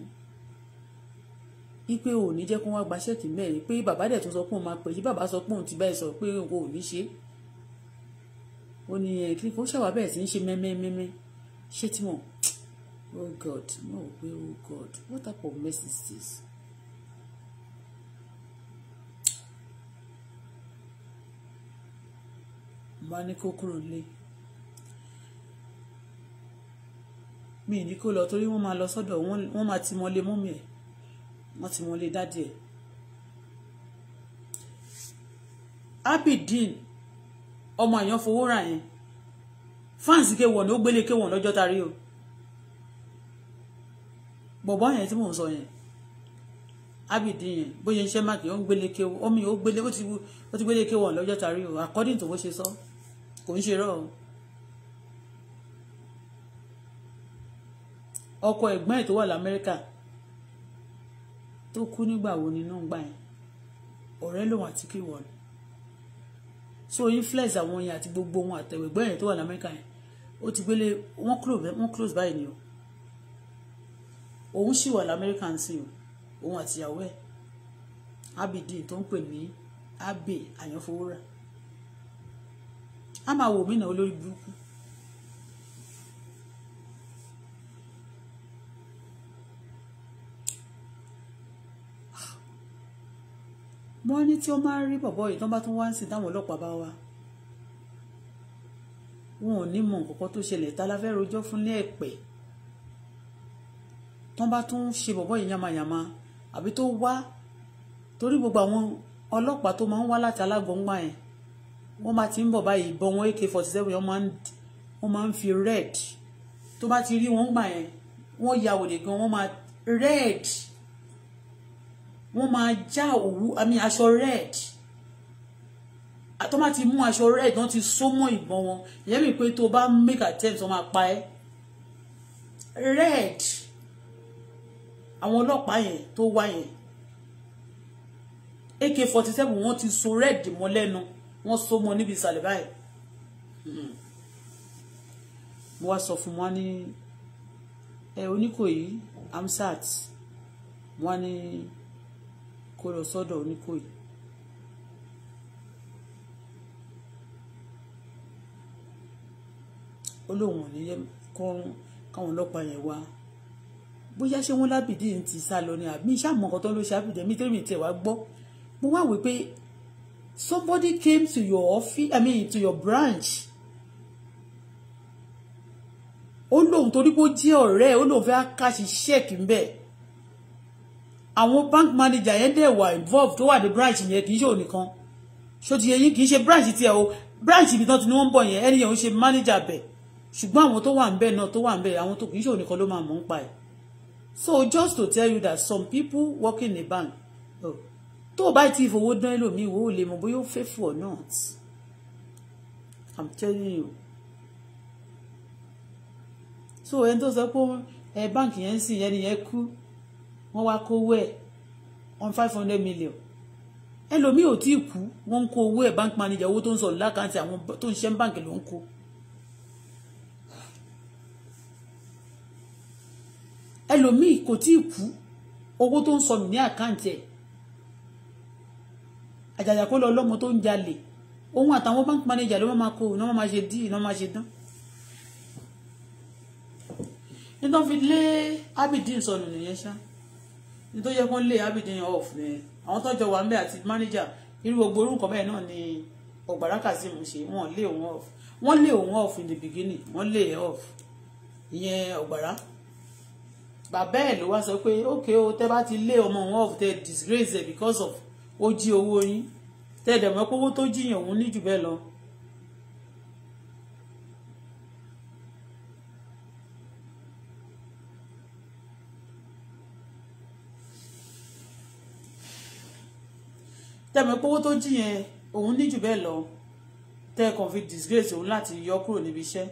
wípé ò ní jẹ́ kó wá gba ṣẹ́ẹ̀kì mẹ́rin pé bàbá dẹ̀ tó sọ pé òun máa pè yí bàbá sọ pé òun ti báyìí sọ pé òun ò ní ṣe é ó ní ẹ kí ó ṣàwà bẹ́ẹ̀ sí ń ṣe mẹ́mẹ́mẹ́mẹ́ ṣé tí wọ́n oh God mo rò pé oh God what type of mess is this. mo ní kó kúrò lé mi ní kó lọ torí wọ́n máa lọ sọ́dọ̀ wọ́n máa ti mọ́lé mọ́mí ẹ̀ wọ́n ti mọ́lé dádì ẹ̀ abidin ọmọ àyàn fowó rà yẹn fans kéwọ̀n ló gbélé kéwọ̀n lọ́jọ́ tarí o bọ̀bọ́ yẹn tí mò ń sọ yẹn abidin yẹn bóyá iṣẹ́ máàkì ó ń gbélé kéwọ̀n ó mi ó gbélé ó ti gbélé kéwọ̀n lọ́jọ́ tarí o according to bó ṣe sọ kò ń ṣe rọ́ọ̀. ọkọ ẹ̀gbọ́n ẹ̀ tó wà lamẹ́ríkà tó kú nígbà wo nínú ìgbà yẹn ọ̀rẹ́ lòun àti kí wọ́n so influence àwọn yẹn àti gbogbo wọn àtẹ̀wẹ̀gbẹ́ yẹn tó wà lamẹ́ríkà yẹn ó ti gbélé wọ́n close wọ́n close báyìí ni o òun sì wà lamẹ́ríkà ń o òun àtìyàwó ẹ̀ abidin tó ń pè ní abe àyànfowóra a máa wò mí náà olórí burúkú wọ́n ní tí ó máa ń rí bọ̀bọ́ yìí tó bá tún wá ń sìn táwọn ọlọ́pàá bá wá wọn ò ní mọ nǹkan kan tó ṣẹlẹ̀ tá la fẹ́ rojọ́ fún ní ẹ̀pẹ́ tó bá tún ṣe bọ̀bọ́ yìí yamayama àbí tó wá torí gbogbo àwọn ọlọ́pàá tó máa ń wá láti alágbọ̀ngbà yẹn wọ́n máa ti ń bọ̀ báyìí bọ̀ wọn AK-47 wọ́n máa ń fi red tó bá ti rí wọn gbà yẹn wọ́n ya òde gan wọ́n máa red wọ́n máa já òwú àmì aṣọ red tó bá ti mú aṣọ red wọ́n ti so mọ́ ìbọn wọn ìyẹn mi pé tó bá make attempt wọ́n máa pa ẹ́ red àwọn ọlọ́pàá yẹn tó wá yẹn ak forty seven wọ́n ti so red mọ́ lẹ́nu wọ́n so mọ́ níbi ìsàlẹ̀ báyìí hmm. mo wá sọ fún wọn ní ẹ oníkòyí amsat wọn ní kó lọ sọ́dọ̀ oníkòyí. ó lóun ní yẹ káwọn ọlọ́pàá yẹn wá bóyá ṣé wọn lábìdí ń ti sá lọ ni àbí iṣẹ́ àmọ́ tó ló ṣe àbìdí mi tẹ́lẹ̀ mi wá gbọ́ mo wá wí pé somebody came to your office I mean to your branch ó lóun torí pé ó jẹ́ ọ̀rẹ́ ó lóun fẹ́ ká ṣe ṣẹ́ẹ̀kì ń bẹ́ẹ̀ àwọn bank manager yẹn dẹ̀ wà involved tó wà ní branch yẹn kì í ṣe ònìkan ṣó ti yẹ kì í ṣe branch tiẹ̀ o branch ibi tán ti ní wọ́n ń bọ̀ yẹn ẹni yẹn ń ṣe manager bẹ̀ ṣùgbọ́n àwọn tó wà ń bẹ̀ náà tó wà ń bẹ̀ àwọn tó kì í ṣe ònìkan ló máa mọ̀ ń pa ẹ̀ so just to tell you that some people working in a bank tó o bá ti fowó dán ẹlòmíì wo lè mọ̀ bóyá ó fẹ́ fò or not i'm telling you so ẹni tó sọ pé ẹ báǹkì yẹn ń sìn ẹni yẹn kú wọ́n wá kówó ẹ̀ on five hundred million ẹlòmíì ò tí ì kú wọ́n ń kó owó ẹ̀ bank manager owó tó ń sọ̀rọ̀ lákàntì àwọn tó ń ṣe ń báǹkì ló ń kó. ẹlòmíì kò tí ì kú owó tó ń sọnù ní àkáǹtì ẹ̀ àjàjà kó lọ ọlọ́mọ tó ń jalè òun àtàwọn bank manager ló máa kó iná máa ṣe dí iná máa ṣe dán. nítorí fi lé abidin sọnù nìyẹn ṣáá ní tó yẹ kó ń lé Abidjan off ni àwọn tọ́jọ wà ń bẹ àti manager irú gbogbo orúkọ bẹ́ẹ̀ náà ni ọ̀gbàrá Kazeem ṣe wọ́n lé òun off wọ́n lé òun off in the beginning wọ́n lé e off ìyẹn ọ̀gbàrá bàbá ẹ̀ ló wá sọ pé ok o tẹ́ bá ti lé ọmọ òun off tẹ́ disgrace because of ó jí owó yín tẹ́ dẹ̀ mọ́ pé owó tó jiyàn òun ní jù bẹ́ẹ̀ lọ tẹ́mi pé owó tó jí yẹn òun ní jù bẹ́ẹ̀ lọ tẹ́ kàn fi disgrace òun láti yọ kúrò níbi iṣẹ́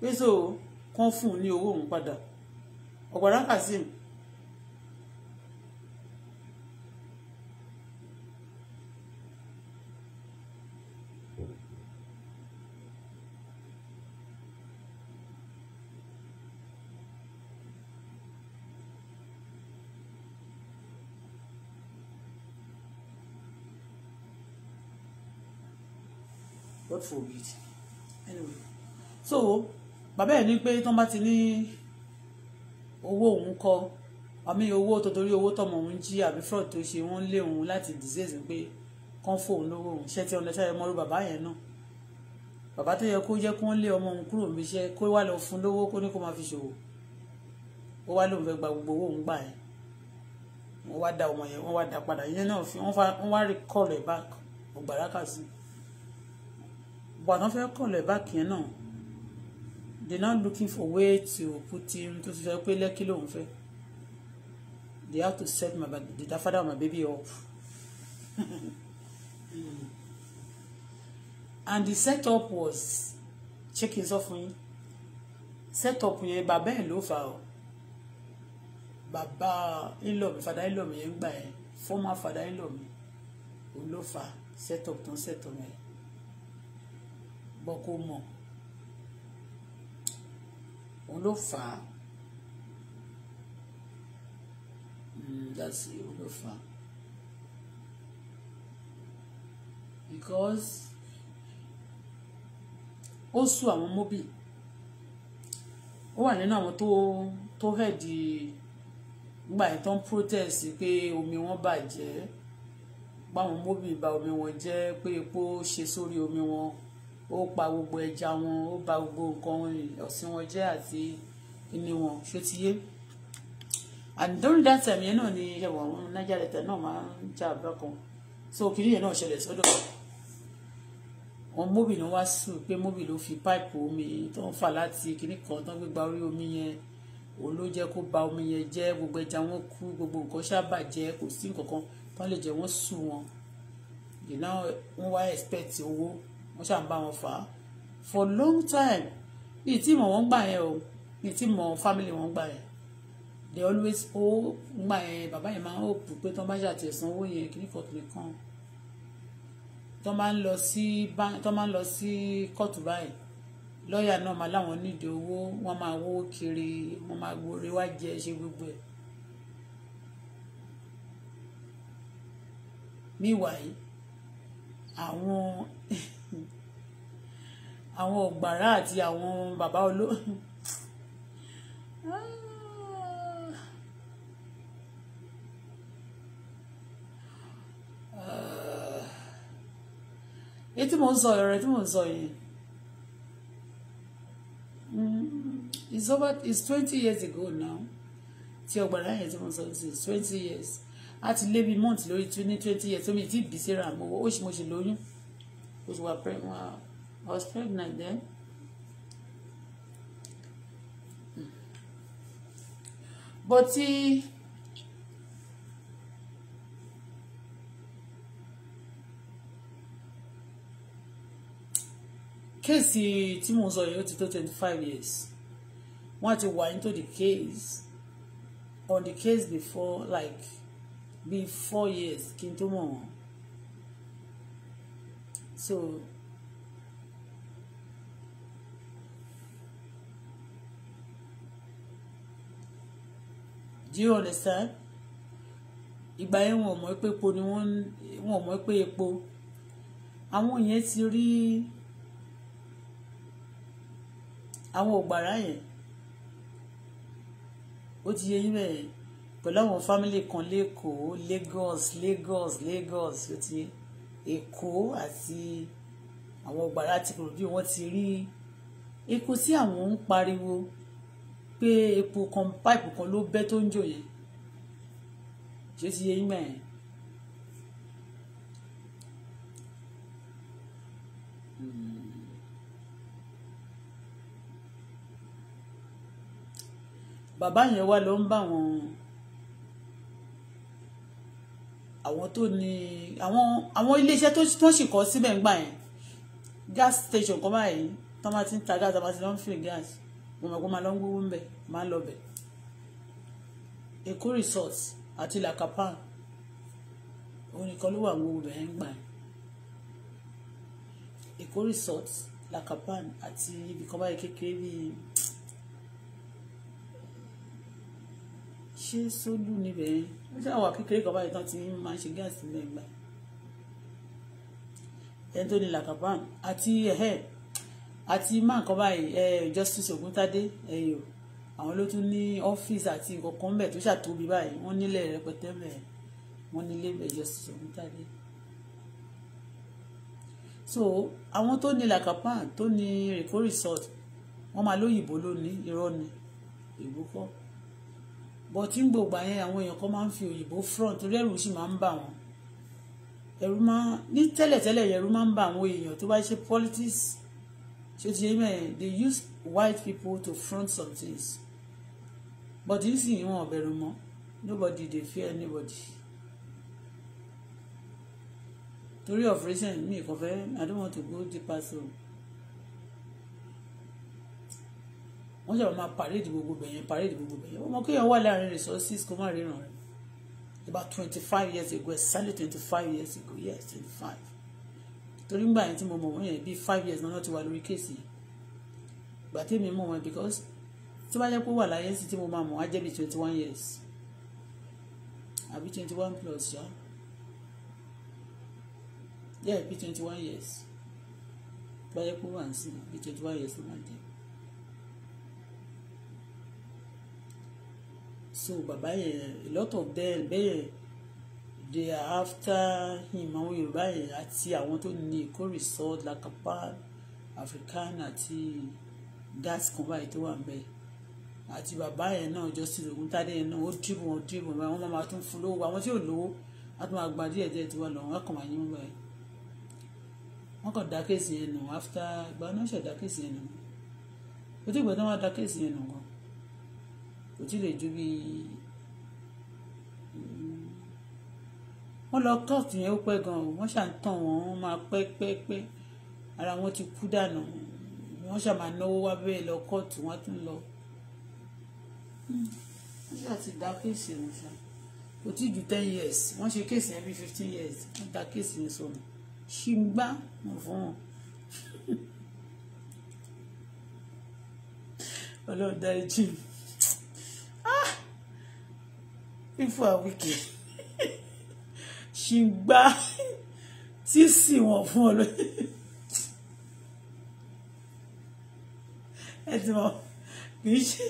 pé so kán fún un ní owó òun padà ọ̀pọ̀ rákàsíìmù God forbid anyway so bàbá ẹ̀ ní pé tí wọ́n bá ti ní owó òun kọ́ àmì owó tó torí owó tọmọ òun jí àbí fraud tó ṣe wọ́n lé òun láti disease pé kán fóun lówó òun ṣẹ́ tí ọlọ́ṣà yẹn mọ́rú bàbá yẹn náà bàbá tó yẹ kó jẹ́ kó ń lé ọmọ òun kúrò níbi iṣẹ́ kó wá lọ fún lówó kó ní kó máa fi ṣòwò ó wá lóun fẹ́ gba gbogbo owó òun gbà yẹn wọ́n wá da ọmọ yẹn wọ́n wá da padà yẹn náà wọ́n wá rí kọ́ọ̀lù ẹ̀ bá ọgbàrá kà sí i But gbọ̀nà fẹ́ kọ̀lọ̀ ẹ̀ báàkì yẹn náà they not looking for way to put him to ti sọ pé lẹ́kí lòun fẹ́ they have to set my the father of my baby up. and the set up was checking sọ fún yín set up yẹn bàbá ẹ̀ ló fà ọ́ bàbá ìlọ mi fada ìlọ yẹn gbà ẹ́ former fada ìlọ mi òun ló fà set up tán set up yẹn bọ́ kó mọ̀ òun ló fà á dasi hmm, òun ló fà á because ó sún àwọn mọ́bì ó wà nínú àwọn tó tó hẹ̀dì gbà tó ń protest pé omi wọn bàjẹ́ báwọn mọ́bì bà omi wọn jẹ́ pé epo ṣe sórí omi wọn ó pa gbogbo ẹja wọn ó bà gbogbo nǹkan ọ̀sìn wọn jẹ́ àti kíní wọn ṣó ti yé and during that time yẹn náà ni ẹwà àwọn Niger Delta náà máa ń jà bákan so kíní yẹn náà ṣẹlẹ̀ sọ́dọ̀ wọn Mobi ló wá sùn pé Mobi ló fi páìpù omi tó ń fà láti kíní kan tó ń gbégbá orí omi yẹn òun ló jẹ́ kó bà omi yẹn jẹ́ gbogbo ẹja wọn kú gbogbo nǹkan ṣàbàjẹ́ kò sí nǹkan kan tó lè jẹ́ wọ́n sùn wọn you know wọ́n wá expect owó wọ́n ṣáà ń bá wọn fà á for long time ní tí mọ̀ wọ́n gbà yẹn o ní tí mọ̀ family wọn gbà yẹn they always oh gbà yẹn bàbá yẹn máa ń hope pé tán bá ṣàtẹ̀ sanwó yẹn kí ní kọ̀tùnì kan tán máa ń lọ sí tán máa ń lọ sí kóòtù báyìí lọ́ọ̀yà náà máa láwọn nídìí owó wọ́n máa wó kiri wọ́n máa gbóore wá jẹ ṣe gbogbo ẹ̀. meanwhile àwọn àwọn ọ̀gbàrá àti àwọn bàbá olóyún. Ah. èyí tí mò ń sọ ọ̀rẹ́ tí mò ń sọ yìí mm, it's over it's twenty years ago now tí ọ̀gbàrá yẹn tí mò ń sọ yìí it's twenty years a ti lé bíi month lórí ní twenty years omi ti bì síra àmọ́ ó mo ṣe lóyún ó ti pẹ́ wọn was pregnant then. Hmm. But he, kéèsì tí mo sọ yìí ó five years wọ́n ti wà to the case on the case before like bíi four years kí n so do you understand ìgbà yẹn wọn ò mọ̀ pé epo ni wọ́n wọn ò mọ̀ pé epo àwọn yẹn ti rí àwọn ògbàrá yẹn ó ti yẹ yín bẹ́ẹ̀ pẹ̀lú àwọn fámìlì kan lẹ́kọ̀ọ́ Lagos Lagos Lagos ó ti Èkó àti àwọn ògbàrá ti kúrò bí wọ́n ti rí epo tí àwọn ń pariwo pé epo kan páìpù kan ló bẹ́ tó ń jò yẹn ṣé ti yẹ yín mẹ́rin. Hmm. bàbá yẹn wá lọ ń bá wọn àwọn tó ní àwọn àwọn iléeṣẹ́ tó tó sì kọ́ síbẹ̀ ń gbà yẹn gas station kan báyìí tó máa ti ń ta gas tó ń fìlì gas mo mọ̀ pé máa lọ ń resort àti lakapan òun nìkan ló wà ń wíwú bẹ̀ ń gbà Èkó resort lakapan àti ibi kan báyìí kékeré bíi ṣé sólù níbẹ̀ ó ṣàwà kékeré kan báyìí tán ti máa ń ṣe gáàsì nígbà ẹni tó ní lakapan àti ẹ̀hẹ́ àti má nǹkan báyìí ẹ justice oguntade ẹyọ àwọn ló tún ní ọ́fíìsì àti nǹkan mbẹ tó ṣàtóbi báyìí wọ́n nílẹ̀ rẹpẹtẹ mbẹ wọ́n nílé mbẹ justice oguntade so àwọn tó ní lakapan tó ní rìkó resort wọ́n máa lóyìnbó lónìí irọ́ ni èbó kọ́ bọ́ tí ń gbògbà yẹn àwọn èèyàn kan máa ń fi òyìnbó front torí ẹ̀rù sì máa ń bà wọ́n ẹ̀rù máa ní tẹ́lẹ̀tẹ́lẹ̀ ẹ̀rù máa ń bà àwọn èèyàn tó bá ṣe politics So, ti yé mẹ́rin they use white people to front some things but nísìnyí wọn ò bẹ̀rù mọ́ nobody dey fear anybody torí of reason mi kò fẹ́ i don't want to go deeper so wọ́n ṣe máa parade gbogbo bẹ̀yẹn parade gbogbo bẹ̀yẹn ọmọ kéèyàn wà láàrin resources kó má ríran about twenty five years ago exactly twenty five years ago yes twenty five torí ngbà yẹn tí mo mọ̀ wọ́n yẹn bíi five years náà ti wà lórí kéèsì yẹn gbà tèmi mọ̀ wọn because tó bá jẹ́ pé wà láyé sí tí mo máa mọ̀ á jẹ́ bíi twenty one years àbí twenty one plus ṣá yẹ́ bíi twenty one years tó bá jẹ́ pé wà ń bíi twenty one years ló máa jẹ́. so bàbá yẹn a lot of them bẹ́ẹ̀ they are after him àwọn yorùbá yẹn àti àwọn tó ní èkó resort lakapa african àti gas kan báyìí tó wà ń bẹ àti bàbá yẹn náà justice oguntade yẹn náà ó dìbò wọn dìbò wọn wọn máa tún fún lówó àwọn tí ò lówó wọn tún máa gba díẹ̀ díẹ̀ tiwa lọ wọn kàn máa yín báyìí wọn kàn dá kéèsì yẹn nù after gba náà ṣe dá kéèsì yẹn nù ó ti gbọ́dọ̀ wọn dá kéèsì yẹn nù gan kò tí lè ju bíi wọ́n lọ kóòtù yẹn ó pẹ́ gan o wọ́n ṣàn tàn wọ́n wọ́n máa pẹ́ pẹ́ pẹ́ ara wọn ti kú dànù wọ́n ṣàn máa náwó wá bẹ́ẹ̀ lọ kóòtù wọ́n tún lọ. Hmm. wọ́n ṣàn ti dá kéèsì rẹ̀ ṣá kò tí ju ten years wọ́n ṣe kéèsì yẹn bí fifteen years wọ́n dá kéèsì yẹn sọnù ṣì ń gbá wọn fún wọn. ọlọ́dà ẹ̀jìn ah people are ṣì ń gbá tí sì wọ̀n fún olóyè ẹ ti mọ̀ kì í ṣe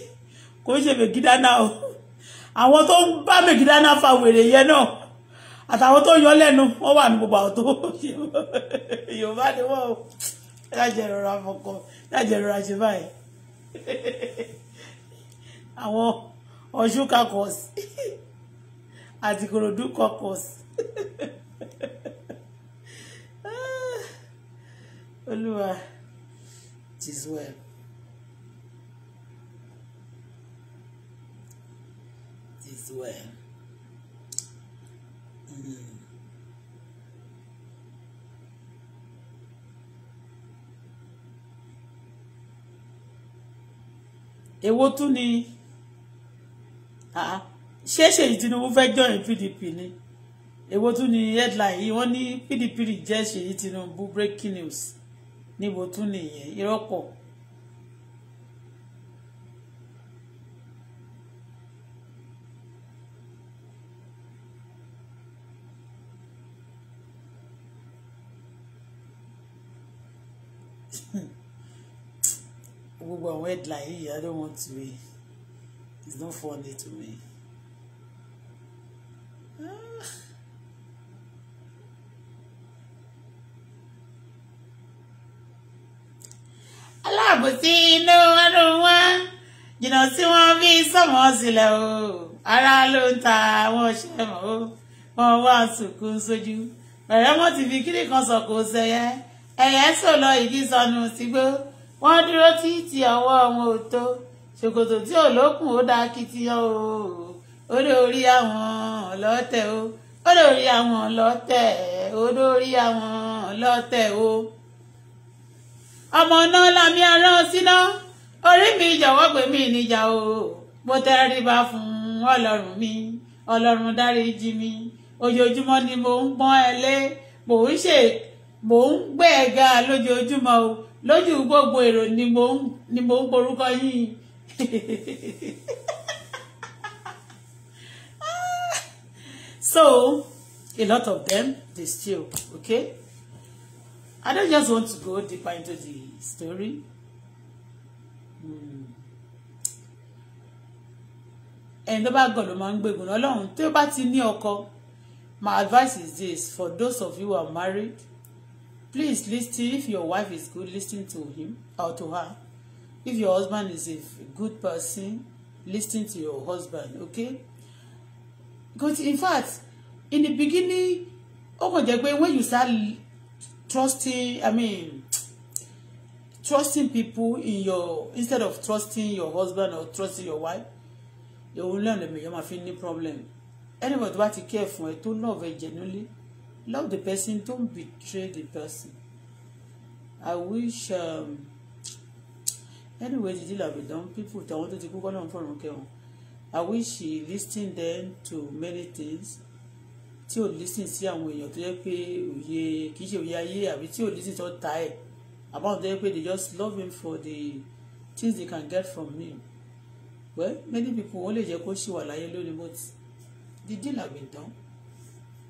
kò ṣe mègídáná o àwọn tó ń bá mègídáná fa wèrè yẹn náà àtàwọn tó yọ lẹ́nu wọ́n wà ní gbogbo àwọn tó yorùbá ni wọ́n o lájẹ rọra fọkọ lájẹ rọra ṣe báyìí àwọn ọ̀ṣun kakọ̀ọ̀sì àti kòròdú kakọ̀ọ̀sì. Ah, olúwa it is well it is well. Mm. èwo tún ni ah, ah. ṣé ṣèyí Tinubu fẹ́ join PDP ni èwo tún ni headline yìí wọ́n ní PDP jẹ́ Ṣèyí Tinubu breaking news níbo tún nìyẹn irọ́ pọ̀. gbogbo àwọn headline yìí I don't want to be it's not funny to me. Ah. aláàbòsí inú ẹnu wọn jìnnà tí wọ́n fi sọmọ sílẹ̀ o ara ló ń ta àwọn ṣẹmọ o wọ́n wá sùnkún sójú bẹ̀rẹ̀ wọ́n ti fi kíní kan sọ kò sẹyẹ ẹyẹ sò lọ ìdí sọnù sígbó wọ́n dúró títí ọwọ́ wọn ò tó ṣòkòtò tí ò lókùn ó dá kitiyan o ó lórí àwọn ọlọ́tẹ̀ o ó lórí àwọn ọlọ́tẹ̀ ó lórí àwọn ọlọ́tẹ̀ o ọmọ náà lámì aràn síná orí mi jọ̀wọ́ gbé mi níjà o mo tẹríba fún ọlọ́run mi ọlọ́run dáríjì mi ojoojúmọ́ ni mo ń pọ́n ẹ lé mò ń ṣe mò ń gbé ẹ ga lójoojúmọ́ o lójú gbogbo èrò ni mo ń porúkọ yín ah! so a lot of them they still okay. I don't just want to go deeper into the story. And about God gọ̀ ló máa ń gbégun ọlọ́run my advice is this for those of you who are married please listen if your wife is good listen to him or to her if your husband is a good person listen to your husband okay because in fact in the beginning ó kàn when you start trusting i mean trusting people in your instead of trusting your husband or trusting your wife òun náà lè mèyàn máa fi ní problem anybody tó bá ti care fún ẹ tó love ẹ genuinely love the person don't betray the person i wish um, anyway títí làbí dán people tàwọn tó ti kú kọ́ náà fọ̀rùn kẹwọn i wish he listened then to many things tí ò lísìn sí àwọn èèyàn tó yẹ pé òye kì í ṣe òye ayé àbí tí ò lísìn tó ta ẹ̀ àbáwọn tó yẹ pé they just love him for the things they can get from him well many people wọ́n lè jẹ́ kó ṣì wà láyé lónìí but the deal have been done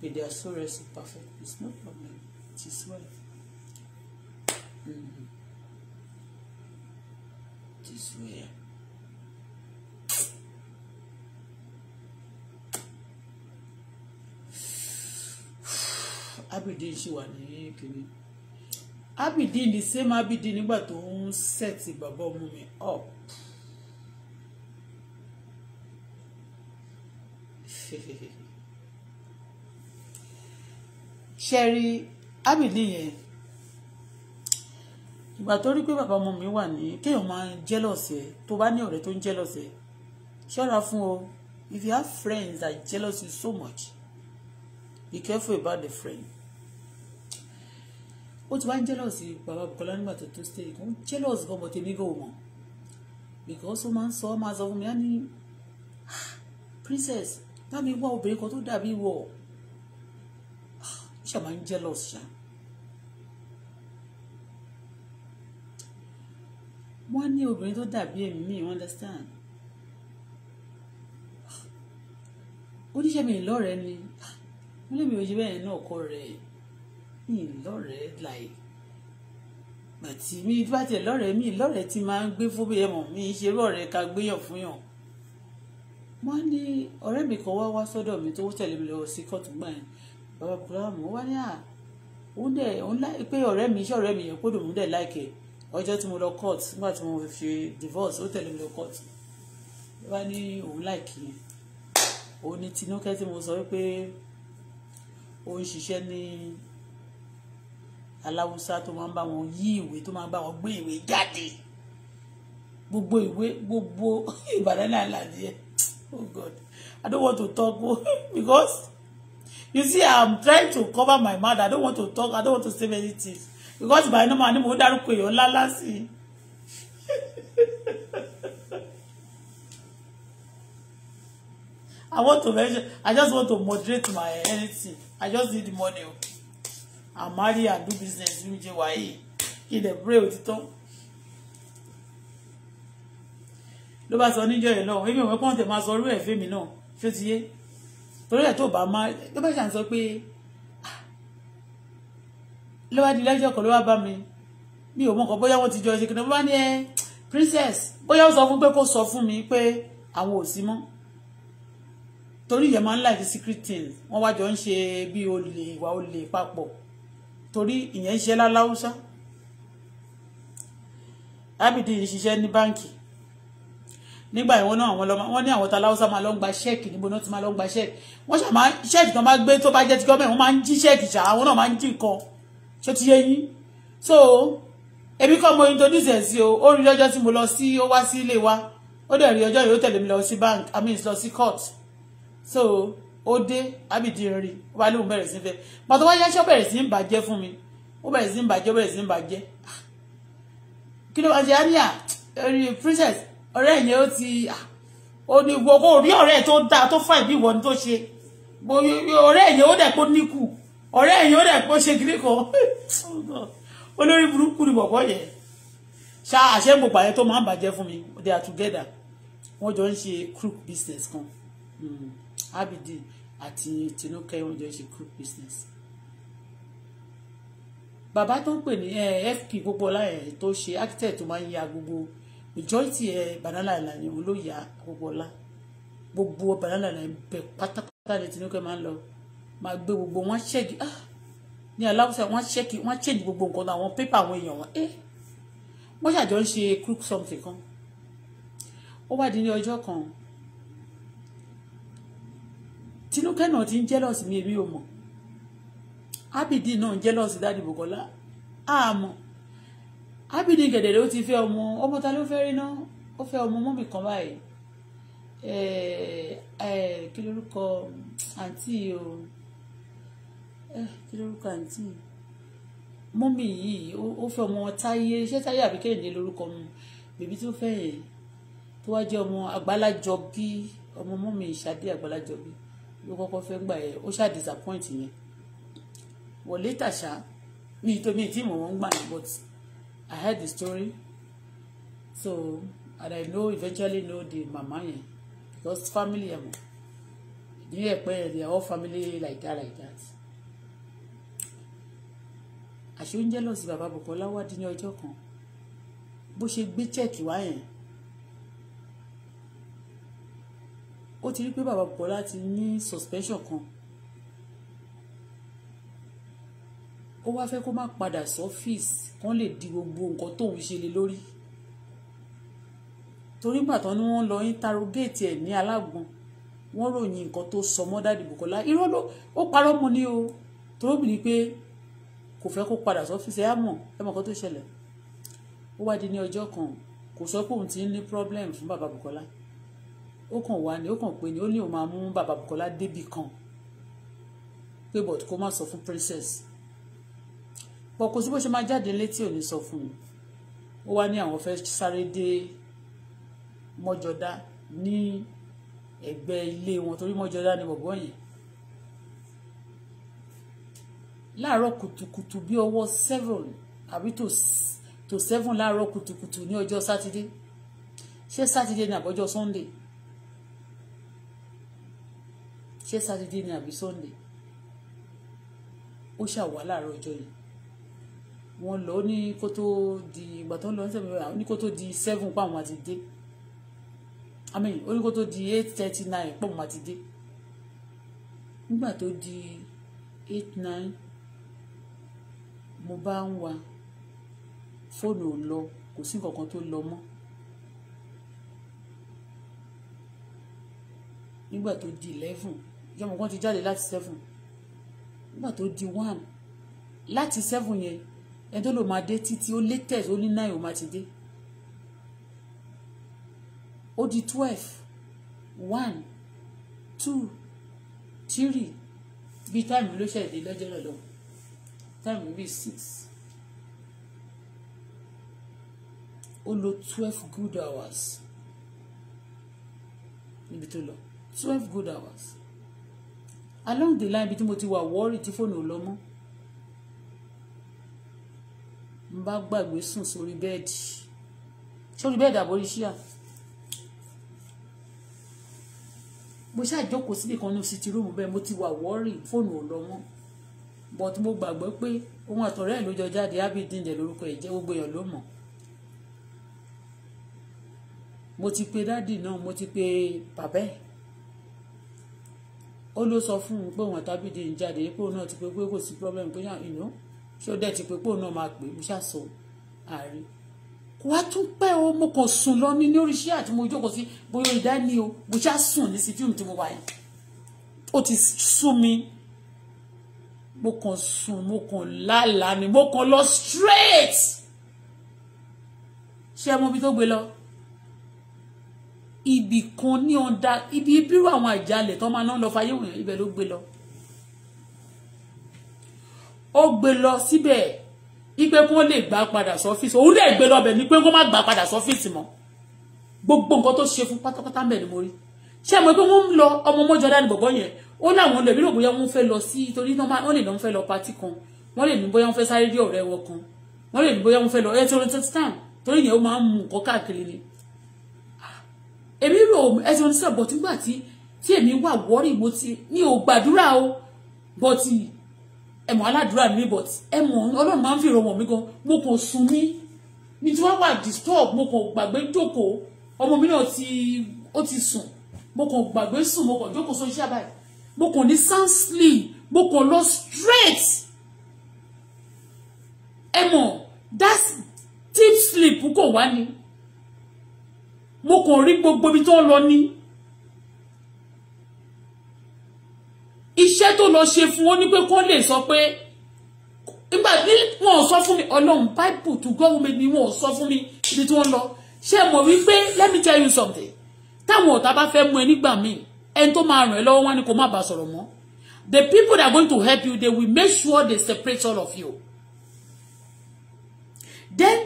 but their are so rest perfect it's no problem it is well. Mm-hmm. It is Abidin ṣì wà ní kiri Abidin the same Abidin nígbà tó ń set bàbá ọmọ mi up ṣẹ́rí Abidin yẹn ìgbà tó rí pé bàbá ọmọ mi wà ní kéèyàn máa ń jealous ẹ tó bá ní ọ̀rẹ́ tó ń jealous ẹ ṣọ́ra fún o if you have friends that jealous you so much be careful about the friend ó ti wá ń jealous bàbá Bukola nígbà tó tó stage kan jealous gan bọ̀ tèmi gan ò mọ̀ because ó máa ń sọ ọ́ máa sọ fún mi á ní ah, princess bá mi wá obìnrin kan tó dàbí wọ̀ ah, ṣe máa ń jealous ṣá. wọ́n ní obìnrin tó dàbí èmi mi you understand ah, oníṣẹ́ mi lọ́rẹ̀ẹ́ ni wọ́n lè mi ò yí bẹ́ẹ̀ náà kọ́ rẹ̀ ẹ́ mi lọ́rẹ̀ẹ́ like àti mi bá tẹ̀ lọ́rẹ̀ẹ́ mi lọ́rẹ̀ẹ́ ti máa ń gbé fóbìyẹ mọ̀ mi ṣe rọ̀rẹ́ ká gbéyàn fún yàn wọ́n ní ọ̀rẹ́ mi kan wá wá sọ́dọ̀ mi tó tẹ̀lé mi lọ sí kóòtù gbà yẹn bàbá bùrọ̀mù wá ní à òun dẹ̀ òun láì pé ọ̀rẹ́ mi iṣẹ́ ọ̀rẹ́ mi yẹn kódò òun dẹ̀ láìkẹ́ ọjọ́ tí mo lọ court nígbà tí mo fi divorce ó tẹ̀lé mi lọ court ló bá ní òun láìkì yẹn òun ní tinúkẹ́ tí mo sọ wípé ó ń ṣiṣẹ́ ní aláwùsá tó máa ń bá wọn yí ìwé tó máa ń bá wọn gbé ìwé jáde gbogbo ìwé gbogbo ìbàdàn náà làdí ẹ oh god i don't want to talk oh, because you see i'm trying to cover my mouth i don't want to talk i don't want to say many things because by normal ni mo dárúkọ èèyàn ńlá lásì. i want to mention i just want to moderate my anything i just need the money Okay? Oh and marry and do business with jẹ́wàáyé kí lè pray òtítọ́ ló bá sọ níjọ́ yẹn lọ́wọ́ èmi ò mọ̀ pọ́ńtẹ̀ máa sọ orú ẹ̀ fẹ́mi náà ṣó ti yé torí ẹ̀ tó bá má ló bá ṣàn sọ pé ah, ló bá di lẹ́jọ́ kan ló bá bá mi mi ò mọ̀ kàn bóyá wọ́n ti jọ ṣe kí ni wọ́n bá ní ẹ eh, princess bóyá ó sọ fún pé kó sọ fún mi pé àwọn ò sí mọ́ torí ìyẹn máa ń láì fi secret things wọ́n wá jọ ń ṣe bí olè ìwà olè papọ̀ torí ìyẹn ń ṣe láláwúsá ábìdí yìí ṣiṣẹ́ ní báǹkì nígbà ìwọ náà àwọn lọ́mọ wọ́n ní àwọn taláwúsá máa lọ ń gba ṣẹ́ẹ̀kì níbo náà ti máa lọ ń gba ṣẹ́ẹ̀kì wọ́n ṣàmá ṣẹ́ẹ̀kì tó máa gbé tó bá jẹ́ ti gọ́ọ̀mẹ̀ wọ́n máa ń jí ṣẹ́ẹ̀kì ṣá àwọn náà máa ń jí nǹkan ṣó ti yé yín so èmi kọ́ mo introduce ẹ̀ sí o ó rí lọ́jọ́ tí mo lọ sí ó wá sí ilé wa ó dẹ̀ rí ọjọ́ yìí ó tẹ̀lé mi lọ sí bank i mean lọ sí court so ó dé ábìdí rí ó bá lóun bẹ̀rẹ̀ sí fẹ́ pàtó wáyé aṣọ bẹ̀rẹ̀ sí ń bàjẹ́ fún mi ó bẹ̀rẹ̀ sí ń bàjẹ́ ó bẹ̀rẹ̀ sí ń bàjẹ́ ah! kí ló bá ṣe ania orí ah, princess ọ̀rẹ́ yẹn ó ti ah, ó ní ìwọ kó rí ọ̀rẹ́ tó dáa tó fà ìbí ìwọ ni tó ṣe ọ̀rẹ́ yẹn ó dẹ̀ kó níkù ọ̀rẹ́ yẹn ó dẹ̀ kó ṣe kiri kan oh olórí burúkú ni bọ̀bọ̀ yẹn ṣá àṣẹ́gbò pààyẹ tó máa ń bàjẹ́ fún mi they are together wọ́n jọ ń ṣe crook business kan hmm. abidi àti tinúkẹ́ wọ́n jọ ṣe group business bàbá tó ń pè ní fp gbogbo ọláyẹ tó ṣe architect tó máa ń ya gbogbo majority eh, banana ìlànà òun ló ya gbogbo ọlá gbogbo banana ìlànà bẹ pátápátá ní tinúkẹ́ máa ń lọ máa gbé gbogbo wọn ṣẹ́gi ah ní aláwùsá wọn ṣẹ́gi wọn ṣẹ́gi gbogbo nǹkan àwọn pépà àwọn èèyàn wọn eh wọ́n ṣàjọ ń ṣe crook something kan ó wá di ní ọjọ́ kan tinúkẹ́ náà ti ń jealous mi èmi ò mọ̀ ábìdí náà ń jealous dáàdì bùkọ́lá àmọ́ ábìdí gẹ̀dẹ̀dẹ̀ ó ti fẹ́ ọmọ ọmọ ta ló fẹ́ rí náà ó fẹ́ ọmọ mọ́mì kan báyìí kí lorúkọ àǹtí o kí lorúkọ àǹtí mọ́mì yìí ó fẹ́ ọmọ táyé ṣé táyé àbí kéde lorúkọ mu bèbí tó fẹ́ yẹn tó wá jẹ́ ọmọ àgbálájọ bí ọmọ mọ́mì ìṣàdé àgbálájọ bí ló kọ́kọ́ fẹ́ gbà yẹn ó ṣáà disappoint yẹn wọ̀ later ṣá mi tó mi tí mò ń gbà yẹn but I heard the story so and I know eventually know the mama yẹn because family yẹn mọ̀ ìdílé ẹ̀pẹ́ yẹn they are all family like that like that àṣé oúnjẹ lọ sí bàbá Bùkọ́lá wá dín ní ọjọ́ kan bó ṣe gbé check wá yẹn ó ti rí pé bàbá Bọ́lá ti ní suspension kan ó wá fẹ́ kó má padà sọ́fíìsì kán lè di gbogbo nǹkan tóun ṣe lé lórí torí gbàtàn ni wọ́n lọ interrogate ẹ̀ ní alágbọ̀n wọ́n ròyìn nǹkan tó sọ mọ́ Daddy Bukola irọ́ ló ó parọ́ mu ní o torí mi ni pé kò fẹ́ kó padà sọ́fíìsì ẹ̀ mọ̀ ẹ̀ mọ̀ kan tó ṣẹlẹ̀ ó wá di ní ọjọ́ kan kò sọ pé òun ti ń ní problem fún bàbá Bukola ó kàn wá ni ó kàn pé ni ó ní òun máa mú bàbá Bukola débì kan pé but kó má sọ fún princess bọ̀ kò sí bó ṣe máa jáde létí òní sọ fún mi ó wá ní àwọn fẹ́ sáré dé mọ́jọ́dá ní ẹ̀gbẹ́ ilé wọn torí mọ́jọ́dá ni bọ̀bọ́ yẹn láàárọ̀ kùtùkùtù bí ọwọ́ seven àbí tó seven láàárọ̀ kùtùkùtù ní ọjọ́ sátidé ṣé sátidé ní àbọ̀jọ́ sunday ṣé sátidé ni àbí sunday ó ṣàwà láàárọ̀ ọjọ́ yìí wọ́n lọ ní kó tó di ìgbà tó ń lọ ní sẹ́mi di seven pàmò àti dé i mean ó ní kó di eight thirty nine pàmò àti dé nígbà tó di eight nine mo bá ń wa fóònù ò lọ kò sí nǹkan tó lọ mọ́. nígbà tó di eleven ìjọba kan ti jáde láti seven nígbà tó di one láti seven yẹn ẹni tó lò máa dé títí ó latest ó ní nine ó máa ti dé ó di twelve one two three bí táìmù ló ṣẹ̀dé lọ́jọ́ lọ́dọ̀ táìmù bíi six ó lò twelve good hours níbi tó lọ twelve good hours along the line ibi tí mo ti wà wọ́ọ̀rì tí fóònù ò lọ mọ́ n bá gbàgbé sùn sórí bẹ́ẹ̀dì sórí bẹ́ẹ̀dì àbórí ṣíà mo ṣàjókòó síbi kan ní sítì rúùmù bẹ́ẹ̀ mo ti wà wọ́ọ̀rì fóònù ò lọ mọ́ but mo gbàgbọ́ pé ohun àtọ̀rẹ́ ẹ̀ ló jọ jáde abidin dẹ̀ lórúkọ ẹ̀ jẹ́ gbogbo èèyàn ló mọ̀ mo ti pe dádì náà mo ti pe bàbá ẹ̀ ó ló sọ fún un pé òun àtàbídé ń jáde pé òun náà ti pé pé kò sí problem pé yàn ìná ṣé ó dẹ̀ ti pé pé òun náà máa pè é ṣàṣọ ààrẹ kò wá tún pẹ́ o mo kàn sùn lọ ní oríṣi àti mo jókòó sí bóyá ìdání o mo ṣá sùn ní sí fíìmù tí mo wà yìí ó ti sú mi mo kàn sùn mo kàn lálàá ni mo kàn lọ straight ṣé ẹ mọ ibi tó gbé lọ ibì kan ní ọ̀dà ibi bírò àwọn àjálẹ̀ tó máa ń lọ fayé wọ̀nyẹn ibẹ̀ ló gbé lọ ó gbé lọ síbẹ̀ ipe kó lè gbà padà sọ́fíìsì òun lè gbé lọ́bẹ̀ ni pé kó má gbà padà sọ́fíìsì mọ́ gbogbo nǹkan tó ṣe fún pátápátá ń bẹ̀ ni mo rí ṣé àmọ́ pé wọ́n ń lọ ọmọ mọ́jọ dání bọ̀bọ́ yẹn ó láwọn lẹ̀bí rò bóyá wọ́n fẹ́ lọ sí torí náà wọ́n lè lọ fẹ́ lọ patí kan wọ́n lè ní bóyá wọ́n fẹ́ sáré rí ọ̀rẹ́ wọn kan wọ́n lè ní bóyá wọ́n fẹ́ lọ ẹ̀ tó ń tẹ́tí tán torí yẹn ó máa ń mú nǹkan káàkiri ni èmi rò ẹsẹ oníṣẹ́ bọ̀ nígbà tí tí èmi wà wọ́rì mo ti ní o gbàdúrà o bọ́tì ẹ̀mọ́ aládùúrà mi bọ́tì ẹ̀mọ́ ọlọ́run máa ń fi ìrọ̀wọ̀n mi gan mo kàn sùn mí mi tí wọ́n wà disturb mo kàn gbàgbé jókòó ọmọ mi náà ti ó ti sùn mo kàn gbàgbé sùn mo kàn jókòó sọ iṣẹ́ àbáyé mo kàn ní sansley mo kàn lọ straight ẹ̀mọ́ that deep sleep kò wá ni mo kàn rí gbogbo ibi tó lọ ní. iṣẹ́ tó lọ ṣe fún wọn ni pé kó lè sọ pé nígbà tí wọn ò sọ fún mi ọlọ́run bible to government ni wọn ò sọ fún mi ibi tí wọ́n lọ ṣé mo wí pé let me tell you something táwọn ọ̀tá bá fẹ́ mú ẹ nígbà míì ẹni tó máa ràn ẹ́ lọ́wọ́ wọn ni kò má bàa sọ̀rọ̀ mọ́ the people that are going to help you they will make sure they separate all of you then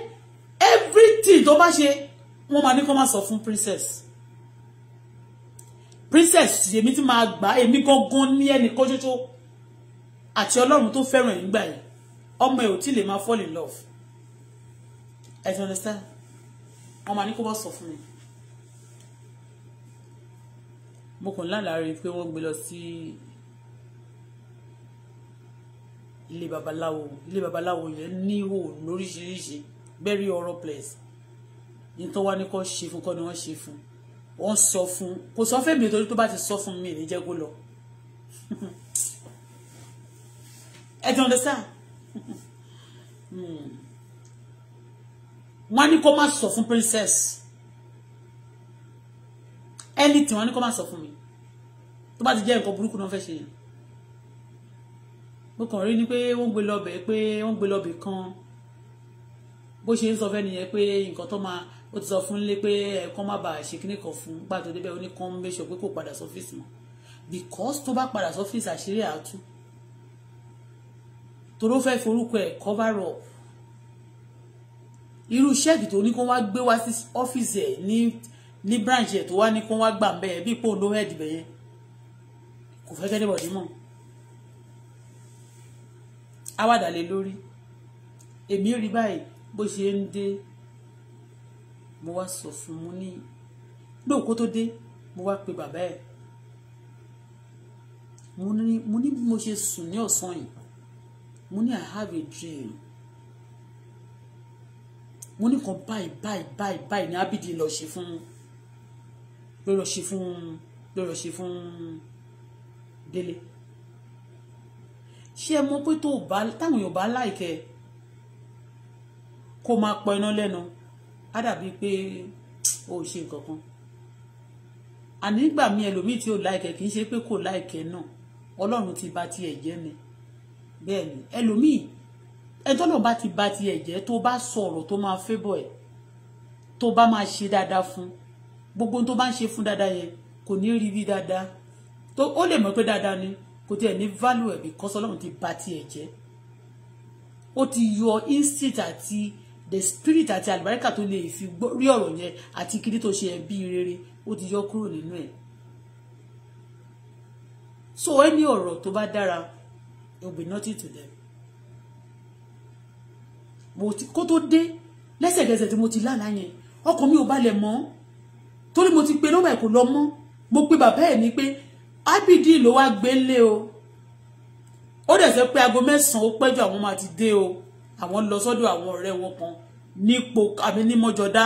everything tó bá ṣe wọ́n máa ní kó má sọ fún princess princess èmi tí máa gbà èmi gangan ní ẹnìkan ṣoṣo àti ọlọ́run tó fẹ́ràn ẹ̀ nígbà yẹn ọmọ ẹ̀ ò tí lè máa fall in love ẹ ti understand wọ́n máa ní kó má sọ fún mi mo kàn lálàárí pé wọ́n gbé lọ sí ilé babaláwo ilé babaláwo yẹn ní ihò lóríṣiríṣi very horror place yìí tó wá ní kó ṣe fún kọ́ ni wọ́n ṣe fún wọ́n sọ fún kò sọ fún mi torí tó bá ti sọ fún mi ní jẹ́ kó lọ ẹ jọ ndẹ hmm. wọ́n ní kó má sọ fún princess anything wọ́n ní kó má sọ fún mi tó bá ti jẹ́ nǹkan burúkú náà fẹ́ ṣe yẹn mo kàn rí ni pé wọ́n gbé lọ́bẹ̀ pé wọ́n gbé lọ́bẹ̀ kan bó ṣe ń sọ fẹ́ nìyẹn pé nǹkan tó máa ó ti sọ fún lé pé ẹ̀kọ́ má bàa ṣe kíní kan fún gbà débẹ̀ ó ní kán mẹ́sọ̀ pé kò padà sọ́fíìsì mọ́ because tó bá padà sọ́fíìsì àṣírí àátú toró fẹ́ forúkọ ẹ̀ cover up irú ṣẹ́ẹ̀kì tó ní kó wá gbé wá sí ọ́fíìsì ẹ̀ ní ní branch ẹ̀ tó wá ní kó wá gbà bẹ́ẹ̀ bí pò ló hẹ́ẹ̀dì bẹ́yẹn kò fẹ́ kẹ́ni bọ̀dí mọ̀ àwàdà lé lórí èmi rí báyìí bó ṣe ń dé mo wá sọ fún mo ní lóòkó tó dé mo wá pe bàbá ẹ̀ mo ní mo ní bí mo ṣe sùn ní ọ̀sán yìí mo ní i have a dream mo ní kan báyìí báyìí báyìí báyìí ní abidi lọ ṣe fún ló lọ ṣe fún ló lọ ṣe fún délé ṣé ẹ mọ̀ pé tó bá táwọn èèyàn bá láìkẹ kó máa pọ iná lẹ́nu. No? á dàbí pé o ò ṣe nǹkan kan àní nígbà mi ẹlòmíì tí ò láìkẹ kì í ṣe pé kò láìkẹ náà ọlọ́run ti bà tiẹ̀ jẹ́ ni bẹ́ẹ̀ ni ẹlòmíì ẹjọ́ náà bá ti bà tiẹ̀ jẹ́ tó bá sọ̀rọ̀ tó máa fébọ̀ ẹ̀ tó bá máa ṣe dáadáa fún gbogbo tó bá ń ṣe fún dáadáa yẹn kò ní rí bí dáadáa tó ó lè mọ̀ pé dáadáa ni kò tiẹ̀ ní value ẹ̀ because ọlọ́run ti bà tiẹ̀ jẹ́ ó ti yọ instinct àti the spirit àti àlùbáríkà tó lè fi rí ọ̀rọ̀ yẹn àti kiri tó ṣe ẹbí rere ó ti yọ kúrò nínú ẹ̀ so ẹni ọ̀rọ̀ tó bá dára it will be nothing to them mo ti kó tó dé lẹ́sẹ̀kẹsẹ̀ tí mo ti lálàá yẹn ọkàn mi ò balẹ̀ mọ́ torí mo ti pe nọ́mbà ẹ̀ kò lọ mọ́ mo pe bàbá ẹ̀ ní pé abd ló wá gbélé o ó dẹ̀ sẹ́ pé aago mẹ́sàn-án ó pẹ́jọ àwọn máa ti dé o àwọn lọ sọ́dọ̀ àwọn ọ̀rẹ́ wọn kan nípo àbí ní mọ́jọ́dá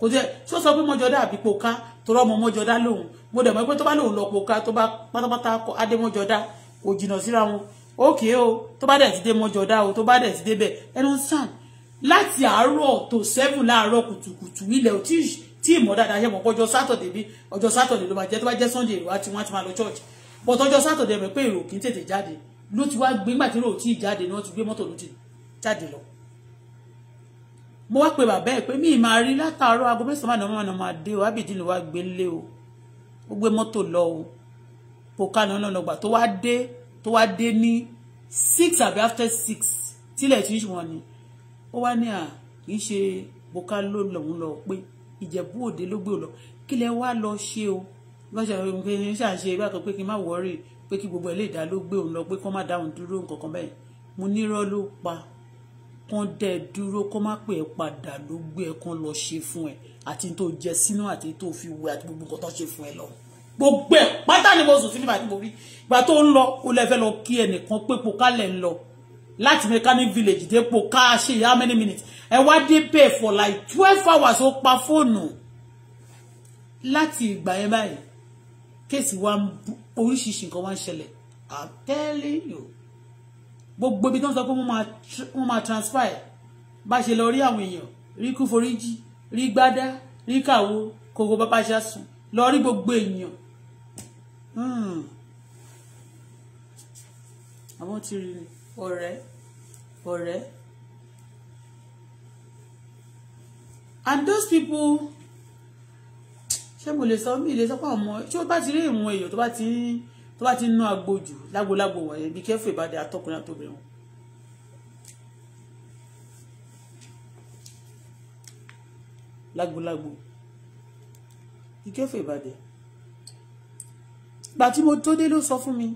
kò jẹ́ tí ó sọ pé mọ́jọ́dá àbí poká torọ́ ọmọ mọ́jọ́dá lòun mo dẹ̀ mọ́ pé tó bá lòun lọ poká tó bá pátápátá adé mọ́jọ́dá kò jìnnà síra wọn ókè o tó bá dẹ̀ ti dé mọ́jọ́dá o tó bá dẹ̀ ti dé bẹ̀ ẹnu sàn láti àárọ̀ tó seven láàárọ̀ kùtùkùtù ilẹ̀ ò tí tí ìmọ̀ dáadáa ṣe mọ̀ pé ọjọ́ sátọ̀dẹ̀ bí ọjọ́ sátọ̀dẹ̀ ló máa jẹ́ tó bá jẹ́ sunday èrò àti wọn ti máa lọ church but ọjọ́ sátọ̀dẹ̀ mọ̀ pé èrò kì í tètè jáde ló ti wá gbé nígbà tí èrò tí ì jáde ni wọ́n ti gbé mọ́tò ló ti jáde lọ mo wá pe bàbá ẹ pé mi ì máa rí látàárọ̀ aago mẹ́sàn-án máa nà máa dé o ábìdí ló wá gbé lé o ó gbé mọ́tò lọ o pokana náà lọgbà tó wá dé tó wá dé ní six àbí after six tílẹ̀ tí wọ́n ni ó wá ní à kì í ṣe boka ló lòun lọ pé ìjẹ̀bú òde ló gbé o lọ kí lẹ wá lọ ṣe o lọ́sẹ̀ ọ̀hún pé ní ṣàṣe bákan pé kí n má wọ́ọ̀rì pé kí gbogbo ẹ̀ lè dá ló gbé òun lọ pé kó má dáhùn dúró nǹkan kan bẹ́ẹ̀ mo nírọ́ ló pa kán dẹ́ dúró kó má pè é padà ló gbé ẹ kán lọ ṣe fún ẹ àti tó jẹ sínú àti tó fi wẹ àti gbogbo nǹkan tó ṣe fún ẹ lọ gbogbo ẹ pátá ni mo sùn sí nígbà tí mo rí ìgbà tó ń lọ ó lè fẹ́ lọ kí ẹnìkan pépo kálẹ̀ ń lọ láti mechanic village dépò ká ṣe how many minutes ẹ wá dé bẹ́ẹ̀ for like twelve hours ó pa fóònù láti ìgbà yẹn báyìí kéèsì wa oríṣiríṣi nǹkan wá ń ṣẹlẹ̀ I'm telling you gbogbo ibi tó ń sọ pé wọ́n máa transfer ẹ̀ bá ṣe lọ rí àwọn èèyàn rí kú foríjì rí gbádá rí kàwo kòkó bàbá ṣá sùn lọ rí gbogbo èèyàn hmm. àwọn ti rí ọ̀rẹ́ ọ̀rẹ́ and those people ṣé mo lè sọ mí lè sọ pé àwọn ọmọ tí ó bá ti rí ìwọn èèyàn tó bá ti ń tó bá ti ń ná agbójú lágbolágbo wọ̀nyẹn bí kẹ́fù ìbàdàn atọ́kùnrin àtòbìnrin wọn. lágbolágbo bí kẹ́fù ìbàdàn gbà tí mo tó dé ló sọ fún mi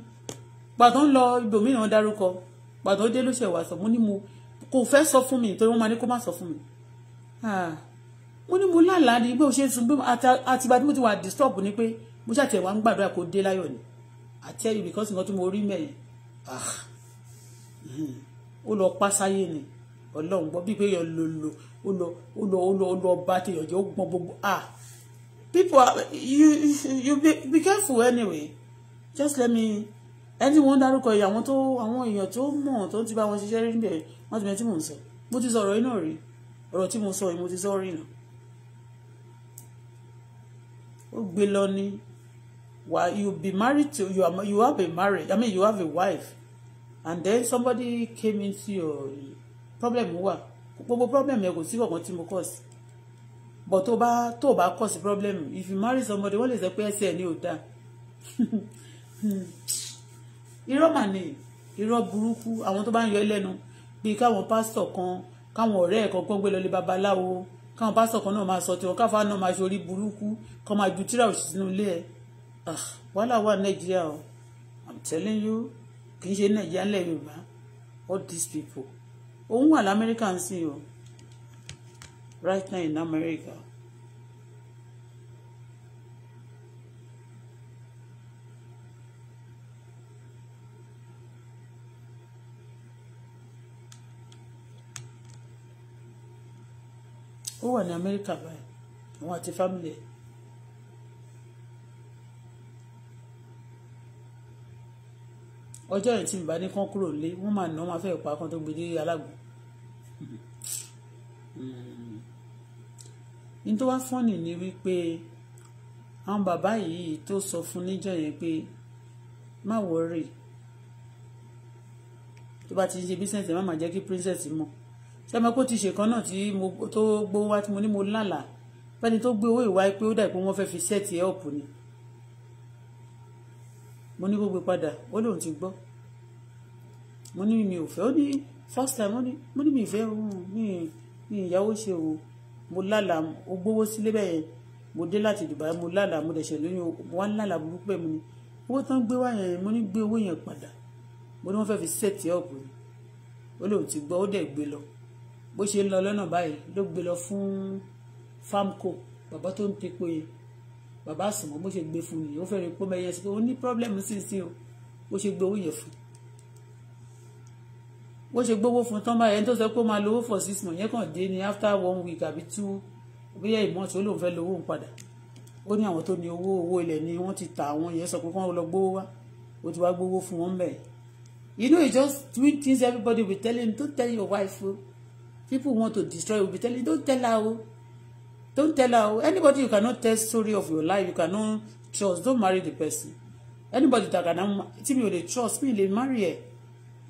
gbà tó ń lọ ibòmíràn dárúkọ gbà tó dé ló ṣe wàásọ mo ní mo kò fẹ́ sọ fún mi torí wọ́n máa ní kó má sọ fún mi ah. mo ní mo lálàá ni bí mo ṣe sùn àtìgbà tí mo ti wà disturb ni pé mo ṣàtẹ̀wá ń gbàdúrà kó dé láyọ̀ ni I tell you because nǹkan tí mo rí mẹ́yìn ah hmm, ó lọ pa sáyé ni ọlọ́run gbọ́ bí pé yọ lò lò ó lọ ó lọ ó lọ ó lọ bá tèèyàn jẹ́ ó gbọ́n gbogbo ah people are, you you be, be careful anyway just let me ẹni wọn dárúkọ yìí àwọn tó àwọn èèyàn tó mọ̀ tó ti bá wọn ṣiṣẹ́ rí níbẹ̀ wọ́n ti mẹ́ tí mò ń sọ mo ti sọ ọ̀rọ̀ yìí náà rí ọ̀rọ̀ tí mo sọ yìí mo ti sọ rí náà ó gbé lọ ní Why you be married to you are you have a marriage I mean you have a wife and then somebody came into your problem wa gbogbo problem yẹn kò sí ọ̀kan tí mo cause but tó bá tó bá cause problem if you marry somebody wọ́n lè sọ pé ẹsẹ̀ ni ò dáa irọ́ mà ní irọ́ burúkú àwọn tó bá ń yọ lẹ́nu bíi káwọn pásítọ̀ kan káwọn ọ̀rẹ́ ẹ̀kan kan gbé lọlé babaláwo káwọn pásítọ̀ kan náà máa sọ tiwọn káfa náà máa ṣe orí burúkú kan máa ju tíra òṣìṣẹ́ sínú ẹ̀ Ah, wàhálà wà nàìjíríà o i'm telling you kì í ṣe nàìjíríà ńlẹ̀ yorùbá all these people òun wà lamẹ́ríkà ń sìn o right now in america. ó wà ní amẹ́ríkà báyìí òun àti fámìlì ẹ̀ ọjọ́ yẹn tí mi bá ní kán kúrò lé wọ́n máa ná máa fẹ́ pa kan tó gbé dé alágbó ní tó wá fọ́nì ni wípé àwọn bàbá yìí tó sọ fún níjọ́ yẹn pé má wọrí tó bá ti ṣe bísẹ̀nsì má má jẹ́ kí princess mọ̀ sẹ́mi kó ti ṣèkan náà tí mo tó gbowó wá tí mo ní mo lálàá pẹ́ni tó gbé owó ìwá pé ó dà pé wọ́n fẹ́ fi sẹ́ẹ̀tì ẹ̀ ọ̀pù ni mo ní kó gbé padà ó lóun ti gbọ́ mo ní mi ò fẹ́ ó ní first time ó ní mo ní mi ìfẹ́ òun mi mi ìyàwó ṣe o mo lálàá ó gbówó sílé bẹ́ẹ̀ yẹn mo dé láti Dubai mo lálàá mo dẹ̀ṣẹ̀ lóyún wá lálàá burúkú bẹ́ẹ̀ mo ní owó tán gbé wá yẹn mo ní gbé owó yẹn padà mo ní wọ́n fẹ́ẹ́ fi set up ni ó lóun ti gbọ́ ó dẹ̀ gbé lọ bó ṣe ń lọ lọ́nà báyìí ló gbé lọ fún farmco bàbá tó ń tepo yẹn bàbá àsùnmọ́ bó ṣe gbé fún nìyẹn ó fẹ́ rí pọ́nmọ ẹyẹ sí pé ó ní pírọ́blẹ́mù sínsìn o bó ṣe gbé owó yẹn fún bó ṣe gbówó fún tán báyẹn tó sọ pé ó máa lówó for six months yẹn kàn dé ní after one week àbí two bóyá ìmọ̀ọ́sí ó lóun fẹ́ lówó òun padà ó ní àwọn tó ní owó owó ilẹ̀ ni wọ́n ti ta àwọn yẹn sọ pé kí wọ́n lọ gbówó wá ó ti wá gbówó fún wọn bẹ́ẹ̀ you know it just doing things everybody will be telling don't tell your wife o people want to destroy you will be telling don't tell her o. Don't tell her anybody you cannot tell story of your life, you cannot trust. Don't marry the person. Anybody that can tí mi ò lè trust me, lè marry ẹ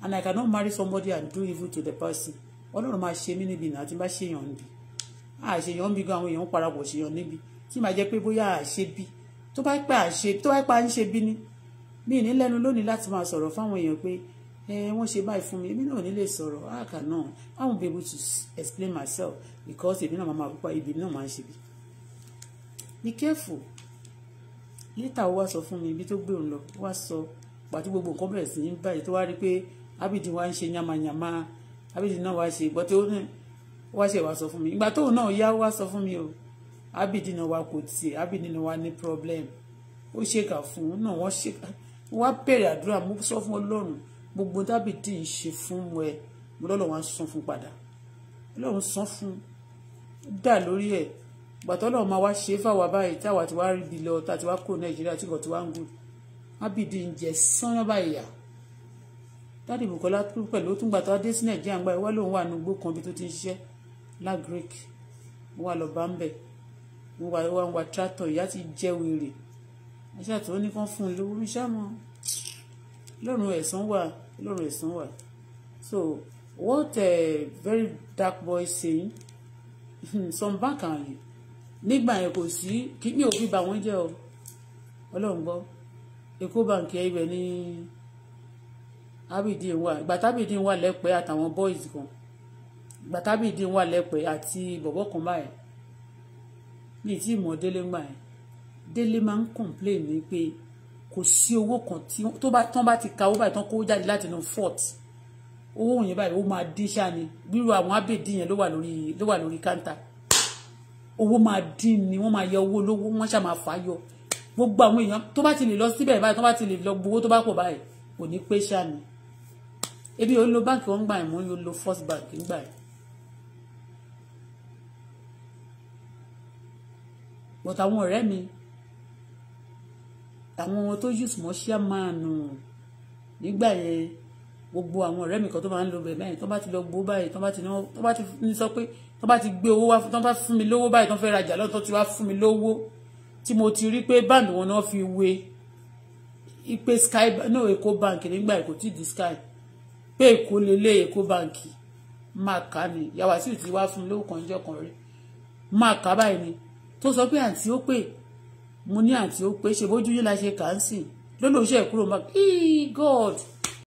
and I cannot marry somebody and do evil to the person. Ọlọ́run máa ṣe mí níbi náà àti bá ṣe èèyàn níbi. Àṣeyàn ń bí gan àwọn èèyàn parapọ̀ ṣèyàn níbi tí màá jẹ́ pé bóyá àṣe bí tó bá pa àṣe tó bá pa ń ṣe bí ni. Mi ní lẹ́nu lónìí láti máa sọ̀rọ̀ fáwọn èèyàn pé wọ́n ṣe báyìí fún mi èmi náà nílé sọ̀rọ̀ àkà náà I won't be able to explain myself because èmi náà máa púpà ibi náà máa ń ṣe bí. be careful lẹ́tà ó wá sọ fún mi ibi tó gbé òun lọ ó wá sọ pàtó gbogbo nǹkan bẹ̀rẹ̀ sí ní báyìí tó wá rí pé Abidi wá ń ṣe yamayama Abidi náà wá ṣe ìgbọ́ tó wá ṣe wá sọ fún mi ìgbà tóun náà yá wá sọ fún mi o Abidi náà wá kò tiẹ̀ Abidi náà wá ní problem ó ṣèkà fún un náà wọ́n ṣèkà wọ́n á bẹ̀rẹ̀ àdúrà mo sọ fún Ọlọ́run gbogbo dábìdì ṣe fún ẹ mo lọ́lọ́run á san fún padà ọlọ́run san fún dà lórí ẹ̀ gbàtọ́ ọlọ́run máa wá ṣe fáwa báyìí táwa ti wá rí ibi lọ tá a ti wá kó nàìjíríà tí kò ti wá ń gùn ábìdì ń jẹ sánná báyìí yà dáàdì Bùkọ́lá pẹ̀lú tún gbàtọ́ adé sí nàìjíríà ń gbà ìwá lòun wà nùgbò kan bí tó ti ń ṣiṣẹ́ lagric mo wà lọ bá ń bẹ̀ mo wà ń wa tractor ìyá ti jẹ́ wèrè ẹ̀ṣẹ́ àtọ́ ní kán fún un lówó mi ṣáà mọ́ lọ́run ẹ̀san wà lọ́run ẹ̀san wà so what a very dark boy saying some bank and nígbà yẹn kò sí kí mi ò fi bà wọ́n jẹ́ o ọlọ́run gbọ́ èkó báǹkì ẹ̀ ibẹ̀ ní abidin wà ìgbà tábìdin wà lẹ́pẹ́ àtàwọn boys kan ìgbà tábìdin wà lẹ́pẹ́ àti bọ̀bọ̀ kan báyìí ní ìtì ìmọ̀ délé ń gbà yẹn délé máa ń complain ní pé kò sí owó kan tí tó bá tán bá ti ka owó báyìí tán kó jáde láti inú fort owó yẹn báyìí ó máa dín ṣáà ni bírò àwọn abèdí yẹn ló wà lórí ló wà lórí káńtà owó máa dín ni wọ́n máa yọ owó lówó wọ́n ṣáà máa fà á yọ gbogbo àwọn èèyàn tó bá ti lè lọ síbẹ̀ báyìí tó bá ti lè lọ gbowó tó bá pọ̀ báyìí kò ní pé ṣáà ni ebi ò lo báńkì wọn gbà yẹn mò ń lo first bank gbà yẹn but àwọn ọ̀rẹ́ mi àwọn tó use mọ́ṣíà máa nù nígbà yẹn gbogbo àwọn ọ̀rẹ́ mi kan tó máa ń lo bẹ̀rẹ̀ báyìí tó bá ti lọ gbó báyìí tó bá ti ní sọ pé tó bá ti gbé owó wá tó bá fún mi lówó báyìí tó fẹ́ rajà lọ́tọ́ tó ti wá fún mi lówó tí mo ti rí pé báńkì wọn náà fi wé ipe sky no èkó báńkì nígbà èkó tí di sky pé èkó lélẹ̀ èkó báńkì máa kà ní yàwá sì ti wá fún mi lówó kan jọ́ kan rí máa kà báyìí ni tó sọ pé àǹtí ó pè é mo ní àǹtí ó pé ṣe bójú yín la ṣe kà á sìn lọ́nà òṣèlú kúrò máa kí god